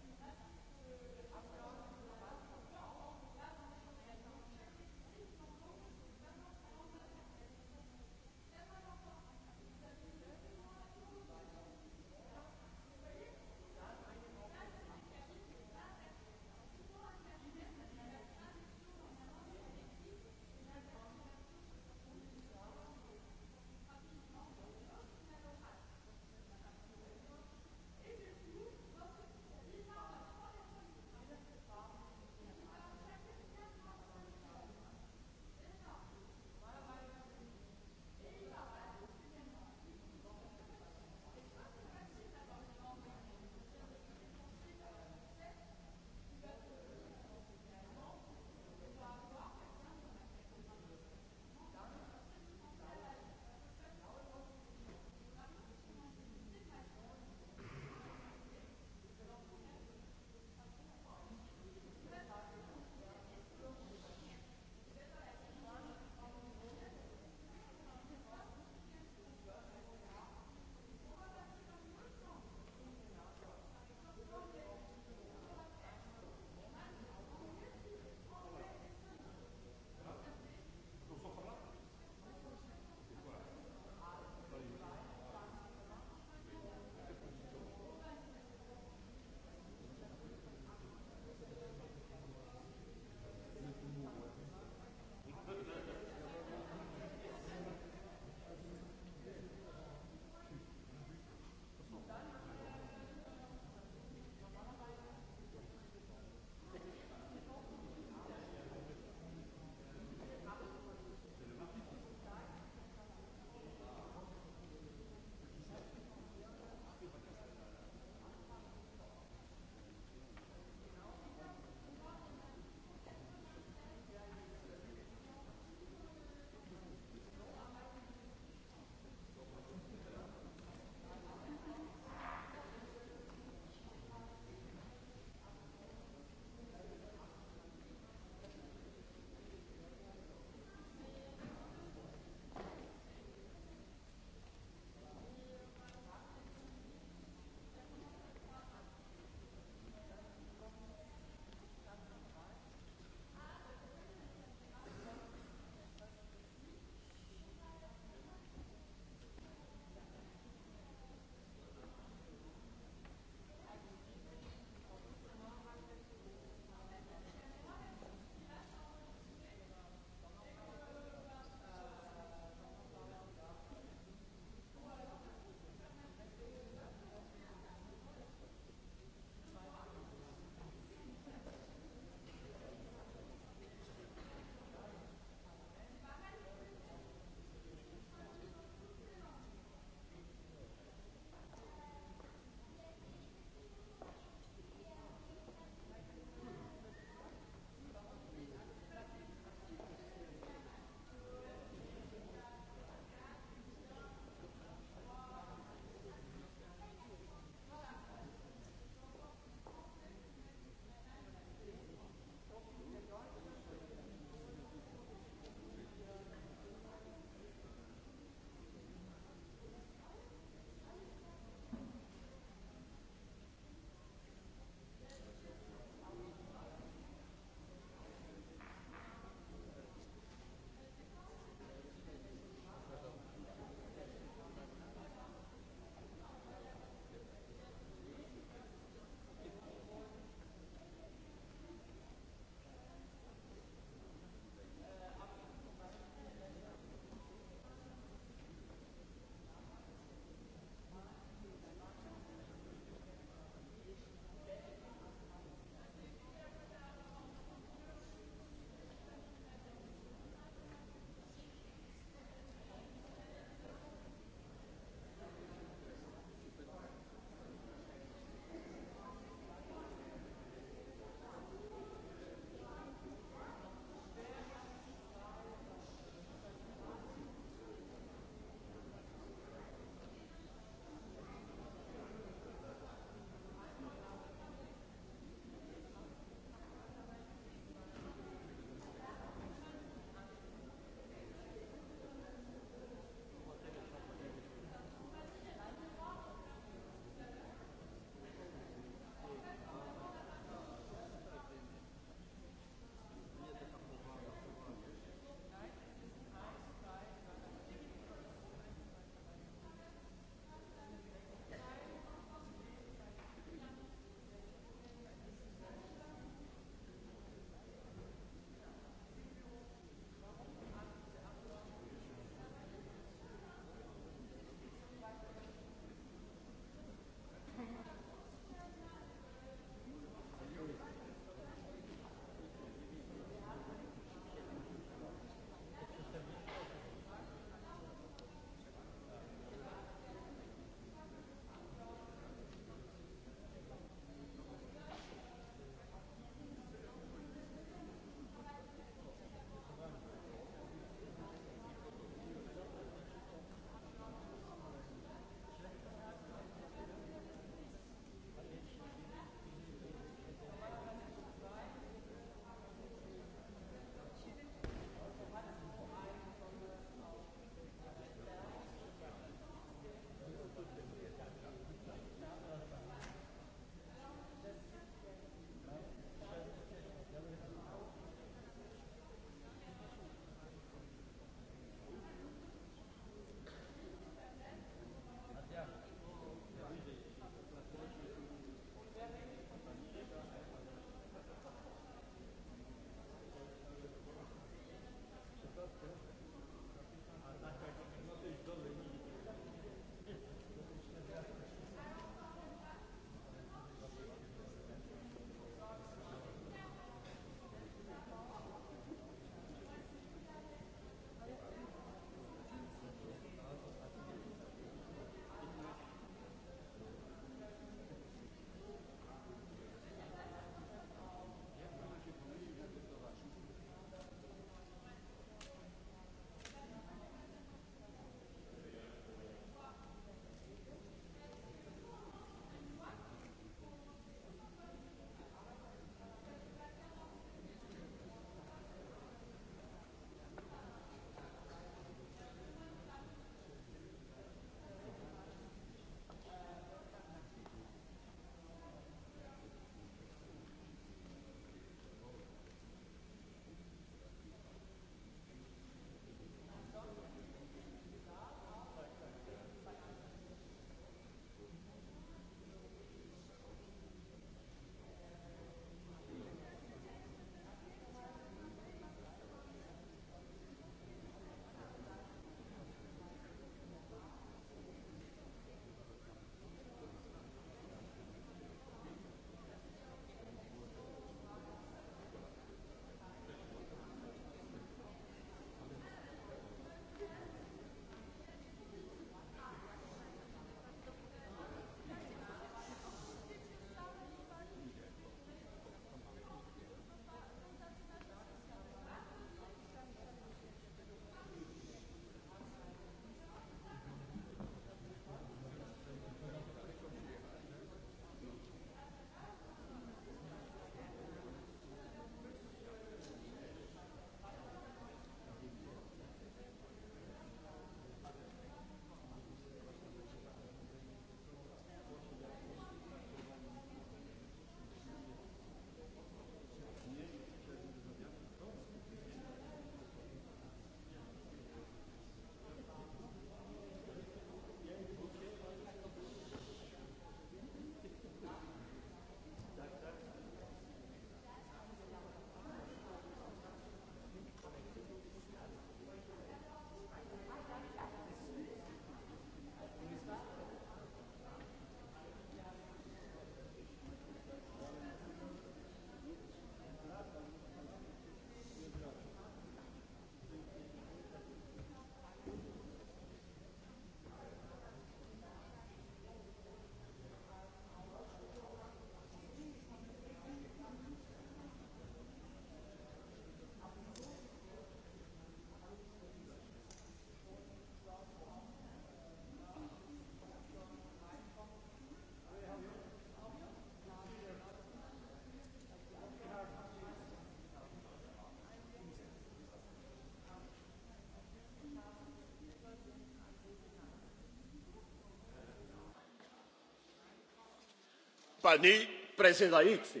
[SPEAKER 10] paní předsedající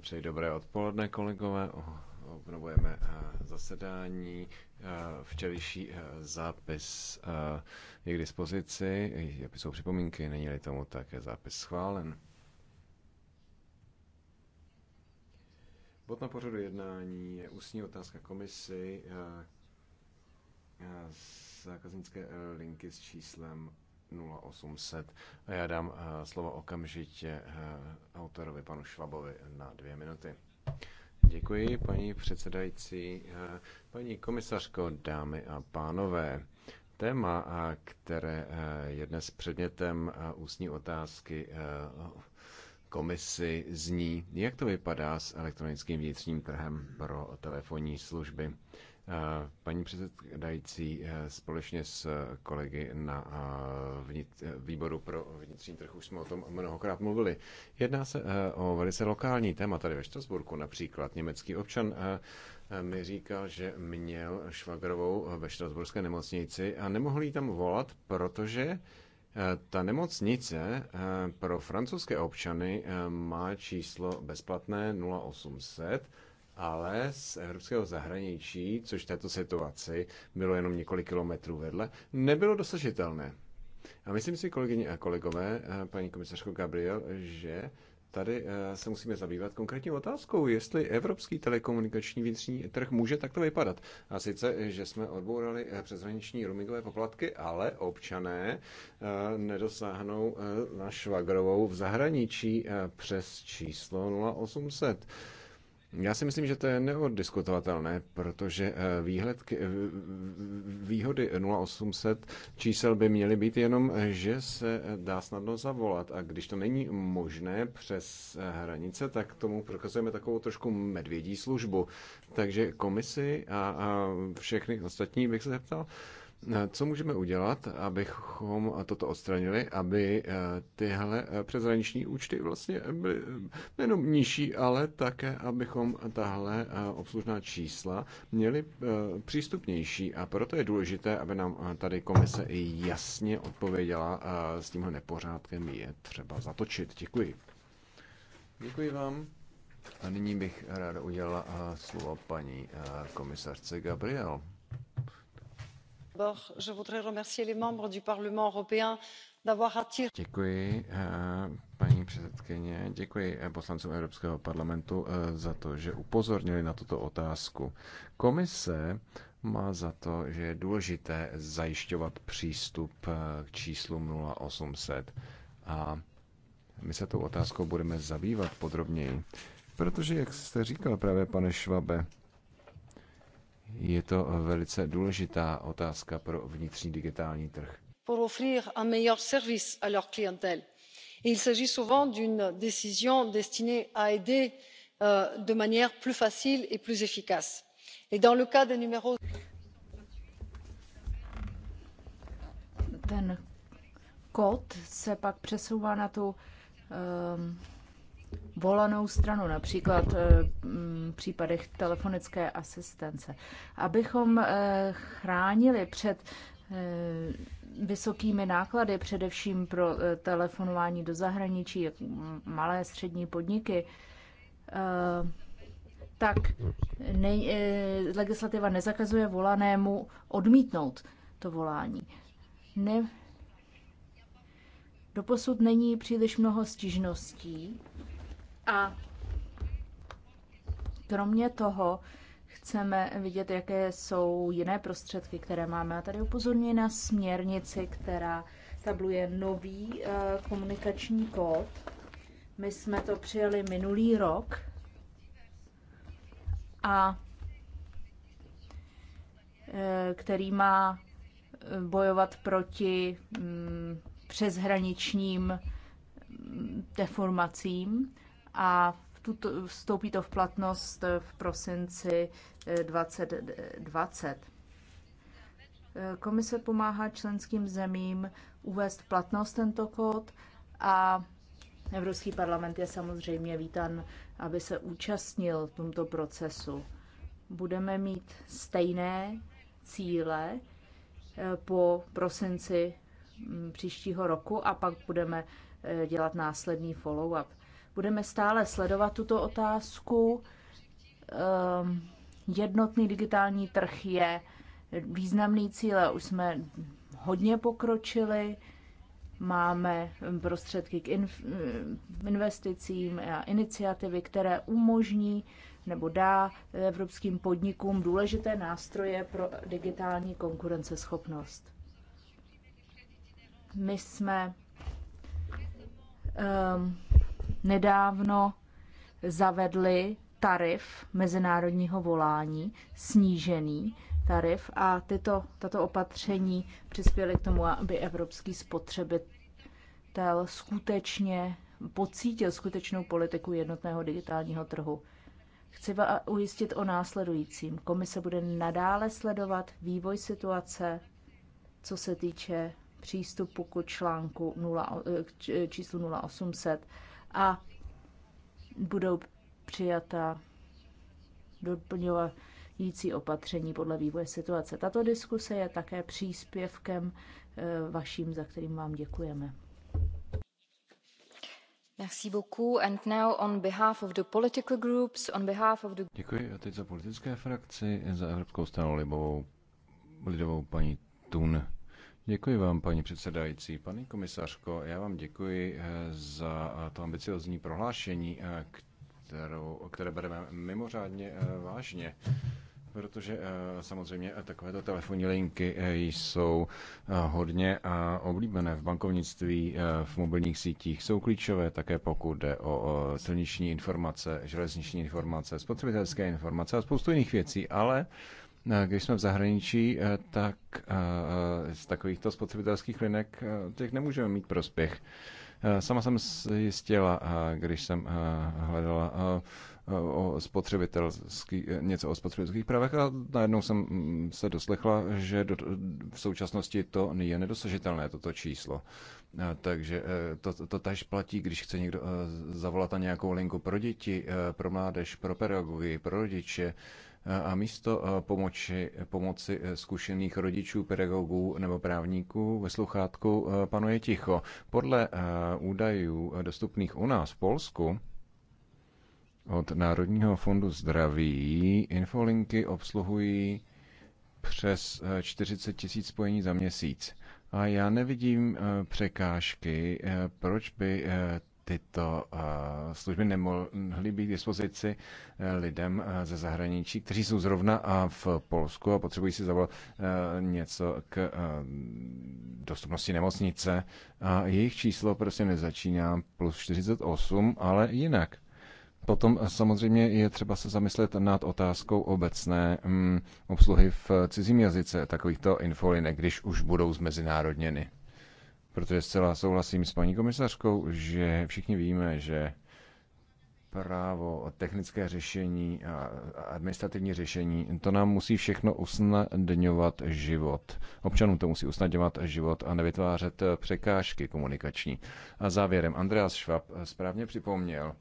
[SPEAKER 13] Přeji dobré odpoledne, kolegové. Obnovujeme eh, zasedání. Eh, včerejší eh, zápis je k dispozici. jsou připomínky? Není-li tomu tak, je zápis schválen. Bod na pořadu jednání je ústní otázka komisi zákaznické linky s číslem 0800. A já dám eh, slovo okamžitě eh, autorovi panu Švabovi na dvě minuty. Děkuji, paní předsedající, eh, paní komisařko, dámy a pánové. Téma, které je dnes předmětem ústní otázky komisi, zní, jak to vypadá s elektronickým vnitřním trhem pro telefonní služby. Eh, paní předsedající, eh, společně s kolegy na eh, vnit, výboru pro vnitřní trh už jsme o tom mnohokrát mluvili. Jedná se o velice lokální téma tady ve Štrasburku. Například německý občan mi říkal, že měl švagrovou ve štrasburské nemocnici a nemohl jí tam volat, protože ta nemocnice pro francouzské občany má číslo bezplatné 0800 ale z evropského zahraničí, což v této situaci bylo jenom několik kilometrů vedle, nebylo dosažitelné. A myslím si, kolegyně a kolegové, eh, paní komisařko Gabriel, že tady eh, se musíme zabývat konkrétní otázkou, jestli evropský telekomunikační vnitřní trh může takto vypadat. A sice, že jsme odbourali eh, přeshraniční roamingové poplatky, ale občané nedosáhnou na švagrovou v zahraničí přes číslo 0800. Já si myslím, že to je neoddiskutovatelné, protože eh, k, eh, výhody 0800 čísel by měly být jenom, eh, že se dá snadno zavolat a když to není možné přes hranice, tak tomu prokazujeme takovou trošku medvědí službu. Takže komisi a, a všechny ostatní bych se zeptal, co můžeme udělat, abychom toto odstranili, aby eh, tyhle eh, přezraniční účty vlastně byly eh, nejenom nižší, ale také, abychom tahle obslužná čísla měli přístupnější. A proto je důležité, aby nám tady komise i jasně odpověděla s tímhle nepořádkem je třeba zatočit. Děkuji. Děkuji vám. A nyní bych ráda udělala slovo paní komisařce Gabriel. Děkuji, eh, paní předsedkyně, děkuji eh, poslancům Evropského parlamentu eh, za to, že upozornili na tuto otázku. Komise má za to, že je důležité zajišťovat přístup k číslu 0800 a my se tou otázkou budeme zabývat podrobněji, protože, jak jste říkal právě, pane Švabe, je to velice důležitá otázka pro vnitřní digitální trh.
[SPEAKER 15] Pour offrir un meilleur service à leur clientèle. Il s'agit souvent d'une décision destinée à aider euh, de manière plus facile et plus efficace. Et dans le cas des numéros ten kód
[SPEAKER 14] se pak přesouvá na tu um, volanou stranu, například v eh, případech telefonické asistence. Abychom eh, chránili před eh, vysokými náklady, především pro telefonování do zahraničí, malé střední podniky, tak ne, legislativa nezakazuje volanému odmítnout to volání. Ne, doposud není příliš mnoho stížností a kromě toho chceme vidět, jaké jsou jiné prostředky, které máme. A tady upozorňuji na směrnici, která tabluje nový eh, komunikační kód. My jsme to přijali minulý rok a eh, který má eh, bojovat proti mm, přeshraničním mm, deformacím a tuto, vstoupí to v platnost v prosinci 2020. Eh, eh, komise pomáhá členským zemím uvést platnost tento kód a Evropský parlament je samozřejmě vítan, aby se účastnil v tomto procesu. Budeme mít stejné cíle eh, po prosinci mm, příštího roku a pak budeme dělat následný follow-up. Budeme stále sledovat tuto otázku. Ehm, jednotný digitální trh je významný cíl a už jsme hodně pokročili. Máme prostředky k investicím a iniciativy, které umožní nebo dá evropským podnikům důležité nástroje pro digitální konkurenceschopnost. My jsme um, nedávno zavedli tarif mezinárodního volání, snížený tarif a tyto, tato opatření přispěly k tomu, aby evropský spotřebitel skutečně pocítil skutečnou politiku jednotného digitálního trhu. Chci vás ujistit o následujícím. Komise bude nadále sledovat vývoj situace, co se týče přístupu k článku 0, číslu 0800 a budou přijata doplňovající opatření podle vývoje situace. Tato diskuse je také příspěvkem eh, vaším, za kterým vám děkujeme.
[SPEAKER 6] Merci beaucoup. And now on behalf of the political groups, on behalf of the...
[SPEAKER 13] Děkuji a teď za politické frakci, za Evropskou stranu libovou, lidovou paní Tun. Děkuji vám, paní předsedající. Paní komisařko, já vám děkuji eh, za eh, to ambiciozní prohlášení, eh, kterou, které bereme mimořádně vážně protože samozřejmě takovéto telefonní linky jsou hodně oblíbené v bankovnictví, v mobilních sítích. Jsou klíčové také pokud jde o silniční informace, železniční informace, spotřebitelské informace a spoustu jiných věcí, ale Eh, když jsme v zahraničí, eh, tak eh, z takovýchto spotřebitelských linek těch nemůžeme mít prospěch. Sama jsem zjistila, když jsem hledala o spotřebitelský, něco o spotřebitelských právech a najednou jsem mm, se doslechla, že do, v současnosti to je nedosažitelné, toto číslo. Takže to, to tež platí, když chce někdo zavolat na nějakou linku pro děti, pro mládež, pro pedagogy, pro rodiče, Eh, a místo eh, pomoči, eh, pomoci zkušených rodičů, pedagogů nebo právníků ve sluchátku panuje ticho. Podle údajů dostupných u nás v Polsku od Národního fondu zdraví infolinky obsluhují přes 40 tisíc spojení za měsíc. A já nevidím překážky, proč by tyto eh, služby nemohly být k dispozici eh, lidem eh, ze zahraničí, kteří jsou zrovna v Polsku a potřebují si zavolat něco k dostupnosti nemocnice. A jejich číslo prostě nezačíná plus 48, ale jinak. Potom samozřejmě je třeba se zamyslet nad otázkou obecné mm, obsluhy v cizím jazyce takovýchto infolinek, když už budou zmezinárodněny. Protože zcela souhlasím s paní komisařkou, že všichni víme, že právo, technické řešení a administrativní řešení, to nám musí všechno usnadňovat život. Občanům to musí usnadňovat život a nevytvářet eh, překážky komunikační. A závěrem Andreas Schwab správně připomněl,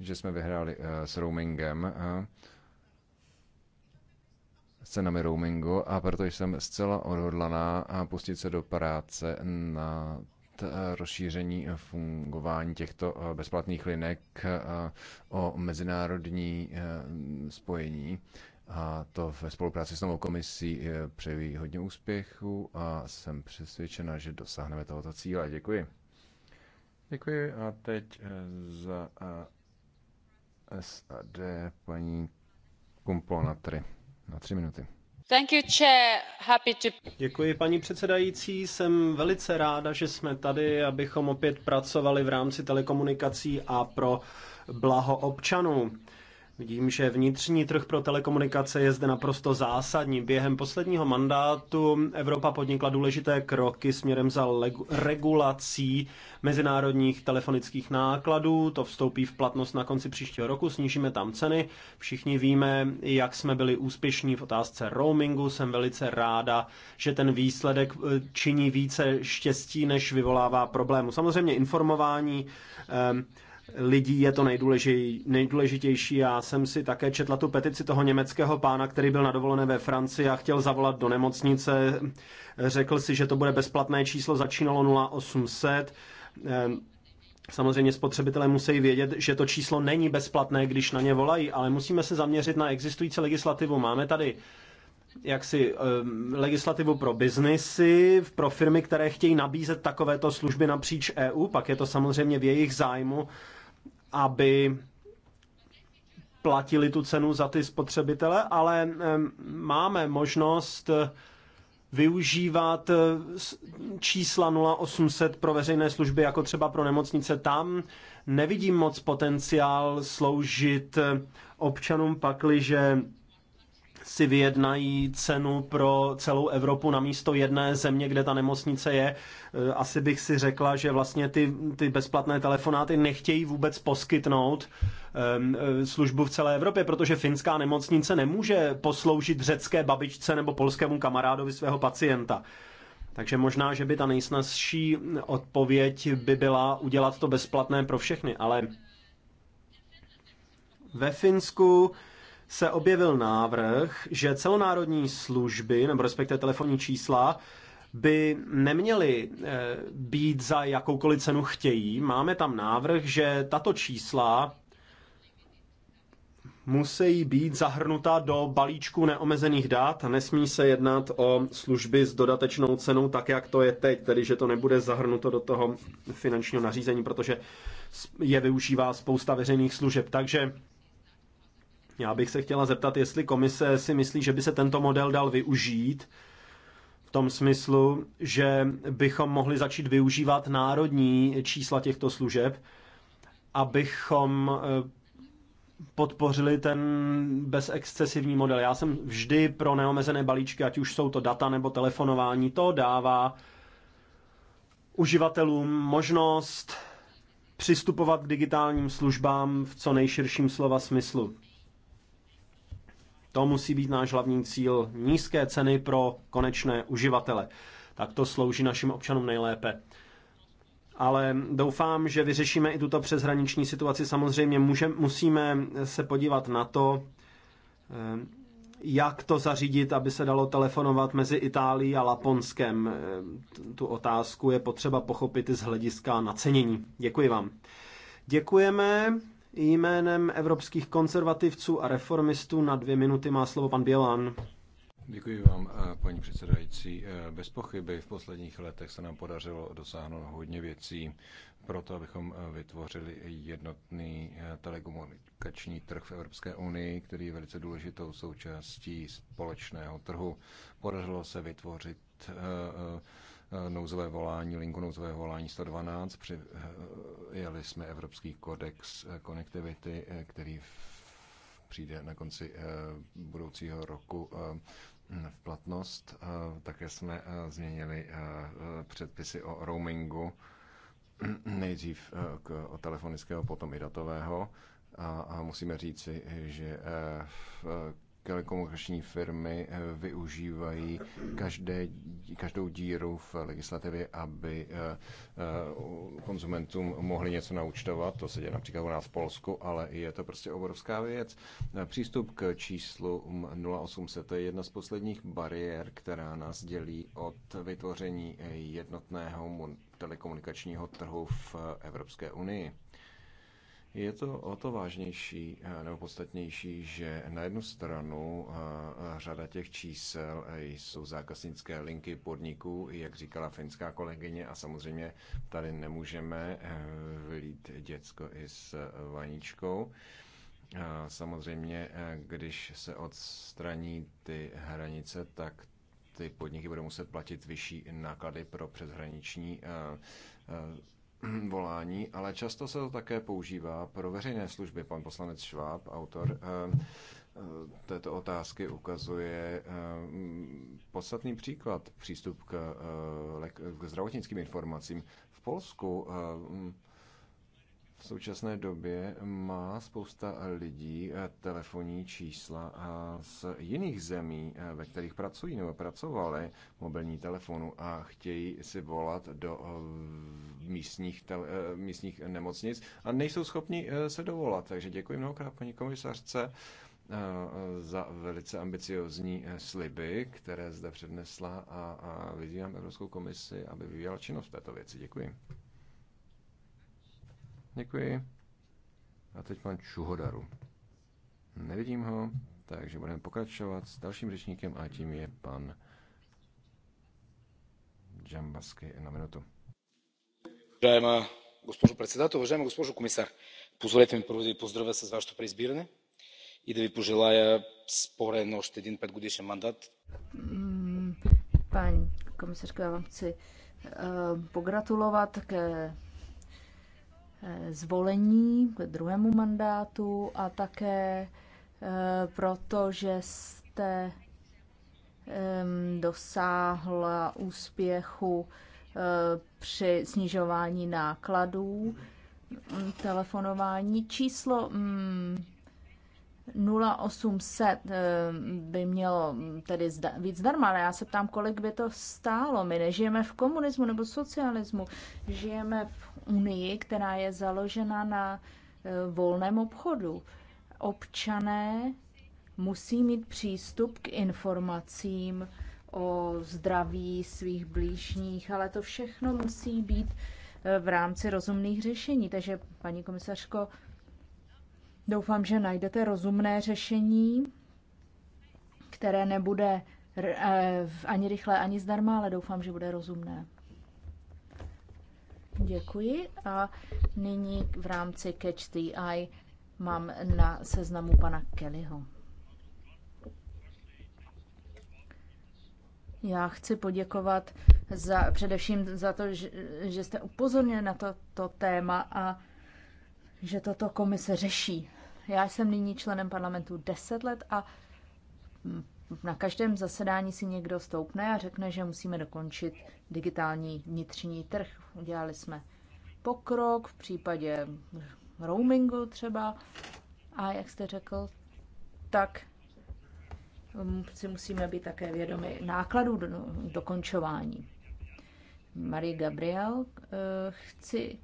[SPEAKER 13] že jsme vyhráli eh, s roamingem eh, cenami roamingu a proto jsem zcela odhodlaná a pustit se do práce na eh, rozšíření fungování těchto eh, bezplatných linek eh, o mezinárodní spojení. A to ve spolupráci s novou komisí přeji hodně úspěchu a jsem přesvědčena, že dosáhneme tohoto cíle. Děkuji. Děkuji a teď za SAD paní Kumplonatry na tři minuty.
[SPEAKER 8] Děkuji, paní předsedající. Jsem velice ráda, že jsme tady, abychom opět pracovali v rámci telekomunikací a pro blaho občanů. Vidím, že vnitřní trh pro telekomunikace je zde naprosto zásadní. Během posledního mandátu Evropa podnikla důležité kroky směrem za regulací mezinárodních telefonických nákladů. To vstoupí v platnost na konci příštího roku, snížíme tam ceny. Všichni víme, jak jsme byli úspěšní v otázce roamingu. Jsem velice ráda, že ten výsledek eh, činí více štěstí, než vyvolává problému. Samozřejmě informování eh, lidí je to nejdůležitější. Já jsem si také četla tu petici toho německého pána, který byl na dovolené ve Francii a chtěl zavolat do nemocnice. Řekl si, že to bude bezplatné číslo, začínalo 0800. Ehm, samozřejmě spotřebitelé musí vědět, že to číslo není bezplatné, když na ně volají, ale musíme se zaměřit na existující legislativu. Máme tady jaksi um, legislativu pro biznesy, pro firmy, které chtějí nabízet takovéto služby napříč EU, pak je to samozřejmě v jejich zájmu, aby platili tu cenu za ty spotřebitele, ale máme možnost využívat čísla 0800 pro veřejné služby, jako třeba pro nemocnice. Tam nevidím moc potenciál sloužit eh, občanům pakli, že si vyjednají cenu pro celou Evropu na místo jedné země, kde ta nemocnice je. Eh, asi bych si řekla, že vlastně ty, ty bezplatné telefonáty nechtějí vůbec poskytnout ehm, eh, službu v celé Evropě, protože finská nemocnice nemůže posloužit řecké babičce nebo polskému kamarádovi svého pacienta. Takže možná, že by ta nejsnazší odpověď by byla udělat to bezplatné pro všechny, ale ve Finsku se objevil návrh, že celonárodní služby, nebo respektive telefonní čísla, by neměly eh, být za jakoukoliv cenu chtějí. Máme tam návrh, že tato čísla musí být zahrnuta do balíčku neomezených dát a nesmí se jednat o služby s dodatečnou cenou, tak jak to je teď, tedy že to nebude zahrnuto do toho finančního nařízení, protože je využívá spousta veřejných služeb. Takže já bych se chtěla zeptat, jestli komise si myslí, že by se tento model dal využít v tom smyslu, že bychom mohli začít využívat národní čísla těchto služeb, abychom eh, podpořili ten bezexcesivní model. Já jsem vždy pro neomezené balíčky, ať už jsou to data nebo telefonování, to dává uživatelům možnost přistupovat k digitálním službám v co nejširším slova smyslu. To musí být náš hlavní cíl. Nízké ceny pro konečné uživatele. Tak to slouží našim občanům nejlépe. Ale doufám, že vyřešíme i tuto přeshraniční situaci. Samozřejmě může, musíme se podívat na to, eh, jak to zařídit, aby se dalo telefonovat mezi Itálií a Laponskem. Eh, tu otázku je potřeba pochopit i z hlediska nacenění. Děkuji vám. Děkujeme. Jménem evropských konzervativců a reformistů na dvě minuty má slovo pan Bělan.
[SPEAKER 13] Děkuji vám, eh, paní předsedající. Eh, bez pochyby v posledních letech se nám podařilo dosáhnout hodně věcí pro to, abychom eh, vytvořili jednotný telekomunikační trh v Evropské unii, který je velice důležitou součástí společného trhu. Podařilo se vytvořit Eh, nouzové volání, linku nouzové volání 112. Přijeli eh, jsme Evropský kodex eh, konektivity, který přijde na konci budoucího roku v platnost. Také jsme změnili předpisy o roamingu, nejdřív k, o telefonického, potom i datového. A, a musíme říci, že telekomunikační firmy eh, využívají každé, každou díru v legislativě, aby eh, eh, konzumentům mohli něco naučtovat. To se děje například u nás v Polsku, ale je to prostě obrovská věc. Přístup k číslu 0800 je jedna z posledních bariér, která nás dělí od vytvoření jednotného telekomunikačního trhu v Evropské unii. Je to o to vážnější eh, nebo podstatnější, že na jednu stranu eh, řada těch čísel eh, jsou zákaznické linky podniků, jak říkala finská kolegyně, a samozřejmě tady nemůžeme vylít děcko i s vaničkou. Samozřejmě, když se odstraní ty hranice, tak ty podniky budou muset platit vyšší náklady pro přeshraniční volání, ale často se to také používá pro veřejné služby. Pan poslanec Šváb, autor eh, eh, této otázky, ukazuje eh, podstatný příklad přístup k zdravotnickým informacím. V Polsku v současné době má spousta lidí eh, telefonní čísla eh, z jiných zemí, eh, ve kterých pracují nebo pracovali mobilní telefonu a chtějí si volat do místních, tele, místních nemocnic a nejsou schopni se dovolat. Takže děkuji mnohokrát paní komisařce za velice ambiciozní sliby, které zde přednesla a, vyzývám Evropskou komisi, aby vyvíjela činnost v této věci. Děkuji. Děkuji. A teď pan Čuhodaru. Nevidím ho, takže budeme pokračovat s dalším řečníkem a tím je pan Džambasky na minutu.
[SPEAKER 15] Уважаема госпожо председател, уважаема госпожо комисар, позволете ми първо да ви поздравя с вашето преизбиране и да ви пожелая спорен още един петгодишен мандат.
[SPEAKER 14] Пани комисарка, vám chci uh, pogratulovat ke zvolení k druhému mandátu a také eh, proto, že jste ehm, dosáhla úspěchu eh, při snižování nákladů mm, telefonování. Číslo 0800 mm, eh, by mělo mm, tedy víc zdarma, ale já se ptám, kolik by to stálo. My nežijeme v komunismu nebo socialismu, žijeme v unii, která je založena na e, volném obchodu. Občané musí mít přístup k informacím o zdraví svých blížních, ale to všechno musí být e, v rámci rozumných řešení. Takže, paní komisařko, doufám, že najdete rozumné řešení, které nebude e, ani rychlé, ani zdarma, ale doufám, že bude rozumné. Děkuji a nyní v rámci Catch the Eye mám na seznamu pana Kellyho. Já chci poděkovat za, především za to, že, že jste upozornili na toto to téma a že toto komise řeší. Já jsem nyní členem parlamentu 10 let a na každém zasedání si někdo stoupne a řekne, že musíme dokončit digitální vnitřní trh Udělali jsme pokrok v případě roamingu třeba a jak jste řekl, tak um, si musíme být také vědomi nákladů do, dokončování. Marie Gabriel, uh, chci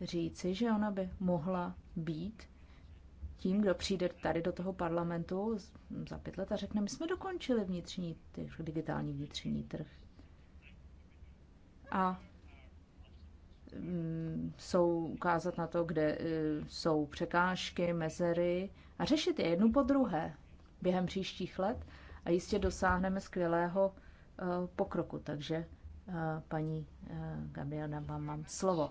[SPEAKER 14] říci, že ona by mohla být tím, kdo přijde tady do toho parlamentu za pět let a řekne, my jsme dokončili vnitřní digitální vnitřní trh. A jsou ukázat na to, kde eh, jsou překážky, mezery a řešit je jednu po druhé během příštích let a jistě dosáhneme skvělého eh, pokroku. Takže eh, paní Gabriela, vám mám slovo.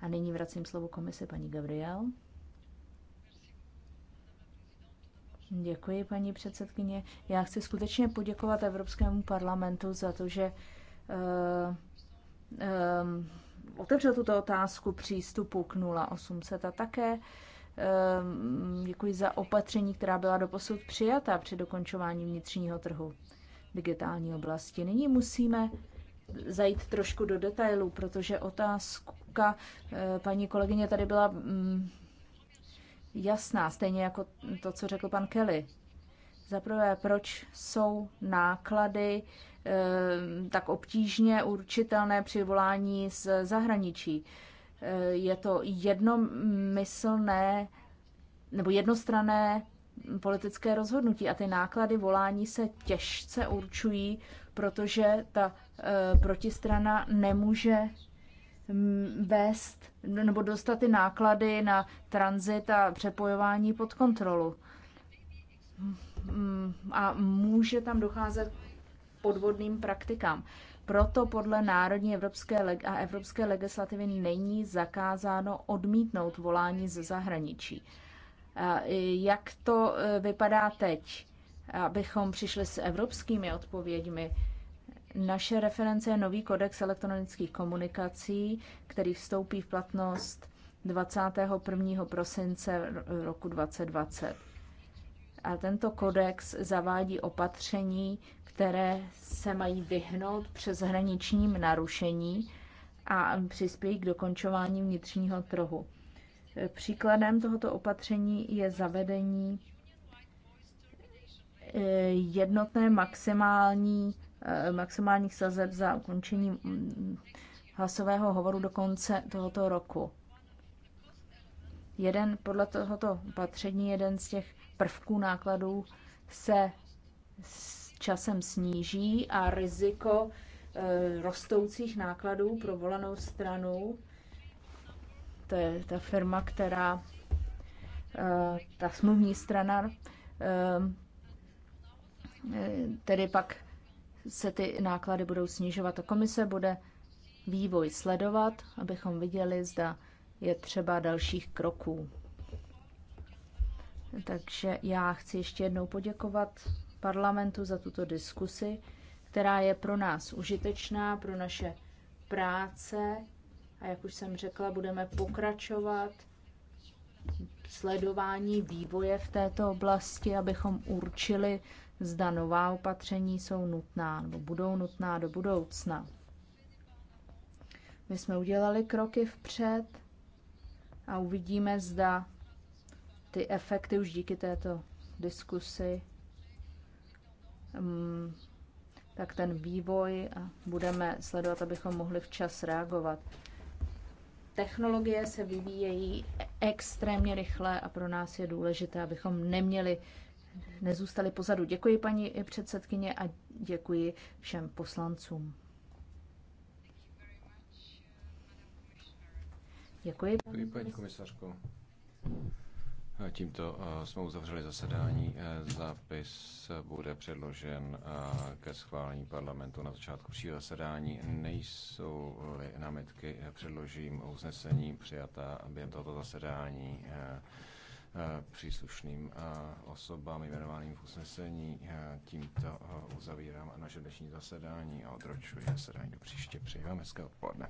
[SPEAKER 14] A nyní vracím slovo komise paní Gabriel. Děkuji, paní předsedkyně. Já chci skutečně poděkovat Evropskému parlamentu za to, že uh, um, otevřel tuto otázku přístupu k 0800 a také um, děkuji za opatření, která byla doposud přijata při dokončování vnitřního trhu digitální oblasti. Nyní musíme zajít trošku do detailů, protože otázka paní kolegyně tady byla um, jasná, stejně jako to, co řekl pan Kelly. Za prvé, proč jsou náklady eh, tak obtížně určitelné při volání z zahraničí? Eh, je to jednomyslné nebo jednostrané politické rozhodnutí a ty náklady volání se těžce určují, protože ta eh, protistrana nemůže vést nebo dostat ty náklady na tranzit a přepojování pod kontrolu. A může tam docházet podvodným praktikám. Proto podle národní evropské a evropské legislativy není zakázáno odmítnout volání ze zahraničí. Jak to e, vypadá teď, abychom přišli s evropskými odpověďmi? Naše reference je nový kodex elektronických komunikací, který vstoupí v platnost 21. prosince roku 2020. A tento kodex zavádí opatření, které se mají vyhnout přes hraničním narušení a přispějí k dokončování vnitřního trhu. Příkladem tohoto opatření je zavedení eh, jednotné maximální Eh, maximálních sazeb za ukončení mm, hlasového hovoru do konce tohoto roku. Jeden podle tohoto opatření, jeden z těch prvků nákladů se s časem sníží a riziko eh, rostoucích nákladů pro volenou stranu, to je ta firma, která, eh, ta smluvní strana, tedy pak se ty náklady budou snižovat a komise bude vývoj sledovat, abychom viděli, zda je třeba dalších kroků. Takže já chci ještě jednou poděkovat parlamentu za tuto diskusi, která je pro nás užitečná, pro naše práce a jak už jsem řekla, budeme pokračovat sledování vývoje v této oblasti, abychom určili zda nová opatření jsou nutná nebo budou nutná do budoucna. My jsme udělali kroky vpřed a uvidíme, zda ty efekty už díky této diskusi, mm, tak ten vývoj a budeme sledovat, abychom mohli včas reagovat. Technologie se vyvíjejí extrémně rychle a pro nás je důležité, abychom neměli nezůstali pozadu. Děkuji paní předsedkyně a děkuji všem poslancům. Děkuji.
[SPEAKER 9] Děkuji
[SPEAKER 13] paní komisařko. Tímto jsme uzavřeli zasedání. Zápis bude předložen ke schválení parlamentu na začátku příštího zasedání. Nejsou námitky, předložím usnesení přijatá během tohoto zasedání. Eh, příslušným eh, osobám jmenovaným v usnesení. Eh, tímto uzavírám naše dnešní zasedání a odročuji zasedání do příště. Přeji vám hezké odpoledne.